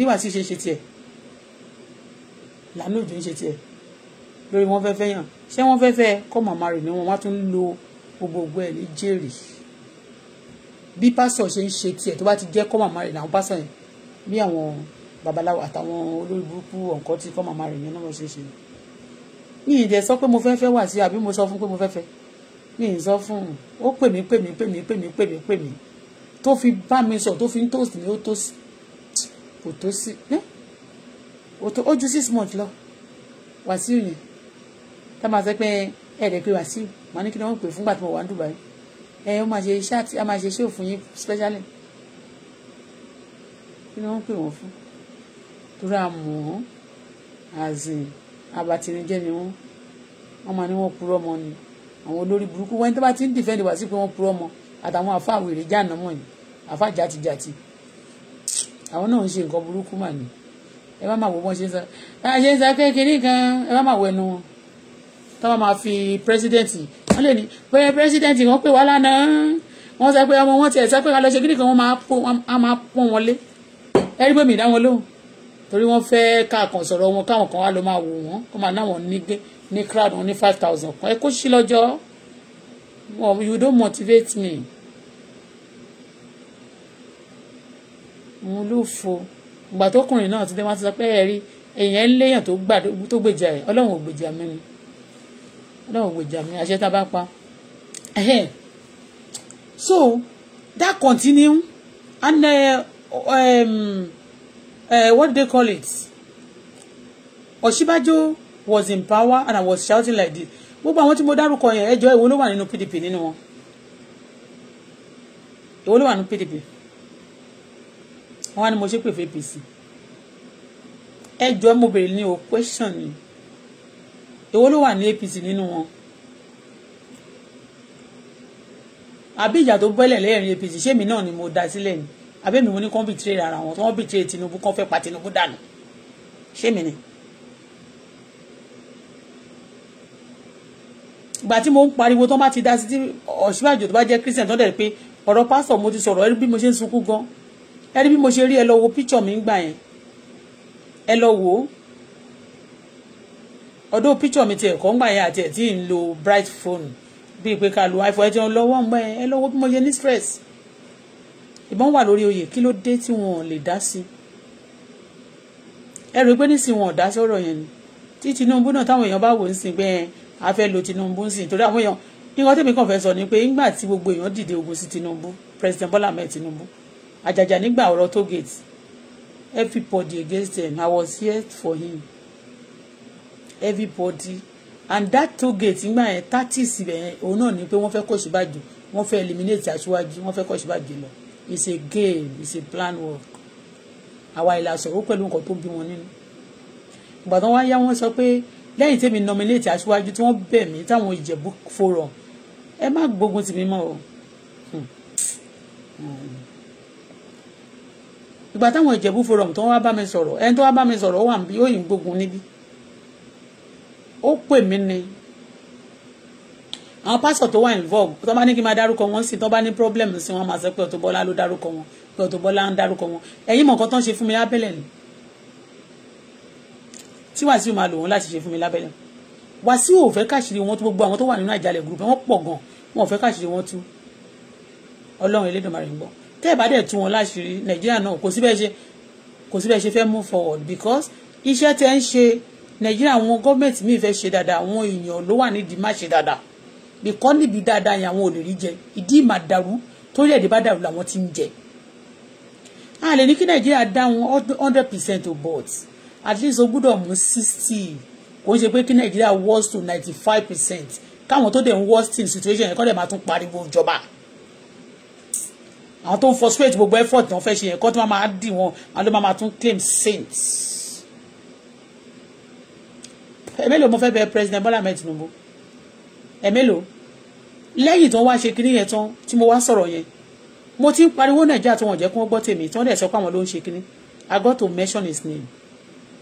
bí wàá sì ṣe ṣe tiẹ̀ lànà òjò ń ṣe tiẹ̀ lórí wọn fẹ́ fẹ́ yàn ṣé wọ́n fẹ́ fẹ́ kọ́ màmá rẹ̀ ni wọ́n wá tún lo gbogbogbò ẹ̀ ní jèrè bí pásọ̀ ṣe ń ṣe tiẹ̀ tó bá ti jẹ́ kọ́ màmá rẹ̀ làwọn pásọ̀ yẹn bí àwọn babaláwo àtàwọn olórí burúkú ọ̀nkọ́ ti kọ́ màmá rẹ̀ yẹn náà ṣe ṣe mi ì dẹ̀ sọ pé mo fẹ́ fẹ́ wà sí àbí mo sọ fún pé mo fẹ́ fẹ́ mi ì sọ fún un ó pè mí pè mí pè mí pè mí pè mí pè mí tó fi bá mi sọ tó fi ń tóòsì ní ó tóòsì kò tó sí ó ju six months lọ Wàsíù yẹn tá a máa sọ pé ẹ̀ẹ́dẹ̀ pé Wàsíù màá ní kí ni wọ́n pè fúngbà tí mo wà ní Dubai ẹ ó máa ṣe iṣẹ́ àti a máa ṣe iṣẹ́ òfin yín specially kí ni wọ́n pè wọ́n fún torí a mọ̀ wọ́n àzìn abatìrìnjẹ́ ni wọ́n wọ́n máa ní wọ́n purọ́ mọ́ ni àwọn olórí burúkú wọ́n ní tó bá ti ń dìfẹ́ǹdì Wàsíù pé wọ́n purọ́ mọ́ àtàwọn àfa àwèrè jáàná mọ́ ni àfa àwọn náà ń ṣe nǹkan burúkú mà ní ẹ bá máa wo bọ́n ṣe ń sọ ẹ ṣe ń sọ kékeré gan ẹ bá máa wo ẹnu wọn tó bá máa fi pírẹsidẹ́ǹtì wọ́n lè ní bẹ́ẹ̀ pírẹsidẹ́ǹtì wọ́n pè wá lánàá wọ́n sọ pé ọmọ wọn tiẹ̀ sọ pé wọn lọ ṣe kíni kan wọ́n máa pọ́n wọn lé ẹ rí bómi ìdáwọn lóhùn torí wọ́n fẹ́ káàkan sọ̀rọ̀ wọn káwọn kan wá lọ máa wò wọ́n kó máa náwọn ní crowd wọn ní five thousand kan ẹ kó sí lọ́jọ́ you don't motivate me. òun ló fo ìgbà tókùnrin náà ti dé wọn ti sọ pé ẹ rí èèyàn ń léèyàn tó gbà tó gbèjà ẹ ọlọ́run ò gbèjà mi ni ọlọ́run ò gbèjà mi àṣẹ tá a bá pa so that continue and uh, um, uh, what they call it Ọ̀ṣínbàjò was in power and I was shouting like this gbogbo àwọn tí mo dárúkọ yẹn ẹjọ́ ìwo ló wà nínú PDP nínú wọn ìwo ló wà nínú PDP wọn á ní mo ṣe pè fún APC ẹ jọ mo bèrè ní o question ni èwo ló wà ní APC nínú wọn àbí ìjà tó bọ́lẹ̀ lẹ́yìn APC ṣé èmi náà ni mo dá sílẹ̀ ni àbí èmi mo ní kán bìtìrè ara wọn tí wọ́n bìtìrè Tinubu kán fẹ́ pa Tinubu dànù ṣé èmi ni. ìgbà tí mo ń pariwo tó bá ti dá sí tí tó bá jẹ́ Christian tó dẹ̀ pé ọ̀rọ̀ pásítọ̀ mo ti sọ̀rọ̀ bí mo ṣe ń sunkún gan-an ẹ rí bí mo ṣe rí ẹ lọ wo picture mi gbà yẹn ẹ lọ wò ó ọdún picture mi ti ẹ̀kọ́ gbà yẹn àti ẹ̀ tí ń lo bright phone bíi pé ká lo iphone ẹ ti ń lọ́wọ́ ń bẹ́ ẹ lọ́wọ́ bí mo ṣe ní stress ìbọn wà lórí oyè kí ló dé tí wọn ò lè dá sí ẹ rò pé nísìnyí wọn ò dá sọ̀rọ̀ yẹn ni tí Tinubu náà táwọn èèyàn bá wò ń sìn pé a fẹ́ lo Tinubu ń sìn torí àwọn èèyàn nǹkan tèmi kàn fẹ́ sọ ni pé ńgbà tí gbogbo èèyàn dìde ogun sí Tinubu President Bola Ahmed Tinubu àjàjà nígbà ọ̀rọ̀ tó gate everybody against him i was here for him everybody and that two gate nígbà yẹn tactics yẹn òun náà ni pé wọ́n fẹ́ kó Ọ̀ṣínbàjò wọ́n fẹ́ eliminate aṣíwájú wọ́n fẹ́ kó Ọ̀ṣínbàjò lọ it's a game it's a plan work àwa ìlà sọ̀rọ̀ pẹ̀lú nǹkan tó bí wọn nínú ìgbà tó wá yá wọn sọ pé lẹ́yìn tèmi nominate aṣíwájú tí wọ́n bẹ̀ mí táwọn ìjẹ̀bú forum ẹ má gbógun tì mí o. Hmm. Hmm ìgbà táwọn ìjẹ̀bú forum tó wá bá mi sọ̀rọ̀ ẹni tó wá bá mi sọ̀rọ̀ ó wà níbi ó yìn gbógun níbí ó pè mí ni àwọn pásọ̀ tó wà involve tó bá ní kí n máa dárúkọ wọn sí tó bá ní problem sí wọn máa sọ pé Auto Bola ló dárúkọ wọn pé Auto Bola ń dárúkọ wọn ẹ̀yin mọ̀ nǹkan tó ń ṣe fún mi lábẹ́lẹ̀ ni tí Wàsíù máa lò wọn láti ṣe fún mi lábẹ́lẹ̀ Wàsíù ò fẹ́ káṣírí wọn tó gbogbo àwọn tó wà nínú àjálẹ̀ group wọn pọ̀ gan wọn ò fẹ́ káṣírí wọn tú Ọlọ́run Elédùmarè ń gbọ́ tẹ́ ẹ̀ bá dẹ̀ tú wọn láṣìírí nàìjíríà náà kò síbẹ̀ ṣe kò síbẹ̀ ṣe fẹ́ move forward because iṣẹ́ tẹ́ ń ṣe nàìjíríà àwọn gọ́ọ̀mẹ̀ntì míì fẹ́ ṣe dáadáa àwọn èèyàn ló wà nídìí má ṣe dáadáa bìkọ́ níbi dáadáa yẹn àwọn ò lè rí jẹ ìdí ìmà dàrú torí ẹ̀dẹ̀ bá dàrú làwọn ti ń jẹ. a lè ní kí nàìjíríà dáhùn hundred percent of votes at least o gbúdọ̀ mú sixty kò ń ṣe pé kí nàìjíríà worst to ninety five percent káwọn tó dẹ̀ ń worst in situation yẹn kọ́ dẹ̀ máa tún pariwo ìjọba àwọn tó ń frustrate gbogbo effort tí wọ́n fẹ́ ṣe yẹn kọ́ tí wọ́n máa dì wọ́n àwọn ló máa tún claim saints. ẹ̀mélòó mo fẹ́ bẹ president Bọ́lá Ahmed Tinubu ẹ̀mélòó lẹ́yìn tó ń wá ṣe kinní yẹn tán tí mo wá sọ̀rọ̀ yẹn mo ti ń pariwo Nàìjíríà tí wọ́n jẹ́ kí wọ́n gbọ́ tèmi tí wọ́n dẹ̀ sọ pé àwọn ló ń ṣe kinní I got to mention his name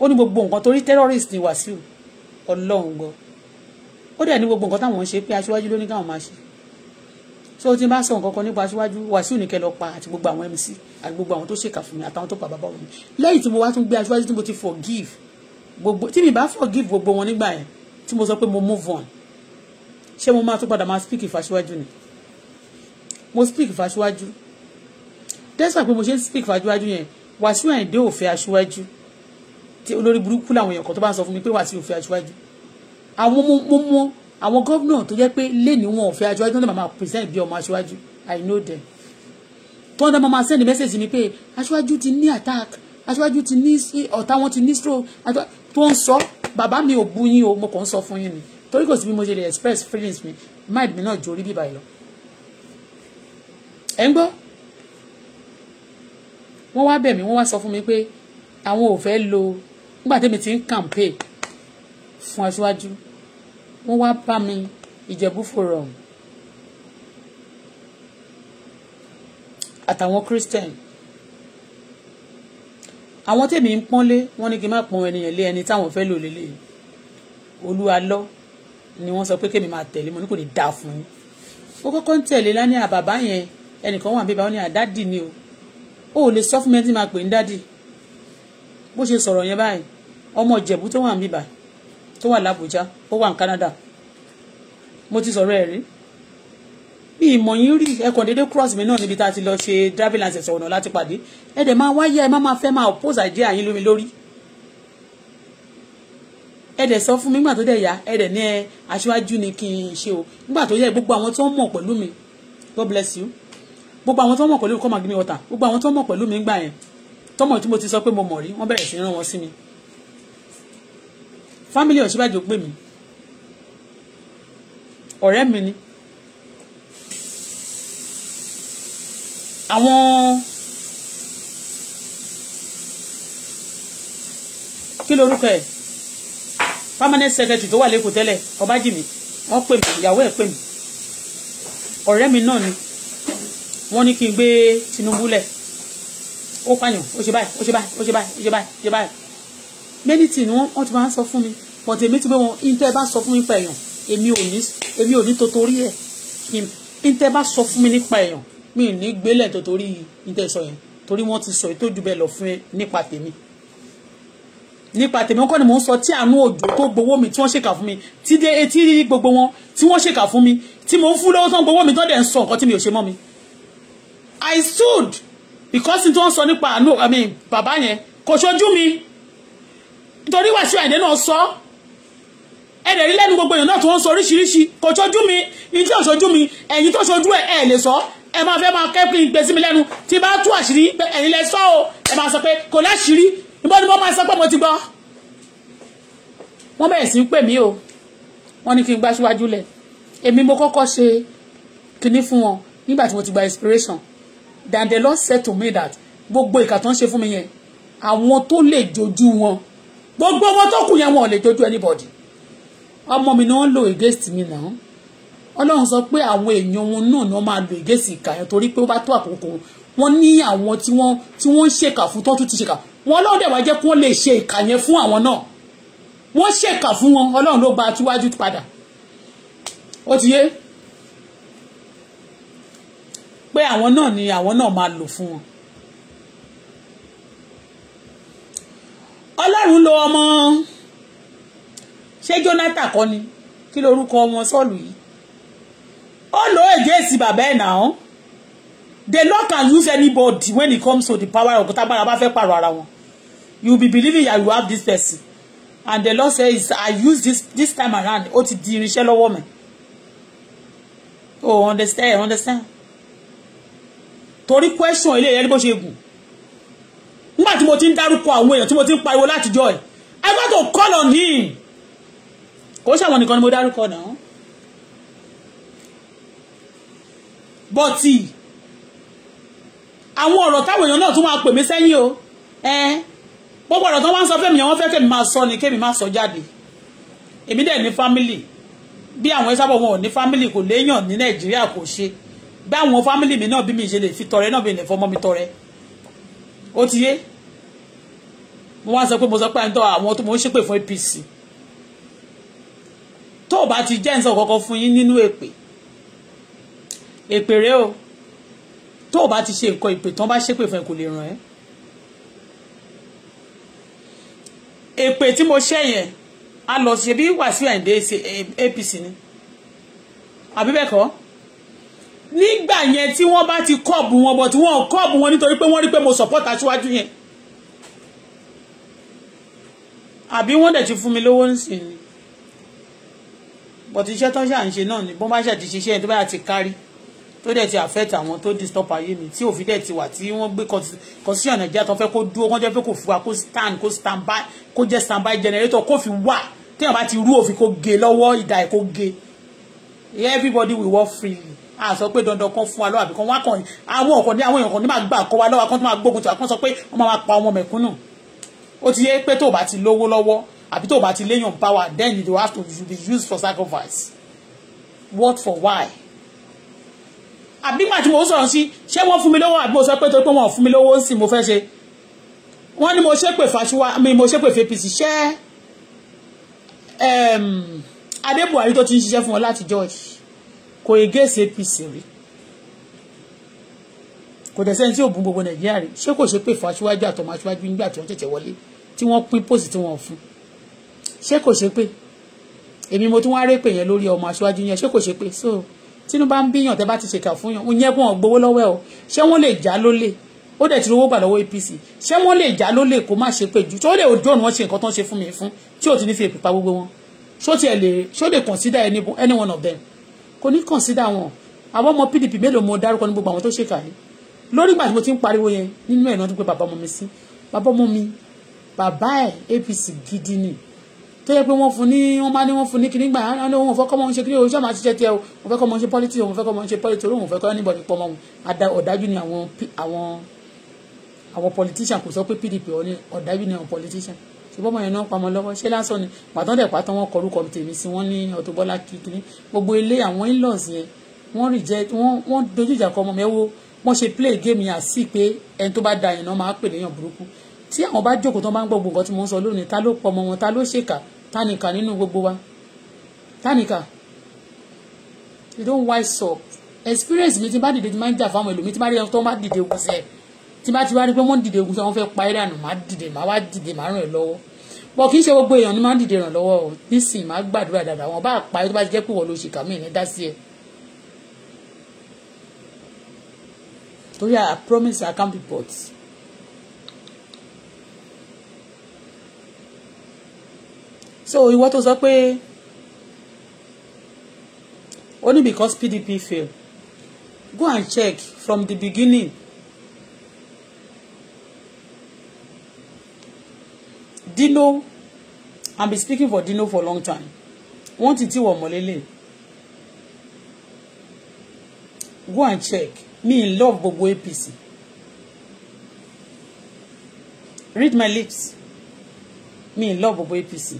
ó ní gbogbo nǹkan torí terrorist ni Wàsíù Ọlọ́run gbọ́ ó dẹ̀ ní gbogbo nǹkan táwọn ń ṣe pé so tí n bá sọ nǹkan kan nípa aṣíwájú wàsíù ní kẹlọ pa àti gbogbo àwọn mc àti gbogbo àwọn tó ṣèkà fún mi àtàwọn tó pa bàbá wọn lẹ́yìn tí mo wá tún gbé aṣíwájú tí mo ti forgive gbogbo tí mi bá forgive gbogbo wọn nígbà yẹn tí mo sọ pé mo move on ṣé mo máa tún padà máa speak ìfàṣíwájú ni mo speak ìfàṣíwájú tẹ́sán pé mo ṣe ń speak ìfàṣíwájú yẹn wàsíù àìdé ò aṣíwájú olórí burúkú làwọn èèyàn kan tó bá sọ fún mi pé wàsíù ò aṣíwájú àwọn mo mo àwọn gómìnà tó jẹ́ pé lẹ́ni wọn ò fẹ́ aṣíwájú tó ń dẹ̀ máa present bí ọmọ aṣíwájú I know them tó ń dẹ̀ máa send message ni pé aṣíwájú ti ní attack aṣíwájú ti ní ọ̀tá wọn ti ní stroke tó ń sọ bàbá mi ò bu yín o mo kàn ń sọ fún yín ni torí kò sí bí mo ṣe lè express feelings mi mind mi náà jórí bíbá yìí lọ ẹ ń gbọ́ wọ́n wá bẹ̀ mí wọ́n wá sọ fún mi pé àwọn ò fẹ́ lo nígbà tẹ́mi ti ń campaign fún aṣíwájú wọ́n wá bá mi ìjẹ̀bú forum àtàwọn christian àwọn tèmi ń pọ́nlé wọ́n ní kí n má pọ́n ẹnìyàn lé ẹni táwọn fẹ́ lò lélẹ̀ olúwa lọ ni wọ́n sọ pé kémi máa tẹ̀lé mo ní kò ní dáa fún un ó kọ́kọ́ ń tẹ̀lé lání àbàbá yẹn ẹnìkan wà bíbá ó ní àdádì ni o ó lè sọ fún mi ẹni tí máa pè ń dádì bó ṣe sọ̀rọ̀ yẹn báyìí ọmọ ìjẹ̀bú tó wà bíbá yìí tó wà lábújá ó wà ní Canada mo ti sọ̀rọ̀ ẹ̀ rí bí ìmọ̀ yín rí ẹkọ̀ déédé cross mi náà níbi tá a ti lọ ṣe driving license ọ̀nà láti pàdé ẹ dẹ̀ máa wáyé ẹ má máa fẹ́ máa oppose idea yín lómi lórí ẹ dẹ̀ sọ fún mi nígbà tó dẹ̀ yá ẹ dẹ̀ ní ẹ aṣíwájú ni kí n ṣe o nígbà tó yẹ gbogbo àwọn tó ń mọ̀ pẹ̀lú mi God bless you gbogbo àwọn tó mọ̀ pẹ̀lú mi come and give me water gbogbo àwọn tó mọ̀ pẹ̀lú mi ń gbà yẹn tọmọ tí mo ti sọ pé mo mọ̀ rí wọ́n bẹ̀rẹ̀ sí rán wọn sí mi family Ọ̀ṣínbàjò pè mí ọ̀rẹ́ mi ni àwọn kí lorúkọ ẹ̀ permanent secretary tó wà lẹ́kọ̀ọ́ tẹ́lẹ̀ ọbájìmí wọ́n pè mí ìyàwó ẹ̀ pè mí ọ̀rẹ́ mi náà ni wọ́n ní kí n gbé Tinubu lẹ̀ ó pààyàn ó ṣe báyìí ó ṣe báyìí ó ṣe báyìí ó ṣe báyìí ó ṣe báyìí many things wọ́n ti máa ń sọ fún mi but èmi ti pé wọn ntẹ́ bá sọ fún mi nípa èèyàn èmi ò ní èmi ò ní totori ẹ̀ ntẹ́ bá sọ fún mi nípa èèyàn mi ò ní gbélẹ̀ totori ntẹ́ sọ yẹn torí wọ́n ti sọ èyí tó ju bẹ́ẹ̀ lọ fún ẹ nípa tèmi nípa tèmi kọ́ ni mò ń sọ tí àánú òjò tó gbowó mi tí wọ́n ṣèkà fún mi tí dé etí rí gbogbo wọn tí wọ́n ṣèkà fún mi tí mò ń fún lọ́wọ́ tán gbowó mi tó dẹ̀ ń sọ nǹkan tí mi ò ṣe mọ́ mi. I stood because n tó ń sọ nípa àánú I mean bàbá yẹn kò ṣojú mi nítorí Wàsíù náà sọ ẹ̀rẹ̀ rí lẹ́nu gbogbo èèyàn náà tí wọ́n ń sọ oríṣiríṣi kò ṣojú mi ìdí òṣojú mi ẹ̀yin tó ṣojú ẹ̀ ẹ̀ lè sọ ẹ máa fẹ́ máa kẹ́kìn gbé sí mi lẹ́nu tí bá tú àṣírí ẹ̀yin lẹ sọ o ẹ máa sọ pé kò láṣìírí ìbọn ni mo máa sọ pé mo ti gbọ́. wọ́n bẹ̀rẹ̀ sí ń pè mí o wọ́n ní kí n gbá síwájú lẹ̀ èmi mo kọ́kọ́ ṣe kinní fún wọn nígbà tí mo ti gba inspiration then the Lord said to me that gbogbo ìkà tó ń ṣe fún mi yẹn àwọn tó lè jojú wọn gbogbo wọn tó kù yẹn wọn ò lè jojú anybody ọmọ mi náà ń lò against mi náà ọlọ́run sọ pé àwọn èèyàn wọn náà ni wọ́n máa lò against ìkà yẹn torí pé ó bá tó àkókò wọn ní àwọn tí wọ́n tí wọ́n ń ṣèkà fún tó tún ti ṣèkà wọn ọlọ́run dẹ̀ wá jẹ́ kí wọ́n lè ṣe ìkà yẹn fún àwọn náà wọ́n ṣèkà fún wọn ọlọ́run ló gba aṣíwájú padà ó ti yé pé àwọn náà ni àwọn náà máa lò fún wọn. ọlọ́run lo ọmọ ṣé Jonathan kọ́ ni kí lorúkọ wọn sọ́ọ̀lù yìí ó lò ó èdè èsì bàbá ẹ̀ náà the law can use anybody when it comes to the power of tágbára bá fẹ́ pààrọ̀ ara wọn you be believing that you have this person and the Lord says I use this this time around ó ti di irinṣẹ́ lọ́wọ́ mi oh understand understand torí question ilé ìyẹn ní bó ṣe gùn nígbà tí mo ti ń dárúkọ àwọn èèyàn tí mo ti ń pariwo látijọ́ ẹ̀ I want to call on him kò ṣàwọn nìkan ni mo dárúkọ náà bọ́tì àwọn ọ̀rọ̀ táwọn èèyàn náà tún máa pè mí sẹ́yìn o gbogbo ọ̀rọ̀ tó wá ń sọ fẹ́mi yẹn wọ́n fẹ́ kẹ́mi máa sọ ni kẹ́mi máa sọ jáde èmi dẹ̀ ní fámìlì bí àwọn ẹ̀sábọ̀ wọn ò ní fámìlì kò léèyàn ní nàìjíríà kò ṣe bí àwọn fámìlì mi náà bí mi ṣe lè fi tọrẹ náà bí lè fọmọ mi tọrẹ ó ti yé mo wá sọ pé mo sọ pé àwọn tó mo ń ṣépè fún APC tó o bá ti jẹ́ nsọ kọ́kọ́ fún yín nínú èpè èpè rẹ o tó o bá ti ṣe nǹkan èpè tán bá ṣépè fún ẹ kò lè ràn ẹ́ èpè tí mo ṣe yẹn a lọ ṣe bí Wàsíù Àyìndé APC ni àbí bẹ́ẹ̀ kọ́ nígbà yẹn tí wọ́n bá ti kọ́ọ̀bù wọn bọ̀ tí wọ́n kọ́ọ̀bù wọn nítorí pé wọ́n rí pé mo support aṣíwájú yẹn àbí wọ́n dẹ̀ ti fún mi lówó nísìnyí bọ̀tí iṣẹ́ tó ń ṣà ń ṣe náà ni bọ́n bá ṣe ti ṣiṣẹ́ yẹn tó bá ti kárí tó dẹ̀ ti affect àwọn tó disturb ayé mi tí òfin dẹ̀ ti wà tí wọ́n gbé constitution nàìjíríà tó fẹ́ kó dúró wọ́n jẹ́ pé kò fún wa kó stand kó stand by kó jẹ́ stand by generator kó fi wà téèyàn bá ti rú òfin kó ge lọ́wọ́ ìdá ẹ̀ kó ge everybody will work freely a sọ pé dandan kan fún wa lọ́wọ́ àbí kan wá kàn àwọn ọ̀kan ní àwọn èèyàn kan ní máa gbà kọ́ wa lọ́wọ́ kan tó máa gbógun tó àkàn sọ pé wọ́n máa pa ọmọ mẹ̀kúnnù ó ti yẹ pé tó o bá ti lówó lọ́wọ́ àbí tó o bá ti léyàn power then you have to be used for sacrifice what for why àbí màá mo sọ̀rọ̀ sí ṣé wọ́n fún mi lówó àbí mo sọ pé torí pé wọ́n fún mi lówó ń mo fẹ́ ṣe wọ́n ní mo ṣépè fàṣíwá mi mo ṣépè fapc ṣẹ́ um, adé buhari tó ti ń ṣiṣẹ́ fún wọn láti george kò against apc rí kò dẹ̀ sẹ́ni tí ò bú gbogbo nàìjíríà rí ṣé kò ṣépè fàṣíwájú àtọmọ aṣíwájú nígbà tí wọ́n tẹ̀tẹ̀ wọlé tí wọ́n pín pósì tí wọ́n fún un ṣé kò ṣe pé èmi mo tún wá rè pè yẹn lórí ọmọ aṣáájú yẹn ṣé kò ṣe pé so tinubu bá ń bíyàn tẹ bá ti ṣèkà fún yàn òun yẹ kó wọn gbowó lọ́wọ́ ẹ o ṣé wọ́n lè já lólè ó dẹ̀ ti rówó gbà lọ́wọ́ APC ṣé wọ́n lè já lólè kó má ṣe pé jù tó lè ojú ọ̀nà wọn ṣe nǹkan tó ń ṣe fún mi fún tí ò ti ní fi èpè pa gbogbo wọn ṣó tiẹ̀ lè ṣó lè consider any, any one of them kò ní consider wọn àwọn ọmọ PDP mélòó mo dárúkọ ní gbogbo àwọn tó ṣèkà yìí lórí ìgbà tí mo ti ń pariwo yẹn nínú ẹ̀ náà tó pé bàbá ọmọ mi sí bàbá ọmọ mi bàbá ẹ̀ APC gidi ni tó yẹ pé wọ́n fún ní wọ́n máa ní wọ́n fún ní kí nígbà yẹn wọ́n fẹ́ kọ́ mọ́ ń ṣe kí ní oṣù àmà ṣiṣẹ́ tiẹ̀ o wọ́n fẹ́ kọ́ ń ṣe pọ́lítì òun fẹ́ kọ́ ń ṣe pọ́lítì òun fẹ́ kọ́ anybody pọ́ mọ́ wọn ọ̀dájú ni àwọn àwọn àwọn politician kò sọ pé PDP ọ̀dájú ni àwọn politician ìbọ́mọ yẹn náà pamọ́ lọ́wọ́ ṣé lásán ni pàtọ́ndẹ̀ pàtọ́ wọn kọrúkọ tèmi sí wọn ní Auto Bola kìkìní gbogbo ilé reject wọ́n wọ́n dojú ìjà kọ play game yẹn àsì pé ẹni tó bá da yẹn náà máa pè léyàn burúkú tí àwọn tánìkà nínú gbogbo wa tánìkà you don't wise up experience mi tí n bá dìde tí n máa ń jà fáwọn èlò mi tí n bá rí ẹni tó máa dìde ogun sí ẹ tí n bá ti wá rí pé wọ́n dìde ogun sí ẹ wọ́n fẹ́ pa ẹ́ dànù máa dìde máa wá dìde máa ràn ẹ́ lọ́wọ́ bọ́ kì í ṣe gbogbo èèyàn ni máa ń dìde ràn lọ́wọ́ o nísìnyí máa gbàdúrà dáadáa wọn bá pa ẹ́ tó bá ti jẹ́ pé wọ́n lo ṣìkà mí ní dá sí ẹ. torí I promise I can't be bought. so ìwọ tó sọ pé only because PDP fail go and check from the beginning Dino i been speaking for Dino for long time wọ́n ti tí wọ̀ mọ́lélẹ̀ go and check me in love gbogbo APC read my lips me in love gbogbo APC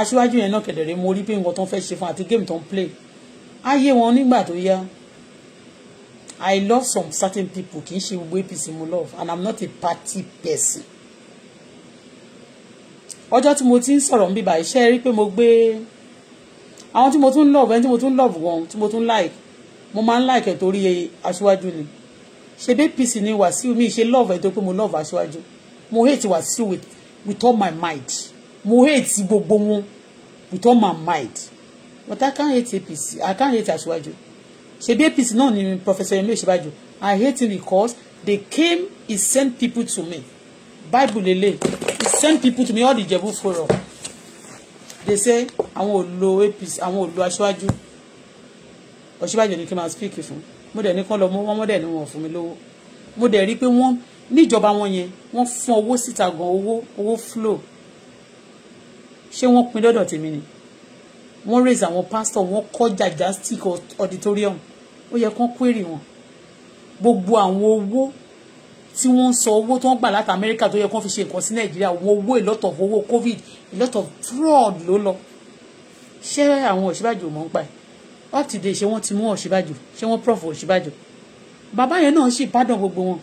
aṣíwájú yẹn náà kẹ̀dẹ̀rẹ́ mo rí pé nǹkan tó ń fẹ́ ṣe fún àti game tó ń play ayé wọn nígbà tó yá I love some certain people kì í ṣe gbogbo APC mo love and I'm not a party person ọjọ́ tí mo ti ń sọ̀rọ̀ níbi báyìí ṣe é rí pé mo gbé àwọn tí mo tún love ẹni tí mo tún love wọn tí mo tún like mo máa ń like ẹ̀ torí aṣíwájú ni ṣebí APC ni Wàsíù mi ṣe love ẹ̀ tó pé mo love aṣíwájú mo hate Wàsíù with, with all my might mo hate gbogbo wọn with all my mind but I can't hate APC I can't hate Aṣíwájú ṣebí APC náà ni Professor Yemi Oṣíbàjò I hate him because they came he sent people to me Bible lele he sent people to me all the Jebu forum they say àwọn ò lo APC àwọn ò lo Aṣíwájú Oṣíbàjò ni kí n máa speak fún mo dẹ̀ ní kán lọ mọ́ wọ́n mọ́ dẹ̀ ní wọn fún mi lówó mo dẹ̀ rí i pé wọ́n níjọba wọn yẹn wọ́n fún owó síta gan owó owó flow ṣé wọ́n pin dọ́dọ̀ tèmi ni wọ́n raise àwọn pastor wọ́n kọ́ jajastic auditorium ó yẹ kán query wọn gbogbo àwọn owó tí wọ́n ń sọ owó tó ń gbà láti Amẹ́ríkà tó yẹ kán fi ṣe nǹkan sí Nàìjíríà àwọn owó a lot of owó COVID a lot of fraud ló lọ ṣé àwọn Ọ̀ṣínbàjò mọ̀ ń pa ẹ̀ up to date ṣé wọ́n ti mú Ọ̀ṣínbàjò ṣé wọ́n prof Ọ̀ṣínbàjò bàbá yẹn náà sì bá dàn gbogbo wọn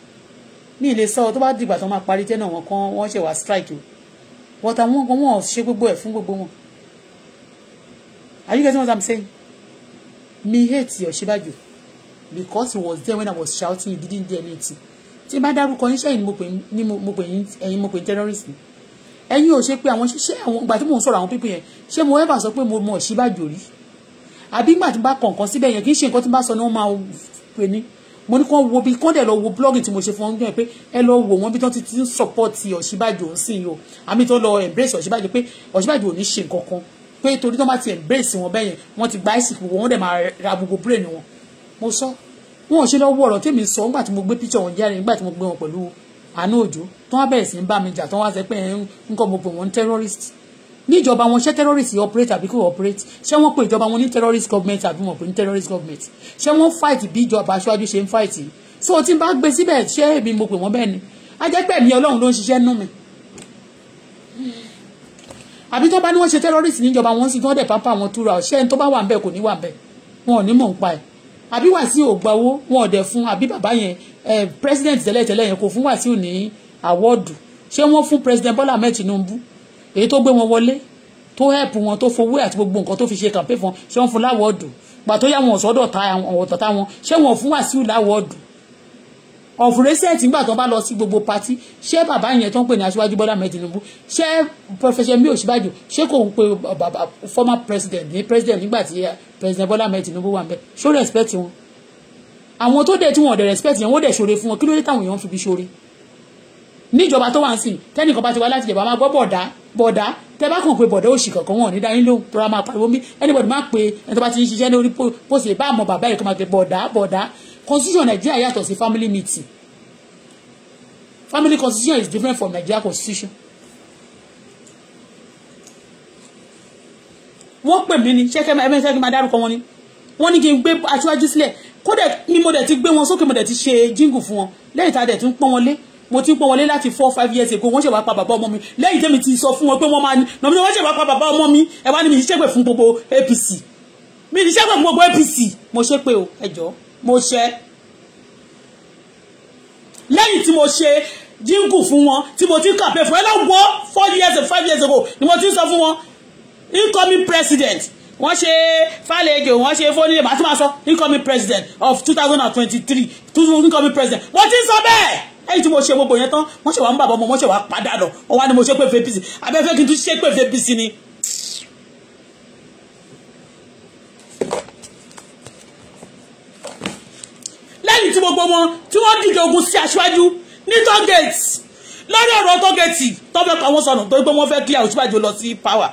ní ilé sọ tó bá dìgbà tó máa parí tẹ́ náà wọn kán wọ́n ṣe wá strike o but àwọn gan wọn ṣe gbogbo ẹ̀ fún gbogbo wọn are you getting what i'm saying me hate Ọ̀ṣínbàjò because he was there when i was shouting he didn't do anything tí bá dárúkọ yín sẹ́yìn ni mo pè yín ẹ̀yin mo pè yín terrorist ẹ̀yin ò ṣe pé àwọn ṣe àwọn ìgbà tí mò ń sọ̀rọ̀ àwọn pípín yẹn ṣé mo ever sọ pé mo mọ Ọ̀ṣínbàjò rí àbí ìgbà tí mo bá kọ̀ọ̀kan síbẹ̀ yẹn kì í ṣe nǹkan tí mo bá sọ ni wọ́n máa pè ní mo ní kàn wo bí kàn dẹ̀ lọ wo blog tí mo ṣe fún ọdún yẹn pé ẹ lọ wo wọn bí tó ti ti ń support Ọ̀ṣínbàjò ń sìn o àmì tó lọ embrace Ọ̀ṣínbàjò pé Ọ̀ṣínbàjò ò ní ṣe nǹkan kan pé torí tó bá ti embrace wọn bẹ́yẹn wọ́n ti gba ẹ̀sìn gbogbo wọ́n dẹ̀ máa ra gbogbo brain wọn mo sọ wọn ò ṣe lọ́wọ́ ọ̀rọ̀ tèmi sọ nígbà tí mo gbé picture wọn jáde nígbà tí mo gbé wọn pẹ̀lú àánú òjò tó wá bẹ̀rẹ̀ sí ń bá mi jà tó wá sẹ pé nǹkan mo pè wọ́n terrorist ní ìjọba wọn ṣé terrorist operate àbí kò operate ṣé wọ́n pè ìjọba wọn ní terrorist government àbí wọ́n pè ní terrorist government ṣé wọ́n fight bí ìjọba aṣáájú ṣe ń fight yìí so tí n bá gbé síbẹ̀ ṣé èmi mo pè wọ́n bẹ́ẹ̀ ni a jẹ́ pẹ̀mí ọlọ́run ló ń ṣiṣẹ́ nú mi àbí tó bá ní wọ́n ṣe terrorist níjọba wọn sì tó dẹ̀ pápá wọn túra ṣé ẹni tó bá wà ń bẹ̀ kò ní wà ń bẹ̀ wọn ò ní mọ̀ ń pa ẹ̀ àbí wàsíù ò gba owó wọn ò dẹ̀ fún àbí bàbá yẹn president tẹ́lẹ̀tẹ́lẹ̀ yẹn kò fún wàsíù ní àwọ́ọ̀dù ṣé wọ́n fún president Bọ́lá Ahmed Tinubu èyí tó gbé wọn wọlé tó help wọn tó fowó àti gbogbo nǹkan tó fi ṣe campaign fún ṣé wọn fún láwọ́ọ̀dù gbà tó yá wọn sọ́dọ̀ ta àwọn tata wọn ṣé wọn fún Wàsíù láwọ́ọ̀dù of recent nígbà tó bá lọ sí gbogbo pati ṣé bàbá yẹn tó ń pè ní aṣíwájú Bọ́lá Ahmed Tinubu ṣé professor mi Ọ̀ṣínbàjò ṣé kò ń pe bàbá former president ní president nígbà tí eh, president Bọ́lá Ahmed Tinubu wà ń bẹ ṣó respect wọn àwọn tó dẹ̀ tí wọn ò dẹ̀ respect yẹn wọ́n dẹ̀ ṣoore fún wọn kí ló dé táwọn èèyàn fi bí ṣoore níjọba tó wà ń sìn tẹ́nìkan bá ti wá láti jẹ̀bá máa gbọ́ bọ̀dá bọ̀dá tẹ bá kàn pé bọ̀dá òsì kankan wọn ò ní dání ló rọra máa pariwo mi anybody máa pe ẹni tó bá ti ń ṣiṣẹ́ lórí pósì bá àmọ́ bàbá yìí kan máa pe bọ̀dá bọ̀dá constitution Nigeria yàtọ̀ sí family meeting family constitution is different from Nigeria constitution. wọ́n pè mí ní ṣẹ́kẹ́ ẹ̀mí ṣẹ́kẹ́ máa dárúkọ wọn ni wọ́n ní kí n gbé aṣáájú sílẹ̀ kódà ni mo dẹ̀ ti gbé wọn sókè mo dẹ̀ ti ṣe jíǹgù fún wọn lẹ́yìn tá a dẹ̀ tún pọ́n wọn lé mo ti ń pọ́n wọlé láti four five years ago wọ́n ṣe wá pa bàbá ọmọ mi lẹ́yìn tẹ́mi ti sọ fún wọn pé wọ́n máa ní nàmínú wọ́n ṣe wá pa bàbá ọmọ mi ẹ wá ní mi ṣépè fún gbogbo APC mi ṣépè fún gbogbo APC mo ṣépè o ẹ jọ̀ọ́ mo ṣe lẹ́yìn tí mo ṣe jíǹkù fún wọn tí mo ti kàpé fún ẹ lọ́wọ́ four years and five years ago ni mo ti sọ fún wọn incoming president wọ́n ṣe fàlẹ́jọ wọ́n ṣe fónílé màá tún máa sọ incoming president of two thousand and twenty-three incoming president mo ti sọ bẹ́ẹ̀ ẹ̀yìn tí mo ṣe gbogbo yẹn tán wọ́n ṣe wá ń bàbá ọmọ wọ́n ṣe wá padà lọ wọ́n wá ní mo ṣe pé fapc abẹ́fẹ́ kí n tún ṣe pé fapc ni. lẹ́yìn tí gbogbo wọn tí wọ́n dìde ogun sí aṣáájú ní tọ́gẹ̀tì lórí ọ̀rọ̀ tọ́gẹ̀tì tọ́fẹ́ kan wọ́n sọnù torí pé wọ́n fẹ́ kí àwùjọ lọ sí power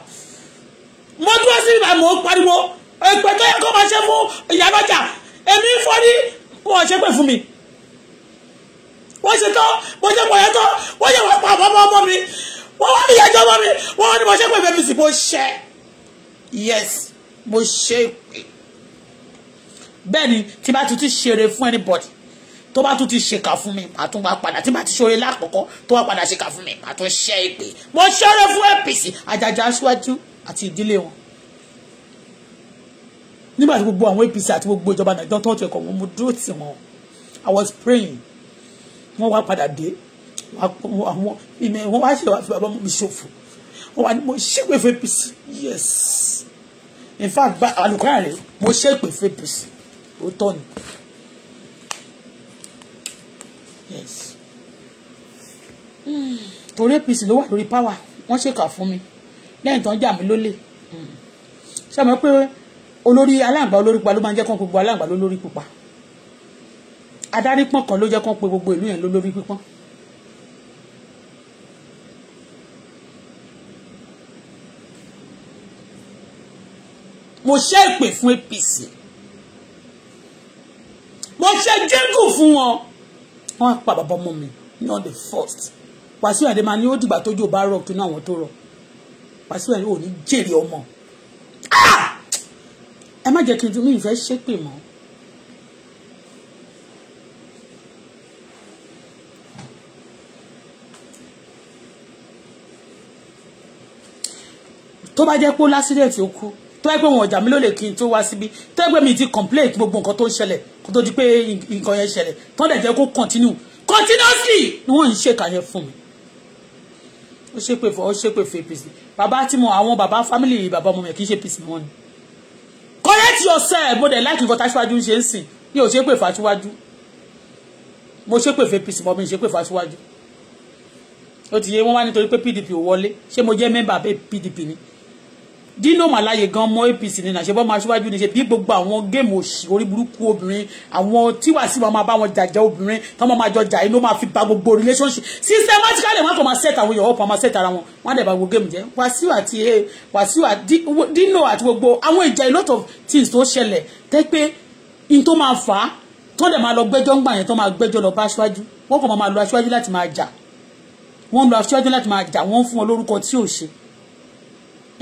mo dúró sí ibà mo pariwo èpè tó yẹ kó máa ṣe fún ìyálọ́jà èmi fọ́ ní wọ́n ṣe pé fún mi wọ́n ṣe tán mo ṣe pọ̀ yẹn tán wọ́n yẹ wọ́n pa àbọ̀mọ́ ọmọ mi wọ́n wá ní ìyàjọ́ ọmọ mi wọ́n wá ní mo ṣe pé bẹ́ẹ̀ mi sì mo ṣẹ́ yes mo ṣe pé bẹ́ẹ̀ ni tí bá tún ti ṣeré fún anybody tó bá tún ti ṣèkà fún mi màá tún wá padà tí bá ti ṣeré lákọ̀ọ́kọ́ tó wá padà ṣèkà fún mi màá tún ṣẹ́ ìpè mo ṣeré fún APC àjàjà aṣíwájú àti ìdílé wọn nígbà tí gbogbo àwọn APC àti gbogbo ìjọba nàìjíríà tó ń tẹ̀kọ̀ wọn mo dúró tì wọn I was praying wọ́n wá padà dé àwọn ìmọ̀ wọ́n wá ṣe wá fi bàbá mi ṣòfò wọ́n wá ní mo ṣépè fún APC yes in fact gba àlùkárà rẹ̀ mo ṣépè fún APC ó tọ́ ni yes torí APC ló wà lórí power wọ́n ṣèkà fún mi lẹ́yìn tó ń jà mí lólè ṣé o mọ̀ pé olórí aláǹgbá olórí pupa ló máa ń jẹ́ kán gbogbo aláǹgbá lólórí pupa adarí pọ̀n kan ló jẹ́ kán pe gbogbo ìlú yẹn lólórí pípọ́n. mo ṣe ìpè fún APC mo ṣe jíngù fún wọn wọn pa bàbá ọmọ mi ní on the first Wàsíù Àdé máa ní ó dìgbà tójú bá rọ kí inú àwọn tó rọ Wàsíù Àdé ò ní jèrè ọmọ ah! ẹ má jẹ́ kí n tún mí ìfẹ́ ṣépè mọ́. tó bá jẹ́ pé ó lásìdẹ̀tì ó kú tó yẹ pé wọn ọjà mi ló lè kí n tó wá síbi tó yẹ pé mi ti complain kí gbogbo nǹkan tó ń ṣẹlẹ̀ kó tó di pé nǹkan yẹn ṣẹlẹ̀ tó dẹ̀ jẹ́ kó continue continuously ni wọ́n ń ṣèkà yẹn fún mi ó ṣépè fún ó ṣépè fún APC bàbá tí mo àwọn bàbá family bàbá ọmọ mi kì í ṣe APC mọ́ ni correct yourself mo dẹ̀ like nǹkan táṣíwájú ṣe ń sìn mi ò ṣépè fún aṣíwájú mo ṣépè fún APC mọ́ mi ṣépè fún aṣíwájú ó ti yé wọn wá nítorí pé PDP ò wọlé ṣé mo jẹ́ mẹ́mbà PDP ni Dino Melaye gan mọ APC ní nàṣẹ bọ́ máa ṣíwájú ní ṣe bí gbogbo àwọn géèmù òṣì orí burúkú obìnrin àwọn tíwà sí máa bá wọn jàjà obìnrin tán máa jọ jà inú máa fi ba gbogbo relationship systematically wọn kò máa set àwọn èèyàn ọ̀pọ̀ máa set ara wọn wọn dẹ̀ bá gbogbo géèmù jẹ́ Wàsíù àti eh, Wàsíù Dino àti gbogbo àwọn ìjà a lot of things tó ṣẹlẹ̀ tẹ́ pé in tó máa fà á tó dẹ̀ máa lọ gbẹ́jọ́ ńgbà yẹn tó máa gbẹ́jọ́ lọ bá aṣáájú wọ́n kàn máa lo aṣáájú láti máa jà wọ́n lo aṣáájú láti máa jà wọ́n fún wọn lórúkọ tí ò ṣe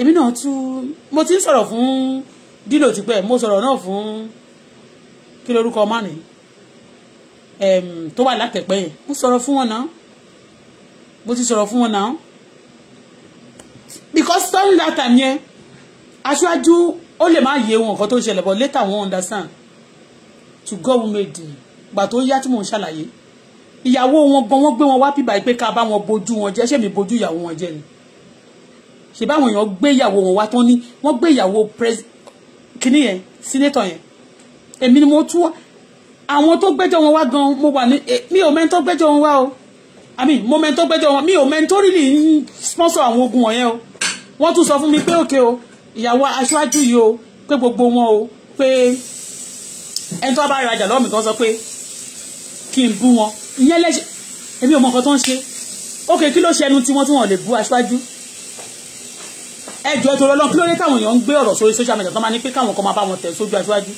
èmi náà tún mo ti ń sọ̀rọ̀ fún dílò tipẹ́ mo sọ̀rọ̀ náà fún kí lorúkọ ọmọ nìyí tó wà látẹ̀pẹ́ yẹn mo sọ̀rọ̀ fún wọn náà mo ti sọ̀rọ̀ fún wọn náà because during that time yẹn aṣáájú ó lè má yé wọn nǹkan tó ń ṣẹlẹ̀ but later wọn understand to God who made the gbà tó yá tí mò ń ṣàlàyé ìyàwó wọn gan wọn gbé wọn wá bíbá pé ká bá wọn bojú wọn jẹ́ ṣé mi bojú ìyàwó wọn jẹ́ ni ṣe báwọn èèyàn gbé ìyàwó wọn wá tán ní wọ́n gbé ìyàwó kíní yẹn sínétọ̀ yẹn èmi ni mo tú àwọn tó gbẹ́jọ́ wọn wá gan mo wà ní eh, mi ò mẹ́ni tó gbẹ́jọ́ wọn wá o i mean mo mẹ́ni tó gbẹ́jọ́ wọn mi ò mẹ́ni tó rí sponsor àwọn ogun wọ̀nyẹn o wọ́n tún sọ fún mi pé òkè o ìyàwó aṣáájú yìí o pé gbogbo wọn o pé ẹni tó bá rajà lọ́mì kan sọ pé kí n bú wọn ìyẹn lẹ́sẹ̀ èmi ò mọ nǹkan tó ń ṣe òkè kí ló ṣe tí wọ́n tún wọn lè bú aṣáájú ẹjọ́ ìtòrò ọlọ́run kí ló dé táwọn èèyàn ń gbé ọ̀rọ̀ sórí social media tó máa ní pé káwọn kan máa bá wọn tẹ̀ sójú aṣáájú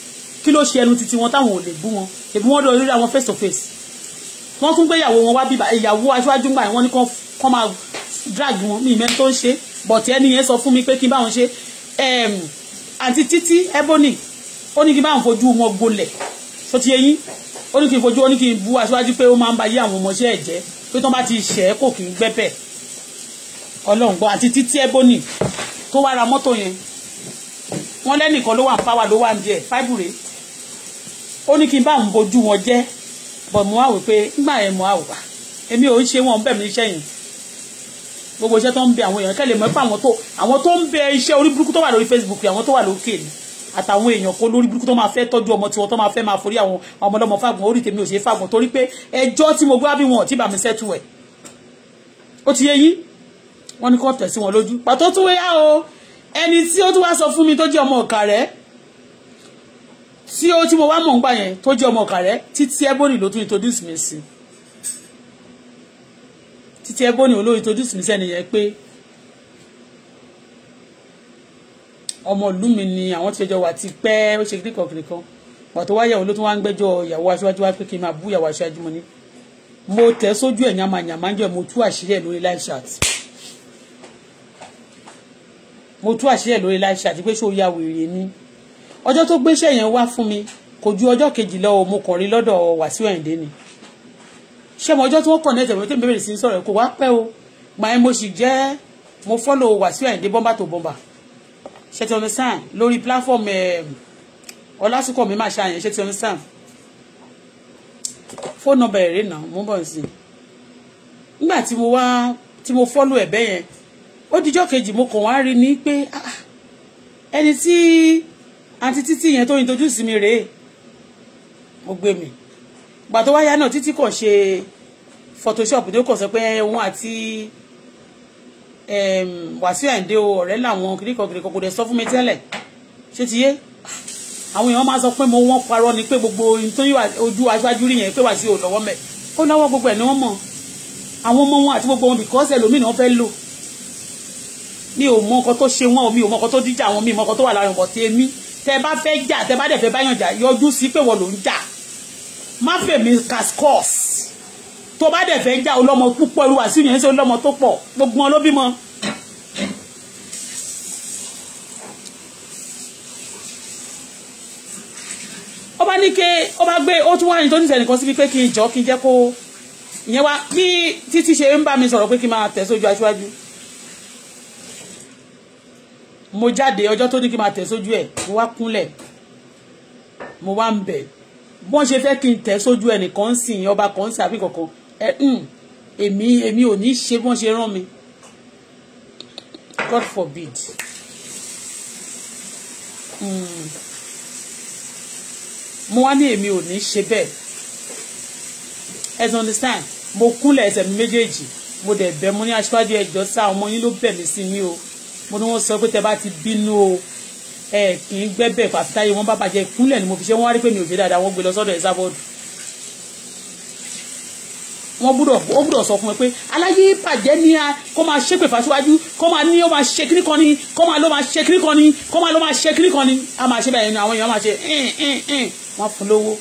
kí ló ṣe ẹnu títí wọn táwọn ò lè bú wọn èbí wọn lọ rí àwọn face to face wọn tún gbé ìyàwó wọn wá bíbá ìyàwó aṣáájú gbà wọn ní kán máa drag wọn mí ìmẹ́ tó ń ṣe bọ̀tí ẹni yẹn sọ fún mi pé kí n bá wọn ṣe àǹtí títí ebony ó ní kí n bá wọn fojú wọn gbolẹ̀ tó ti eyín ó ní kí n fojú ó ní kí n bú aṣáájú pé ó máa ń ba yí àwọn ọmọọṣẹ́ ẹ̀ jẹ́ pé ọlọ́run gbọ́ àti títí ẹ́bọ́nì tó wá ra mọ́tò yẹn wọ́n lẹ́nìkan ló wà ń pàwà ló wà ń díẹ̀ fáìbù rèé ó ní kí n bá ń bojú wọn jẹ́ bọ̀ mo wá wò pé ńgbà yẹn mo wá wò wá èmi ò ń ṣe wọn bẹ̀ iṣẹ́ yẹn gbogbo iṣẹ́ tó ń bẹ àwọn èèyàn kẹ́lẹ̀ mọ́ pé àwọn tó ń bẹ iṣẹ́ orí burúkú tó wà lórí Facebook àwọn tó wà lókè ni àtàwọn èèyàn kó lórí burúkú tó máa fẹ́ tọ́jú ọmọ tiwọn tó máa fẹ́ máa forí àwọn ọmọlọ́mọ fáàgùn orí tèmi ò ṣe é fáàgùn torí pé ẹjọ́ tí mo gbá bí wọn ò tí bàmí sẹ́tù ẹ̀ ó ti yé yín wọ́n ní kó tẹ̀ sí wọn lójú pàtó tún wéyà o ẹni tí ó tún wá sọ fún mi tó jẹ́ ọmọ ọ̀kà rẹ̀ tí ó tí mo wá mọ̀ ń gbà yẹn tó jẹ́ ọmọ ọ̀kà rẹ̀ títí ẹ́bọ̀nì ló tún introduce mi sí títí ẹ́bọ̀nì olóyè introduce mi sẹ́ni yẹn pé ọmọ ìlú mi ni àwọn tí ẹjọ́ wà ti pẹ́ ó ṣe kíríkan kíríkan wà tó wáyà olótó wá ń gbẹ́jọ́ ìyàwó aṣáájú wá pé kí n máa bú ìyàwó aṣáájú mo ní mo tẹ̀ sójú ẹ̀ yàmàyàmá jẹ́ mo tú àṣírí ẹ̀ lórí live chat mo tú àṣírí ẹ̀ lórí láìṣe àti pé ṣé ya wèrè ni ọjọ́ tó gbéṣẹ́ yẹn wá fún mi kò ju ọjọ́ kejì lọ o mo kàn rí lọ́dọ̀ Wàsíù Àyìndé ni ṣé mo ọjọ́ tí wọ́n kàn nẹ́tẹ̀ mo tẹ́ mi bẹ̀rẹ̀ sí sọ̀rọ̀ kò wá pẹ́ o gbà yẹn mo sì jẹ́ mo fọ́lọ̀ Wàsíù Àyìndé bọ́mbà tó bọ́mbà ṣe ti understand lórí platform eh, ọlásùkọ̀ mi máa ṣe àyẹ̀ṣe ti understand fóònù nọ́mbà ẹ̀rẹ́ náà mo bọ̀ sí nígbà tí mo wá tí mo fọ́lọ̀ ẹ̀bẹ́ yẹn ó dijọ́ kejì mo kàn wá rí ni pé ah, ah, ẹni tí àǹtí títí yẹn tó introduce mi rèé mo gbé mi gbà tó wáyá náà títí kàn ṣe photoshop tó kàn sọ pé òun àti wàsíù àìndé o ọ̀rẹ́ làwọn kìrìkọ̀ kìrìkọ̀ kò dẹ̀ sọ fún mi tẹ́lẹ̀ ṣé ti yé ah, àwọn èèyàn máa sọ pé mo wọ́n parọ́ ni pé gbogbo nítorí ojú aṣáájú rí yẹn pé wàsíù ò lọ́wọ́ mẹ́ ó náwó gbogbo ẹ̀ ni wọ́n mọ̀ àwọn ọmọ wọn àti gbogbo wọn bìkọ́sẹ̀ lómìnà fẹ́ lò mi ò mọ nǹkan tó ṣe wọn o mi ò mọ nǹkan tó díjà wọn mi ò mọ nǹkan tó wà lára wọn tẹ mí tẹ bá fẹ́ jà tẹ bá dẹ̀ fẹ́ báyàn jà yọjú sí pé wọ́n ló ń jà má fèmí cascos tó bá dẹ̀ fẹ́ jà ọlọ́mọ púpọ̀ olúwa sí yẹn ń ṣe ọlọ́mọ tó pọ̀ gbogbo wọn ló bímọ. ó bá ní ké ó bá gbé ó tún wá ní tó nífẹ̀ẹ́ nìkan síbi pé kí n jọ kí n jẹ́ kó ìyẹn wá bí títí ṣe ń bá mi sọ̀rọ̀ pé kí n máa tẹ̀ sójú aṣáájú mo jáde ọjọ́ tó ní kí n máa tẹ̀ sójú ẹ̀ mo wá kúnlẹ̀ mo wá ń bẹ̀ bọ́n ṣe fẹ́ kí n tẹ̀ sójú ẹ̀ nìkan ń sìn ọba kan ń sìn àbí kankan ẹ hmm, èmi èmi ò ní ṣe bọ́n ṣe rán mi God forbid. Mm. mo wá ní èmi ò ní ṣe bẹ́ẹ̀ ẹ ti understand mo kúnlẹ̀ ẹsẹ̀ mi méjèèjì mo dẹ̀ bẹ̀ mo ní aṣáájú ẹjọ́ sá ọmọ yín ló bẹ̀ mí sí mi o mo ní wọ́n sọ pé tẹ bá ti bínú o ẹ kì í gbẹ́bẹ̀ pàṣẹ táyé wọ́n bá bàjẹ́ ìkúnlẹ̀ ni mo fi ṣe wọ́n wá rí pé mi ò ṣe dáadáa wọ́n gbé lọ sọ́dọ̀ ẹ̀ sábọ́ọ̀dù wọ́n gbúdọ̀ wọ́n gbúdọ̀ sọ fún mi pé aláyé bàjẹ́ ní a kó máa ṣépè fàṣíwájú kó máa ní ó máa ṣe kíní kan ni kó máa ló máa ṣe kíní kan ni kó máa ló máa ṣe kíní kan ni a máa ṣe bẹ́ẹ̀ ni àwọn èèyàn máa ṣe wọ́n fún lówó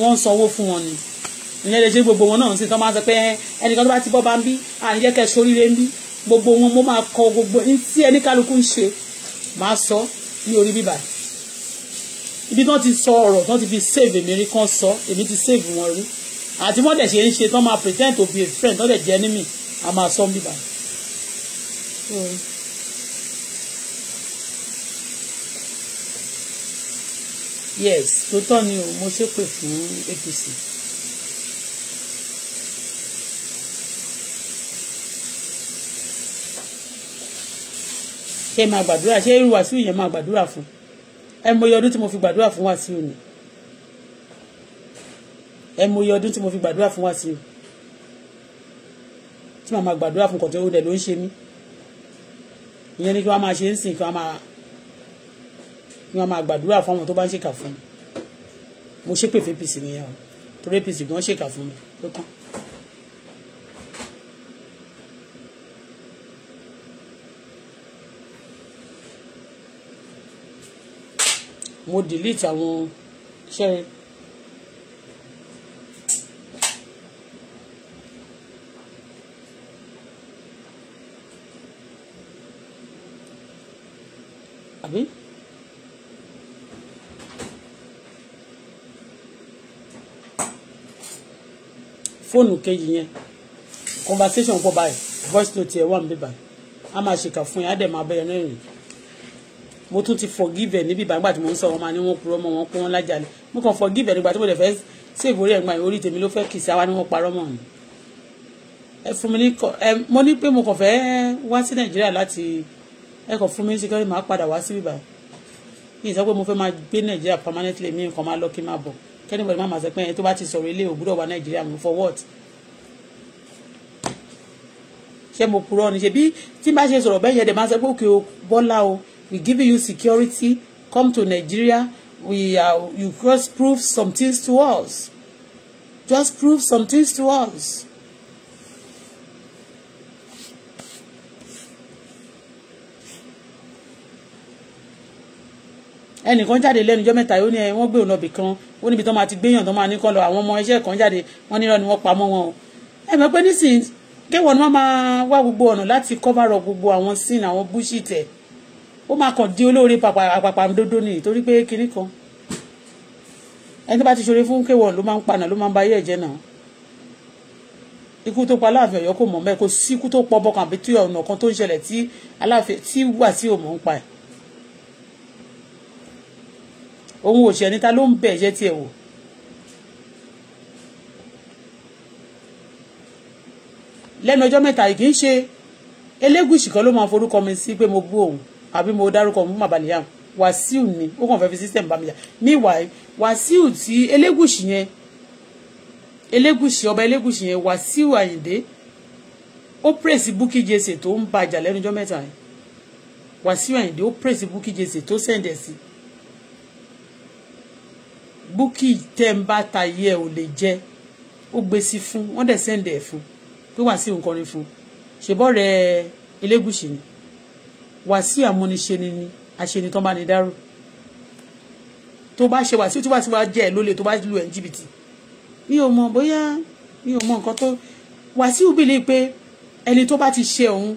wọ́n ń sanwó fún wọn ni ìyẹn lè ṣe gbogbo wọn náà ń sìn tán máa sọ pé ẹnìkan tó bá ti bọ́ bá ń bí àníjẹ́ sóríire ń bí gbogbo wọn mo máa kọ gbogbo tí ẹni kálukú ń ṣe máa sọ ní orí bíbà ibi tán ti sọ ọ̀rọ̀ tán ti fi save èmi rí kán sọ èmi ti save wọn rí àti wọ́n dẹ̀ ṣe ń ṣe tán máa pretend to be a friend tán dẹ̀ jẹ́ enemy a máa sọ bíbà. yes tó tọ́ ni o mo ṣépè fún APC. ṣé máa gbàdúrà ṣé irú wàsíù yẹn máa gbàdúrà fún ẹ mọyì ọdún tí mo fi gbàdúrà fún wàsíù ni ẹ mọyì ọdún tí mo fi gbàdúrà fún wàsíù tí màá máa gbàdúrà fún kọ̀tẹ́ òde ló ń ṣe mí ìyẹn ni kí wọ́n máa ṣe ń sìn kí wọ́n máa kí wọ́n máa gbàdúrà fún àwọn tó bá ń ṣèkà fún mi mo ṣépè fún APC nìyẹn o torí APC gan ṣèkà fún mi ló kàn. mo delete àwọn ṣẹ́rin. àbí. fóònù kejì yẹn conversation pọ̀ báyìí voice note ẹ̀ wà ń bí báyìí a máa ṣèkà fún yẹn á dẹ̀ máa bẹ̀rẹ̀ rẹ́rìn-ín mo tún ti forgive ẹ níbi ìbàgbà tí mo ń sọ wọn máa ní wọn purọ́ mọ́ wọn pé wọn lájàlè mo kàn forgive ẹ nígbà tí mo lè fẹ́ save orí ẹgbà orí tèmi ló fẹ́ kì í sáwá ni wọn parọ́ mọ́ ni ẹ fún mi ní kọ ẹ mo ní pé mo kàn fẹ́ wá sí nàìjíríà láti ẹ kàn fún mi ní sikẹrì máa padà wá sí bíbá mi sọ pé mo fẹ́ máa gbé nàìjíríà permanently mi nǹkan máa lọ kí n máa bọ̀ kẹ́nìbọ̀dì má máa sọ pé ẹni tó bá ti sọ̀rọ̀ ilé ògbúdọ̀ for what ṣé mo purọ́ ni ṣe bí tí n bá ṣe sọ̀rọ̀ bẹ́ẹ̀ yẹn dẹ̀ we giving you security come to Nigeria we are uh, you just prove some things to us just prove some things to us. ẹnìkan jáde lẹ́nu ọjọ́ mẹ́ta ó ní ẹ wọ́n gbé òun lọ́bì kan níbi tó máa ti gbéyàn tó máa ní kọ́ lọ àwọn ọmọ iṣẹ́ kan jáde wọ́n nírọ́ ni wọ́n pa mọ́ wọn o ẹ mọ̀ pé nísìnyí kéwọ́n ni wọ́n máa wá gbogbo ọ̀nà láti cover up gbogbo àwọn sin àwọn bullshit ó máa kàn di olóore pàpàpàpàdodo ni torí pé kinní kan ẹni tó bá ti ṣoore fún kéwọ̀n ló máa ń panà ló máa ń ba ayé ẹ̀jẹ̀ náà ikú tó pa aláàfin Ọ̀yọ́ kò mọ̀ mẹ kò sí ikú tó pọ̀ bọkàn àbí tí ọ̀nà kan tó ń ṣẹlẹ̀ tí aláàfin tí wà tí ò mọ̀ ń pa ẹ̀ òun ò ṣẹ̀ níta ló ń bẹ̀ ẹ̀jẹ̀ tiẹ̀ wò. lẹ́nu ọjọ́ mẹ́ta kì í ṣe Elégùṣì kan ló máa forúkọ mi sí pé mo bú òun àbí mo dárúkọ mú màbàlì yàn Wàsíù ni ó kàn fẹ́ fi system bá mi jà meanwhile Wàsíù tí Elégùṣì yẹn Elégùṣì ọba Elégùṣì yẹn Wàsíù Àyìndé ó praise Bukky Jesse tó ń bàjà lẹ́nu ọjọ́ mẹ́ta yẹn Wàsíù Àyìndé ó praise Bukky Jesse tó sẹ̀ǹdẹ̀ sí Bukky tẹ́ ń bá ta yẹ ò lè jẹ ó gbé sí fún wọ́n dẹ̀ sẹ̀ǹdẹ̀ fún pé Wàsíù ń kọrin fún ṣèbọ̀ rẹ̀ Elégùṣì ni wàsíù amúniṣe ni ni àṣeni tó bá ní dárò tó bá ṣe wàsíù tó bá ti wá jẹ́ ẹ̀ lólè tó bá lu ẹ̀ jìbìtì mi ò mọ̀ bóyá mi ò mọ̀ nǹkan tó wàsíù bìlí pé ẹni tó bá ti ṣe òun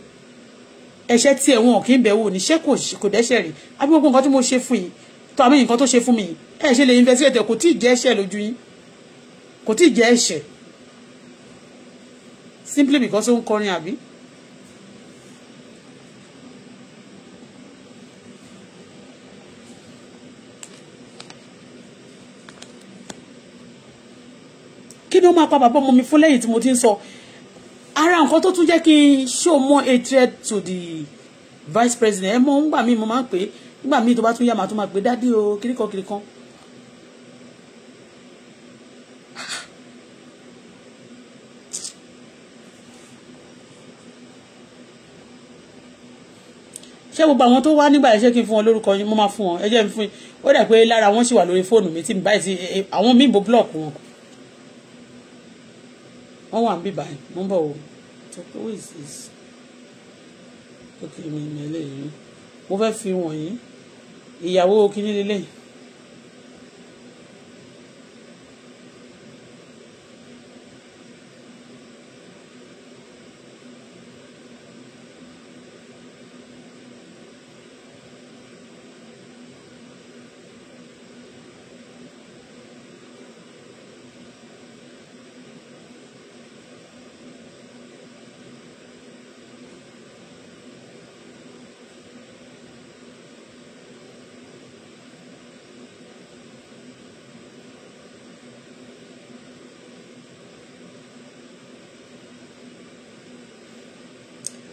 ẹ̀ṣẹ̀ tí ẹ̀wọ̀n kì í bẹ̀ wò níṣẹ́ kò dẹ́ṣẹ̀ rí àbí nǹkan tí mo ṣe fún yìí tó àmì nǹkan tó ṣe fún mi yìí ẹ̀ ṣe lè investigate kò tí ì jẹ́ ẹ̀ṣẹ̀ lójú yín kò tí ì jẹ́ ẹ̀ṣẹ̀ simply because ó ń kọrin àbí kí ni ó máa pa bàbá ọmọ mi fún lẹ́yìn tí mo ti ń sọ ara nǹkan tó tún jẹ́ kí n show more hatred to the vice president ẹ mọ ńgbà míì mo máa ń pè é ńgbà míì tó bá tún yá màá tún máa pè é dádì o kíríkan kíríkan. ṣé gbogbo àwọn tó wá nígbà yẹn ṣé kí n fún wọn lórúkọ yín mo máa fún wọn ẹ jẹ́ n fún yín ó dẹ̀ pé lára wọn ṣì wà lórí fóònù mi tí mi báyìí sí àwọn míì bó búlọ̀kù wọn wọ́n wà ń bíbá ẹ̀ mo ń bọ̀ o tọ́kọ́ wí sí i ó kì í mi ìmọ̀ eléyìí mo fẹ́ fi wọ̀nyí ìyàwó kínní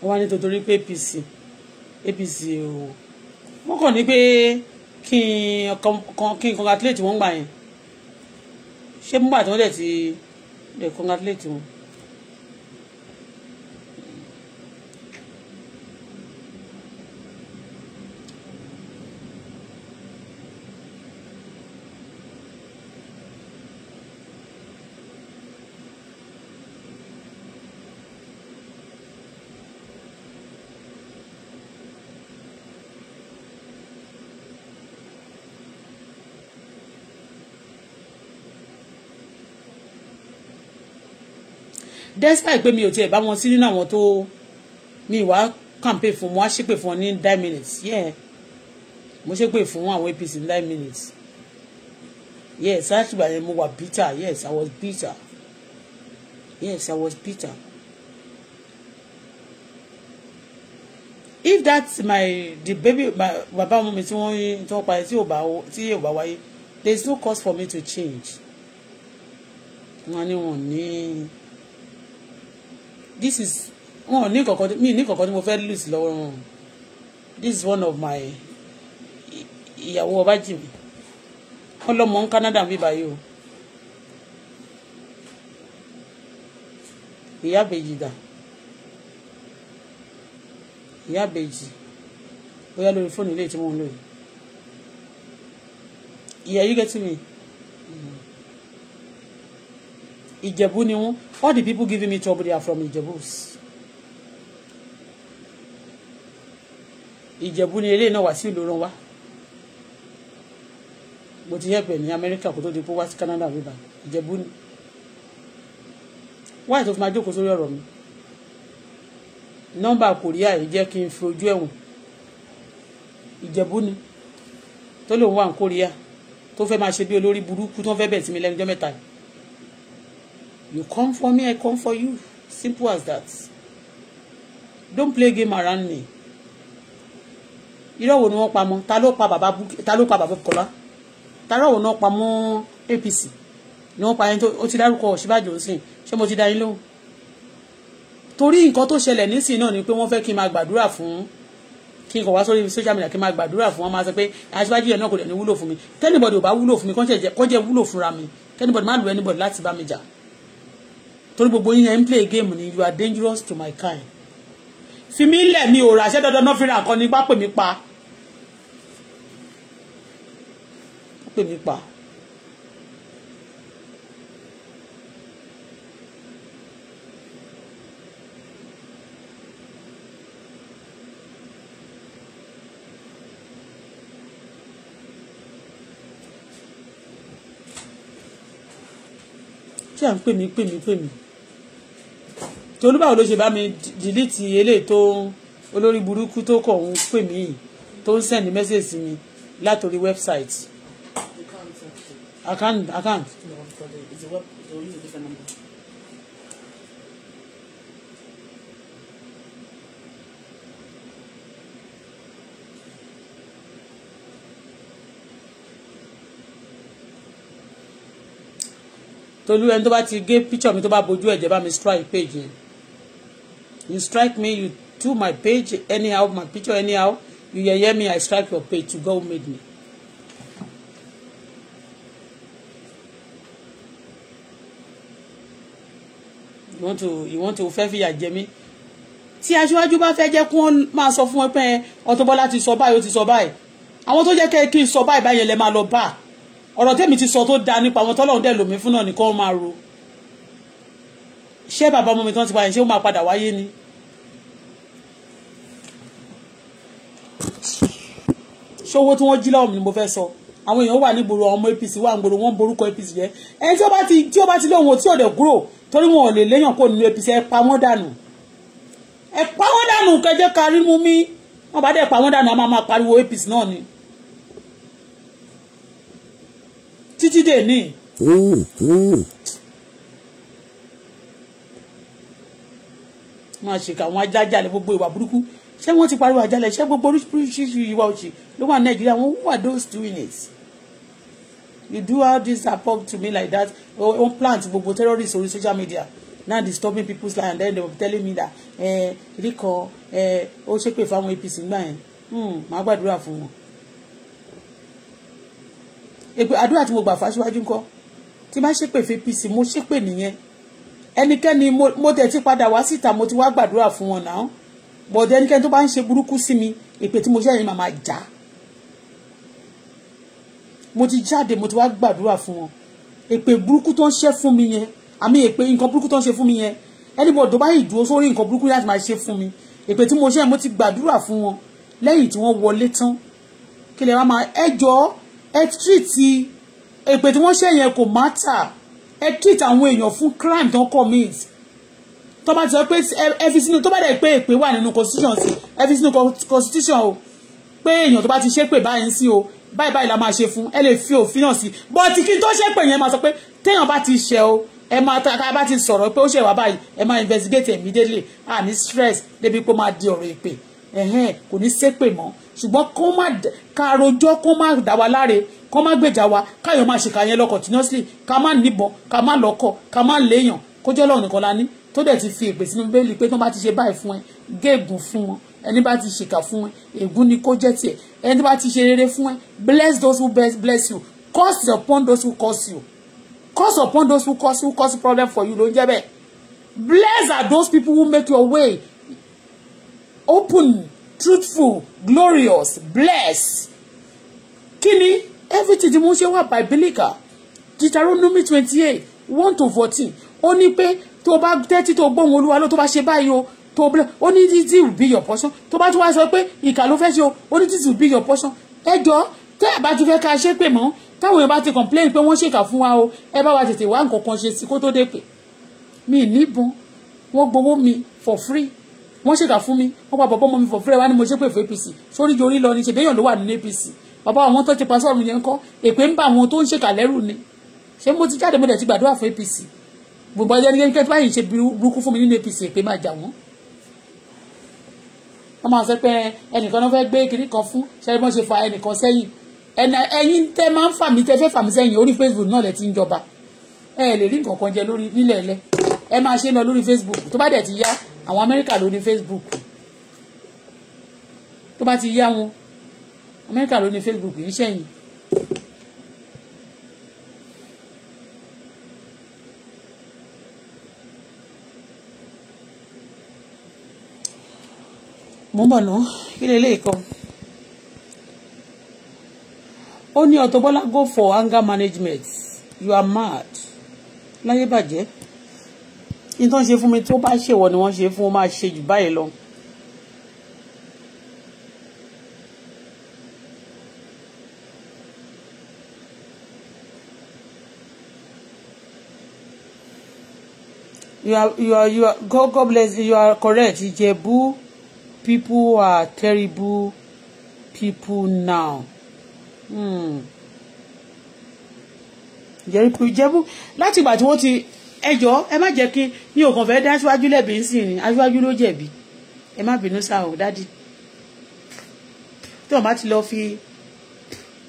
wọ́n wá ní tòtórí pé apc apc o wọ́n kàn ní pé kí n kí n congratulate wọn gbà yẹn ṣé mú bàtí wọ́n dẹ̀ ti congratulate wọn. despite pé mi ò tiẹ̀ bá wọn sí nínú àwọn tó mi wá campaign fún mo wá ṣépè fún ọ ní nine minutes yeah mo ṣépè fún àwọn APC ní nine minutes yes látìgbà yẹn mo wà bitter yes I was bitter yes I was bitter if that my the baby my baba mi tí wọ́n tí wọ́n parí tí ò bá tí ò bá wáyé there is no cause for me to change wọ́n ní wọ́n ní this is oh ò ní kankan mi ní kankan tí mo fẹ́ lose lọ́wọ́ wọn this is one of my ìyàwó ọbájìmí wọn lọmọ ń Canada ń bí báyìí o ìyá bèjì dà ìyá bèjì bóyá lórí fóònù ilé tí mo ń lò yìí ìyá yìí gẹ́tì mi. ìjẹ̀bú ni wọ́n all the people giving me trouble they are from ìjẹ̀bú's ìjẹ̀bú ni eléyìí náà wá sí ìlòrán wa mo ti yẹ̀pẹ̀ ní amẹ́ríkà kó tó di pé wá sí canada wíwá ìjẹ̀bú ni wáyé tó fi máa jókòó sórí ọ̀rọ̀ mi nọ́mbà kòríà yìí jẹ́ kí n fi ojú ẹ̀wọ̀n ìjẹ̀bú ni tó lòun wà ní kòríà tó fẹ́ máa ṣe bí olórí burúkú tó fẹ́ bẹ̀ sí mi lẹ́nu jọ́ mẹ́ta yìí You come for me, I come for you. Simple as that. Don't play game around me. Irọ́ wo ni wọ́n pa mọ́? Ta ló pa bàbá Bukki? Ta ló pa bàbá Kọ́lá? Ta ló wo ni wọ́n pa mọ́ APC? Ni wọ́n pa ẹni tó o ti dárúkọ Ọ̀ṣibàjò sìn. Ṣé mo ti dá yín lóhùn? Torí nǹkan tó ṣẹlẹ̀ nísìnyí náà ni pé wọ́n fẹ́ kí n máa gbàdúrà fún kí n kọ̀ wá sórí social media kí n máa gbàdúrà fún wọn máa sọ pé aṣíwájú yẹn náà kò dẹ̀ ní wúlò fún mi. Tẹ́nibọ̀dì ò bá wúlò fún mi kọ́ jẹ́ wúlò fúnra mi. Tẹ́nibọ̀dì má lu anybody láti bá mi jà torí gbogbo yín ẹ̀ ń play game ni you are dangerous to my kind fi mí lẹ̀ mi ò ràṣẹ́ dandan náà fi ra nǹkan ní bá pè mí pa pè mí pa. tí à ń pè mí pè mí pè mí tolúbàwò ló ṣe bá mi dìlítì eléyìí tó olórí burúkú tó kọ̀ ń pè mí yìí tó ń send message mi látòrí website account account. ẹni tó bá ti gé píchọ̀ mi tó bá bojú ẹ̀jẹ̀ bá mi strike page yẹn you strike me you to my page anyhow my picture anyhow you hear me I strike your page You go meet me. you want to you want to fẹ́ fìyà jẹ mí tí aṣíwájú bá fẹ́ jẹ́ kí wọ́n máa sọ fún wọn pé Auto Bola ti sọ báyìí ó ti sọ báyìí àwọn tó jẹ́ kẹ́ kí n sọ báyìí báyìí lẹ́ máa lọ bá ọ̀rọ̀ tẹ́mi ti sọ tó dáa nípa àwọn tọ́lọ́run dẹ̀ lòmí fún náà nìkan máa ro ṣé bàbá ọmọ mi tán ti wáyé ṣé ó máa padà wáyé ni. ṣé owó tí wọ́n jí lọ́wọ́ mi ni mo fẹ́ sọ àwọn èèyàn wà nígboro ọmọ APC wà nígboro wọ́n borúkọ APC jẹ́ ẹni tí ó bá ti tí ó bá ti torí wọn ò lè léyàn kó nínú APC ẹ pa wọ́n dànù ẹ pa wọ́n dànù kẹjẹ kárí mú mi wọ́n bá dẹ̀ pa wọ́n dànù a máa máa pariwo APC náà ni títí dè ní. máa ṣe káwọn ajájalè gbogbo ìwà burúkú ṣé wọ́n ti pariwo àjálẹ̀ ṣé gbogbo oríṣiríṣi ìwà òṣì ló wà nàìjíríà wọ́n wà those doing it you do all this apok to me like that on plant gbogbo terrorists orí social media now disturbing people's life and then they were telling me that eh, ríkọ eh, ó ṣépè fáwọn apc gbà yẹn hmm, màá gbàdúrà fún wọn. èpè àdúrà tí mo gbà fáṣíwájú ńkọ́ tí bá ṣépè fún apc mo ṣépè nìyẹn ẹnikẹ́ni mo tẹ̀ ti padà wá síta mo ti wá gbàdúrà fún wọn náà bọ̀dẹ̀ ẹnikẹ́ni tó bá ń ṣe burúkú sí mi ìpè tí mo ṣe yẹn màmá já mo ti jáde mo ti wá gbàdúrà fún wọn èpè burúkú tó ń ṣe fún mi yẹn àmì èpè nǹkan burúkú tó ń ṣe fún mi yẹn ẹnibọ̀ tó bá yìí dúró sórí nǹkan burúkú láti máa ṣe fún mi èpè tí mo ṣe yẹn mo ti gbàdúrà fún wọn lẹ́yìn tí wọ́n wọlé tán kí lè máa ẹjọ́ ẹ tí wọ́n ẹ treat àwọn èèyàn fún crime tó ń commit tó bá ti sọ pé ẹ fi sínú tó bá dẹ̀ pé èpè wà nínú constitution sí ẹ fi sínú constitution o pé èèyàn tó bá ti ṣépè báyìí sí o báyìí báyìí la máa ṣe fún ẹ lè fi òfin náà sí bọ́ọ̀tì kí n tó ṣépè yẹn máa sọ pé téèyàn bá ti ṣẹ o ẹ máa ta ká bá ti sọ̀rọ̀ pé ó ṣe wá báyìí ẹ máa investigate immediately àní stress débi pé ó máa di ọ̀rọ̀ èpè ẹ̀hẹ́n kò ní ṣépè mọ́ ṣùgbọ́n kó má ká rojọ́ kó má dà wá láre kó má gbèjà wa káyọ̀ máa ṣèkà yẹn lọ continuously ká má níbọn ká má lọ́kọ̀ ká má léèyàn kó jẹ́ Ọlọ́run nìkan la ní tó dẹ̀ ti fi ìpè sínú bẹ́ẹ̀lì pé tó bá ti ṣe báyìí fún ẹ géègùn fún wọn ẹni bá ti ṣèkà fún ẹ ègún ni kó jẹ́ tiẹ̀ ẹni bá ti ṣe rere fún ẹ bless those who bless you curse upon those who curse you curse upon those who cause who cause problem for you ló ń jẹ́ bẹ́ẹ̀ bless are those people who make your way open truthful glorious bless. Kini everything tí mo ṣe wà biblical Deuteronomy twenty eight one to fourteen ó ní pé tó bá tẹ́tí tó gbóhùn olúwa ló tó bá ṣe báyìí o tó bẹ́ẹ̀ ó ní títí bí your portion tó bá tún wá sọ pé ìkà ló fẹ́ ṣe o ó ní títí bí your portion ẹ jọ tẹ́ ẹ bá ti fẹ́ ká ṣe pé mọ́ táwọn èèyàn bá ti complain pé wọ́n ṣèkà fún wa o ẹ bá wa tètè wá nǹkan kan ṣe sí kó tó dé pé mi ì níbọn wọ́n gbowó mi for free wọ́n ṣèkà fún mi wọ́n pa bàbá ọmọ mi fọ̀fúrẹ́ wá ní mo ṣépè fún APC sórí yorí lọ ni ṣèbéyàn ló wà nínú APC bàbá àwọn tó ti pa sọ́ọ̀rù yẹn kọ́ èpè ń bá àwọn tó ń ṣèkà lẹ́rù ni ṣé mo ti jáde mo dẹ̀ ti gbàdúrà fún APC gbogbo ọjọ́ nígbà nígbà báyìí ṣe burúkú fún mi nínú APC èpè máa jà wọ́n. wọ́n máa sọ pé ẹnìkan náà fẹ́ gbé kinní kan fún ṣẹ́ni wọ́n ṣe fa ẹnìkan sẹ́yìn ẹ̀yin tẹ́ máa ń Facebook náà lẹ ti ń jọba ẹ lè rí nǹkan kan jẹ lórí nílẹ̀ ẹlẹ́ ẹ máa ṣe lọ lórí Facebook tó bá dẹ̀ ti yá àwọn amẹ́ríkà ló ní facebook tó bá ti yá wọn amẹ́ríkà ló ní facebook yìí sẹ́yìn. mo ń bọ̀ ná kí lè léèkọ. ó ní Auto Bola go for anger management you are mad láyé bàjẹ́ ní tó ń ṣe fún mi tó bá ṣèwọ ni wọ́n ṣe fún wọn máa ṣe jù báyìí lọ. you are you are you are God, God bless you you are correct Ijebu people are terrible people now hmm. Ijebu láti ìgbà tí wọ́n ti ẹ jọ ẹ má jẹ́ kí mi ò kàn fẹ́ dá aṣíwájú lẹ́bi ńsìn ni aṣíwájú ló jẹ̀bi ẹ má bínú sá o dádì tí wọ́n bá ti lọ fi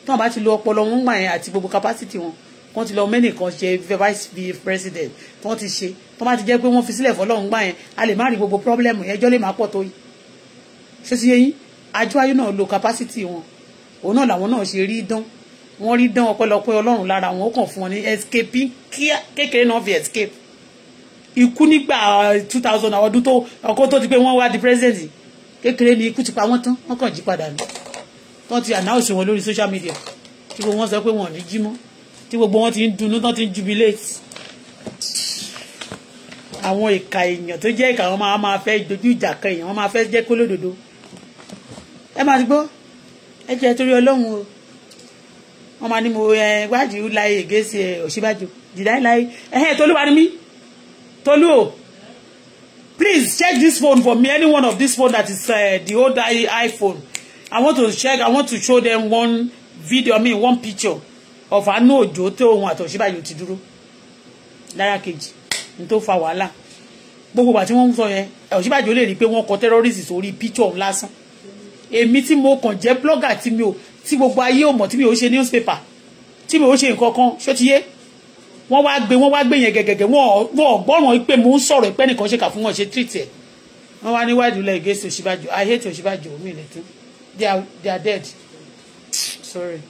tí wọ́n bá ti lo ọpọlọ wọn gbà yẹn àti gbogbo capacity wọn wọ́n ti lọ mẹ́nì kan ṣe vice president tí wọ́n ti ṣe tí wọ́n bá ti jẹ́ pé wọ́n fi sílẹ̀ fọlọ́run gbà yẹn a lè má rí gbogbo problem ẹjọ́ lè má pọ̀ tó yìí ṣé ti yẹ yín aṣíwájú náà lo capacity wọn òun náà làwọn náà ṣe rí dán wọ́n rí dán ọpẹ́lọpẹ́ ọlọ́run lára wọn ó kàn fún wọn ní escape kékeré náà fi escape ikú nígbà eh, two thousand àwọn ọdún tó ọkọ tó ti pé wọ́n wá di president kékeré ni ikú ti pa wọ́n tán wọ́n kàn jí padà ní wọ́n ti announce wọn lórí social media tí gbogbo wọn sọ pé wọn ò ní jí mọ́ tí gbogbo wọn ti ń dunnú tán ti ń jubilate àwọn ìka èèyàn tó jẹ́ ìka wọn máa máa fẹ́ dojú ìjà kan èèyàn wọn máa fẹ́ jẹ́ kólódodo ẹ máa ti gbọ́ ẹ jẹ́ torí ọlọ́run o wọ́n máa ní mo ẹ why do you lie against Ọ̀ṣínbàjò did I lie ẹ̀hẹ́ Tolúwa ni mí Tolú o please check this phone for me any one of this phone that is uh, the old iPhone I want to check I want to show them one video I mean one picture of Anu Ojo tó ohun àti Ọ̀ṣínbàjò ti dúró lára kejì ní tó fa wàhálà gbogbo ìgbà tí wọ́n ń sọ yẹn Ọ̀ṣínbàjò lè rí i pé wọ́n kọ terrorist sórí picture lásán èmi tí mo kàn jẹ́ blogger tí mi ò tí gbogbo ayé ò mọ̀ tí mi ò ṣe newspaper tí mi ò ṣe nǹkan kan ṣó ti yé wọ́n wá gbé wọ́n wá gbé yẹn gẹ̀gẹ̀gẹ̀ wọ́n gbọ́ràn pé mò ń sọ̀rọ̀ pé nìkan ṣe kà fún wọn ṣe treat ẹ̀ wọ́n wá níwájú lẹ́yìn gẹ̀ẹ́sì òṣìbàjò I hate òṣìbàjò omi ilẹ̀ tó they are they are dead sorry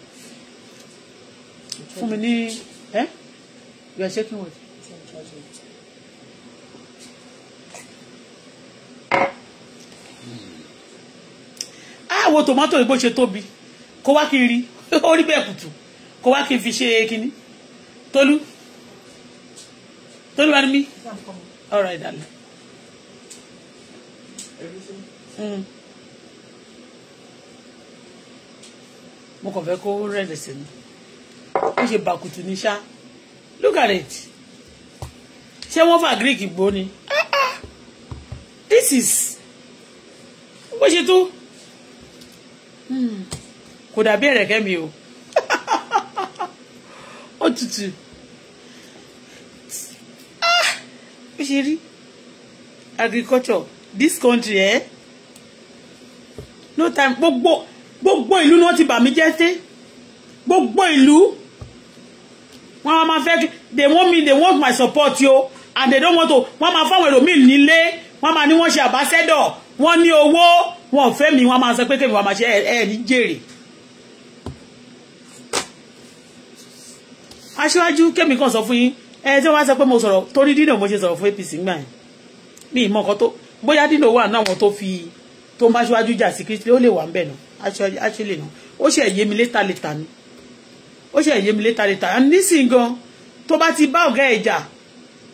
fún mi ní ẹ you are shaking what. àwọn ah, tomato yìí bó ṣe tóbi kó wá kí n rí ó rí bẹ́ẹ̀ kùtù kó wá kí n fi ṣe kinní tolú tolú wá ní all right darling. Mm. mo kàn fẹ́ kó rẹ̀lẹ̀ sí ni ó ṣe bàkùtù ní ṣá look at it ṣé wọ́n fà greek gbó ni this is bó ṣe tó. Hmm kò dàbí ẹ̀rẹ̀kẹ́ mi o ó tutù ó ah, ṣe rí agriculture this country ẹ eh? no time gbogbo gbogbo ìlú náà ti bà mí jẹ́ sí gbogbo ìlú wọn a máa fẹ́ they want me they want my support yo and they don't want to wọn máa fáwọn ẹlòmíì nílé wọn máa ní wọn ṣe àbáṣẹ́dọ̀ wọn ní owó wọn ò fẹ́ mi wọn máa sọ pé kémi wọn máa ṣe ẹ ẹ ní jèrè. aṣíwájú kémi kan sọ fún yín ẹ tí wọ́n sọ pé mo sọ̀rọ̀ torí dínà mo ṣe sọ̀rọ̀ fún APC gbà yẹn mi ì mọ nǹkan tó bóyá dínà wà náà wọn tó fi tó ń bá aṣíwájú jà sí kristi ó lè wà ń bẹ̀ náà aṣílè náà ó ṣe ẹ̀yẹ mi létà létà ni ó ṣe ẹ̀yẹ mi létà létà and nísìnyí gan tó bá ti bá ọ̀gá ẹ̀ jà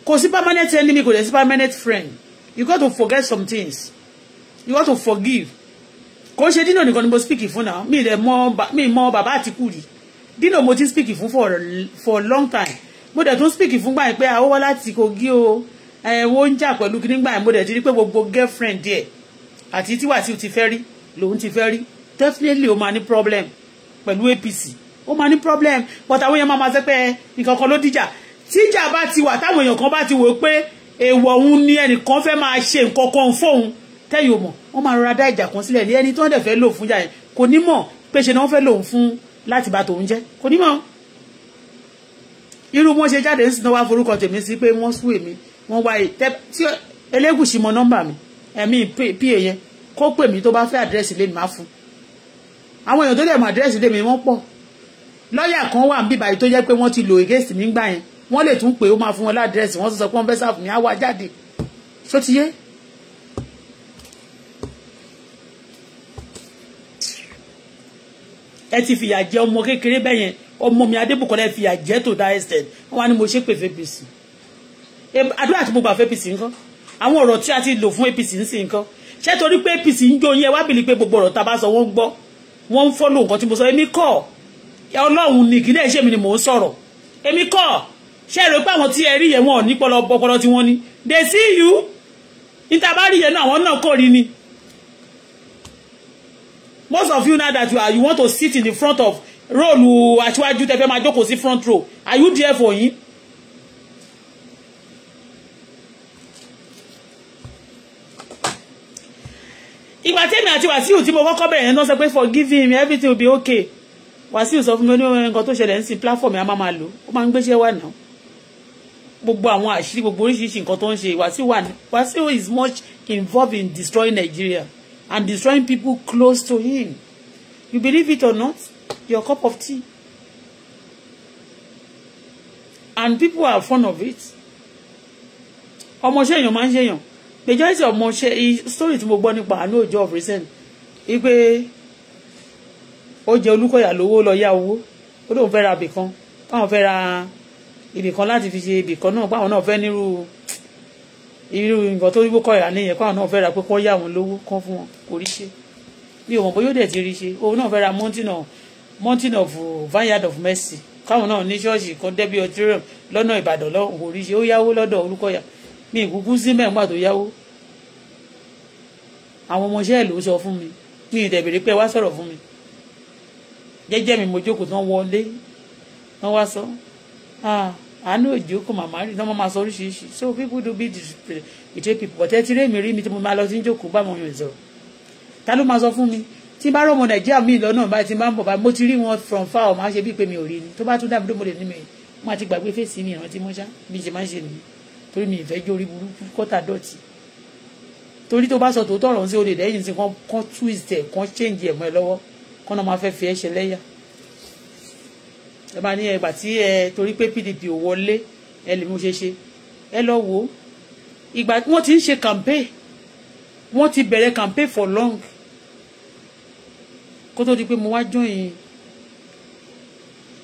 kò sí permanent enemy kò dẹ̀ sí permanent friend you got to forget some things you got to forgive kò ṣe dínà nìkan ni mo speak fún náà mi ì mọ bàbá àtìkù rí Dino mo ti speak fún for for long time mo dẹ̀ tún speak fún gbà pé àwọ̀ láti Kogi o ẹ̀wọ̀n ń jà pẹ̀lú kí nígbà mo dẹ̀ ti rí pé gbogbo girlfriend there. àti tí Wàsíù ti fẹ́ rí lòun ti fẹ́ rí definitely o máa ní problem pẹ̀lú APC ó máa ní problem but àwọn èèyàn máa ma sẹ́ pé nǹkan kan ló dìjà tíjà bá ti wà táwọn èèyàn kan bá ti wò pé èèwọ̀ òun ni ẹnìkan fẹ́ máa ṣe nǹkan kan fóun tẹ́yìn o mọ̀ wọ́n máa rọra dá ìjà kan sílẹ̀ ní ẹni tó ń dẹ̀ fẹ́ lò fún jà yẹn kò ní mọ̀ pé ṣe ni wọ́n fẹ́ lòun láti bá tòun jẹ́ kò ní mọ̀ irú wọn ṣe jáde ń sinú wá forúkọ tèmi sí pé wọ́n sú èmi wọ́n wá tí Elégùṣì mọ nọ́mbà mi ẹ̀mí pa yẹn kó pè mí tó bá fẹ́ àdírẹ́sì lé mi má fún àwọn èèyàn tó dẹ̀ mọ àdírẹ́sì lé mi wọ́n pọ̀ lọ́ọ̀yà kan wà níbí báyìí tó jẹ́ pé wọ́n ti lò against mi nígbà yẹn wọ́n lè tún pè ó máa fún wọn ládírẹ́sì wọ́n sọ pé wọ́n fẹ́ sáà fún á wá jáde ṣó ẹ ti fìyà jẹ ọmọ kékeré bẹ́ẹ̀ yẹn ọmọ mi adébùkọ́lá ẹ fìyà jẹ tó that extent wọ́n wá ní mo ṣe pé APC àdúrà tí mo gbà fún APC nǹkan àwọn ọ̀rọ̀ tí a ti lò fún APC ń sìn nǹkan ṣé torí pé APC ń jó yẹn wá bìlì pé gbogbo ọ̀rọ̀ tá a bá sọ wọ́n gbọ́ wọ́n ń fọ́lò nǹkan tí mo sọ èmi kọ́ ọlọ́run ní ìkílẹ̀ iṣẹ́ mi ni mò ń sọ̀rọ̀ èmi kọ́ ṣé rò pé àwọn tí ẹ rí yẹn wọn ò ní pọlọ ọpọlọ tí wọ́n ní they see you níta bá rí yẹn náà àwọn náà kò rí ni most of you now that you are you want to sit in the front of róòlù aṣíwájú tẹfẹ máa jókòó sí front row are you there for him. ìgbà tẹ́mi àti wàsíù tí mo kọ́kọ́ bẹ̀rẹ̀ yẹn náà sọ pé forgive him everything will be okay wàsíù sọ fún mi oníwọ̀n nǹkan to ṣẹlẹ̀ ń sin platform yẹn a máa máa lò ó máa ń gbéṣẹ́ wà náà gbogbo àwọn àṣírí gbogbo oríṣiríṣi nǹkan tó ń ṣe wàsíù wà ní wàsíù is much involved in destroying Nigeria and destroying people close to him. You believe it or not? Your cup of tea. And people are fond of it. ọmọọṣẹ́ èèyàn máa ń ṣèyàn majority ọmọọṣẹ́ story tí mo gbọ́ nípa àánú òjò of recent wípé ó jẹ Olúkọ̀yà lówó lọ yá owó ó lóun fẹ́ ra ibìkan báwọn fẹ́ ra ibìkan láti fi ṣe no, náà báwọn náà fẹ́ nírú irú nǹkan tó yíwó kọ́ ìrànlẹ́ yẹn káwọn náà fẹ́ ra pé kọ́ yá wọn lówó kọ́ fún wọn kò rí ṣe mi ò mọ̀ bóyá ó dẹ̀ ti rí ṣe òun náà fẹ́ ra mountain of mountain of uh, vineyard of mercy káwọn náà ní ṣọ́ọ̀ṣì kan débi auditorium lọ́nà ìbàdàn lọ́hùn kò rí ṣe ó yáwó lọ́dọ̀ Olúkọ̀yà mi ìkúkú sí mẹ́ǹgbà tó yáwó àwọn ọmọọṣẹ́ ẹ̀ ló sọ fún mi mi ì dẹ̀bèrè pé wá sọ̀rọ̀ fún mi jẹ́jẹ́ mi mo jókòó tán wọlé tán wá sọ ah àánú òjò kò màmá rí lọ́mọ máa sọ oríṣiríṣi so people do be betray people but ẹ ti rí èmi rí mi tí mo máa lọ sí ìjókòó bá àwọn èèyàn sọ̀rọ̀ ta ló máa sọ fún mi tí bá rọmọ nàìjíríà mi lọ́nà báyìí tí bá ń bọ̀ báyìí mo ti rí wọn from far ọ̀ máa ṣe bíi pé mi ò rí ni tó bá tún dàbí ló mo lè ní mi wọn àti gbàgbé fèsì mi ìrántí mọ́ṣá bí ṣe máa ń ṣe nìyí torí mi ìfẹ́ jó orí burúkú kọ́tà dọ̀tí torí tó bá sọ tòótọ́ ọ̀rọ̀ sí olè lẹ́yìn tí wọ́n kán twist ẹ̀ kán change ẹ̀ mọ́ ẹ lọ́wọ́ kán náà máa fẹ́ fi ẹ́ ṣe lẹ́yà ẹ máa ní ẹgbà tí ẹ torí pé PDP ò wọlé ẹ lè mú ṣe ṣe ẹ lọ wò ó ìgbà wọ́n ti ń ṣe campaign wọ́n ti bẹ̀rẹ̀ campaign for long kó tó di pé mo wá join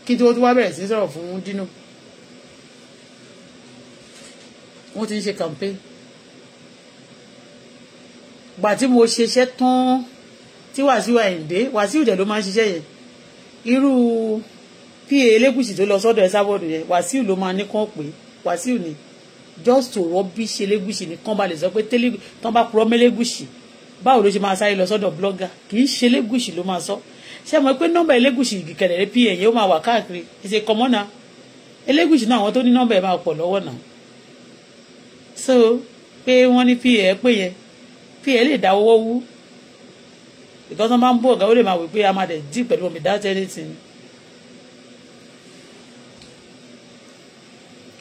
kí n tó wá bẹ̀rẹ̀ sí sọ̀rọ̀ fún Dino wọ́n ti ń ṣe campaign gbà tí mo ṣeṣẹ́ tán tí Wàsíù Àyìndé Wàsíù dẹ̀ ló máa ń ṣiṣẹ́ yẹn irú pa elégùsì tó lọ sọ́dọ̀ ẹ̀ sábọ̀dù yẹn wàsíù ló máa ní kàn pé wàsíù ni just to rubbish elégùsì ni kàn bá lè sọ pé tán bá purọ́ mẹ́lẹ́gùsì báwo ló ṣe máa sáré lọ sọ́dọ̀ blogger kì í ṣe elégùsì ló máa sọ ṣé mọ̀ pé nọ́mbà elégùsì kẹ̀lẹ́ pa ẹ̀yẹ́ ó máa wà káàkiri ẹ̀ṣẹ̀ kọ́mọ́nà elégùsì náà àwọn tó ní nọ́mbà ẹ̀ máa pọ̀ lọ́wọ́ náà so pé wọ́n ní pa ẹ̀ pé yẹn pa ẹ̀ lè dáwọ́ wú because wọ́n bá ń bú ọ̀gá ó lè máa wí pé a máa dẹ̀ dí pẹ̀lú omi that's anything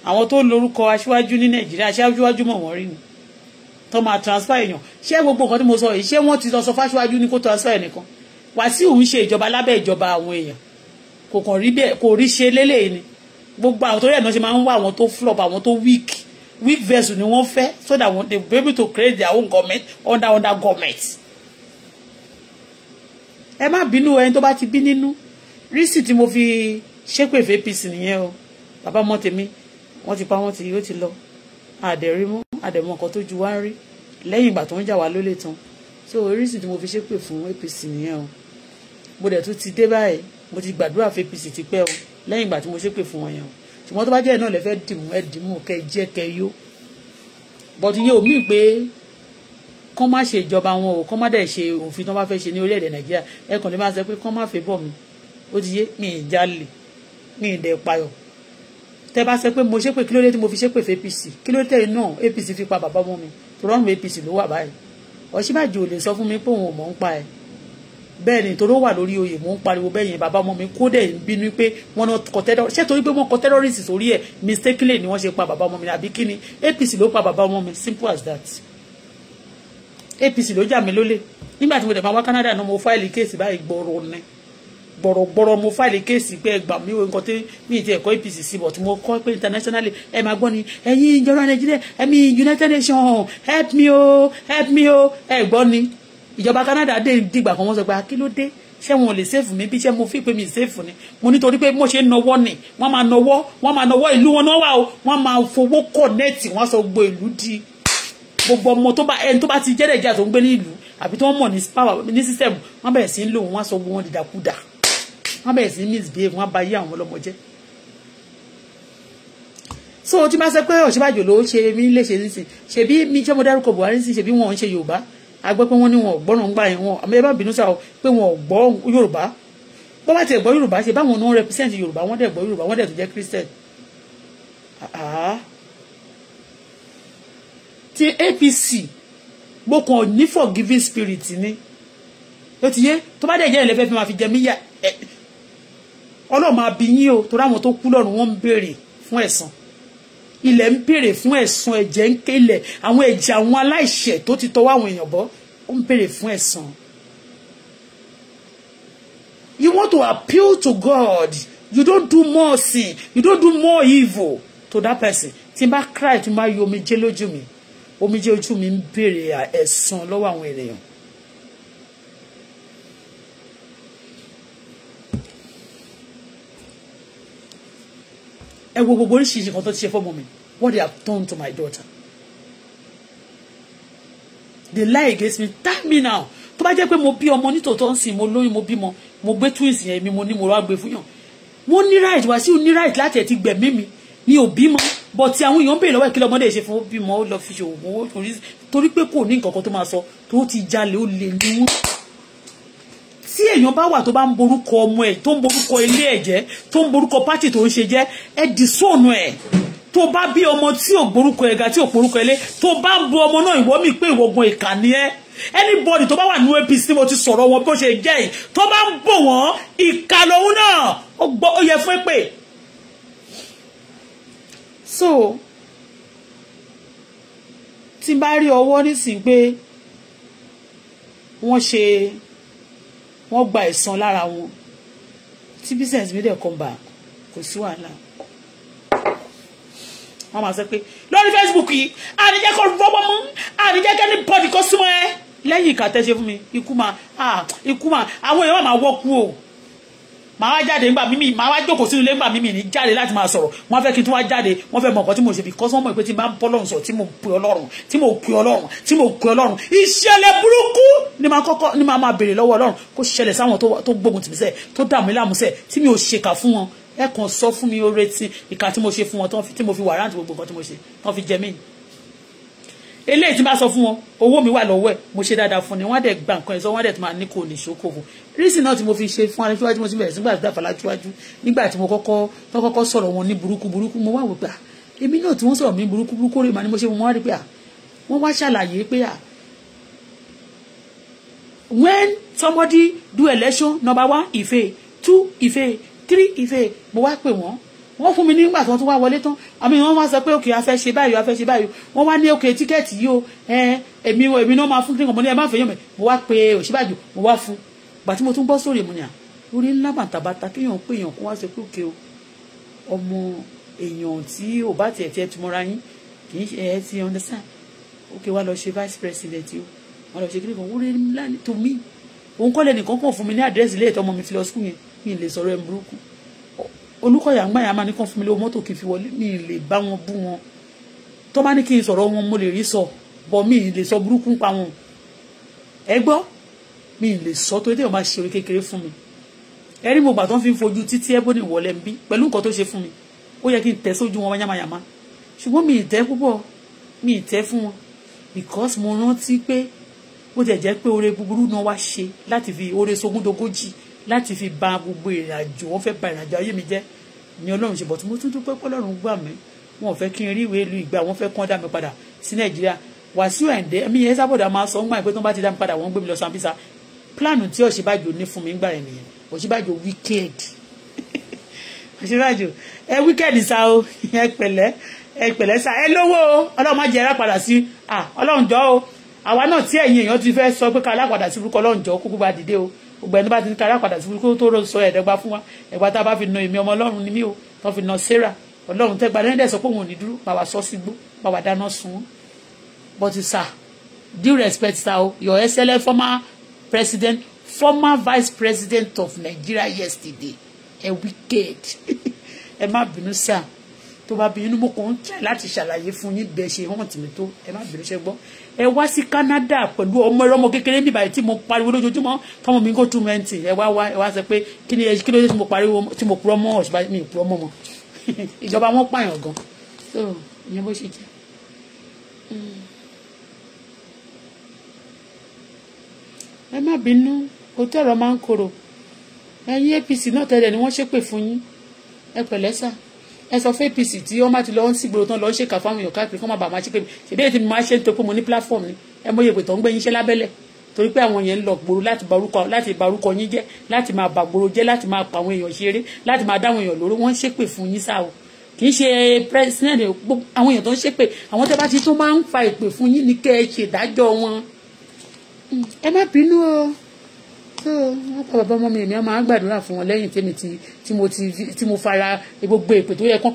àwọn tó lórúkọ aṣíwájú ní nàìjíríà aṣíwájú mọ̀ wọ́n rí ni tó máa transfer èèyàn ṣé gbogbo nǹkan tí mo sọ yìí ṣé wọ́n ti lọ sọ fáṣíwájú ní kó transfer ẹnìkan wàsíù ń ṣe ìjọba lábẹ́ ìjọba àwọn èèyàn kò kàn rí bẹ́ẹ̀ kò rí ṣe lélẹ́yìn ni gbogbo àwọn tó yẹ̀ náà ṣe máa ń wá àwọn tó flop àwọn tó weak weak vessel ni wọ́n fẹ́ so that they be able to create their own government under under government. ẹ má bínú ẹni tó bá ti bí nínú rísì tí mo fi ṣépè fapc nìyẹn o bàbá ọmọ tèmi wọ́n ti pa wọ́n ti yóò ti lọ àdẹ̀rí mú àdẹ̀mọ́ nǹkan tó ju wá ń rí lẹ́yìn ìgbà tó ń jà wá lólè tán so oríṣìí tí mo fi ṣépè fún APC nìyẹn o mo dẹ̀ tún ti dé báyìí mo ti gbàdúrà fún APC ti pẹ́ o lẹ́yìn ìgbà tí mo ṣépè fún wọn yẹn o ṣùgbọ́n tó bá jẹ́ náà lè fẹ́ dìmú ẹ dìmú kẹ́ jẹ́ kẹ́ yó but iye omi pé kán má ṣe ìjọba wọn o kán má dẹ̀ ṣe òfin tán bá fẹ́ ṣe ní orílẹ̀-èdè Nàìjíríà ẹ kàn lè máa sọ pé kán má fẹ́ bọ̀ mi ó ti yé mi ì jalè mi ì dẹ̀ payọ̀ tẹ bá sọ pé mo ṣépè kí ló dé tí mo fi ṣépè fún APC kí ló tẹ̀lé náà APC fi pa bàbá ọmọ mi tó rọrùn APC ló wà báyìí Ọ̀ṣínbàjò lè sọ fún mi pé òun ò mọ̀ ń pa ẹ̀ bẹ́ẹ̀ ni tòró wà lórí oyè mò ń pariwo bẹ́ẹ̀ yẹn bàbá ọmọ mi kó dẹ̀ ń bínú pé wọ́n náà kọ tẹ́rọ ṣé torí pé wọ́n kọ tẹ́rọ́rìsì sórí ẹ̀ mistakenly ni wọ́n ṣe pa bàbá ọmọ mi ni àbí kíni APC ló pa bàbá ọmọ mi simple as that APC ló jà mí lólè nígbà tí mo dẹ̀ máa wá Canada náà mo fáìlì kéèsì báyìí gbọ́rọ̀ ni gbọ̀rọ̀gbọ̀rọ̀ mo fáìlì kéèsì pé ẹgbà mi ò nǹkan tí mi ti ẹ̀kọ́ APC sí but mo kọ́ pé internationally ẹ máa gbọ́ ni ẹ̀yin ìjọba nàìjíríà ẹ̀mí United Nations help me o help me o ẹ gbọ́ ni ìjọba Canada dé dìgbà kan wọ́n sọ pé ah, kí ló dé ṣé wọn ò lè sèfù mi bí ṣé mo fi pé mi sèfù ni mo nítorí pé mo ṣe nọwọ́ ni wọ́n máa nọwọ́ wọ́n máa nọwọ́ ìlú wọn náà wà o wọ́n máa fowó kọ̀ nẹ́ẹ̀tì wọ́n sọ gbogbo ìlú di gbogbo ọmọ tó bá ẹni tó bá ti jẹ́rẹ̀ẹ́jà tó ń gbé ní ìlú àbí tó ń mọ̀ ní sísẹ̀mù wọ́n bẹ̀rẹ̀ sí ń lò wọ́n sọ gbogbo wọn dìdàkudà wọ́n bẹ̀rẹ̀ sí misbehave wọ́n bá yí àwọn ọlọ́mọ jẹ́ so tí bá sẹ pé Ọ̀ṣínbàjò ló ṣe mí léṣe nísìn ṣebí mi jẹ́ mo dárúkọ Buhari nísìn ṣebí wọn ò ń ṣe Yorùbá a gbọ́ pé wọ́n ní wọn ò gbọ́ràn gbà yẹn wọn àmọ́ ẹ bá bínú sáà pé wọn ò gbọ́ Yorùbá bọ́ bá tiẹ̀ gbọ́ Yorùbá ṣe báwọn náà represent Yorùbá wọ́n dẹ̀ gbọ́ Yorùbá wọ́n dẹ̀ tó jẹ́ Christian ti APC mo kàn ní forgiving spirit ni ó ti yé tó bá dẹ̀ jẹ́ ìlẹ́fẹ́ fi máa fi jẹ mí yà ọlọ́run máa o torí àwọn tó kú lọ́run wọ́n ń béèrè fún ẹ̀san ilẹ̀ ń béèrè fún ẹ̀san ẹ̀jẹ̀ ń kélẹ̀ àwọn ẹ̀jẹ̀ àwọn aláìṣẹ̀ tó ti tọwọ́ àwọn èèyàn bọ́ ó ń béèrè fún ẹ̀san. You want to appeal to God you don't do more sin you don't do more evil to that person tí n bá cry tí n bá yọ omijé lójú mi omijé ojú mi ń béèrè ẹ̀san lọ́wọ́ àwọn ènìyàn ẹ wo gbogbo oríṣiríṣi kan tó ti ṣe fọ́mọ mi what they have done to my daughter they lie against me Tell me now tó bá jẹ́ pé mo bí ọmọ nítòótọ́ ń sìn mo lóyún mo bímọ mo gbé twins yẹn mi mo ní mo wá gbé fún yàn wọ́n ní right wá sí ní right láti ẹ̀ ti gbẹ̀mí mi mi ò bímọ but tí àwọn èèyàn ń béèrè lọ́wọ́ ìkílẹ̀ ọmọdé ṣe fún bímọ ó lọ fi ṣòwò owó torí pé kò ní nǹkan kan tó máa sọ tó ti jalè ó lè ní wọn tí èèyàn bá wà tó bá ń borúkọ ọmọ ẹ̀ tó ń borúkọ ilé ẹ̀ jẹ́ tó ń borúkọ pátì tó ń ṣe jẹ́ ẹ dì sóònù ẹ̀ tó bá bí ọmọ tí ò borúkọ ẹ̀gà tí ò borúkọ ilé tó bá ń bo ọmọ náà ìwọ mi pé ìwọ̀gun ìkà ni anybody tó bá wà ní apc tí mo ti sọ̀rọ̀ wọn bó ṣe jẹ́ yìí tó bá ń bò wọ́n ìkà lòun náà ó yẹ fún pé. so tí n bá rí ọwọ́ nísìnyí pé wọ́n ṣe wọ́n gba ẹ̀san lára wọn tí business mi dẹ̀ come back kò sí wàhálà wọ́n máa sọ pé lórí Facebook yìí àníjẹ́ kó rọ́bọ́ mú àníjẹ́ kẹ́ni bọ́ọ̀dì kó súnmọ́ ẹ lẹ́yìn ìkà tẹ́ ṣe fún mi ikú máa ah, ikú máa àwọn èèyàn máa wọ́kú o màá wá jáde nígbà mímì màá wá jókòó sínú ilé nígbà mímì ní jáde láti máa sọ̀rọ̀ wọ́n fẹ́ kí n tún wá jáde wọ́n fẹ́ mọ nǹkan tí mo ṣe because wọ́n mọ̀ pé tí máa ń bọ́ lọ́run sọ̀rọ̀ tí mo pè ọlọ́run tí mo pè ọlọ́run tí mo pè ọlọ́run ìṣẹ̀lẹ̀ burúkú ni máa kọ́kọ́ ni máa máa béèrè lọ́wọ́ ọlọ́run kó ṣẹlẹ̀ sáwọn tó gbógun tì mí sẹ́ tó dà mí láàmú sẹ́ tí mi ò ṣèkà fún wọn ẹ kàn sọ fún mi ó retí ìka tí mo ṣe fún wọn tí mo fi wàrántì gbogbo nǹkan tí mo ṣe tán fi jẹ mí eléyìí tí bá sọ fún wọn owó mi wà lọ́wọ́ ẹ̀ mo ṣe dáadáa fún ni wọ́n á dẹ̀ nǹkan ẹ̀ sọ wọ́n á dẹ̀ máa ní kò ní ṣókòwò rísì náà tí mo fi ṣe fún aláṣíwájú tí mo ti bẹ̀rẹ̀ sí gbàdúrà faláṣíwájú nígbà tí mo kọ́kọ́ tó kọ́kọ́ sọ̀rọ̀ wọn ní burúkú burúkú mo wá wò pé à èmi náà tí wọ́n sọ̀rọ̀ mi burúkú burúkú rèé mà ni mo ṣe mo wá rí pé à wọ́n wá ṣàlàyé pé à when somebody do election number one ife two ife three ife mo wá pè wọ́n wọ́n fún mi nígbà tí wọ́n tún wá wọlé tán àmì wọ́n wá sọ pé òkè afẹ́ ṣe báyìí afẹ́ ṣe báyìí wọ́n wá ní òkè tíkẹ́ẹ̀tì yìí o èmi èmi náà máa fún kíkan mo ní ẹ má fẹ́ yàn mẹ́ mo wá pe Ọ̀ṣínbàjò mo wá fún gbàtí mo tún gbọ́ sórí mu ni à orí ńlá bàtàbàtà kéèyàn pé èèyàn kó wá ṣe kúròkè o ọmọ èèyàn tí ò bá tiẹ̀ tiẹ̀ túmọ̀ra yín kì í ṣe ẹ̀ ti understand ókè wá lọ ṣe vice president o wá lọ ṣe kí nìkan orí ńlá tó mí òun kọ́lẹ̀ nìkan kàn fún mi ní àdírẹ́sì ilé ìtọ́ ọmọ mi fi lọ skul yẹn mi lè sọ̀rọ̀ ẹ̀ burúkú olùkọ́yà ń gbàyà máa ní kàn fún mi lówó mọ́tò kì í fi wọlé mi lè bá wọn bú wọn tó bá ní kí n sọ̀rọ̀ wọn mo lè rí sọ bọ́ mi lè sọ burúkú pa wọn ẹ gbọ́ mi lè sọ tó dé ọmọ àṣírí kékeré fún mi ẹrí mo gbà tó ń fi fojú títí ẹbọnì wọlé ń bí pẹ̀lú nǹkan tó ṣe fún mi ó yẹ kí n tẹ sójú wọn yamayama ṣùgbọ́n mi ì tẹ́ púpọ̀ mi ì tẹ́ fún wọn because mo rántí pé ó jẹ́ jẹ́ pé oore búburú náà wá ṣe láti fi oore sógúndógójì láti fi ba gbogbo ìrìnàjò wọn fẹ́ ba ìrìnàjò ayé mi jẹ́ ni ọlọ́run ṣe bọ̀ tí mo tún dúpẹ́ pọ́lọ́run gbà mí wọn ò fẹ́ kí n rí ìwé ìlú ìgbà wọn fẹ́ kán dá mi padà sí nàìjíríà wàsíù ẹ̀ǹdẹ́ mi yẹn sábọ̀dà máa sọ ń gbà pé tó bá ti dá mi padà wọ́n gbé mi lọ sambisa plan tí Ọ̀ṣínbàjò ní fún mi ń gbà rẹ̀ nìyẹn Ọ̀ṣínbàjò wicked Ọ̀ṣínbàjò ẹ wicked sa o ẹ pẹ̀lẹ́ ẹ pẹ̀lẹ́ sa ẹ lówó o ọlọ́run má jẹ́ ẹ rápadà sí à ọlọ́run jọ́ o àwa náà tí ẹ̀yin èèyàn ti fẹ́ sọ pé ká alápadà sí burúkú ọlọ́run jọ́ kó gbogbo àdìde o gbogbo ẹni bá ti ní ká alápadà sí burúkú tó rọ sọ ẹ̀ẹ́dẹ́gba fún wa ẹ̀gbá tá a bá fi na èmi ọmọ ọlọ́run ni mí o tó fi na sarah ọlọ́run tẹ́gbà lẹ́yìn dẹ̀ sọ pé òun ò ní dúró bàbá sọ sí gbó bàbá dáná sun wọn but sir due respect sir o your excellent former president former vice president of Nigeria yesterday a wicked ẹ má bínú sáà tó bá bínú mo kàn ń tẹ̀ láti ṣàlàyé fún yín bẹ́ẹ̀ ṣe hàn tì mí tó ẹ má bínú ṣe gbọ́ ẹ wá sí Canada pẹ̀lú ọmọ ẹlọ́mọ kékeré níbi àyè tí mo pariwo lójoojúmọ́ tọmọ mi kó tú mẹ́ǹtì ẹ wá wá ẹ wá sọ pé kí ni kí ló dé tí mo pariwo tí mo purọ́ mọ́ ọ̀ṣùpá mi purọ́ mọ́ mọ́ ìjọba wọn pààyàn gan so ìyẹn bó ṣe jẹ́. Hmm. ẹ má bínú òótọ́ ọ̀rọ̀ máa ń korò ẹ̀yin APC náà tẹ́lẹ̀ ni wọ́n ṣépè fún yín ẹ pẹ̀lẹ́ sà ẹ sọ fún APC tí wọ́n má ti lọ ń sígboro tán lọ ń ṣèkà fáwọn èèyàn káàkiri kán má bàa máa ṣépè mi ṣèdí èyí tí mo máa ṣe ń topo mo ní platform ni ẹ mọ ìyẹ̀pẹ̀ tó ń gbé yín ṣẹ́ lábẹ́lẹ̀ torí pé àwọn yẹn ń lọ gbòòrò láti barúkọ láti barúkọ yín jẹ́ láti máa bà gbòòrò jẹ́ láti máa pa àwọn èèyàn ṣeré láti máa dá àwọn èèyàn lóró wọ́n ṣépè fún yín sáà o kì í ṣe president àwọn èèyàn tó ń ṣépè àwọn tẹ́ bá ti tún máa ń fa ìpè fún yín ní kẹ́ ẹ ṣèdájọ́ wọn ẹ má bínú o tó wọn pa bàbá ọmọ mi èmi á máa gbàdúrà fún wọn lẹ́yìn tèmi tí tí mo ti tí mo fara gbogbo èpè tó yẹ kán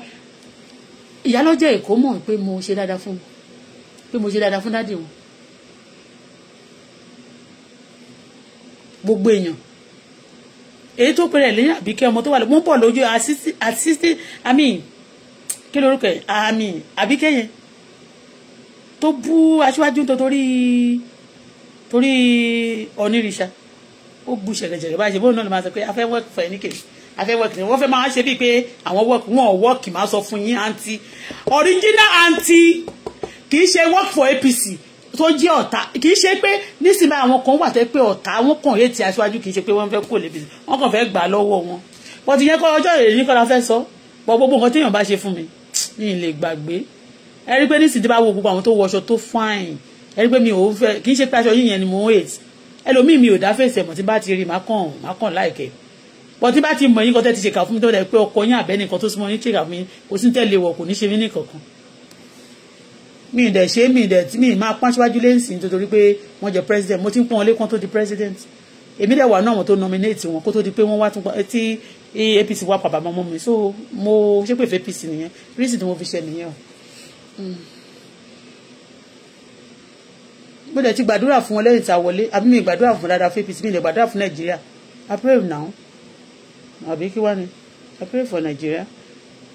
ìyálọ́jà èkó mọ̀ pé mo ṣe dáadáa fún wọn pé mo ṣe dáadáa fún dáàdì wọn gbogbo èèyàn èyí tó pèrè lẹ́yìn àbíkẹ́ ọmọ tó wà lọ́wọ́ pọ̀ lójú assistant àmì kí lorúkọ ẹ̀ àmì àbíkẹ́ yẹn tó bú aṣíwájú nítorí torí onírìṣà ó bu ṣẹ̀kẹ̀ṣẹ̀kẹ̀ báyìí ṣe bóun náà ló máa sọ pé a fẹ́ wọ́ọ̀kì fún ẹnikẹ́ni a fẹ́ wọ́ọ̀kì ni wọ́n fẹ́ máa ṣe bíi pé àwọn wọ́ọ̀kì wọn ò wọ́ọ̀kì máa sọ fún yín àǹtí original àǹtí kì í ṣe work for APC tó jẹ́ ọ̀tá kì í ṣe pé nísìnyí àwọn kan wà tẹ́ pé ọ̀tá wọn kàn yé ti aṣáájú kì í ṣe pé wọ́n fẹ́ kó lè bìí wọ́n kàn fẹ́ gbà lọ́wọ́ wọn wọ́n ti yẹ kọ́ ọjọ́ ìrìn kọ́ra fẹ́ sọ bọ́ gbogbo nǹkan téèyàn bá ṣe fún mi mi ì lè gbàgbé ẹ rí pé nísìnyí bá wo gbogbo àwọn tó wọṣọ tó fáìn ẹni pé mi ò fẹ́ kì í ṣe pé aṣọ yín yẹn ni mo ń hate ẹlòmíì mi ò dá fèsì ẹ̀mọ̀ tí bá ti rí màkàn màkàn láìkẹ́ bọ́n tí bá ti mọ̀ yín kan tẹ́ ti ṣèkà fún mi tó dẹ̀ pé ọkọ yín àbẹ́ nìkan tó súnmọ́ yín ṣèkà fún mi kò sí tẹ̀lé wọ̀ kò ní ṣe mí nìkankan mi dẹ̀ ṣe mi dẹ̀ tí mi máa pọ́n síwájú lẹ́sìn nítorí pé wọ́n jẹ́ president mo ti ń pọ́n wọn lẹ́kàn tó di president èmi dẹ̀ wà náà wọn tó nominate wọn kó tó di pé wọ́n wá tún eh, tí APC wá pàbàmọ́ mọ́ mi so mo ṣépè fẹ́ APC nìyẹn reason tí mo fi ṣe nìyẹn o. Mm mo dẹ̀ ti gbàdúrà fún wọn lẹ́yìn tá a wọlé àbí mi gbàdúrà fún dáadáa fún APC mi dẹ̀ gbàdúrà fún Nàìjíríà I pray now àbí kí wá ni I pray for Nigeria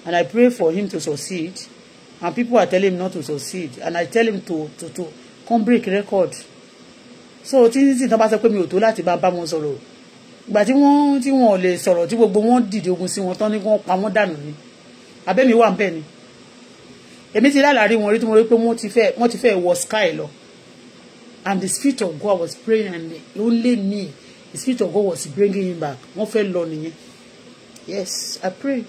and I pray for him to succeed and people are telling him not to succeed and I tell him to to to come break record so tí tí tán bá sọ pé mi ò tó láti bá bá wọn sọ̀rọ̀ ìgbà tí wọ́n tí wọ́n lè sọ̀rọ̀ tí gbogbo wọn dìde ogun sí wọn tán ní kí wọ́n pa wọ́n dànù ni abẹ́mi wà ń bẹ̀ ni èmi ti lálàá wọn rí tí mo rí pé wọ́n ti fẹ́ wọ́n ti fẹ́ wọ sky lọ and the spirit of God was praying and only me the spirit of God was bringing him back wọ́n fẹ́ lọ nìyẹn yes I pray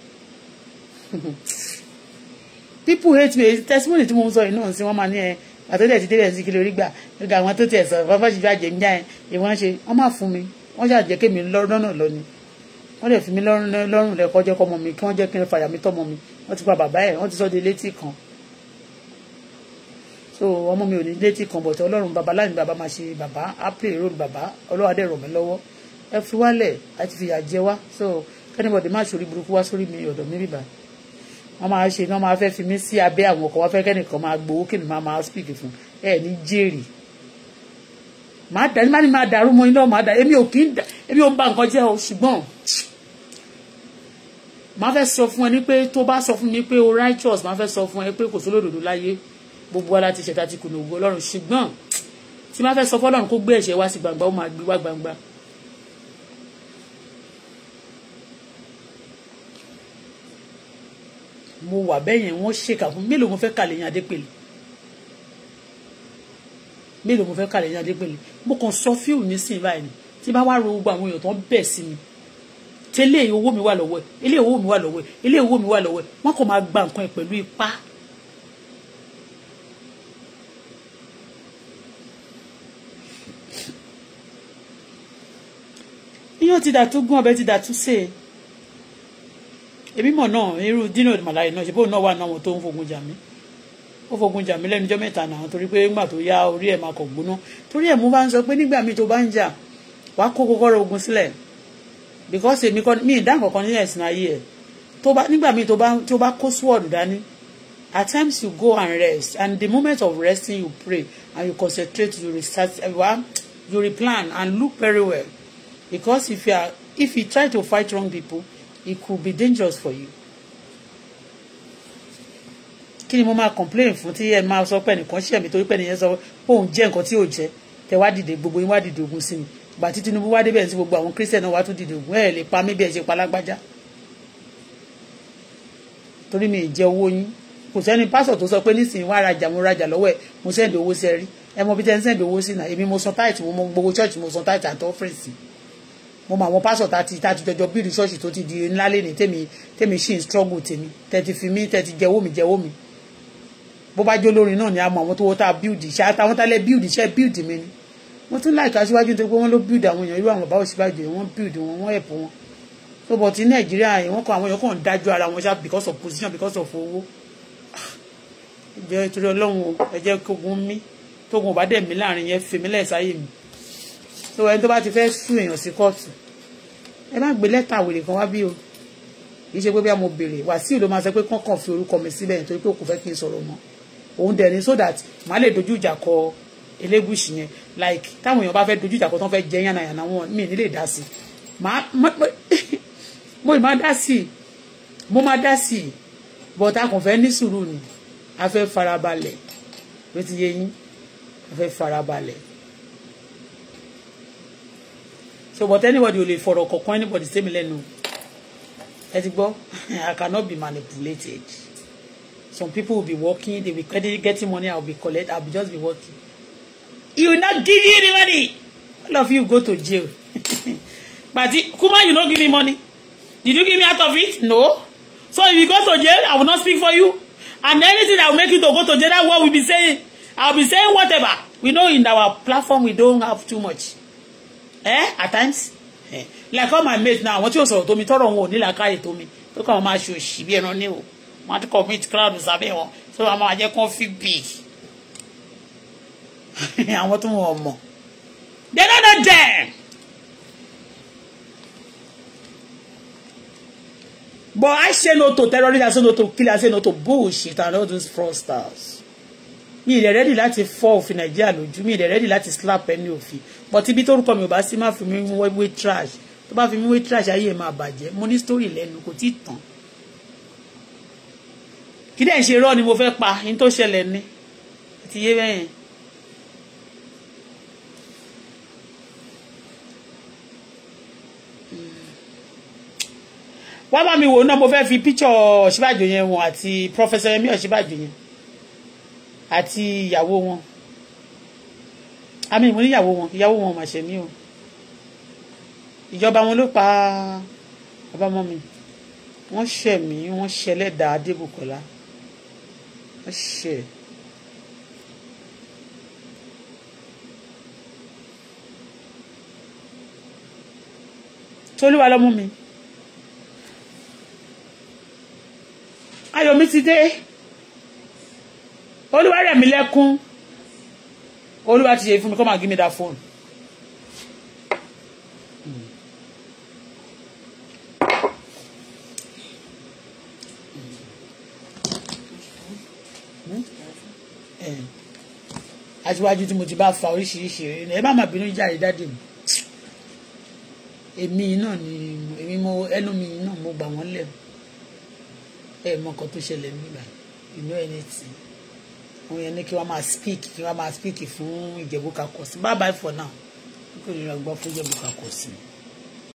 people hate me testimony tí mo ń sọ yìí náà sí wọ́n máa ní ẹ àtọ́jọ́ ti délẹ̀ sí kí lórí gbà nígbà àwọn tó tiẹ̀ sọ bàbá ṣe bá jẹ̀mí jáyẹn ìwọ́n ṣe wọ́n máa fún mi wọ́n ṣáà jẹ́ kémi lọ́rùn lọ ni wọ́n lè fi mi lọ́rùn lẹ́kọ́ jẹ́ kọ́ ọmọ mi kí wọ́n jẹ́ kí n fàyà mi tọ́ ọmọ mi wọ́n ti pa bàbá ẹ̀ wọ́n ti sọ́ di létí kan so ọmọ mi ò ní létí kan bọ̀tẹ́ ọlọ́run bàbá láì ní bàbá máa ṣe bàbá á play role bàbá ọlọ́wà dẹ̀ rọ̀ mí lọ́wọ́ ẹ fi wálẹ̀ á ti fìyà jẹ wá so kẹ́nìbọ̀dé má ṣorí burúkú wá sórí mi ọ̀dọ̀ mi bìbà wọ́n máa ṣe wọ́n máa fẹ́ fi mí sí abẹ́ àwọn ọkọ̀ wá fẹ́ kẹ́nìkan máa gbowó kí ni máa máa speak fún ẹ ní jèrè máa dà ní máa dàrú mọ́ iná máa dà èmi ò kí ń dà èmi ò ń ba nǹkan jẹ́ o ṣùgbọ́n máa fẹ́ sọ fún ẹ ní pé tó bá sọ fún mi pé o righteous máa fẹ́ sọ fún ẹ pé kò sólódodo láyé gbogbo wa láti ṣẹ̀ta ti kùnà ògo ọlọ́run ṣùgbọ́n tí máa fẹ́ sọ fọ́lọ́run kó gbé ẹ̀ṣẹ̀ wá sí gbangba ó máa gbé wá gbangba. mo wà bẹ́ẹ̀ yẹn wọ́n ṣèkà fún mélòó mo fẹ́ kàlẹ́ yẹn adépèlé mélòó mo fẹ́ kàlẹ́ yẹn adépèlé mo kàn sọ fíìmù mi sí báyìí ni tí bá wá ro gbogbo àwọn èèyàn tó ń bẹ̀ sí mi tẹ́lẹ̀ owó mi wà lọ́wọ́ ẹ̀ ilé owó mi wà lọ́wọ́ ẹ̀ ilé owó mi wà lọ́wọ́ ẹ̀ wọ́n kàn máa gba nǹkan ẹ̀ pẹ̀lú ipá iyán ti dàtú gún ọbẹ̀ ti dàtú sè é èmi mọ̀ náà irú dino màláyé náà ṣe náà wà náà wọn tó ń fogun jà mí ó fogun jà mí lẹ́nu ọjọ́ mẹ́ta náà torí pé ńgbà tó yá orí ẹ̀ máa kọ̀ gbóná torí ẹ̀ mú bá ń sọ pé nígbà míì tó bá ń jà wàá kó kọ́kọ́rọ́ ogun sílẹ̀ because èmi kọ́ mi ìdá kankan nílẹ̀ sínú ayé ẹ̀ tó bá nígbà míì tó bá kó sword dání at times you go and rest and the moment of resting you pray and you concentrate you research you replan and look very well because if you are if you try to fight wrong people it could be dangerous for you. kí ni mo máa complain fún tí ẹ máa sọ pé ẹnìkan ṣe ẹ̀mí torí pé ẹnìyẹn sọ pé òun jẹ́ nǹkan tí ò jẹ́ tẹ wá dìde gbogbo yín wá dìde ogun sí mi ìgbà tí Tinubu wá débẹ̀ sí gbogbo àwọn Christian náà wá tún dìde ogun ẹ̀ lè pa mí bí ẹ ṣe pa lágbájá torí mi ì jẹ owó yín kò sẹ́ni pásọ̀ tó sọ pé nísìnyí wá rajà mo rajà lọ́wọ́ ẹ̀ mo sẹ́ndì owó sí ẹ mọ bí tẹ́ ń owó sí náà èmi mo san táìtì mo mọ gbogbo church mo san táìtì mo mọ àwọn pásọ̀ tá ti tá ti jọjọ bí rìsọ́ọ̀ṣì tó ti di ńlá lẹ́ni tèmi tèmi sì ń struggle tèmi tẹ̀tí fi mí tẹ̀tí jẹ́wọ́ mi jẹ́wọ́ mi bó bá jó lórin náà ni a mọ àwọn tó wọ́n tá a build iṣẹ́ àtàwọn tá lẹ́ build iṣẹ́ build mi ni mo tún láìka aṣíwájú nítorí pé wọ́n ló build àwọn èèyàn irú àwọn bá Ọ̀ṣínbàjò wọ́n build wọn wọ́n ẹ̀pọ̀ wọn so but ní Nàìjíríà wọ́n kọ àwọn èèyàn kàn dájú ara wọn ṣá because of position because of owó ìjọ ìtúrẹ́ Ọlọ́run ẹ jẹ́ kógun mí tógun ò bá dẹ̀ mí láàrin yẹn fèmí lẹ́ẹ̀sáyè mi so ẹni tó bá ti fẹ́ sùn èèyàn sí kóòtù ẹ má gbé lẹ́tà wèrè kan wá bí o kì í ṣe pé bí a mo béèrè Wàsíù ló máa sọ pé kọ́kàn fi orúkọ mi síbẹ̀ nítorí pé kò fẹ́ kí n sọ̀rọ̀ mọ́ òun dẹ̀ ni so that màá lè dojú ìjà kọ Elégùṣì yẹn like táwọn èèyàn bá fẹ́ dojú ìjà kọ tán fẹ́ jẹ yànnàyànnà wọn mi nílè dá sí mo ì máa dá sí mo máa dá sí but a kàn fẹ́ ní sùúrù ni a fẹ́ farabalẹ̀ ló ti yẹ yín a fẹ́ farabalẹ̀ so but anybody will for fọ̀rọ̀ kọ̀ọ̀kan anybody sí mi no, ẹ it go, i cannot be manipulated some people will be working they will be getting money i will be collect i will just be working you not give you any money all of you go to jail but Kuma you no give me money did you give me out of it no so if you go to jail i will not speak for you and anything that will make you to go to jail that's what we be saying I'll be saying whatever we know in our platform we don't have too much eh at times eh, like all my mates now àwọn tí ó sọ̀rọ̀ tó mi tọ́rọ̀ wọn ò ní làákàyè tó mi tó kàn wọ́n máa ṣe òṣì bí ẹran ní o wọ́n á ti commit crowd sábẹ́ wọn tó wọ́n máa jẹ́ kó fi big àwọn tó wọn mọ̀ they don't know them. But I say no to terrorism, I say no to kill, I say no to bullshit and all those fraudsters. Mi ìdẹ̀ rẹ́dì láti fọ́ òfin Nàìjíríà lójú, mi ìdẹ̀ rẹ́dì láti slap ẹni òfin but ibi tó rúkọ mi ò bá sí má fi mi wé trash tó bá fi mi wé trash ayé ẹ̀ máa bàjẹ́ mo ní story lẹ́nu kò tí ì tán kí dẹ̀ ṣe irọ́ ni mo fẹ́ pa ní tó ṣẹlẹ̀ ni àti yé bẹ́ẹ̀ yẹn. wá bá mi wò náà mo fẹ́ fi píkṣọ̀ Ọ̀ṣínbàjò yẹn wọn àti pọ́fẹ́sọ̀ Yẹmí Ọ̀ṣínbàjò yẹn àti ìyàwó wọn àmì ìmú níyàwó wọn ìyàwó wọn ò mà ṣe mí o ìjọba wọn ló pa bàbá ọmọ mi wọ́n ṣẹ̀ mí wọ́n ṣẹlẹ́dà adébùkọ́lá wọ́n ṣẹ̀. tolúwa ló mú mi ayọ̀ mi ti dé olúwa rẹ̀ mí lẹ́kún olúwa ti you. fún come and give me that phone. àtiwájú hmm? hmm? tí mo ti bá fa oríṣiríṣi eré ẹ má má bínú jáde dáde mi èmi náà ni èmi mo ẹnu mi náà mo gbà wọ́n lẹ̀ ẹ mọ nǹkan tó ṣẹlẹ̀ nígbà you know anything òun yẹn ní kí wọ́n máa speak kí wọ́n máa speak fún Ìjẹ̀bú Kakọ̀sí bye bye for now kí wọ́n lè gbọ́ fún Ìjẹ̀bú Kakọ̀sí.